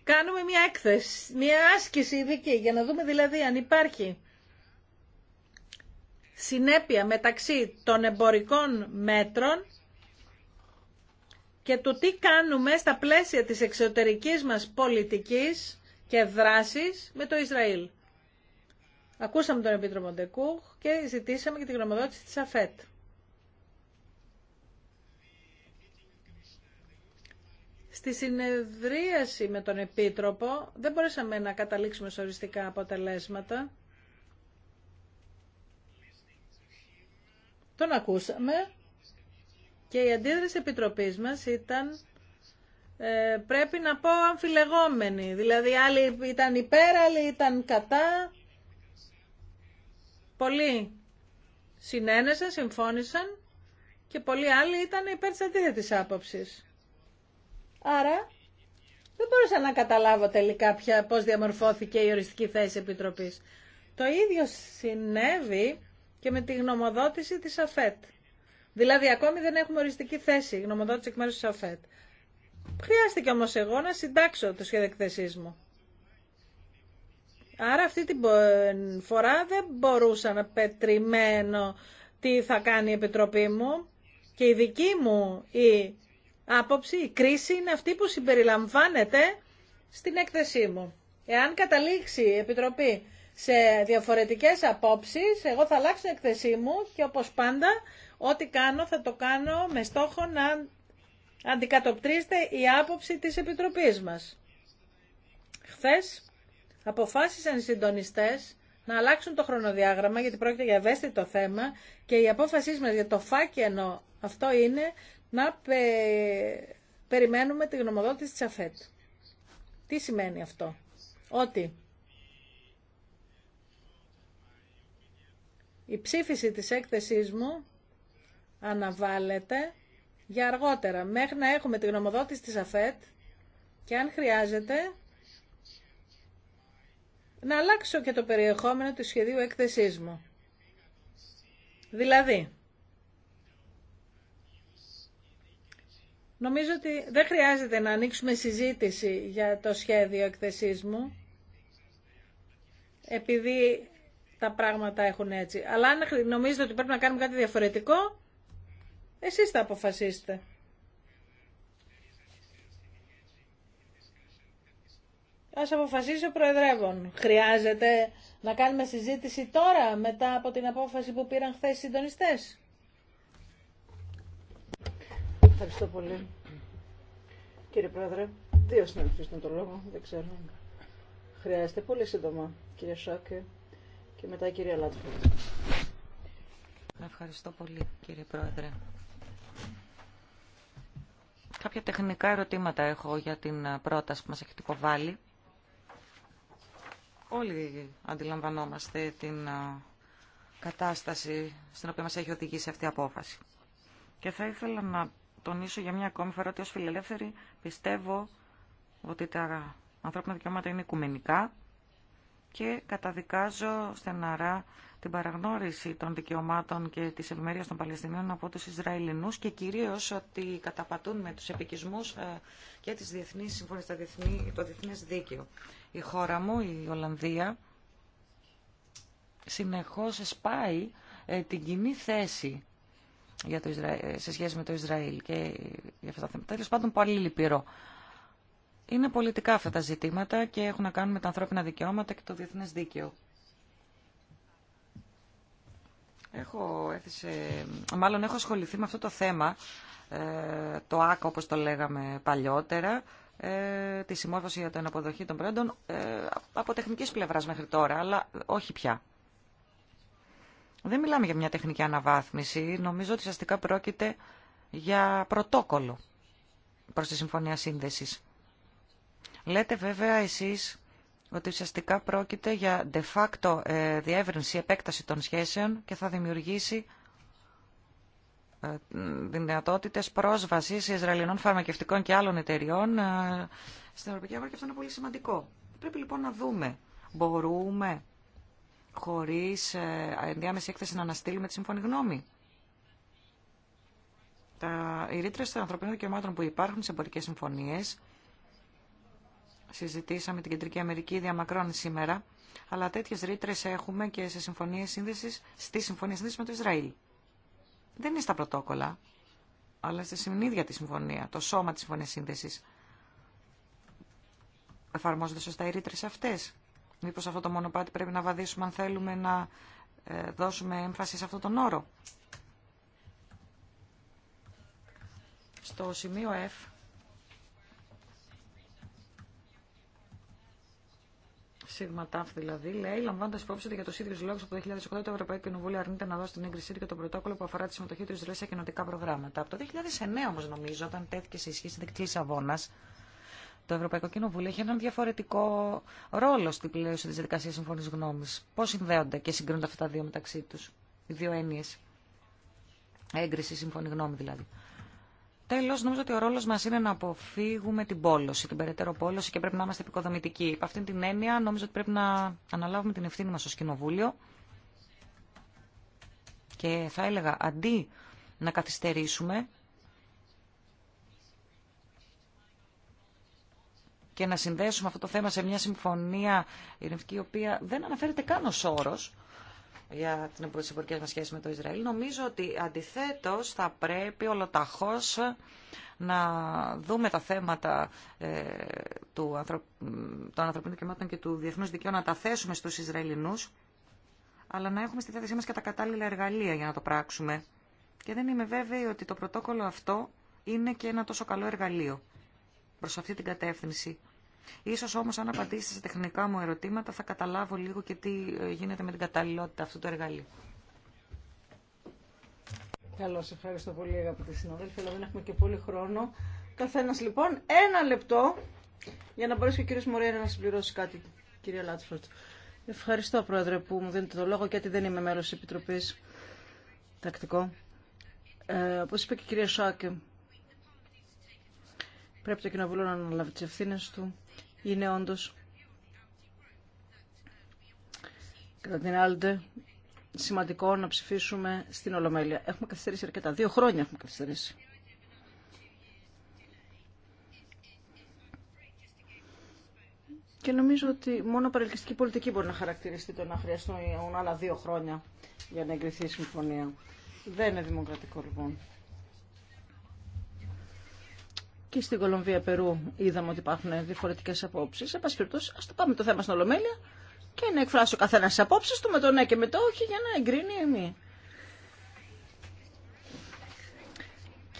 κάνουμε μια έκθεση, μια άσκηση ειδική, για να δούμε δηλαδή αν υπάρχει συνέπεια μεταξύ των εμπορικών μέτρων και του τι κάνουμε στα πλαίσια της εξωτερικής μας πολιτικής και δράσης με το Ισραήλ. Ακούσαμε τον Επίτροπο Ντεκούχ και ζητήσαμε και την γνωμοδότηση της ΑΦΕΤ. Στη συνεδρίαση με τον Επίτροπο δεν μπορέσαμε να καταλήξουμε σε οριστικά αποτελέσματα. Τον ακούσαμε και η αντίδραση Επιτροπής μας ήταν ε, πρέπει να πω αμφιλεγόμενη. Δηλαδή άλλοι ήταν υπέρ, άλλοι ήταν κατά. Πολλοί συνένεσαν, συμφώνησαν και πολλοί άλλοι ήταν υπέρ της αντίθετης άποψης. Άρα δεν μπορούσα να καταλάβω τελικά πώς διαμορφώθηκε η οριστική θέση Επιτροπής. Το ίδιο συνέβη και με τη γνωμοδότηση της ΑΦΕΤ. Δηλαδή ακόμη δεν έχουμε οριστική θέση γνωμοδότηση εκ μέρους της ΑΦΕΤ. Χρειάστηκε όμως εγώ να συντάξω το σχέδιο εκθεσής μου. Άρα αυτή την φορά δεν μπορούσα να πετριμένω τι θα κάνει η Επιτροπή μου και η δική μου η άποψη, η κρίση είναι αυτή που συμπεριλαμβάνεται στην έκθεσή μου. Εάν καταλήξει η Επιτροπή σε διαφορετικές απόψεις, εγώ θα αλλάξω την έκθεσή μου και όπως πάντα ό,τι κάνω θα το κάνω με στόχο να αντικατοπτρίστε η άποψη της Επιτροπής μας. Χθες αποφάσισαν οι συντονιστές να αλλάξουν το χρονοδιάγραμμα, γιατί πρόκειται για ευαίσθητο θέμα και η απόφασή μας για το φάκενο αυτό είναι να περιμένουμε τη γνωμοδότηση της ΑΦΕΤ. Τι σημαίνει αυτό. Ότι η ψήφιση της έκθεσής μου αναβάλλεται για αργότερα, μέχρι να έχουμε τη γνωμοδότηση της ΑΦΕΤ και αν χρειάζεται να αλλάξω και το περιεχόμενο του σχεδίου έκθεσής μου. Δηλαδή, νομίζω ότι δεν χρειάζεται να ανοίξουμε συζήτηση για το σχέδιο έκθεσής μου, επειδή τα πράγματα έχουν έτσι. Αλλά αν νομίζετε ότι πρέπει να κάνουμε κάτι διαφορετικό, εσείς θα αποφασίσετε. ας αποφασίσει ο Προεδρεύων. Χρειάζεται να κάνουμε συζήτηση τώρα, μετά από την απόφαση που πήραν χθε οι συντονιστές. Ευχαριστώ πολύ. Κύριε Πρόεδρε, δύο συνάδελφοι στον το λόγο, δεν ξέρω. Χρειάζεται πολύ σύντομα, κύριε Σάκε και μετά η κυρία Λάτφορντ. Ευχαριστώ πολύ, κύριε Πρόεδρε. Κάποια τεχνικά ερωτήματα έχω για την πρόταση που μας έχετε υποβάλει. Όλοι αντιλαμβανόμαστε την κατάσταση στην οποία μας έχει οδηγήσει αυτή η απόφαση. Και θα ήθελα να τονίσω για μια ακόμη φορά ότι ως φιλελεύθερη πιστεύω ότι τα ανθρώπινα δικαιώματα είναι οικουμενικά και καταδικάζω στεναρά την παραγνώριση των δικαιωμάτων και τη ευημερία των Παλαιστινίων από του Ισραηλινούς και κυρίω ότι καταπατούν με του επικισμούς ε, και τις διεθνείς συμφωνίες, το διεθνέ δίκαιο. Η χώρα μου, η Ολλανδία, συνεχώ σπάει ε, την κοινή θέση για το ε, σε σχέση με το Ισραήλ και για αυτά τα θέματα. Τέλος πάντων, πολύ λυπηρό. Είναι πολιτικά αυτά τα ζητήματα και έχουν να κάνουν με τα ανθρώπινα δικαιώματα και το διεθνές δίκαιο. Έχω μάλλον έχω ασχοληθεί με αυτό το θέμα, ε, το ΆΚΑ όπως το λέγαμε παλιότερα, ε, τη συμμόρφωση για την αποδοχή των προϊόντων ε, από τεχνικής πλευράς μέχρι τώρα, αλλά όχι πια. Δεν μιλάμε για μια τεχνική αναβάθμιση. Νομίζω ότι ουσιαστικά πρόκειται για πρωτόκολλο προς τη Συμφωνία Σύνδεσης. Λέτε βέβαια εσείς ότι ουσιαστικά πρόκειται για de facto ε, διεύρυνση, επέκταση των σχέσεων και θα δημιουργήσει ε, δυνατότητες πρόσβασης Ισραηλινών φαρμακευτικών και άλλων εταιριών ε, στην Ευρωπαϊκή Ένωση και αυτό είναι πολύ σημαντικό. Πρέπει λοιπόν να δούμε, μπορούμε χωρίς ενδιάμεση έκθεση να αναστείλουμε τη σύμφωνη γνώμη. Τα, οι των ανθρωπίνων δικαιωμάτων που υπάρχουν σε εμπορικέ συμφωνίε συζητήσαμε την Κεντρική Αμερική διαμακρών σήμερα, αλλά τέτοιες ρήτρε έχουμε και σε συμφωνίες σύνδεσης, στη συμφωνία σύνδεσης με το Ισραήλ. Δεν είναι στα πρωτόκολλα, αλλά στη συνήθεια τη συμφωνία, το σώμα της συμφωνίας σύνδεσης. Εφαρμόζονται σωστά οι ρήτρε αυτές. Μήπως αυτό το μονοπάτι πρέπει να βαδίσουμε αν θέλουμε να ε, δώσουμε έμφαση σε αυτόν τον όρο. Στο σημείο F Συγματάφ δηλαδή, λέει, λαμβάνοντα υπόψη ότι για του ίδιου λόγου από το 2008 το Ευρωπαϊκό Κοινοβούλιο αρνείται να δώσει την έγκρισή του για το πρωτόκολλο που αφορά τη συμμετοχή του Ισραήλ σε κοινοτικά προγράμματα. Από το 2009 όμω, νομίζω, όταν τέθηκε σε ισχύ στην δεκτή Σαββόνα, το Ευρωπαϊκό Κοινοβούλιο έχει έναν διαφορετικό ρόλο στην πλαίωση τη διαδικασία συμφωνή γνώμη. Πώ συνδέονται και συγκρίνονται αυτά τα δύο μεταξύ του, οι δύο έννοιε. Έγκριση, συμφωνή γνώμη δηλαδή. Τέλο, νομίζω ότι ο ρόλο μα είναι να αποφύγουμε την πόλωση, την περαιτέρω πόλωση και πρέπει να είμαστε επικοδομητικοί. Υπ' αυτήν την έννοια, νομίζω ότι πρέπει να αναλάβουμε την ευθύνη μα ω Κοινοβούλιο και θα έλεγα αντί να καθυστερήσουμε και να συνδέσουμε αυτό το θέμα σε μια συμφωνία ειρηνευτική, η οποία δεν αναφέρεται καν ως όρος, για την εμπορικές μας σχέσεις με το Ισραήλ. Νομίζω ότι αντιθέτως θα πρέπει ολοταχώς να δούμε τα θέματα ε, του ανθρω... των ανθρωπίνων δικαιωμάτων και του διεθνούς δικαίου να τα θέσουμε στους Ισραηλινούς, αλλά να έχουμε στη θέση μας και τα κατάλληλα εργαλεία για να το πράξουμε. Και δεν είμαι βέβαιη ότι το πρωτόκολλο αυτό είναι και ένα τόσο καλό εργαλείο προς αυτή την κατεύθυνση. Ίσως όμως αν απαντήσεις σε τεχνικά μου ερωτήματα θα καταλάβω λίγο και τι ε, γίνεται με την καταλληλότητα αυτού του εργαλείου. Καλώ, ευχαριστώ πολύ αγαπητοί συναδέλφοι, αλλά δεν έχουμε και πολύ χρόνο. Καθένα λοιπόν ένα λεπτό για να μπορέσει και ο κύριο Μωρέρα να συμπληρώσει κάτι, κυρία Λάτσφορτ. Ευχαριστώ, Πρόεδρε, που μου δίνετε το λόγο, γιατί δεν είμαι μέλο τη Επιτροπή. Τακτικό. Ε, Όπω είπε και η κυρία Σάκε, πρέπει το Κοινοβούλιο να αναλάβει τι ευθύνε του είναι όντω, κατά την άλλη σημαντικό να ψηφίσουμε στην Ολομέλεια. Έχουμε καθυστερήσει αρκετά. Δύο χρόνια έχουμε καθυστερήσει. Και νομίζω ότι μόνο παρελκυστική πολιτική μπορεί να χαρακτηριστεί το να χρειαστούν άλλα δύο χρόνια για να εγκριθεί η συμφωνία. Δεν είναι δημοκρατικό λοιπόν και στην Κολομβία Περού είδαμε ότι υπάρχουν διαφορετικέ απόψει. Εν πάση α το πάμε το θέμα στην Ολομέλεια και να εκφράσει ο καθένα τι απόψει του με το ναι και με το όχι για να εγκρίνει εμεί.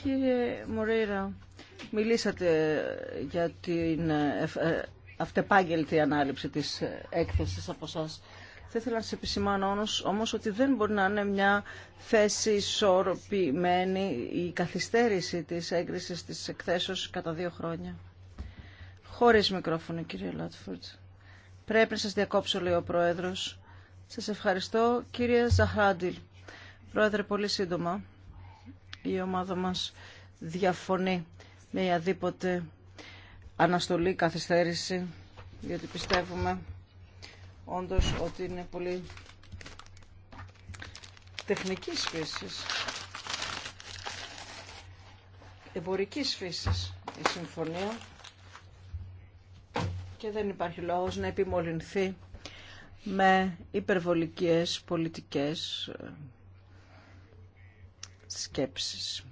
Κύριε Μωρέιρα, μιλήσατε για την ε, ε, αυτεπάγγελτη ανάληψη της έκθεσης από σας. Θα ήθελα να σε επισημάνω όμως, ότι δεν μπορεί να είναι μια θέση ισορροπημένη η καθυστέρηση της έγκρισης της εκθέσεως κατά δύο χρόνια. Χωρίς μικρόφωνο κύριε Λάτφουρτ. Πρέπει να σας διακόψω λέει ο Πρόεδρος. Σας ευχαριστώ κύριε Ζαχράντιλ. Πρόεδρε πολύ σύντομα η ομάδα μας διαφωνεί με αδίποτε αναστολή, καθυστέρηση, γιατί πιστεύουμε όντως ότι είναι πολύ τεχνικής φύσης, εμπορικής φύσης η συμφωνία και δεν υπάρχει λόγος να επιμολυνθεί με υπερβολικές πολιτικές ε, σκέψεις.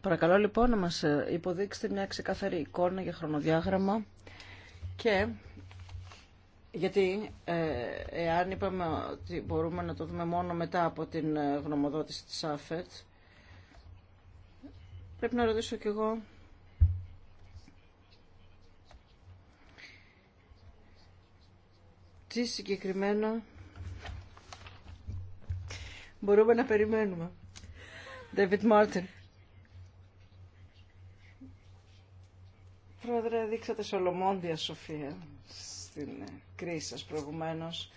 Παρακαλώ λοιπόν να μας ε, υποδείξετε μια ξεκαθαρή εικόνα για χρονοδιάγραμμα και γιατί ε, εάν είπαμε ότι μπορούμε να το δούμε μόνο μετά από την ε, γνωμοδότηση της ΑΦΕΤ, πρέπει να ρωτήσω κι εγώ τι συγκεκριμένα μπορούμε να περιμένουμε. David Martin. Πρόεδρε, δείξατε σολομόντια σοφία την κρίση σας προηγουμένως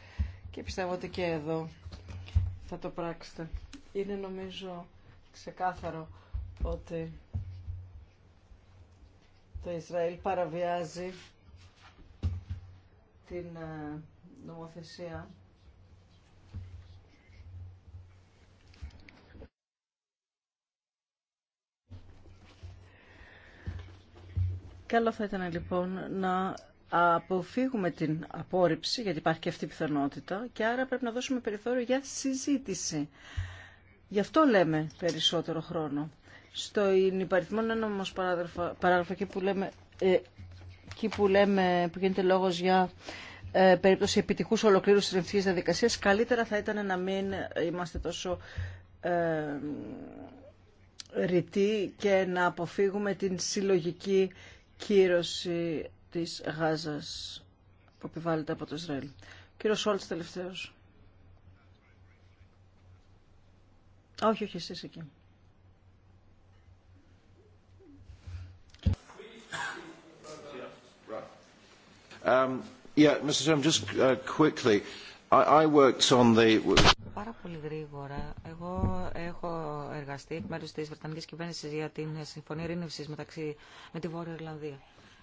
και πιστεύω ότι και εδώ θα το πράξετε. Είναι νομίζω ξεκάθαρο ότι το Ισραήλ παραβιάζει την ε, νομοθεσία Καλό θα ήταν λοιπόν να αποφύγουμε την απόρριψη, γιατί υπάρχει και αυτή η πιθανότητα, και άρα πρέπει να δώσουμε περιθώριο για συζήτηση. Γι' αυτό λέμε περισσότερο χρόνο. Στο υπαριθμό ένα όμως παράγραφο, εκεί που λέμε, ε, που, λέμε που γίνεται λόγος για ε, περίπτωση επιτυχούς ολοκλήρου της ρευτικής διαδικασία, καλύτερα θα ήταν να μην είμαστε τόσο ε, ρητοί και να αποφύγουμε την συλλογική κύρωση της Γάζας που επιβάλλεται από το Ισραήλ. Κύριο Σόλτς τελευταίος. όχι, όχι, εσείς εκεί. Um, uh, πάρα πολύ γρήγορα. Εγώ έχω εργαστεί εκ μέρου τη Βρετανική κυβέρνηση για την συμφωνία ειρήνευση με τη Βόρεια Ιρλανδία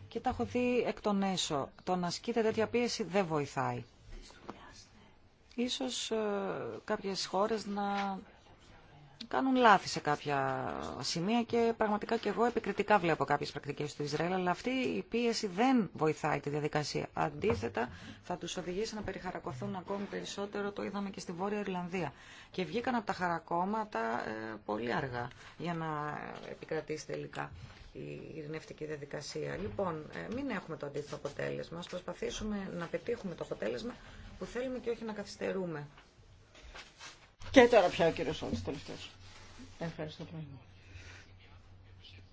και τα έχω δει εκ των έσω. Το να ασκείται τέτοια πίεση δεν βοηθάει. Ίσως ε, κάποιες χώρες να κάνουν λάθη σε κάποια σημεία και πραγματικά και εγώ επικριτικά βλέπω κάποιες πρακτικές του Ισραήλ, αλλά αυτή η πίεση δεν βοηθάει τη διαδικασία. Αντίθετα, θα τους οδηγήσει να περιχαρακωθούν ακόμη περισσότερο, το είδαμε και στη Βόρεια Ιρλανδία. Και βγήκαν από τα χαρακώματα ε, πολύ αργά για να επικρατήσει τελικά η ειρηνευτική διαδικασία. Λοιπόν, ε, μην έχουμε το αντίθετο αποτέλεσμα. Ας προσπαθήσουμε να πετύχουμε το αποτέλεσμα που θέλουμε και όχι να καθυστερούμε. Και τώρα πια ο κύριο Σόλτ, τελευταίο. Ευχαριστώ πολύ.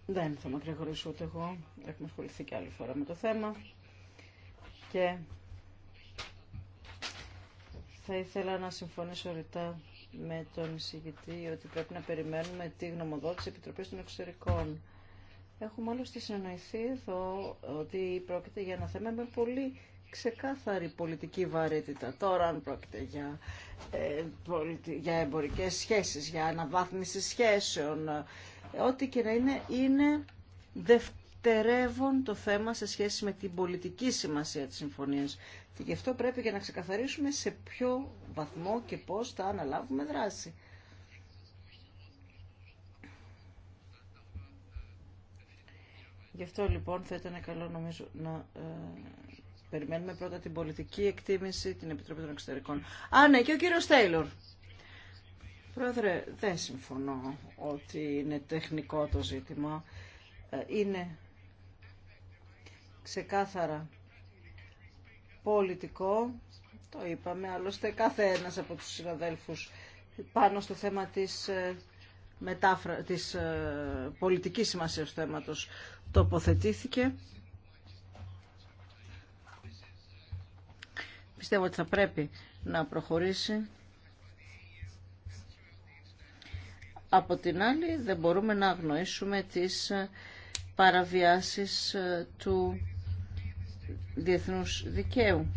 Δεν θα μακρηγορήσω ούτε εγώ. Έχουμε ασχοληθεί και άλλη φορά με το θέμα. Και θα ήθελα να συμφωνήσω ρητά με τον εισηγητή ότι πρέπει να περιμένουμε τη γνωμοδότηση Επιτροπής των Εξωτερικών έχουμε άλλωστε συνεννοηθεί εδώ ότι πρόκειται για ένα θέμα με πολύ ξεκάθαρη πολιτική βαρύτητα. Τώρα, αν πρόκειται για, ε, πολιτι... για εμπορικές σχέσεις, για αναβάθμιση σχέσεων, ό,τι και να είναι, είναι δευτερεύον το θέμα σε σχέση με την πολιτική σημασία της συμφωνίας. Και γι' αυτό πρέπει και να ξεκαθαρίσουμε σε ποιο βαθμό και πώς θα αναλάβουμε δράση. Γι' αυτό λοιπόν θα ήταν καλό νομίζω να ε, περιμένουμε πρώτα την πολιτική εκτίμηση, την Επιτροπή των Εξωτερικών. Α, ναι, και ο κύριο Τέιλορ. Πρόεδρε, δεν συμφωνώ ότι είναι τεχνικό το ζήτημα. Ε, είναι ξεκάθαρα πολιτικό, το είπαμε, άλλωστε κάθε ένας από τους συναδέλφους πάνω στο θέμα της, ε, μετάφρα... της πολιτικής σημασίας του θέματος τοποθετήθηκε. Πιστεύω ότι θα πρέπει να προχωρήσει. Από την άλλη δεν μπορούμε να αγνοήσουμε τις παραβιάσεις ε, του διεθνούς δικαίου.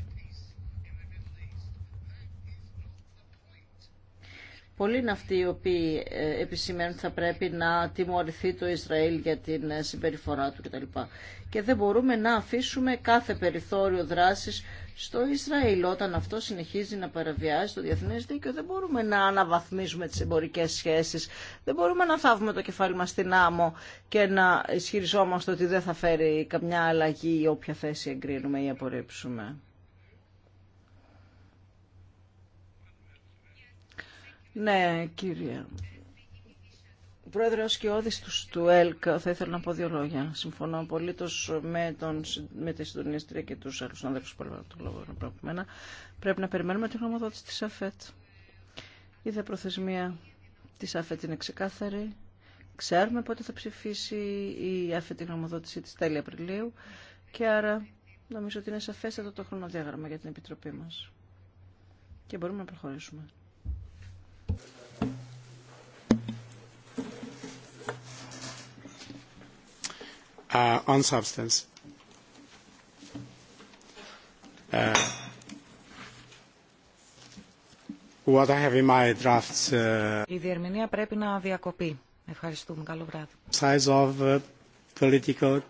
Πολλοί είναι αυτοί οι οποίοι ε, επισημαίνουν ότι θα πρέπει να τιμωρηθεί το Ισραήλ για την ε, συμπεριφορά του κτλ. Και δεν μπορούμε να αφήσουμε κάθε περιθώριο δράσης στο Ισραήλ. Όταν αυτό συνεχίζει να παραβιάζει το διεθνές δίκαιο δεν μπορούμε να αναβαθμίζουμε τις εμπορικές σχέσεις. Δεν μπορούμε να θάβουμε το κεφάλι μας στην άμμο και να ισχυριζόμαστε ότι δεν θα φέρει καμιά αλλαγή ή όποια θέση εγκρίνουμε ή απορρίψουμε. Ναι, κύριε. Πρόεδρε, ως και του ΕΛΚ θα ήθελα να πω δύο λόγια. Συμφωνώ πολύ με, τον, με τη συντονίστρια και τους άλλους συνάδελφους που έλαβαν τον λόγο προηγουμένα. Πρέπει να περιμένουμε τη γνωμοδότηση της ΑΦΕΤ. Η δε προθεσμία της ΑΦΕΤ είναι ξεκάθαρη. Ξέρουμε πότε θα ψηφίσει η ΑΦΕΤ τη γνωμοδότηση της τέλη Απριλίου και άρα νομίζω ότι είναι σαφέστατο το χρονοδιάγραμμα για την Επιτροπή μας. Και μπορούμε να προχωρήσουμε. on substance. What I have in my drafts, Η διερμηνία πρέπει να διακοπεί. Ευχαριστούμε. Καλό βράδυ. Size of political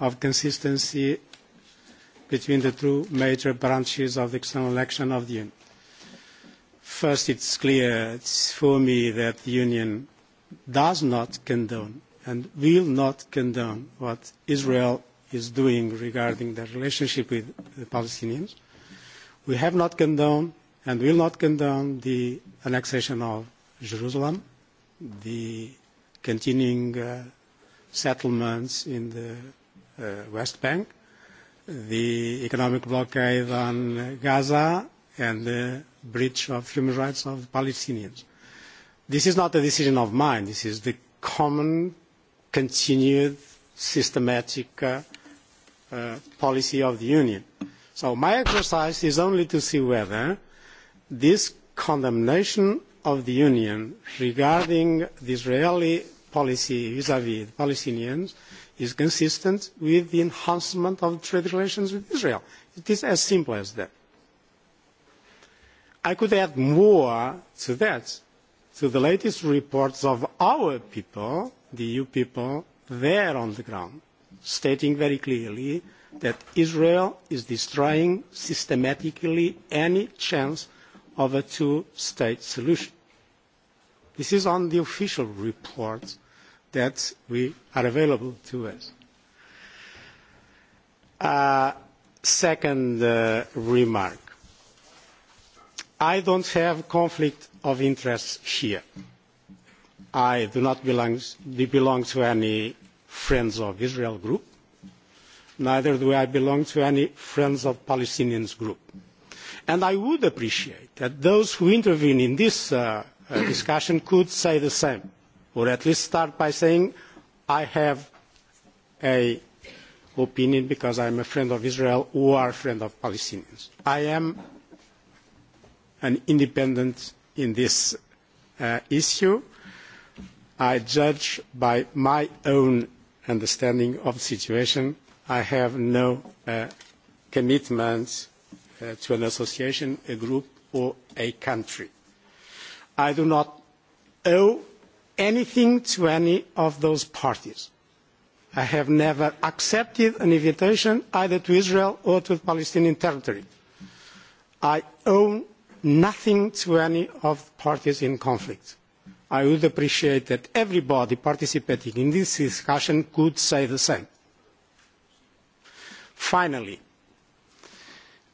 of consistency between the two major branches of the external action of the Union. First, it's clear it's for me that the Union does not condone and will not condone what Israel is doing regarding their relationship with the Palestinians. We have not condoned and will not condone the annexation of Jerusalem, the continuing settlements in the West Bank, the economic blockade on Gaza, and the breach of human rights of Palestinians. This is not a decision of mine. This is the common continued systematic policy of the Union. So my exercise is only to see whether this condemnation of the Union regarding the Israeli policy vis-à-vis the Palestinians is consistent with the enhancement of trade relations with Israel. It is as simple as that. I could add more to that, to the latest reports of our people the EU people were on the ground, stating very clearly that Israel is destroying systematically any chance of a two-state solution. This is on the official report that we are available to us. Second remark. I don't have conflict of interests here. I do not belong to any Friends of Israel group, neither do I belong to any Friends of Palestinians group. And I would appreciate that those who intervene in this discussion could say the same, or at least start by saying, I have an opinion because I am a friend of Israel or a friend of Palestinians. I am an independent in this issue I judge by my own understanding of the situation. I have no commitment to an association, a group or a country. I do not owe anything to any of those parties. I have never accepted an invitation either to Israel or to the Palestinian territory. I owe nothing to any of the parties in conflict. I would appreciate that everybody participating in this discussion could say the same. Finally,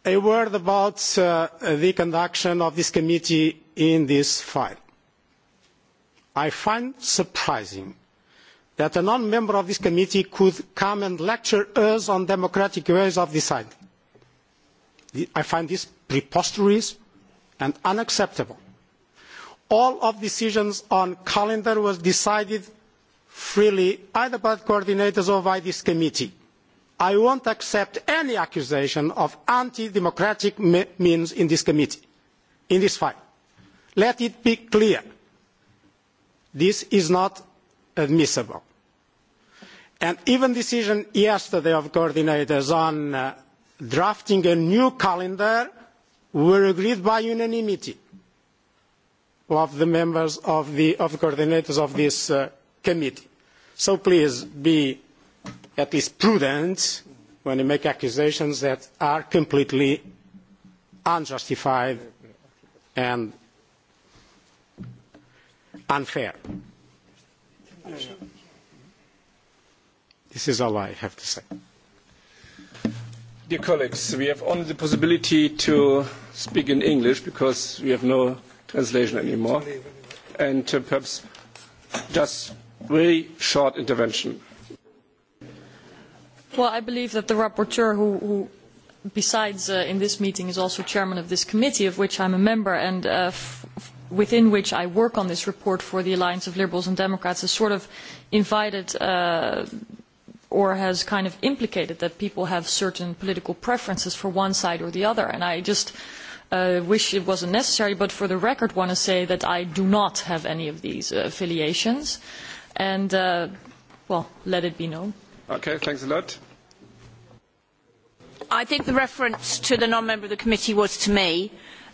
a word about the conduction of this committee in this file. I find surprising that a non-member of this committee could come and lecture us on democratic ways of deciding. I find this preposterous and unacceptable all of decisions on calendar was decided freely either by the coordinators or by this committee. I won't accept any accusation of anti-democratic means in this committee, in this file. Let it be clear. This is not admissible. And even decision yesterday of coordinators on drafting a new calendar were agreed by unanimity of the members of the coordinators of this committee. So please be at least prudent when you make accusations that are completely unjustified and unfair. This is all I have to say. Dear colleagues, we have only the possibility to speak in English because we have no translation anymore. And perhaps just very short intervention. Well, I believe that the rapporteur, who besides in this meeting is also chairman of this committee, of which I am a member, and within which I work on this report for the Alliance of Liberals and Democrats, has sort of invited or has kind of implicated that people have certain political preferences for one side or the other. And I just wish it wasn't necessary, but for the record want to say that I do not have any of these affiliations. And, well, let it be known. Okay, thanks a lot. I think the reference to the non-member of the committee was to me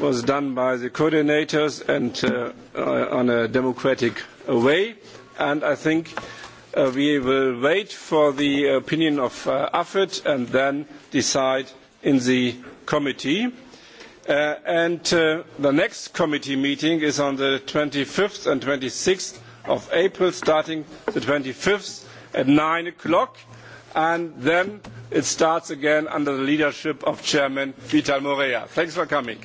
was done by the coordinators and on a democratic way. And I think we will wait for the opinion of AFET and then decide in the committee. And the next committee meeting is on the 25th and 26th of April, starting the 25th at 9 o'clock and then it starts again under the leadership of Chairman Vital Moreira. Thanks for coming.